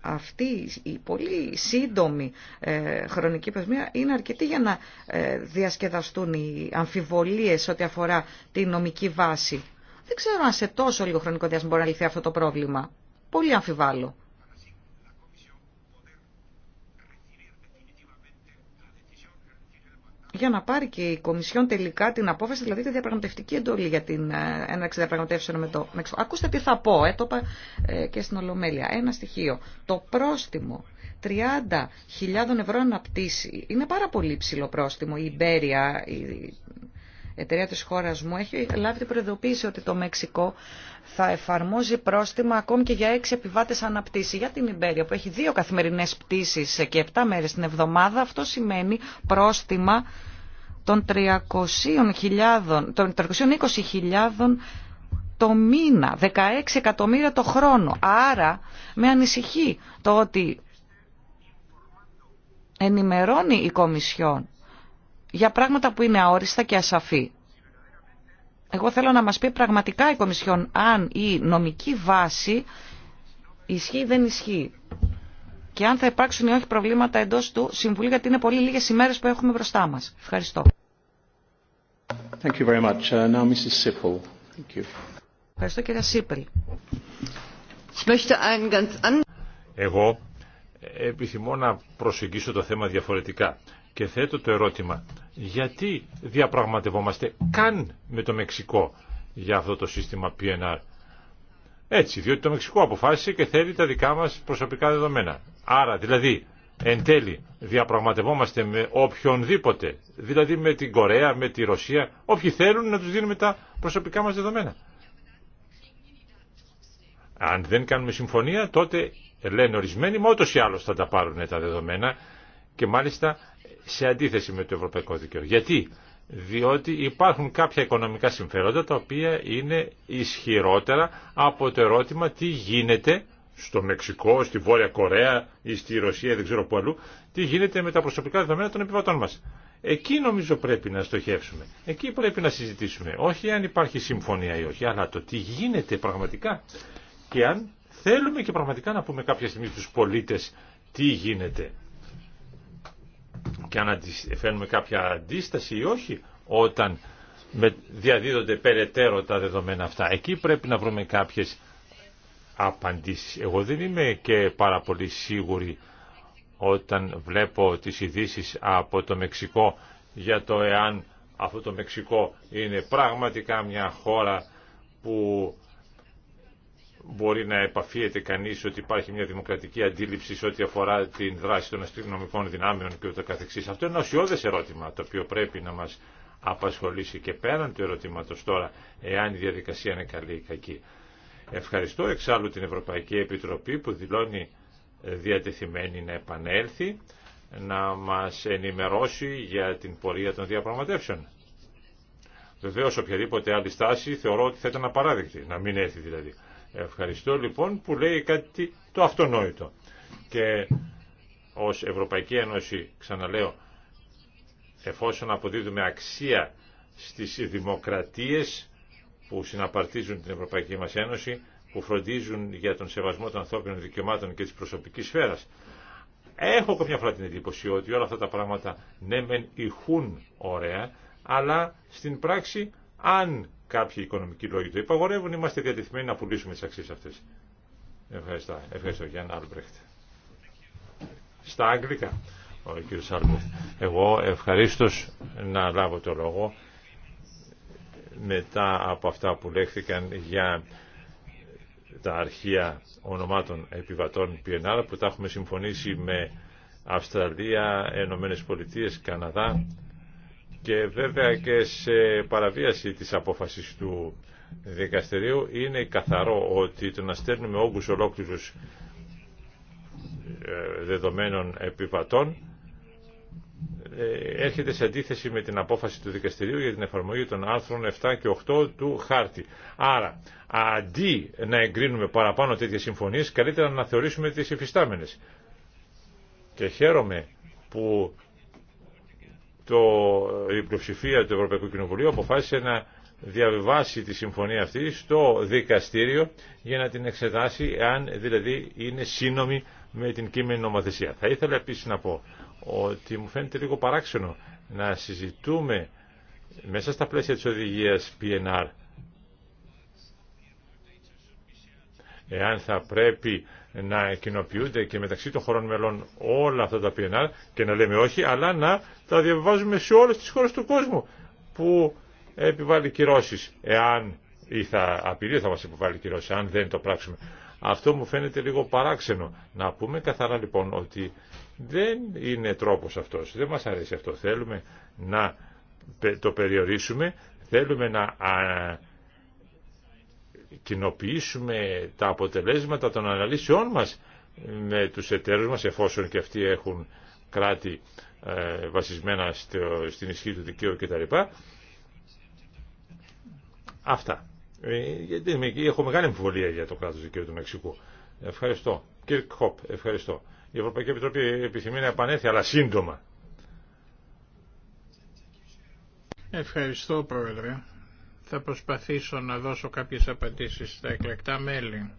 αυτή η πολύ σύντομη ε, χρονική πεσμία είναι αρκετή για να ε, διασκεδαστούν οι αμφιβολίες ό,τι αφορά τη νομική βάση. Δεν ξέρω αν σε τόσο λίγο χρονικό διάστημα μπορεί να λυθεί αυτό το πρόβλημα. Πολύ αμφιβάλλω. για να πάρει και η Κομισιόν τελικά την απόφαση, δηλαδή τη διαπραγματευτική εντολή για την ε, έναρξη διαπραγματεύσεων με το Μεξικό. Ακούστε τι θα πω, ε, το είπα ε, και στην Ολομέλεια. Ένα στοιχείο. Το πρόστιμο 30.000 ευρώ αναπτύσσει είναι πάρα πολύ ψηλό πρόστιμο. Η Ιμπέρια, η εταιρεία της χώρας μου, έχει λάβει την προειδοποίηση ότι το Μεξικό θα εφαρμόζει πρόστιμα ακόμη και για έξι επιβάτες αναπτύσσει. Για την Ιμπέρια που έχει δύο καθημερινέ πτήσει και 7 μέρες την εβδομάδα, αυτό σημαίνει πρόστιμα των 320.000 το μήνα, 16 εκατομμύρια το χρόνο. Άρα με ανησυχεί το ότι ενημερώνει η Κομισιόν για πράγματα που είναι αόριστα και ασαφή. Εγώ θέλω να μας πει πραγματικά η Κομισιόν αν η νομική βάση ισχύει ή δεν ισχύει και αν θα υπάρξουν ή όχι προβλήματα εντό του Συμβουλίου, γιατί είναι πολύ λίγες ημέρε που έχουμε μπροστά μα. Ευχαριστώ. Thank you very much. Uh, now, Mrs. Sippel. Thank you. Ευχαριστώ Σίπελ. Εγώ επιθυμώ να προσεγγίσω το θέμα διαφορετικά και θέτω το ερώτημα γιατί διαπραγματευόμαστε καν με το Μεξικό για αυτό το σύστημα PNR έτσι, διότι το Μεξικό αποφάσισε και θέλει τα δικά μας προσωπικά δεδομένα. Άρα, δηλαδή, εν τέλει, διαπραγματευόμαστε με οποιονδήποτε, δηλαδή με την Κορέα, με τη Ρωσία, όποιοι θέλουν να τους δίνουμε τα προσωπικά μας δεδομένα. Αν δεν κάνουμε συμφωνία, τότε λένε ορισμένοι, μα ή άλλως θα τα πάρουν τα δεδομένα και μάλιστα σε αντίθεση με το ευρωπαϊκό δικαίωμα. Γιατί διότι υπάρχουν κάποια οικονομικά συμφέροντα τα οποία είναι ισχυρότερα από το ερώτημα τι γίνεται στο Μεξικό, στη Βόρεια Κορέα ή στη Ρωσία, δεν ξέρω πού αλλού, τι γίνεται με τα προσωπικά δεδομένα των επιβατών μας. Εκεί νομίζω πρέπει να στοχεύσουμε. Εκεί πρέπει να συζητήσουμε. Όχι αν υπάρχει συμφωνία ή όχι, αλλά το τι γίνεται πραγματικά. Και αν θέλουμε και πραγματικά να πούμε κάποια στιγμή στους πολίτες τι γίνεται και αν φέρνουμε κάποια αντίσταση ή όχι όταν διαδίδονται περαιτέρω τα δεδομένα αυτά. Εκεί πρέπει να βρούμε κάποιες απαντήσεις. Εγώ δεν είμαι και πάρα πολύ σίγουρη όταν βλέπω τις ειδήσει από το Μεξικό για το εάν αυτό το Μεξικό είναι πραγματικά μια χώρα που μπορεί να επαφίεται κανείς ότι υπάρχει μια δημοκρατική αντίληψη σε ό,τι αφορά την δράση των αστυνομικών δυνάμεων και ούτω καθεξής. Αυτό είναι ένα ουσιώδες ερώτημα το οποίο πρέπει να μας απασχολήσει και πέραν του ερωτήματος τώρα εάν η διαδικασία είναι καλή ή κακή. Ευχαριστώ εξάλλου την Ευρωπαϊκή Επιτροπή που δηλώνει διατεθειμένη να επανέλθει να μας ενημερώσει για την πορεία των διαπραγματεύσεων. Βεβαίως οποιαδήποτε άλλη στάση θεωρώ ότι θα ήταν απαράδεκτη, να μην έρθει δηλαδή. Ευχαριστώ λοιπόν που λέει κάτι το αυτονόητο. Και ως Ευρωπαϊκή Ένωση, ξαναλέω, εφόσον αποδίδουμε αξία στις δημοκρατίες που συναπαρτίζουν την Ευρωπαϊκή μας Ένωση, που φροντίζουν για τον σεβασμό των ανθρώπινων δικαιωμάτων και της προσωπικής σφαίρας. Έχω κάποια φορά την εντύπωση ότι όλα αυτά τα πράγματα ναι μεν ηχούν ωραία, αλλά στην πράξη αν κάποιοι οικονομικοί λόγοι το υπαγορεύουν, είμαστε διατεθειμένοι να πουλήσουμε τις αξίες αυτές. Ευχαριστώ. Ευχαριστώ, Γιάννα Άλμπρεχτ. Στα Αγγλικά, ο κύριος Άλμπρεχτ. Εγώ ευχαρίστω να λάβω το λόγο μετά από αυτά που λέχθηκαν για τα αρχεία ονομάτων επιβατών PNR που τα έχουμε συμφωνήσει με Αυστραλία, Ενωμένε Πολιτείε, Καναδά και βέβαια και σε παραβίαση της απόφασης του δικαστηρίου είναι καθαρό ότι το να στέλνουμε όγκους ολόκληρους ε, δεδομένων επιβατών ε, έρχεται σε αντίθεση με την απόφαση του δικαστηρίου για την εφαρμογή των άρθρων 7 και 8 του χάρτη. Άρα, αντί να εγκρίνουμε παραπάνω τέτοιες συμφωνίες, καλύτερα να θεωρήσουμε τις υφιστάμενες. Και χαίρομαι που το, η πλειοψηφία του Ευρωπαϊκού Κοινοβουλίου αποφάσισε να διαβιβάσει τη συμφωνία αυτή στο δικαστήριο για να την εξετάσει αν δηλαδή είναι σύνομη με την κείμενη νομοθεσία. Θα ήθελα επίσης να πω ότι μου φαίνεται λίγο παράξενο να συζητούμε μέσα στα πλαίσια της οδηγίας PNR εάν θα πρέπει να κοινοποιούνται και μεταξύ των χωρών μελών όλα αυτά τα PNR και να λέμε όχι, αλλά να τα διαβάζουμε σε όλες τις χώρες του κόσμου που επιβάλλει κυρώσεις, εάν ή θα απειλεί θα μας επιβάλλει κυρώσεις, αν δεν το πράξουμε. Αυτό μου φαίνεται λίγο παράξενο. Να πούμε καθαρά λοιπόν ότι δεν είναι τρόπος αυτός, δεν μας αρέσει αυτό. Θέλουμε να το περιορίσουμε, θέλουμε να κοινοποιήσουμε τα αποτελέσματα των αναλύσεών μας με τους εταίρους μας εφόσον και αυτοί έχουν κράτη ε, βασισμένα στην ισχύ του δικαίου κτλ. Αυτά. Ε, γιατί έχω μεγάλη εμφιβολία για το κράτος δικαίου του Μεξικού. Ευχαριστώ. Κύριε Χοπ, ευχαριστώ. Η Ευρωπαϊκή Επιτροπή επιθυμεί να επανέλθει, αλλά σύντομα. Ευχαριστώ, Πρόεδρε. Θα προσπαθήσω να δώσω κάποιες απαντήσεις στα εκλεκτά μέλη.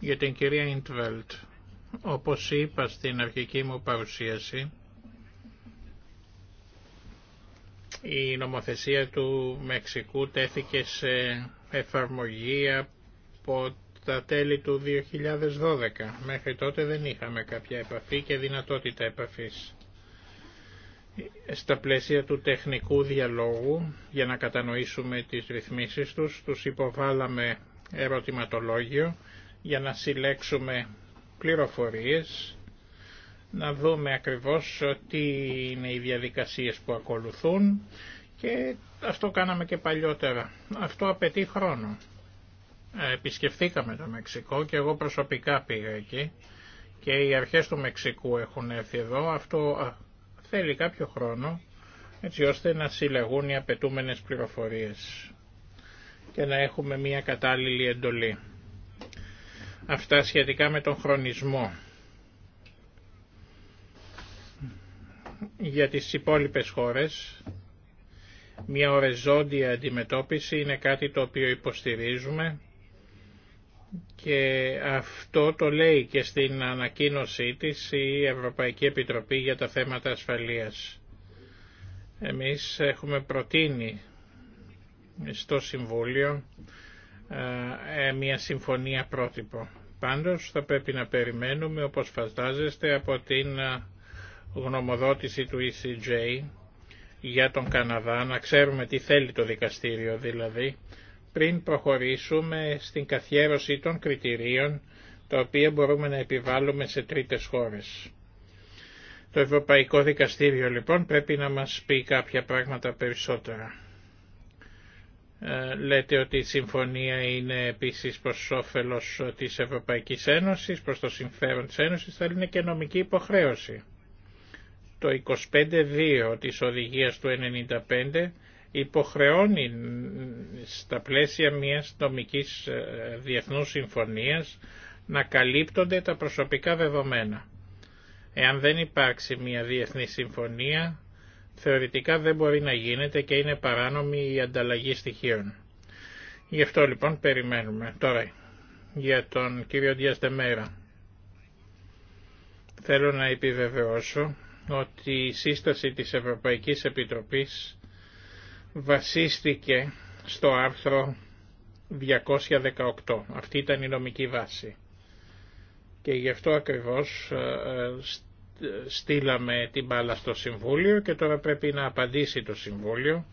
Για την κυρία Ιντβέλτ, όπως είπα στην αρχική μου παρουσίαση, η νομοθεσία του Μεξικού τέθηκε σε εφαρμογή από τα τέλη του 2012. Μέχρι τότε δεν είχαμε κάποια επαφή και δυνατότητα επαφής στα πλαίσια του τεχνικού διαλόγου για να κατανοήσουμε τις ρυθμίσεις τους. Τους υποβάλαμε ερωτηματολόγιο για να συλλέξουμε πληροφορίες, να δούμε ακριβώς τι είναι οι διαδικασίες που ακολουθούν και αυτό κάναμε και παλιότερα. Αυτό απαιτεί χρόνο. Ε, επισκεφθήκαμε το Μεξικό και εγώ προσωπικά πήγα εκεί και οι αρχές του Μεξικού έχουν έρθει εδώ. Αυτό θέλει κάποιο χρόνο έτσι ώστε να συλλεγούν οι απαιτούμενες πληροφορίες και να έχουμε μια κατάλληλη εντολή. Αυτά σχετικά με τον χρονισμό. Για τις υπόλοιπες χώρες, μια οριζόντια αντιμετώπιση είναι κάτι το οποίο υποστηρίζουμε και αυτό το λέει και στην ανακοίνωσή της η Ευρωπαϊκή Επιτροπή για τα θέματα ασφαλείας. Εμείς έχουμε προτείνει στο Συμβούλιο ε, μια συμφωνία πρότυπο. Πάντως θα πρέπει να περιμένουμε, όπως φαντάζεστε, από την ε, γνωμοδότηση του ECJ για τον Καναδά, να ξέρουμε τι θέλει το δικαστήριο δηλαδή, πριν προχωρήσουμε στην καθιέρωση των κριτηρίων τα οποία μπορούμε να επιβάλλουμε σε τρίτες χώρες. Το Ευρωπαϊκό Δικαστήριο λοιπόν πρέπει να μας πει κάποια πράγματα περισσότερα. Ε, λέτε ότι η συμφωνία είναι επίσης προς όφελος της Ευρωπαϊκής Ένωσης, προς το συμφέρον της Ένωσης, θα είναι και νομική υποχρέωση. Το 25.2 της οδηγίας του 95 υποχρεώνει στα πλαίσια μιας νομικής ε, διεθνούς συμφωνίας να καλύπτονται τα προσωπικά δεδομένα. Εάν δεν υπάρξει μια διεθνή συμφωνία, θεωρητικά δεν μπορεί να γίνεται και είναι παράνομη η ανταλλαγή στοιχείων. Γι' αυτό λοιπόν περιμένουμε τώρα για τον κύριο Διαστεμέρα. Θέλω να επιβεβαιώσω ότι η σύσταση της Ευρωπαϊκής Επιτροπής βασίστηκε στο άρθρο 218. Αυτή ήταν η νομική βάση. Και γι' αυτό ακριβώς ε, ε, στείλαμε την μπάλα στο Συμβούλιο και τώρα πρέπει να απαντήσει το Συμβούλιο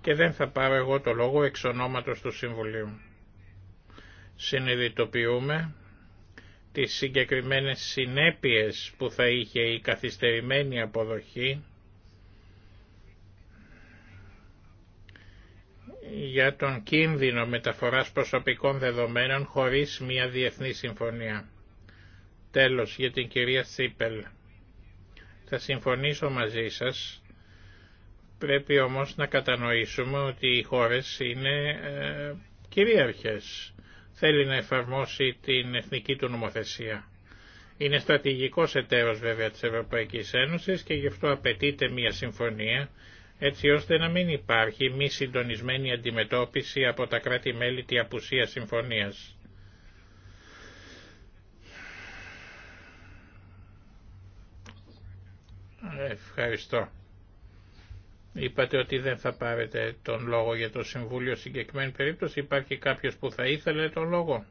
και δεν θα πάρω εγώ το λόγο εξ ονόματος του Συμβουλίου. Συνειδητοποιούμε τις συγκεκριμένες συνέπειες που θα είχε η καθυστερημένη αποδοχή για τον κίνδυνο μεταφοράς προσωπικών δεδομένων χωρίς μια διεθνή συμφωνία. Τέλος, για την κυρία Τσίπελ. Θα συμφωνήσω μαζί σας. Πρέπει όμως να κατανοήσουμε ότι οι χώρες είναι ε, κυρίαρχες. Θέλει να εφαρμόσει την εθνική του νομοθεσία. Είναι στρατηγικός εταίρος βέβαια της Ευρωπαϊκής Ένωσης και γι' αυτό απαιτείται μια συμφωνία έτσι ώστε να μην υπάρχει μη συντονισμένη αντιμετώπιση από τα κράτη-μέλη τη απουσία συμφωνίας. Ευχαριστώ. Είπατε ότι δεν θα πάρετε τον λόγο για το Συμβούλιο συγκεκριμένη περίπτωση. Υπάρχει κάποιος που θα ήθελε τον λόγο.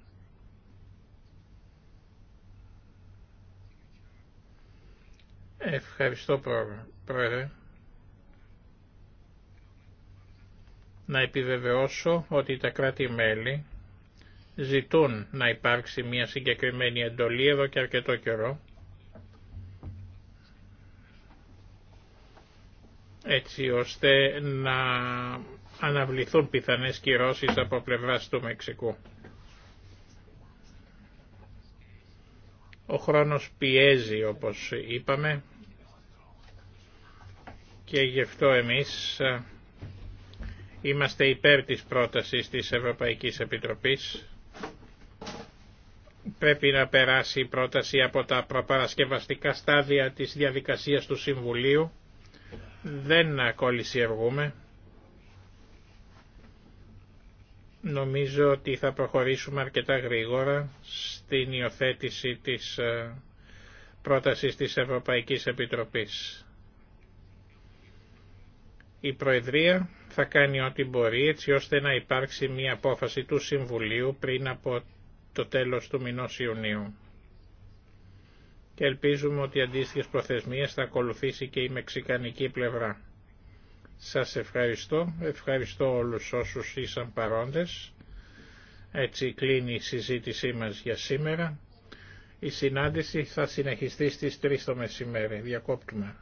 Ευχαριστώ πρόεδρε. να επιβεβαιώσω ότι τα κράτη-μέλη ζητούν να υπάρξει μια συγκεκριμένη εντολή εδώ και αρκετό καιρό. έτσι ώστε να αναβληθούν πιθανές κυρώσεις από πλευράς του Μεξικού. Ο χρόνος πιέζει όπως είπαμε και γι' αυτό εμείς Είμαστε υπέρ της πρότασης της Ευρωπαϊκής Επιτροπής. Πρέπει να περάσει η πρόταση από τα προπαρασκευαστικά στάδια της διαδικασίας του Συμβουλίου. Δεν εργούμε. Νομίζω ότι θα προχωρήσουμε αρκετά γρήγορα στην υιοθέτηση της ε, πρότασης της Ευρωπαϊκής Επιτροπής. Η Προεδρία θα κάνει ό,τι μπορεί έτσι ώστε να υπάρξει μία απόφαση του Συμβουλίου πριν από το τέλος του μηνός Ιουνίου. Και ελπίζουμε ότι αντίστοιχες προθεσμίες θα ακολουθήσει και η μεξικανική πλευρά. Σας ευχαριστώ, ευχαριστώ όλους όσους ήσαν παρόντες. Έτσι κλείνει η συζήτησή μας για σήμερα. Η συνάντηση θα συνεχιστεί στις 3 το μεσημέρι. Διακόπτουμε.